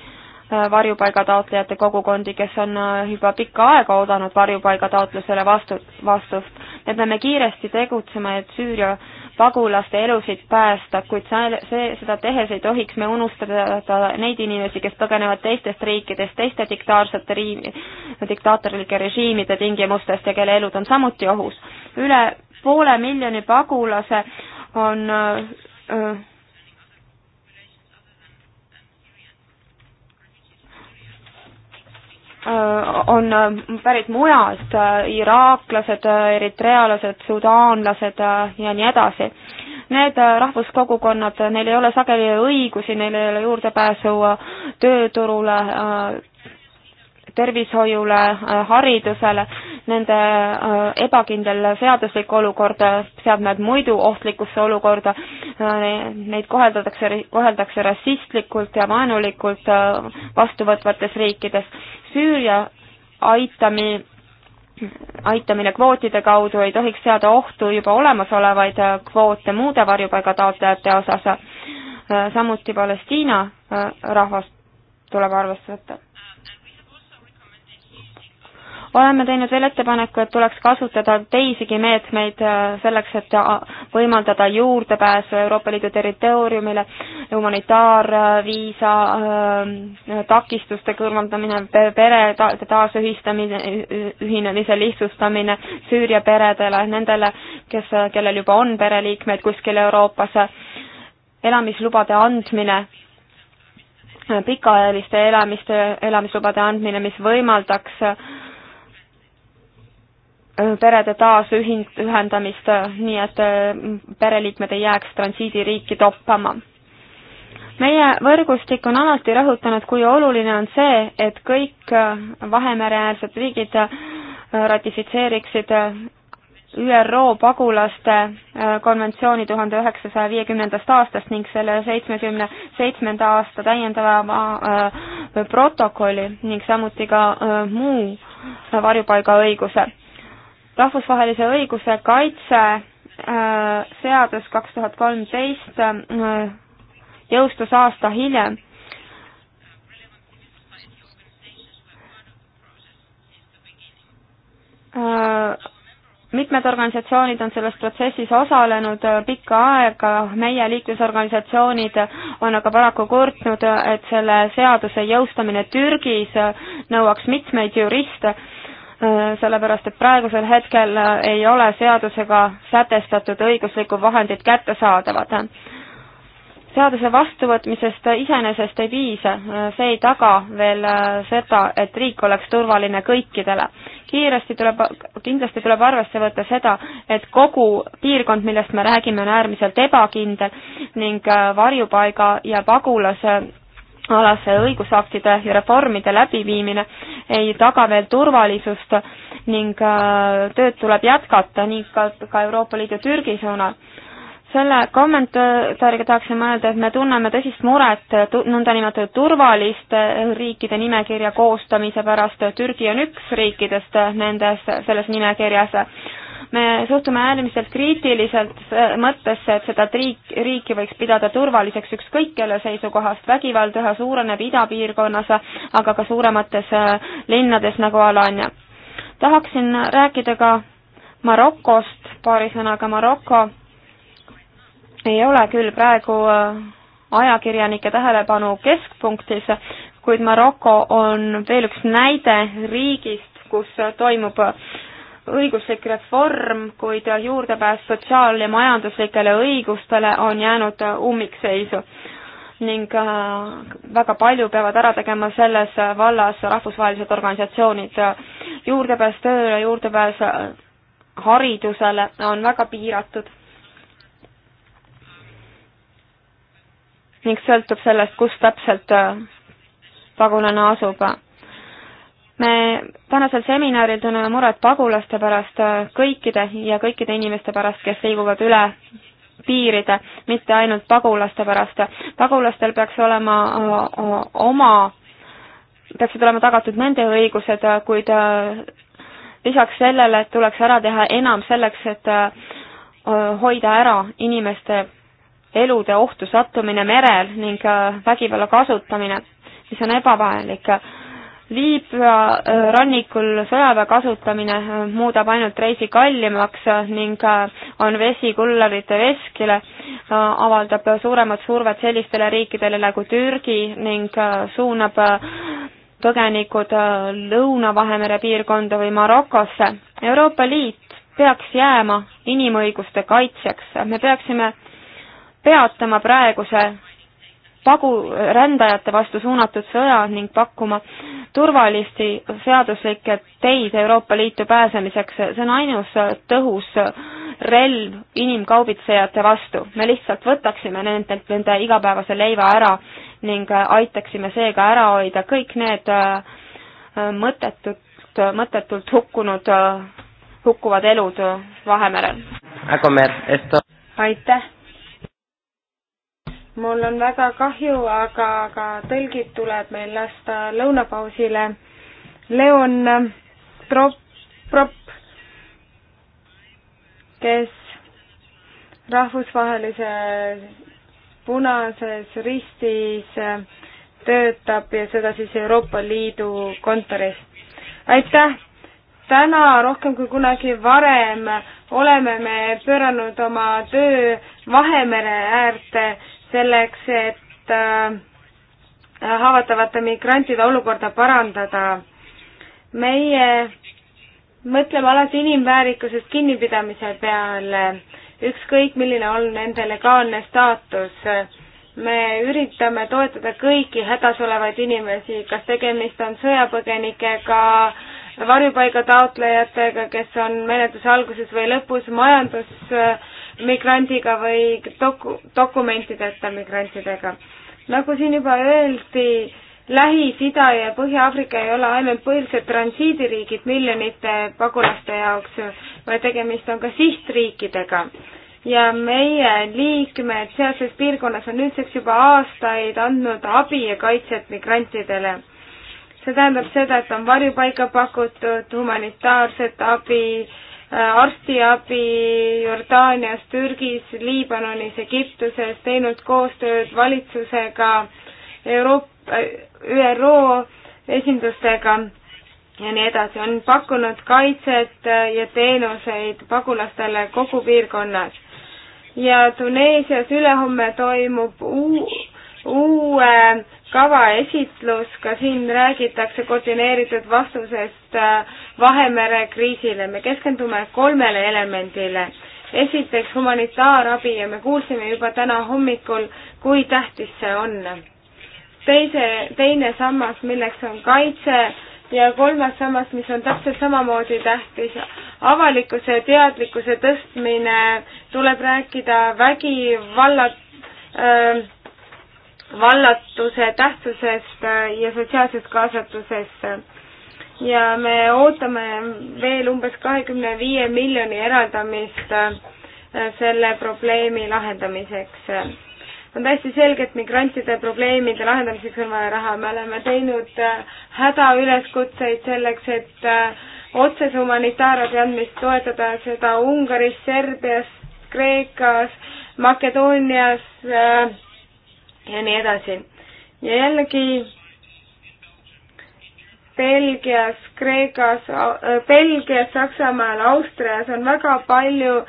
Äh, varjupaigataotlejate kogukondi, kes on äh, juba pikka aega oodanud varjupaigataotlusele vastu, vastust. me peame kiiresti tegutsema, et Süüria pagulaste elusid päästa, kuid see, seda tehes ei tohiks me unustada neid inimesi, kes põgenevad teistest riikidest, teiste diktaarsete riim-, diktaatorlike režiimide tingimustest ja kelle elud on samuti ohus. üle poole miljoni pagulase on öö, äh, Äh, on äh, pärit mujalt, äh, iraaklased, eritrealased, sudaanlased ja nii edasi. Need rahvuskogukonnad, neil ei ole sageli õigusi, neil ei ole juurdepääsu tööturule, tervishoiule, haridusele, nende ebakindel seaduslik olukord seab nad muidu ohtlikusse olukorda, neid koheldatakse, koheldakse rassistlikult ja vaenulikult vastuvõtvates riikides Süüria aitami, aitamine kvootide kaudu ei tohiks seada ohtu juba olemasolevaid äh, kvoote muude varjupaigataotlejate osas. Äh, samuti Palestiina äh, rahvast tuleb arvesse võtta oleme teinud veel ettepaneku, et tuleks kasutada teisigi meetmeid äh, selleks, et äh, võimaldada juurdepääsu Euroopa Liidu territooriumile, humanitaarviisa äh, takistuste kõrvaldamine, pere taasühistamine, ühinemise lihtsustamine Süüria peredele, nendele, kes, kellel juba on pereliikmed kuskil Euroopas, elamislubade andmine pikaajaliste elamiste, elamislubade andmine, mis võimaldaks äh, Äh, perede taasühing-, ühendamist, nii et äh, pereliikmed ei jääks transiidiriiki toppama. meie võrgustik on alati rõhutanud, kui oluline on see, et kõik äh, Vahemere-äärsed riigid ratifitseeriksid ÜRO pagulaste konventsiooni tuhande üheksasaja viiekümnendast aastast ning selle seitsmekümne seitsmenda aasta täiendava protokolli ning samuti ka muu varjupaigaõiguse rahvusvahelise õiguse kaitse äh, seadus kaks tuhat kolmteist äh, jõustus aasta hiljem. Äh, mitmed organisatsioonid on selles protsessis osalenud pikka aega, meie liiklusorganisatsioonid on aga paraku kurtnud, et selle seaduse jõustamine Türgis nõuaks mitmeid juriste Äh, sellepärast et praegusel hetkel äh, ei ole seadusega sätestatud õiguslikud vahendid kättesaadavad. seaduse vastuvõtmisest iseenesest ei piisa, äh, see ei taga veel seda, et riik oleks turvaline kõikidele. kiiresti tuleb, kindlasti tuleb arvesse võtta seda, et kogu piirkond, millest me räägime, on äärmiselt ebakindel ning varjupaiga ja pagulase alase õigusaktide ja reformide läbiviimine ei taga veel turvalisust ning äh, tööd tuleb jätkata nii ka, ka Euroopa Liidu Türgi suunal. selle kommentaariga tahaksin mõelda, et me tunneme tõsist muret nõndanimetatud turvaliste riikide nimekirja koostamise pärast, Türgi on üks riikidest nendes, selles nimekirjas me suhtume äärmiselt kriitiliselt äh, mõttesse, et seda riik, riiki võiks pidada turvaliseks ükskõik kelle seisukohast. vägivald üha suureneb idapiirkonnas, aga ka suuremates äh, linnades nagu Alanya. tahaksin rääkida ka Marokost paari sõnaga. Maroko ei ole küll praegu äh, ajakirjanike tähelepanu keskpunktis, kuid Maroko on veel üks näide riigist, kus toimub õiguslik reform, kuid juurdepääs sotsiaal- ja majanduslikele õigustele on jäänud ummikseisu ning äh, väga palju peavad ära tegema selles vallas rahvusvahelised organisatsioonid. juurdepääs tööle, juurdepääs äh, haridusele on väga piiratud. ning sõltub sellest, kus täpselt äh, pagulane asub me tänasel seminaril tunneme muret pagulaste pärast kõikide ja kõikide inimeste pärast, kes liiguvad üle piiride, mitte ainult pagulaste pärast. pagulastel peaks olema oma, peaksid olema tagatud nende õigused, kuid lisaks sellele tuleks ära teha enam selleks, et hoida ära inimeste elude ohtu sattumine merel ning vägivalla kasutamine, mis on ebavajalik Liibüa äh, rannikul sõjaväe kasutamine äh, muudab ainult reisi kallimaks äh, ning on vesi kullerite veskile, avaldab suuremat survet sellistele riikidele nagu Türgi ning suunab põgenikud Lõuna-Vahemere piirkonda või Marokosse. Euroopa Liit peaks jääma inimõiguste kaitsjaks, me peaksime peatama praeguse pagu-, rändajate vastu suunatud sõja ning pakkuma turvalisi seaduslikke teid Euroopa Liitu pääsemiseks. see on ainus tõhus relv inimkaubitsejate vastu. me lihtsalt võtaksime nendelt nende igapäevase leiva ära ning aitaksime seega ära hoida kõik need äh, mõttetut, mõttetult hukkunud, äh, hukkuvad elud Vahemerel. aitäh! mul on väga kahju, aga, aga tõlgid tuleb meil lasta lõunapausile. Leon äh, Trop, Trop, kes rahvusvahelise Punases Ristis äh, töötab ja seda siis Euroopa Liidu kontoris. aitäh! täna rohkem kui kunagi varem oleme me pööranud oma töö Vahemere äärde selleks, et äh, haavatavate migrantide olukorda parandada. meie mõtleme alati inimväärikusest kinnipidamise peale, ükskõik milline on nende legaalne staatus. me üritame toetada kõiki hädas olevaid inimesi, kas tegemist on sõjapõgenikega, varjupaiga taotlejatega, kes on menetluse alguses või lõpus, majandus äh, migrandiga või doku-, dokumentideta migrantidega. nagu siin juba öeldi, Lähis-Ida ja Põhja-Aafrika ei ole ainult põhilised transiidiriigid miljonite pagulaste jaoks, vaid tegemist on ka sihtriikidega. ja meie liikmed sealses piirkonnas on nüüdseks juba aastaid andnud abi ja kaitset migrantidele. see tähendab seda, et on varjupaika pakutud, humanitaarset abi äh,, Äh, arstiabi Jordaanias, Türgis, Liibanonis, Egiptuses, teinud koostööd valitsusega, Euroop-, äh, ÜRO esindustega ja nii edasi, on pakkunud kaitset äh, ja teenuseid pagulastele kogu piirkonnas. ja Tuneesias ülehomme toimub uu-, uue kava esitlus, ka siin räägitakse koordineeritud vastusest äh, Vahemere kriisile. me keskendume kolmele elemendile. esiteks humanitaarabi ja me kuulsime juba täna hommikul, kui tähtis see on. teise, teine sammas, milleks on kaitse ja kolmas sammas, mis on täpselt samamoodi tähtis, avalikkuse teadlikkuse tõstmine, tuleb rääkida vägivalla äh, vallatuse tähtsusest ja sotsiaalsest kaasatusest. ja me ootame veel umbes kahekümne viie miljoni eraldamist äh, selle probleemi lahendamiseks. on täiesti selge, et migrantide probleemide lahendamiseks on vaja raha, me oleme teinud äh, hädaüleskutseid selleks, et äh, otsese humanitaarabi andmist toetada, seda Ungaris, Serbias, Kreekas, Makedoonias äh,, ja nii edasi. ja jällegi Belgias, Kreekas, äh, Belgias, Saksamaal, Austrias on väga palju äh,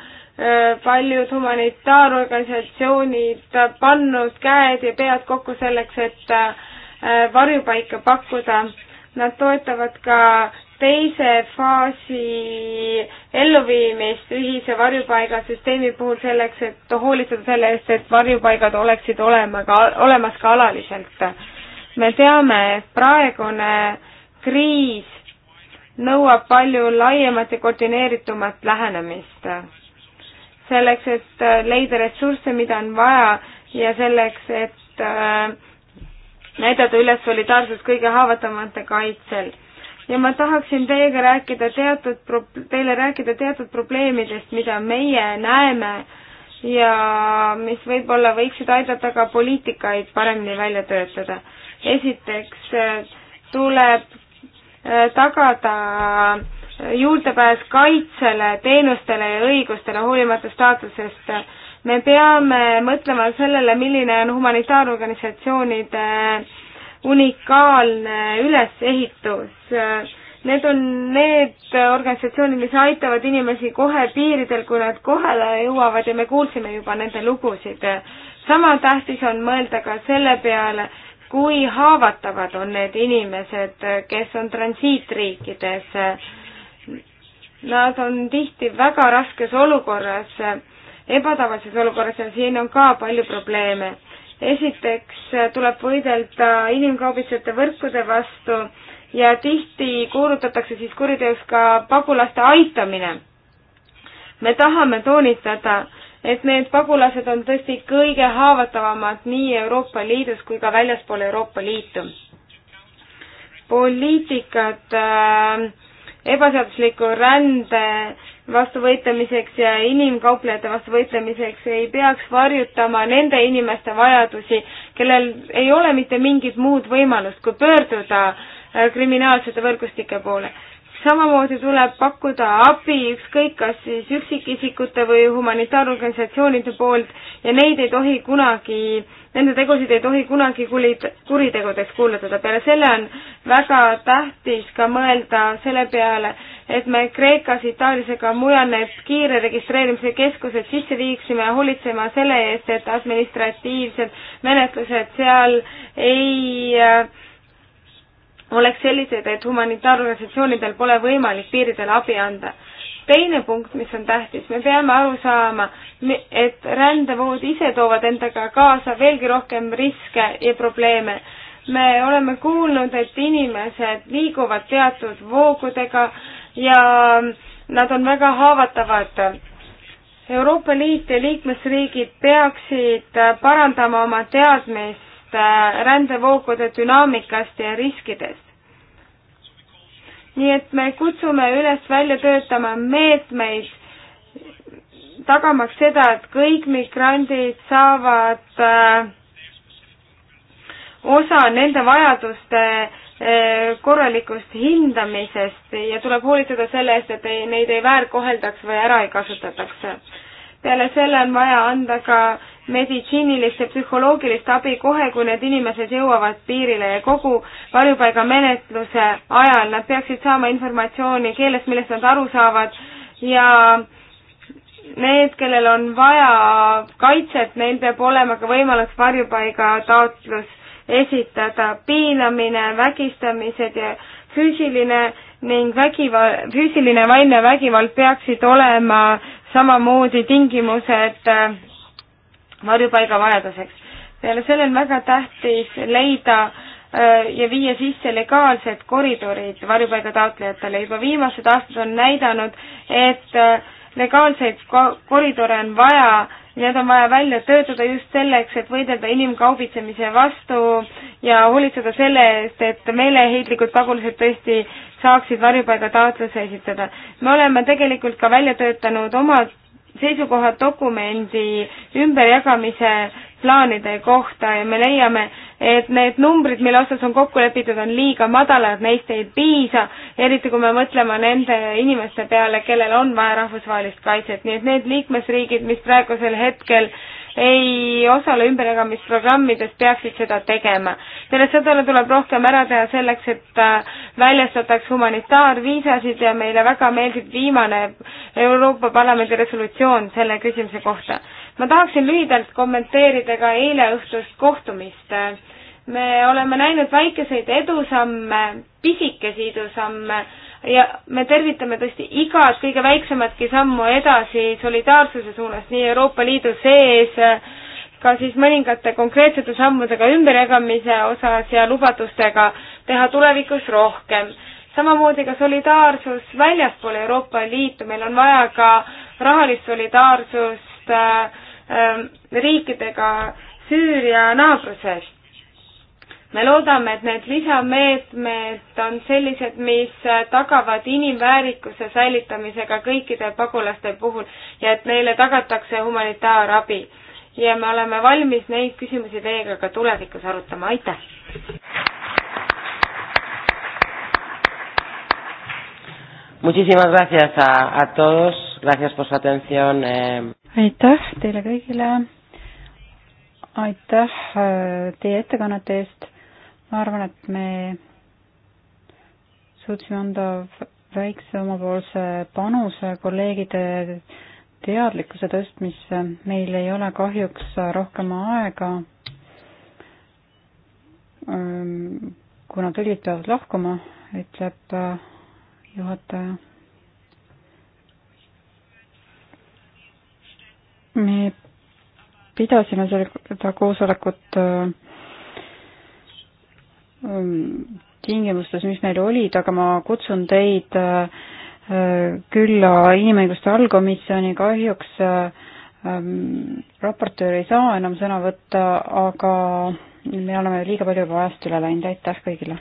paljud humanitaarorganisatsioonid pannud käed ja pead kokku selleks, et äh, varjupaika pakkuda. Nad toetavad ka teise faasi elluviimist ühise varjupaigasüsteemi puhul selleks, et hoolitseda selle eest, et varjupaigad oleksid olema ka, olemas ka alaliselt. me teame, et praegune kriis nõuab palju laiemat ja koordineeritumat lähenemist. selleks, et äh, leida ressursse, mida on vaja ja selleks, et äh, näidata üles solidaarsust kõige haavatavamate kaitsel ja ma tahaksin teiega rääkida teatud pro-, teile rääkida teatud probleemidest, mida meie näeme ja mis võib-olla võiksid aidata ka poliitikaid paremini välja töötada. esiteks tuleb äh, tagada äh, juurdepääs kaitsele, teenustele ja õigustele hoolimata staatusest. me peame mõtlema sellele, milline on humanitaarorganisatsioonide äh, unikaalne ülesehitus. Need on need organisatsioonid, mis aitavad inimesi kohe piiridel, kui nad kohale jõuavad ja me kuulsime juba nende lugusid. sama tähtis on mõelda ka selle peale, kui haavatavad on need inimesed, kes on transiitriikides. Nad on tihti väga raskes olukorras, ebatavalises olukorras ja siin on ka palju probleeme esiteks äh, tuleb võidelda inimkaubitsejate võrkude vastu ja tihti kuulutatakse siis kuriteoks ka pagulaste aitamine. me tahame toonitada, et need pagulased on tõesti kõige haavatavamad nii Euroopa Liidus kui ka väljaspool Euroopa Liitu. poliitikad äh, ebaseadusliku rände vastu võitlemiseks ja inimkauplejate vastu võitlemiseks ei peaks varjutama nende inimeste vajadusi, kellel ei ole mitte mingit muud võimalust, kui pöörduda äh, kriminaalsete võrgustike poole. samamoodi tuleb pakkuda abi ükskõik kas siis üksikisikute või humanitaarorganisatsioonide poolt ja neid ei tohi kunagi äh, Nende tegusid ei tohi kunagi kulid, kuritegudeks kuulutada. peale selle on väga tähtis ka mõelda selle peale, et me Kreekas, Itaalias ega mujal need kiire registreerimise keskused sisse viiksime ja hoolitsema selle eest, et administratiivsed menetlused seal ei äh, oleks sellised, et humanitaarorganisatsioonidel pole võimalik piiridel abi anda teine punkt, mis on tähtis, me peame aru saama, et rändevood ise toovad endaga kaasa veelgi rohkem riske ja probleeme. me oleme kuulnud, et inimesed liiguvad teatud voogudega ja nad on väga haavatavad. Euroopa Liit ja liikmesriigid peaksid parandama oma teadmist äh, rändevoogude dünaamikast ja riskidest nii et me kutsume üles välja töötama meetmeid, tagamaks seda, et kõik migrandid saavad äh, osa nende vajaduste äh, korralikust hindamisest ja tuleb hoolitseda selle eest, et ei, neid ei väärkoheldaks või ära ei kasutataks peale selle on vaja anda ka meditsiinilist ja psühholoogilist abi kohe, kui need inimesed jõuavad piirile ja kogu varjupaigamenetluse ajal nad peaksid saama informatsiooni keeles, millest nad aru saavad ja need, kellel on vaja kaitset, neil peab olema ka võimalus varjupaigataotlus esitada. piinamine, vägistamised ja füüsiline ning vägival-, füüsiline ja vaimne vägivald peaksid olema samamoodi tingimused äh, varjupaiga vajaduseks. peale selle on väga tähtis leida äh, ja viia sisse legaalsed koridorid varjupaiga taotlejatele. juba viimased aastad on näidanud, et äh, legaalseid koridore on vaja Need on vaja välja töötada just selleks, et võidelda inimkaubitsemise vastu ja hoolitseda selle eest, et meeleheitlikud pagulased tõesti saaksid varjupaigataotluse esitada. me oleme tegelikult ka välja töötanud omad seisukohad dokumendi ümberjagamise plaanide kohta ja me leiame, et need numbrid, mille osas on kokku lepitud, on liiga madalad, neist ei piisa, eriti kui me mõtleme nende inimeste peale, kellel on vaja rahvusvahelist kaitset, nii et need liikmesriigid, mis praegusel hetkel äh, ei osale ümberjagamisprogrammides, peaksid seda tegema. peale sõdale tuleb rohkem ära teha selleks, et äh, väljastataks humanitaarviisasid ja meile väga meeldib viimane Euroopa Parlamendi resolutsioon selle küsimuse kohta. ma tahaksin lühidalt kommenteerida ka eileõhtust kohtumist me oleme näinud väikeseid edusamme, pisikesi edusamme ja me tervitame tõesti igat kõige väiksematki sammu edasi solidaarsuse suunas, nii Euroopa Liidu sees, ka siis mõningate konkreetsete sammudega ümberjagamise osas ja lubadustega teha tulevikus rohkem. samamoodi ka solidaarsus väljaspool Euroopa Liitu, meil on vaja ka rahalist solidaarsust äh, äh, riikidega Süüria naabruses me loodame, et need lisameetmed on sellised, mis tagavad inimväärikuse säilitamise ka kõikide pagulaste puhul ja et neile tagatakse humanitaarabi. ja me oleme valmis neid küsimusi teiega ka tulevikus arutama, aitäh! Muchísimas gracias a, a todos, gracias por su atención. Eh. aitäh teile kõigile, aitäh eh, teie ettekannete eest ma arvan, et me suutsime anda väikse omapoolse panuse kolleegide teadlikkuse tõstmisse. meil ei ole kahjuks rohkem aega, ähm, kuna tõlgid peavad lahkuma, ütleb äh, juhataja. me pidasime seda koosolekut äh, Ehm, tingimustes, mis meil olid, aga ma kutsun teid äh, äh, külla inimõiguste allkomisjoni, kahjuks äh, ähm, raportöör ei saa enam sõna võtta, aga me oleme liiga palju juba ajast üle läinud, aitäh kõigile!